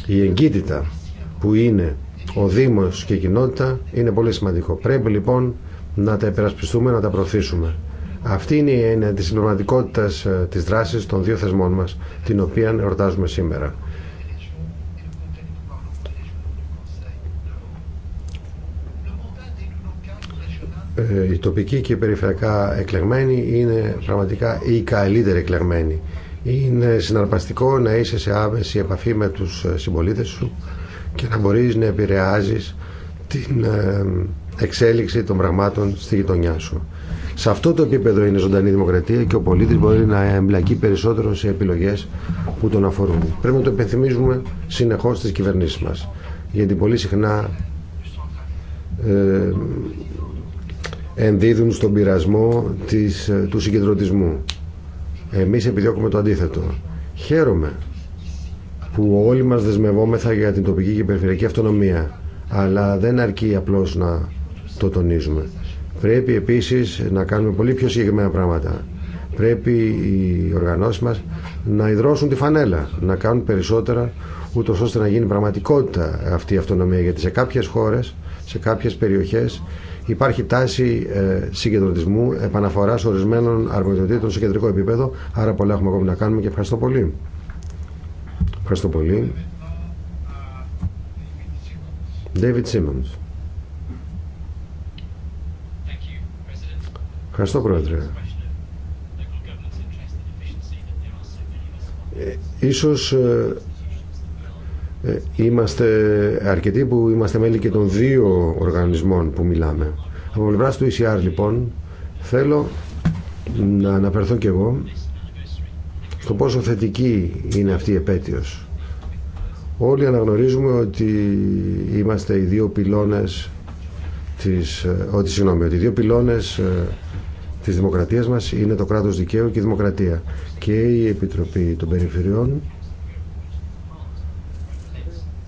η εγκύτητα που είναι ο Δήμος και η κοινότητα είναι πολύ σημαντικό. Πρέπει λοιπόν να τα υπερασπιστούμε, να τα προωθήσουμε. Αυτή είναι η έννοια της συμπληρωματικότητας ε, της δράσης των δύο θεσμών μας, την οποία εορτάζουμε σήμερα. οι ε, τοπικοί και οι περιφερειακά εκλεγμένοι είναι πραγματικά οι καλύτεροι εκλεγμένοι. Είναι συναρπαστικό να είσαι σε άμεση επαφή με τους ε, συμπολίτες σου και να μπορείς να επηρεάζεις την ε, εξέλιξη των πραγμάτων στη γειτονιά σου. Σε αυτό το επίπεδο είναι ζωντανή δημοκρατία και ο πολίτης μπορεί να εμπλακεί περισσότερο σε επιλογές που τον αφορούν. Πρέπει να το επενθυμίζουμε συνεχώς στις κυβερνήσεις μας. Γιατί πολύ συχνά ενδίδουν στον πειρασμό της, ε, του συγκεντρωτισμού. Εμείς επιδιώκουμε το αντίθετο. Χαίρομαι που όλοι μας δεσμευόμεθα για την τοπική και περιφερειακή αυτονομία, αλλά δεν αρκεί απλώς να το τονίζουμε. Πρέπει επίσης να κάνουμε πολύ πιο συγκεκριμένα πράγματα. Πρέπει οι οργανώσεις μας να ιδρώσουν τη φανέλα, να κάνουν περισσότερα, ούτως ώστε να γίνει πραγματικότητα αυτή η αυτονομία, γιατί σε κάποιες χώρες, σε κάποιες περιοχές Υπάρχει τάση ε, συγκεντρωτισμού, επαναφορά ορισμένων αρμοδιοτήτων σε κεντρικό επίπεδο. Άρα πολλά έχουμε ακόμη να κάνουμε και ευχαριστώ πολύ. Ευχαριστώ πολύ. David Simmons. Ευχαριστώ, Πρόεδρε. Ε, ίσως ε, ε, είμαστε αρκετοί που είμαστε μέλη και των δύο οργανισμών που μιλάμε. Από πλευρά του ECR λοιπόν θέλω να αναφερθώ και εγώ στο πόσο θετική είναι αυτή η επέτειος. Όλοι αναγνωρίζουμε ότι είμαστε οι δύο πυλώνες της, ε, ότι, συγγνώμη, οι δύο πυλώνες ε, της δημοκρατίας μας είναι το κράτος δικαίου και η δημοκρατία. Και η Επιτροπή των Περιφερειών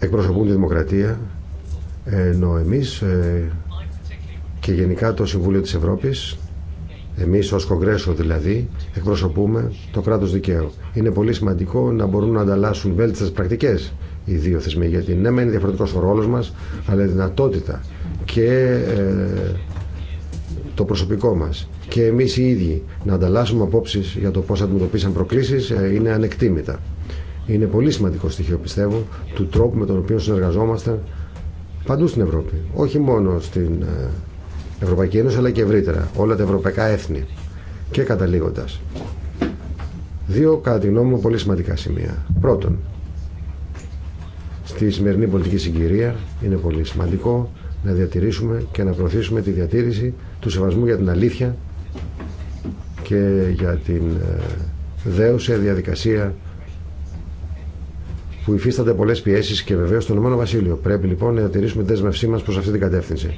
εκπροσωπούν τη δημοκρατία ενώ εμείς ε, και γενικά το Συμβούλιο της Ευρώπης εμείς ως Κογκρέσο δηλαδή εκπροσωπούμε το κράτος δικαίου. Είναι πολύ σημαντικό να μπορούν να ανταλλάσσουν βέλτιστες πρακτικές οι δύο θεσμοί γιατί ναι μεν διαφορετικός ο ρόλος μας αλλά η δυνατότητα και ε, το προσωπικό μας και εμείς οι ίδιοι να ανταλλάσσουμε απόψεις για το πώς αντιμετωπίσαν προκλήσεις ε, είναι ανεκτήμητα είναι πολύ σημαντικό στοιχείο πιστεύω του τρόπου με τον οποίο συνεργαζόμαστε παντού στην Ευρώπη. Όχι μόνο στην ε, Ευρωπαϊκή Ένωση αλλά και ευρύτερα. Όλα τα ευρωπαϊκά έθνη. Και καταλήγοντα. Δύο κατά τη γνώμη μου πολύ σημαντικά σημεία. Πρώτον, στη σημερινή πολιτική συγκυρία είναι πολύ σημαντικό να διατηρήσουμε και να προωθήσουμε τη διατήρηση του σεβασμού για την αλήθεια και για την ε, δέουσα διαδικασία που υφίστανται πολλέ πιέσει και βεβαίω στον Ηνωμένο Βασίλειο. Πρέπει λοιπόν να διατηρήσουμε δέσμευσή μα προ αυτή την κατεύθυνση.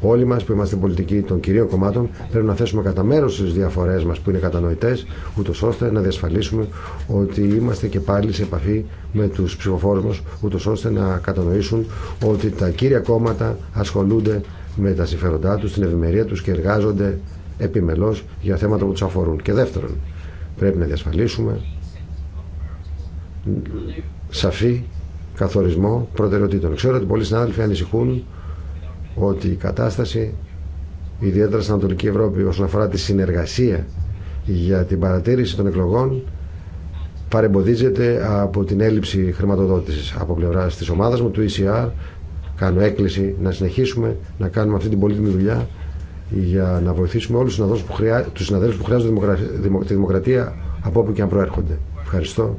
Όλοι μα που είμαστε πολιτικοί των κυρίων κομμάτων πρέπει να θέσουμε κατά μέρο τι διαφορέ μα που είναι κατανοητέ, ούτω ώστε να διασφαλίσουμε ότι είμαστε και πάλι σε επαφή με του ψηφοφόρου μα, ούτω ώστε να κατανοήσουν ότι τα κύρια κόμματα ασχολούνται με τα συμφέροντά του, την ευημερία του και εργάζονται επιμελώ για θέματα που του αφορούν. Και δεύτερον, πρέπει να διασφαλίσουμε σαφή καθορισμό προτεραιοτήτων. Ξέρω ότι πολλοί συνάδελφοι ανησυχούν ότι η κατάσταση, ιδιαίτερα στην Ανατολική Ευρώπη, όσον αφορά τη συνεργασία για την παρατήρηση των εκλογών, παρεμποδίζεται από την έλλειψη χρηματοδότηση. από πλευρά τη ομάδα μου, του ECR. Κάνω έκκληση να συνεχίσουμε να κάνουμε αυτή την πολύτιμη δουλειά για να βοηθήσουμε όλου του συναδέλφου που χρειάζονται τη δημοκρατία από όπου και αν προέρχονται. Ευχαριστώ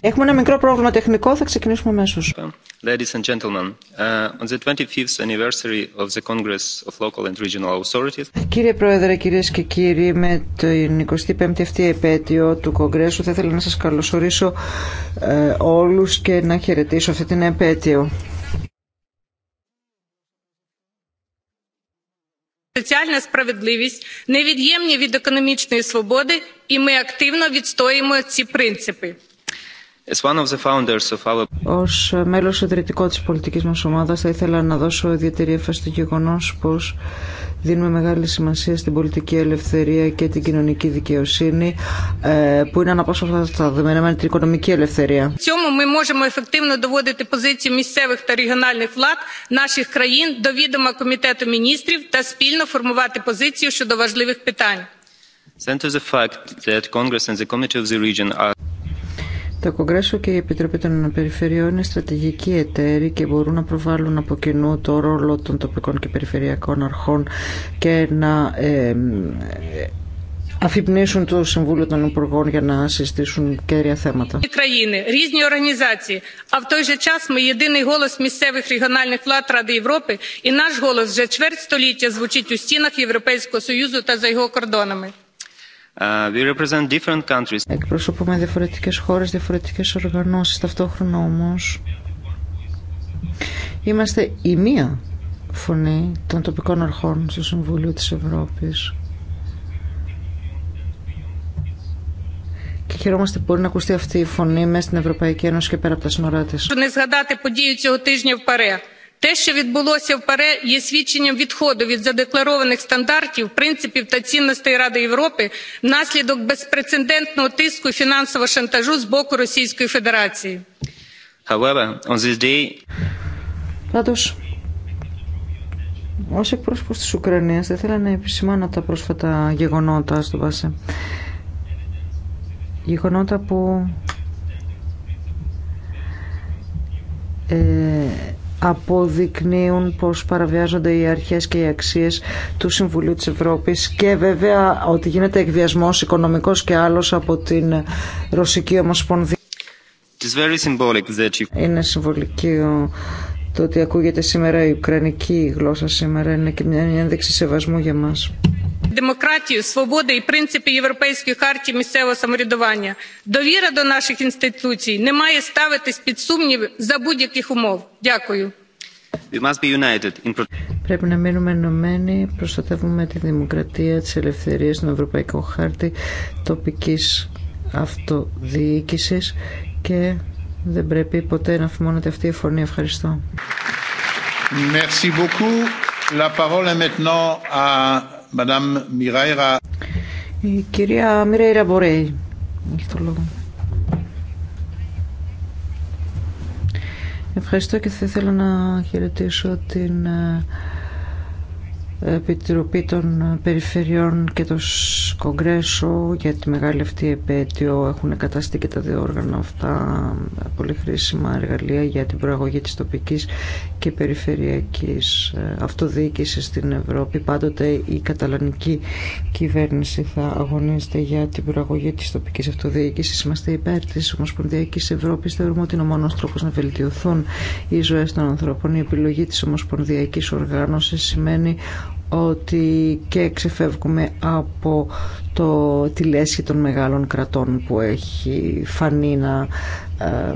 Έχουμε ένα μικρό πρόβλημα τεχνικό, θα ξεκινήσουμε αμέσω. Ladies and gentlemen, on the 25th anniversary of the Congress of Local and Regional Authorities. Κύριε Πρόεδρε, κυρίες και κύριοι, με την 25η αυτή επέτειο του Κογκρέσου θα ήθελα να σας καλωσορίσω ε, όλους και να χαιρετήσω αυτή την επέτειο. Соціальна справедливість невід'ємні від економічної свободи, і ми активно відстоїмо ці принципи. Ως μέλος ιδρυτικό της πολιτικής μας ομάδας θα ήθελα να δώσω ιδιαίτερη έφαση στο γεγονός πως δίνουμε μεγάλη σημασία στην πολιτική ελευθερία και την κοινωνική δικαιοσύνη ε, που είναι αναπόσπαστα δεδομένα την οικονομική ελευθερία. Το Κογκρέσο και η Επιτροπή των Περιφερειών είναι στρατηγικοί εταίροι και μπορούν να προβάλλουν από κοινού το ρόλο των τοπικών και περιφερειακών αρχών και να ε, το Συμβούλιο των Υπουργών για να συζητήσουν κέρια θέματα. Uh, Εκπροσωπούμε διαφορετικές χώρες, διαφορετικές οργανώσεις, ταυτόχρονα όμως είμαστε η μία φωνή των τοπικών αρχών στο Συμβούλιο της Ευρώπης. Και χαιρόμαστε που μπορεί να ακουστεί αυτή η φωνή μέσα στην Ευρωπαϊκή Ένωση και πέρα από τα σύνορά της те що відбулося паре, є свідченням відходу від задекларованих стандартів принципів та цінностей ради європи внаслідок безпрецедентного тиску і фінансового шантажу з боку російської федерації. Πάντως, ως εκπρόσωπος να επισημάνω τα πρόσφατα γεγονότα στο αποδεικνύουν πως παραβιάζονται οι αρχές και οι αξίες του Συμβουλίου της Ευρώπης και βέβαια ότι γίνεται εκβιασμός οικονομικός και άλλος από την Ρωσική Ομοσπονδία. Είναι συμβολική το ότι ακούγεται σήμερα η Ουκρανική γλώσσα σήμερα είναι και μια ένδειξη σεβασμού για μας. Демократію, свободи і принципи Європейської хартії місцевого самоврядування. Довіра до наших інституцій не має ставитись під сумнів за будь-яких умов. Дякую. We must be united in... Πρέπει να μείνουμε ενωμένοι, προστατεύουμε τη δημοκρατία, τις ελευθερίες, τον Ευρωπαϊκό Χάρτη τοπικής αυτοδιοίκησης και δεν πρέπει ποτέ να φημώνεται αυτή η φωνή. Ευχαριστώ. Η Ευχαριστώ και θα ήθελα να χαιρετήσω την ε, Επιτροπή των Περιφερειών και το Κογκρέσο για τη μεγάλη αυτή επέτειο έχουν καταστεί και τα δύο όργανα αυτά πολύ χρήσιμα εργαλεία για την προαγωγή της τοπικής και περιφερειακής ε, αυτοδιοίκησης στην Ευρώπη. Πάντοτε η καταλανική κυβέρνηση θα αγωνίζεται για την προαγωγή της τοπικής αυτοδιοίκησης. Είμαστε υπέρ της Ομοσπονδιακής Ευρώπης. Θεωρούμε ότι είναι ο μόνος τρόπος να βελτιωθούν οι ζωέ των ανθρώπων. Η επιλογή τη ομοσπονδιακή Οργάνωσης σημαίνει ότι και ξεφεύγουμε από το, τη λέσχη των μεγάλων κρατών που έχει φανεί να ε,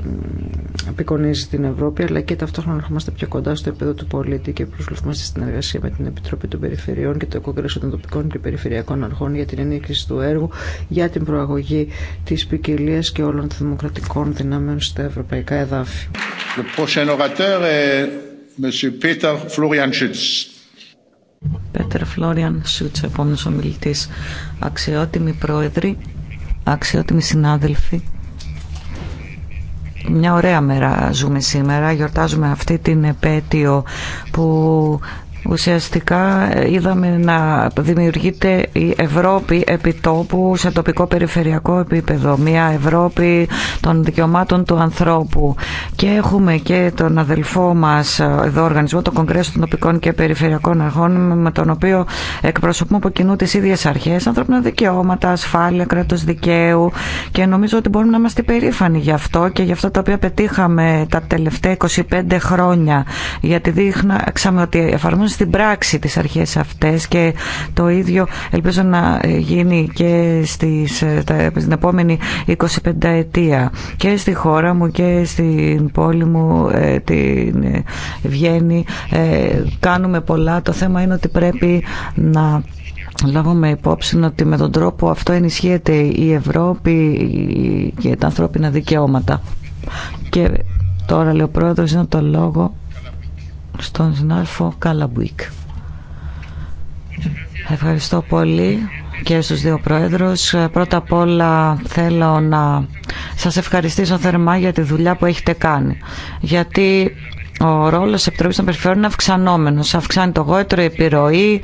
απεικονίζει την Ευρώπη αλλά και ταυτόχρονα ερχόμαστε πιο κοντά στο επίπεδο του πολίτη και προσβληθούμε στη συνεργασία με την Επιτροπή των Περιφερειών και το Κογκρέσιο των Τοπικών και Περιφερειακών Αρχών για την ενίκηση του έργου, για την προαγωγή της ποικιλία και όλων των δημοκρατικών δυνάμεων στα ευρωπαϊκά εδάφη. Le prochain orateur est Peter Florian Schütz. Πέτερ Φλόριαν Σούτς, επόμενος ομιλητής. Αξιότιμοι πρόεδροι, αξιότιμοι συνάδελφοι, μια ωραία μέρα ζούμε σήμερα. Γιορτάζουμε αυτή την επέτειο που Ουσιαστικά ε, είδαμε να δημιουργείται η Ευρώπη επιτόπου σε τοπικό περιφερειακό επίπεδο. Μια Ευρώπη των δικαιωμάτων του ανθρώπου. Και έχουμε και τον αδελφό μας ε, εδώ οργανισμό, το Κογκρέσο των Τοπικών και Περιφερειακών Αρχών, με τον οποίο εκπροσωπούμε από κοινού τις ίδιες αρχές, ανθρώπινα δικαιώματα, ασφάλεια, κράτος δικαίου και νομίζω ότι μπορούμε να είμαστε περήφανοι γι' αυτό και γι' αυτό το οποίο πετύχαμε τα τελευταία 25 χρόνια γιατί δείχναμε ότι εφαρμόζουμε στην πράξη τις αρχές αυτές και το ίδιο ελπίζω να γίνει και στις, στην επόμενη 25 ετία και στη χώρα μου και στην πόλη μου ε, την ε, Βιέννη ε, κάνουμε πολλά το θέμα είναι ότι πρέπει να Λάβουμε υπόψη ότι με τον τρόπο αυτό ενισχύεται η Ευρώπη και τα ανθρώπινα δικαιώματα. Και τώρα λέει ο πρόεδρος είναι το λόγο στον συνάδελφο Καλαμπουίκ. Ευχαριστώ πολύ και στους δύο πρόεδρους. Πρώτα απ' όλα θέλω να σας ευχαριστήσω θερμά για τη δουλειά που έχετε κάνει. Γιατί ο ρόλος της Επιτροπής των Περιφερειών είναι αυξανόμενος. Αυξάνει το γόητρο, η επιρροή,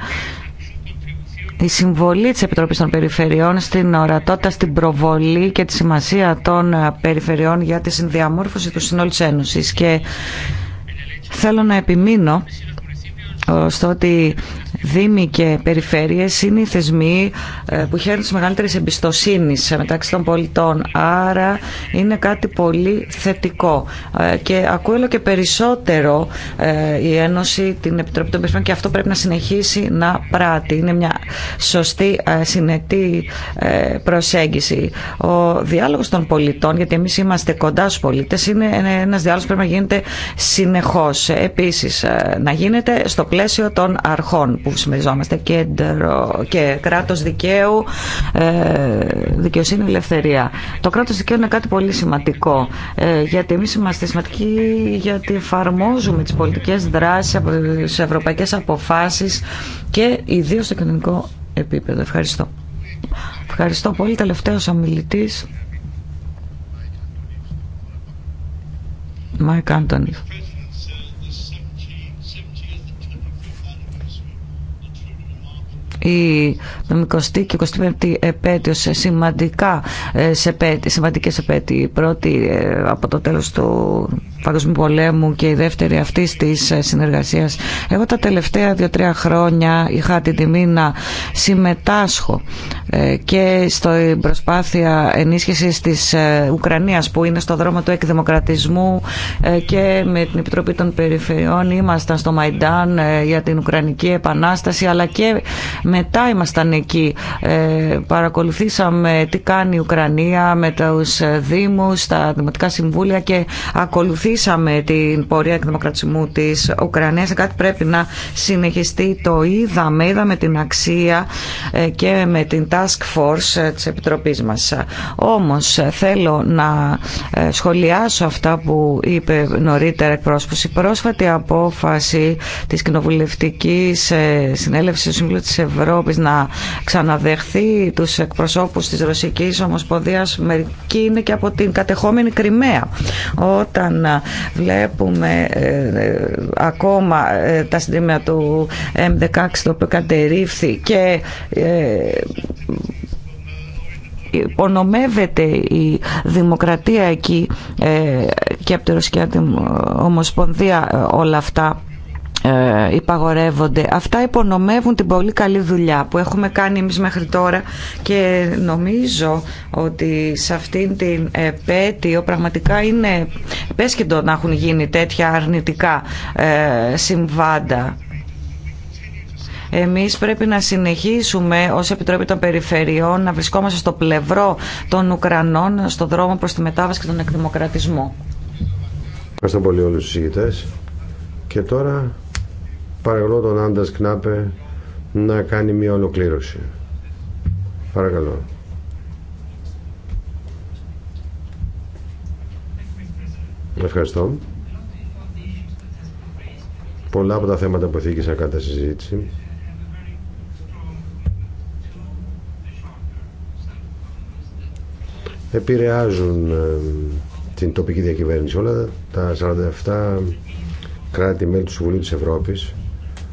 η συμβολή της Επιτροπής των Περιφερειών στην ορατότητα, στην προβολή και τη σημασία των περιφερειών για τη συνδιαμόρφωση του συνόλου Ένωσης. Θέλω να επιμείνω ε, στο ότι δήμοι και περιφέρειες είναι οι θεσμοί ε, που χαίρουν τη μεγαλύτερη εμπιστοσύνη μεταξύ των πολιτών. Άρα είναι κάτι πολύ θετικό. Ε, και ακούω και περισσότερο η Ένωση, την Επιτροπή των Περιφερειών και αυτό πρέπει να συνεχίσει να πράττει. Είναι μια σωστή συνετή προσέγγιση. Ο διάλογος των πολιτών, γιατί εμεί είμαστε κοντά στου πολίτες, είναι ένα διάλογο που πρέπει να γίνεται συνεχώ. Επίσης, να γίνεται στο πλαίσιο πλαίσιο των αρχών που συμμεριζόμαστε και κράτος δικαίου, ε, δικαιοσύνη, ελευθερία. Το κράτος δικαίου είναι κάτι πολύ σημαντικό ε, γιατί εμείς είμαστε σημαντικοί γιατί εφαρμόζουμε τις πολιτικές δράσεις, τις ευρωπαϊκές αποφάσεις και ιδίως στο κοινωνικό επίπεδο. Ευχαριστώ. Ευχαριστώ πολύ. Τελευταίος ομιλητής. Μάικ η 20η και 25η σε σημαντικά, ε, σε, σημαντικές επέτειοι πρώτη ε, από το τέλος του Παγκοσμίου Πολέμου και η δεύτερη αυτή τη ε, συνεργασία. Εγώ τα τελευταία δύο-τρία χρόνια είχα την τιμή να συμμετάσχω ε, και στο ε, προσπάθεια ενίσχυσης της Ουκρανίας που είναι στο δρόμο του εκδημοκρατισμού και με την Επιτροπή των Περιφερειών ήμασταν στο Μαϊντάν για την Ουκρανική Επανάσταση αλλά και μετά ήμασταν εκεί. Παρακολουθήσαμε τι κάνει η Ουκρανία με τους Δήμους, τα Δημοτικά Συμβούλια και χαιρετήσαμε την πορεία εκδημοκρατισμού της Ουκρανίας. Κάτι πρέπει να συνεχιστεί. Το είδαμε, είδαμε την αξία ε, και με την Task Force ε, τη επιτροπή μα. Όμως ε, θέλω να σχολιάσω αυτά που είπε νωρίτερα εκπρόσωπο. Η πρόσφατη απόφαση της κοινοβουλευτικής συνέλευση του Συμβουλίου τη Ευρώπη να ξαναδεχθεί τους εκπροσώπου της Ρωσική Ομοσπονδίας μερικοί είναι και από την κατεχόμενη Κρυμαία. Όταν Βλέπουμε ε, ε, ακόμα ε, τα συντήματα του M16 το οποίο και υπονομεύεται η δημοκρατία εκεί και από τη Ρωσική Ομοσπονδία όλα αυτά ε, υπαγορεύονται. Αυτά υπονομεύουν την πολύ καλή δουλειά που έχουμε κάνει εμείς μέχρι τώρα και νομίζω ότι σε αυτήν την επέτειο πραγματικά είναι επέσχυντο να έχουν γίνει τέτοια αρνητικά ε, συμβάντα. Εμείς πρέπει να συνεχίσουμε ως Επιτροπή των Περιφερειών να βρισκόμαστε στο πλευρό των Ουκρανών στο δρόμο προς τη μετάβαση και τον εκδημοκρατισμό. Ευχαριστώ πολύ όλους τους Και τώρα παρακαλώ τον Άντα Κνάπε να κάνει μια ολοκλήρωση. Παρακαλώ. Ευχαριστώ. Πολλά από τα θέματα που θήκησαν κατά συζήτηση. επηρεάζουν ε, την τοπική διακυβέρνηση όλα τα 47 κράτη-μέλη του Συμβουλίου της Ευρώπης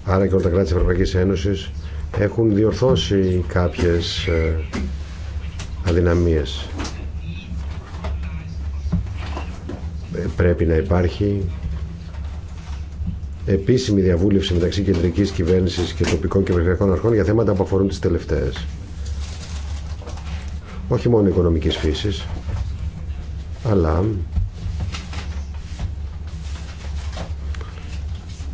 άρα και όλα τα κράτη της Ευρωπαϊκής Ένωσης έχουν διορθώσει κάποιες ε, αδυναμίες. Ε, πρέπει να υπάρχει επίσημη διαβούλευση μεταξύ κεντρικής κυβέρνησης και τοπικών και περιφερειακών αρχών για θέματα που αφορούν τις τελευταίες. Όχι μόνο οικονομικής φύσης, αλλά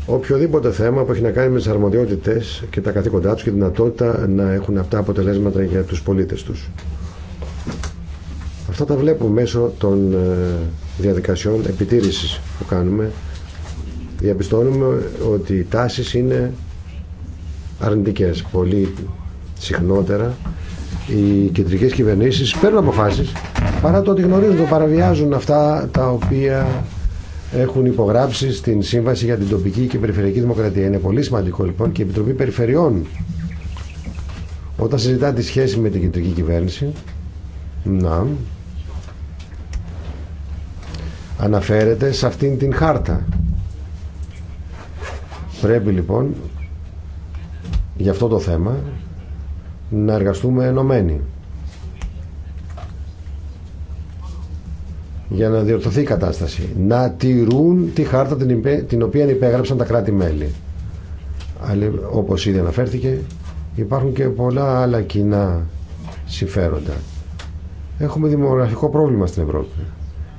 οποιοδήποτε θέμα που έχει να κάνει με τι αρμοδιότητε και τα καθήκοντά του και τη δυνατότητα να έχουν αυτά αποτελέσματα για του πολίτε του. Αυτά τα βλέπουμε μέσω των ε, διαδικασιών επιτήρησης που κάνουμε. Διαπιστώνουμε ότι οι τάσεις είναι αρνητικές. Πολύ συχνότερα οι κεντρικέ κυβερνήσει παίρνουν αποφάσεις παρά το ότι γνωρίζουν, το παραβιάζουν αυτά τα οποία έχουν υπογράψει στην Σύμβαση για την τοπική και περιφερειακή δημοκρατία. Είναι πολύ σημαντικό λοιπόν και η Επιτροπή Περιφερειών όταν συζητά τη σχέση με την κεντρική κυβέρνηση να αναφέρεται σε αυτήν την χάρτα. Πρέπει λοιπόν για αυτό το θέμα να εργαστούμε ενωμένοι. για να διορθωθεί η κατάσταση. Να τηρούν τη χάρτα την οποία υπέγραψαν τα κράτη-μέλη. Αλλά όπως ήδη αναφέρθηκε υπάρχουν και πολλά άλλα κοινά συμφέροντα. Έχουμε δημογραφικό πρόβλημα στην Ευρώπη.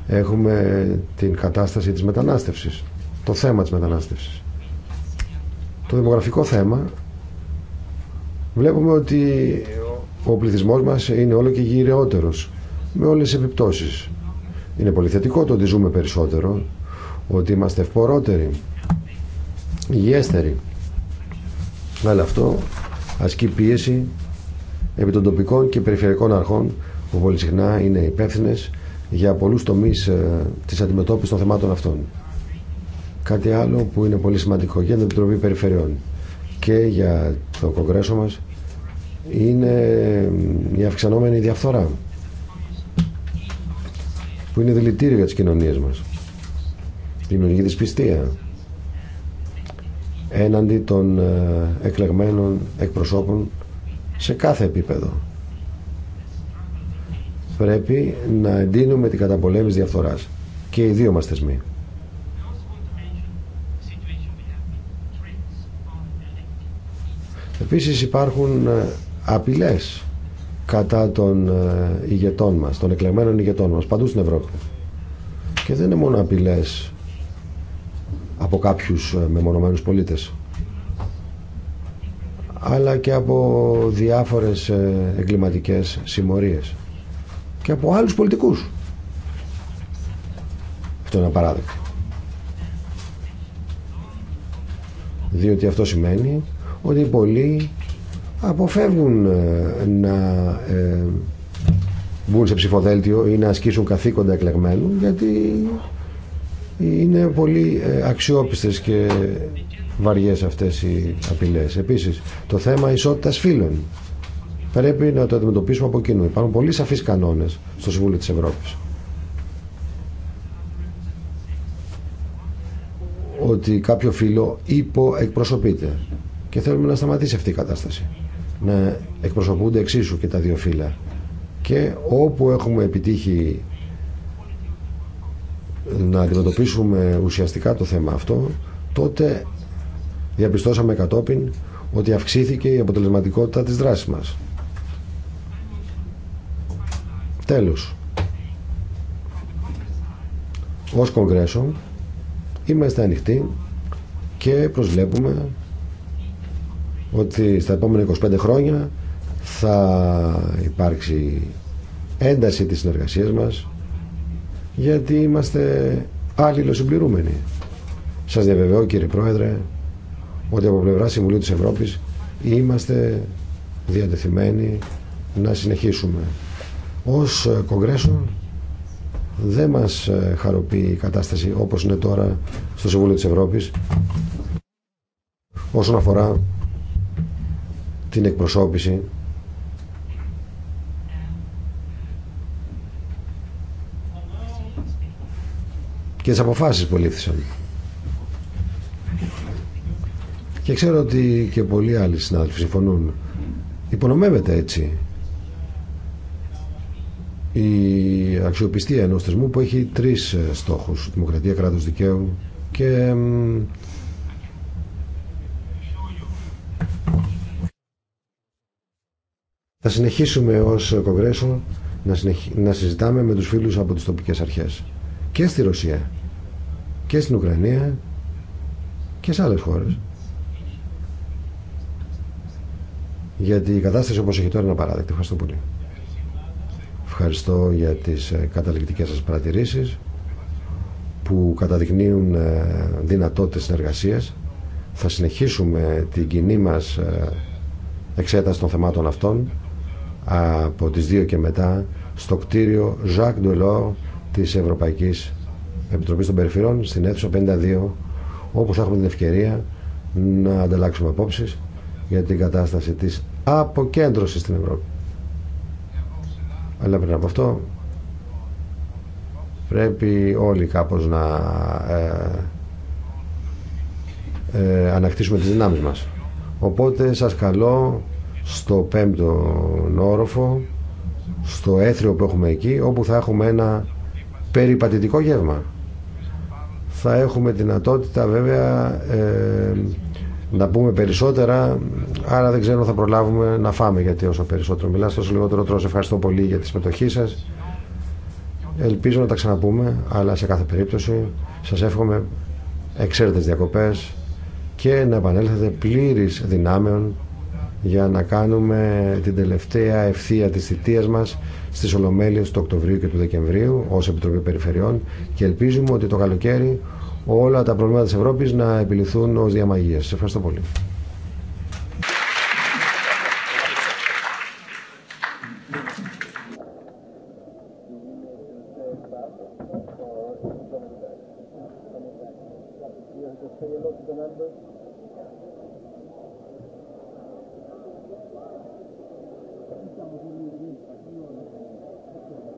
Έχουμε την κατάσταση της μετανάστευσης. Το θέμα της μετανάστευσης. Το δημογραφικό θέμα βλέπουμε ότι ο πληθυσμός μας είναι όλο και γυρεότερος με όλες τις επιπτώσεις είναι πολύ θετικό το ότι ζούμε περισσότερο, ότι είμαστε ευπορότεροι, υγιέστεροι. Αλλά αυτό ασκεί πίεση επί των τοπικών και περιφερειακών αρχών που πολύ συχνά είναι υπεύθυνε για πολλούς τομείς ε, της αντιμετώπισης των θεμάτων αυτών. Κάτι άλλο που είναι πολύ σημαντικό για την Επιτροπή Περιφερειών και για το Κογκρέσο μας είναι ε, η αυξανόμενη διαφθορά που είναι δηλητήριο για τις κοινωνίες μας. Δημιουργεί δυσπιστία έναντι των ε, εκλεγμένων εκπροσώπων σε κάθε επίπεδο. Πρέπει να εντείνουμε την καταπολέμηση διαφθοράς και οι δύο μας θεσμοί. Επίσης υπάρχουν ε, απειλές κατά των ε, ηγετών μας, των εκλεγμένων ηγετών μας, παντού στην Ευρώπη. Και δεν είναι μόνο απειλέ από κάποιους ε, μεμονωμένους πολίτες, αλλά και από διάφορες ε, εγκληματικές συμμορίες και από άλλους πολιτικούς. Αυτό είναι απαράδεκτο. Διότι αυτό σημαίνει ότι πολλοί αποφεύγουν ε, να ε, μπουν σε ψηφοδέλτιο ή να ασκήσουν καθήκοντα εκλεγμένου γιατί είναι πολύ ε, αξιόπιστες και βαριές αυτές οι απειλές. Επίσης, το θέμα ισότητας φύλων πρέπει να το αντιμετωπίσουμε από κοινού. Υπάρχουν πολύ σαφείς κανόνες στο Συμβούλιο της Ευρώπης. Ότι κάποιο φύλλο υποεκπροσωπείται και θέλουμε να σταματήσει αυτή η κατάσταση να εκπροσωπούνται εξίσου και τα δύο φύλλα. Και όπου έχουμε επιτύχει να αντιμετωπίσουμε ουσιαστικά το θέμα αυτό, τότε διαπιστώσαμε κατόπιν ότι αυξήθηκε η αποτελεσματικότητα της δράσης μας. Τέλος. Ως Κογκρέσο είμαστε ανοιχτοί και προσβλέπουμε ότι στα επόμενα 25 χρόνια θα υπάρξει ένταση της συνεργασίας μας γιατί είμαστε αλληλοσυμπληρούμενοι. Σας διαβεβαιώ κύριε Πρόεδρε ότι από πλευρά Συμβουλίου της Ευρώπης είμαστε διατεθειμένοι να συνεχίσουμε. Ως Κογκρέσο δεν μας χαροποιεί η κατάσταση όπως είναι τώρα στο Συμβούλιο της Ευρώπης όσον αφορά την εκπροσώπηση και τις αποφάσεις που λήφθησαν. Και ξέρω ότι και πολλοί άλλοι συνάδελφοι συμφωνούν. Υπονομεύεται έτσι η αξιοπιστία ενός θεσμού που έχει τρεις στόχους. Δημοκρατία, κράτος δικαίου και Θα συνεχίσουμε ως Κογκρέσο να, συνεχ... να συζητάμε με τους φίλους από τις τοπικές αρχές και στη Ρωσία και στην Ουκρανία και σε άλλες χώρες γιατί η κατάσταση όπως έχει τώρα είναι απαράδεκτη. Ευχαριστώ πολύ. Ευχαριστώ για τις ε, καταληκτικές σας παρατηρήσεις που καταδεικνύουν ε, δυνατότητες συνεργασίας. Θα συνεχίσουμε την κοινή μας ε, εξέταση των θεμάτων αυτών από τις 2 και μετά στο κτίριο Jacques Delors της Ευρωπαϊκής Επιτροπής των Περιφυρών στην αίθουσα 52 όπου θα έχουμε την ευκαιρία να ανταλλάξουμε απόψεις για την κατάσταση της αποκέντρωσης στην Ευρώπη. Αλλά πριν από αυτό πρέπει όλοι κάπως να ε, ε, ανακτήσουμε τις δυνάμεις μας. Οπότε σας καλώ στο πέμπτο όροφο στο έθριο που έχουμε εκεί όπου θα έχουμε ένα περιπατητικό γεύμα θα έχουμε δυνατότητα βέβαια ε, να πούμε περισσότερα άρα δεν ξέρω θα προλάβουμε να φάμε γιατί όσο περισσότερο μιλάς τόσο λιγότερο τρως ευχαριστώ πολύ για τη συμμετοχή σας ελπίζω να τα ξαναπούμε αλλά σε κάθε περίπτωση σας εύχομαι εξαίρετες διακοπές και να επανέλθετε πλήρης δυνάμεων για να κάνουμε την τελευταία ευθεία της θητείας μας στις Ολομέλειες του Οκτωβρίου και του Δεκεμβρίου ως Επιτροπή Περιφερειών και ελπίζουμε ότι το καλοκαίρι όλα τα προβλήματα της Ευρώπης να επιληθούν ως διαμαγείας. Σας ευχαριστώ πολύ.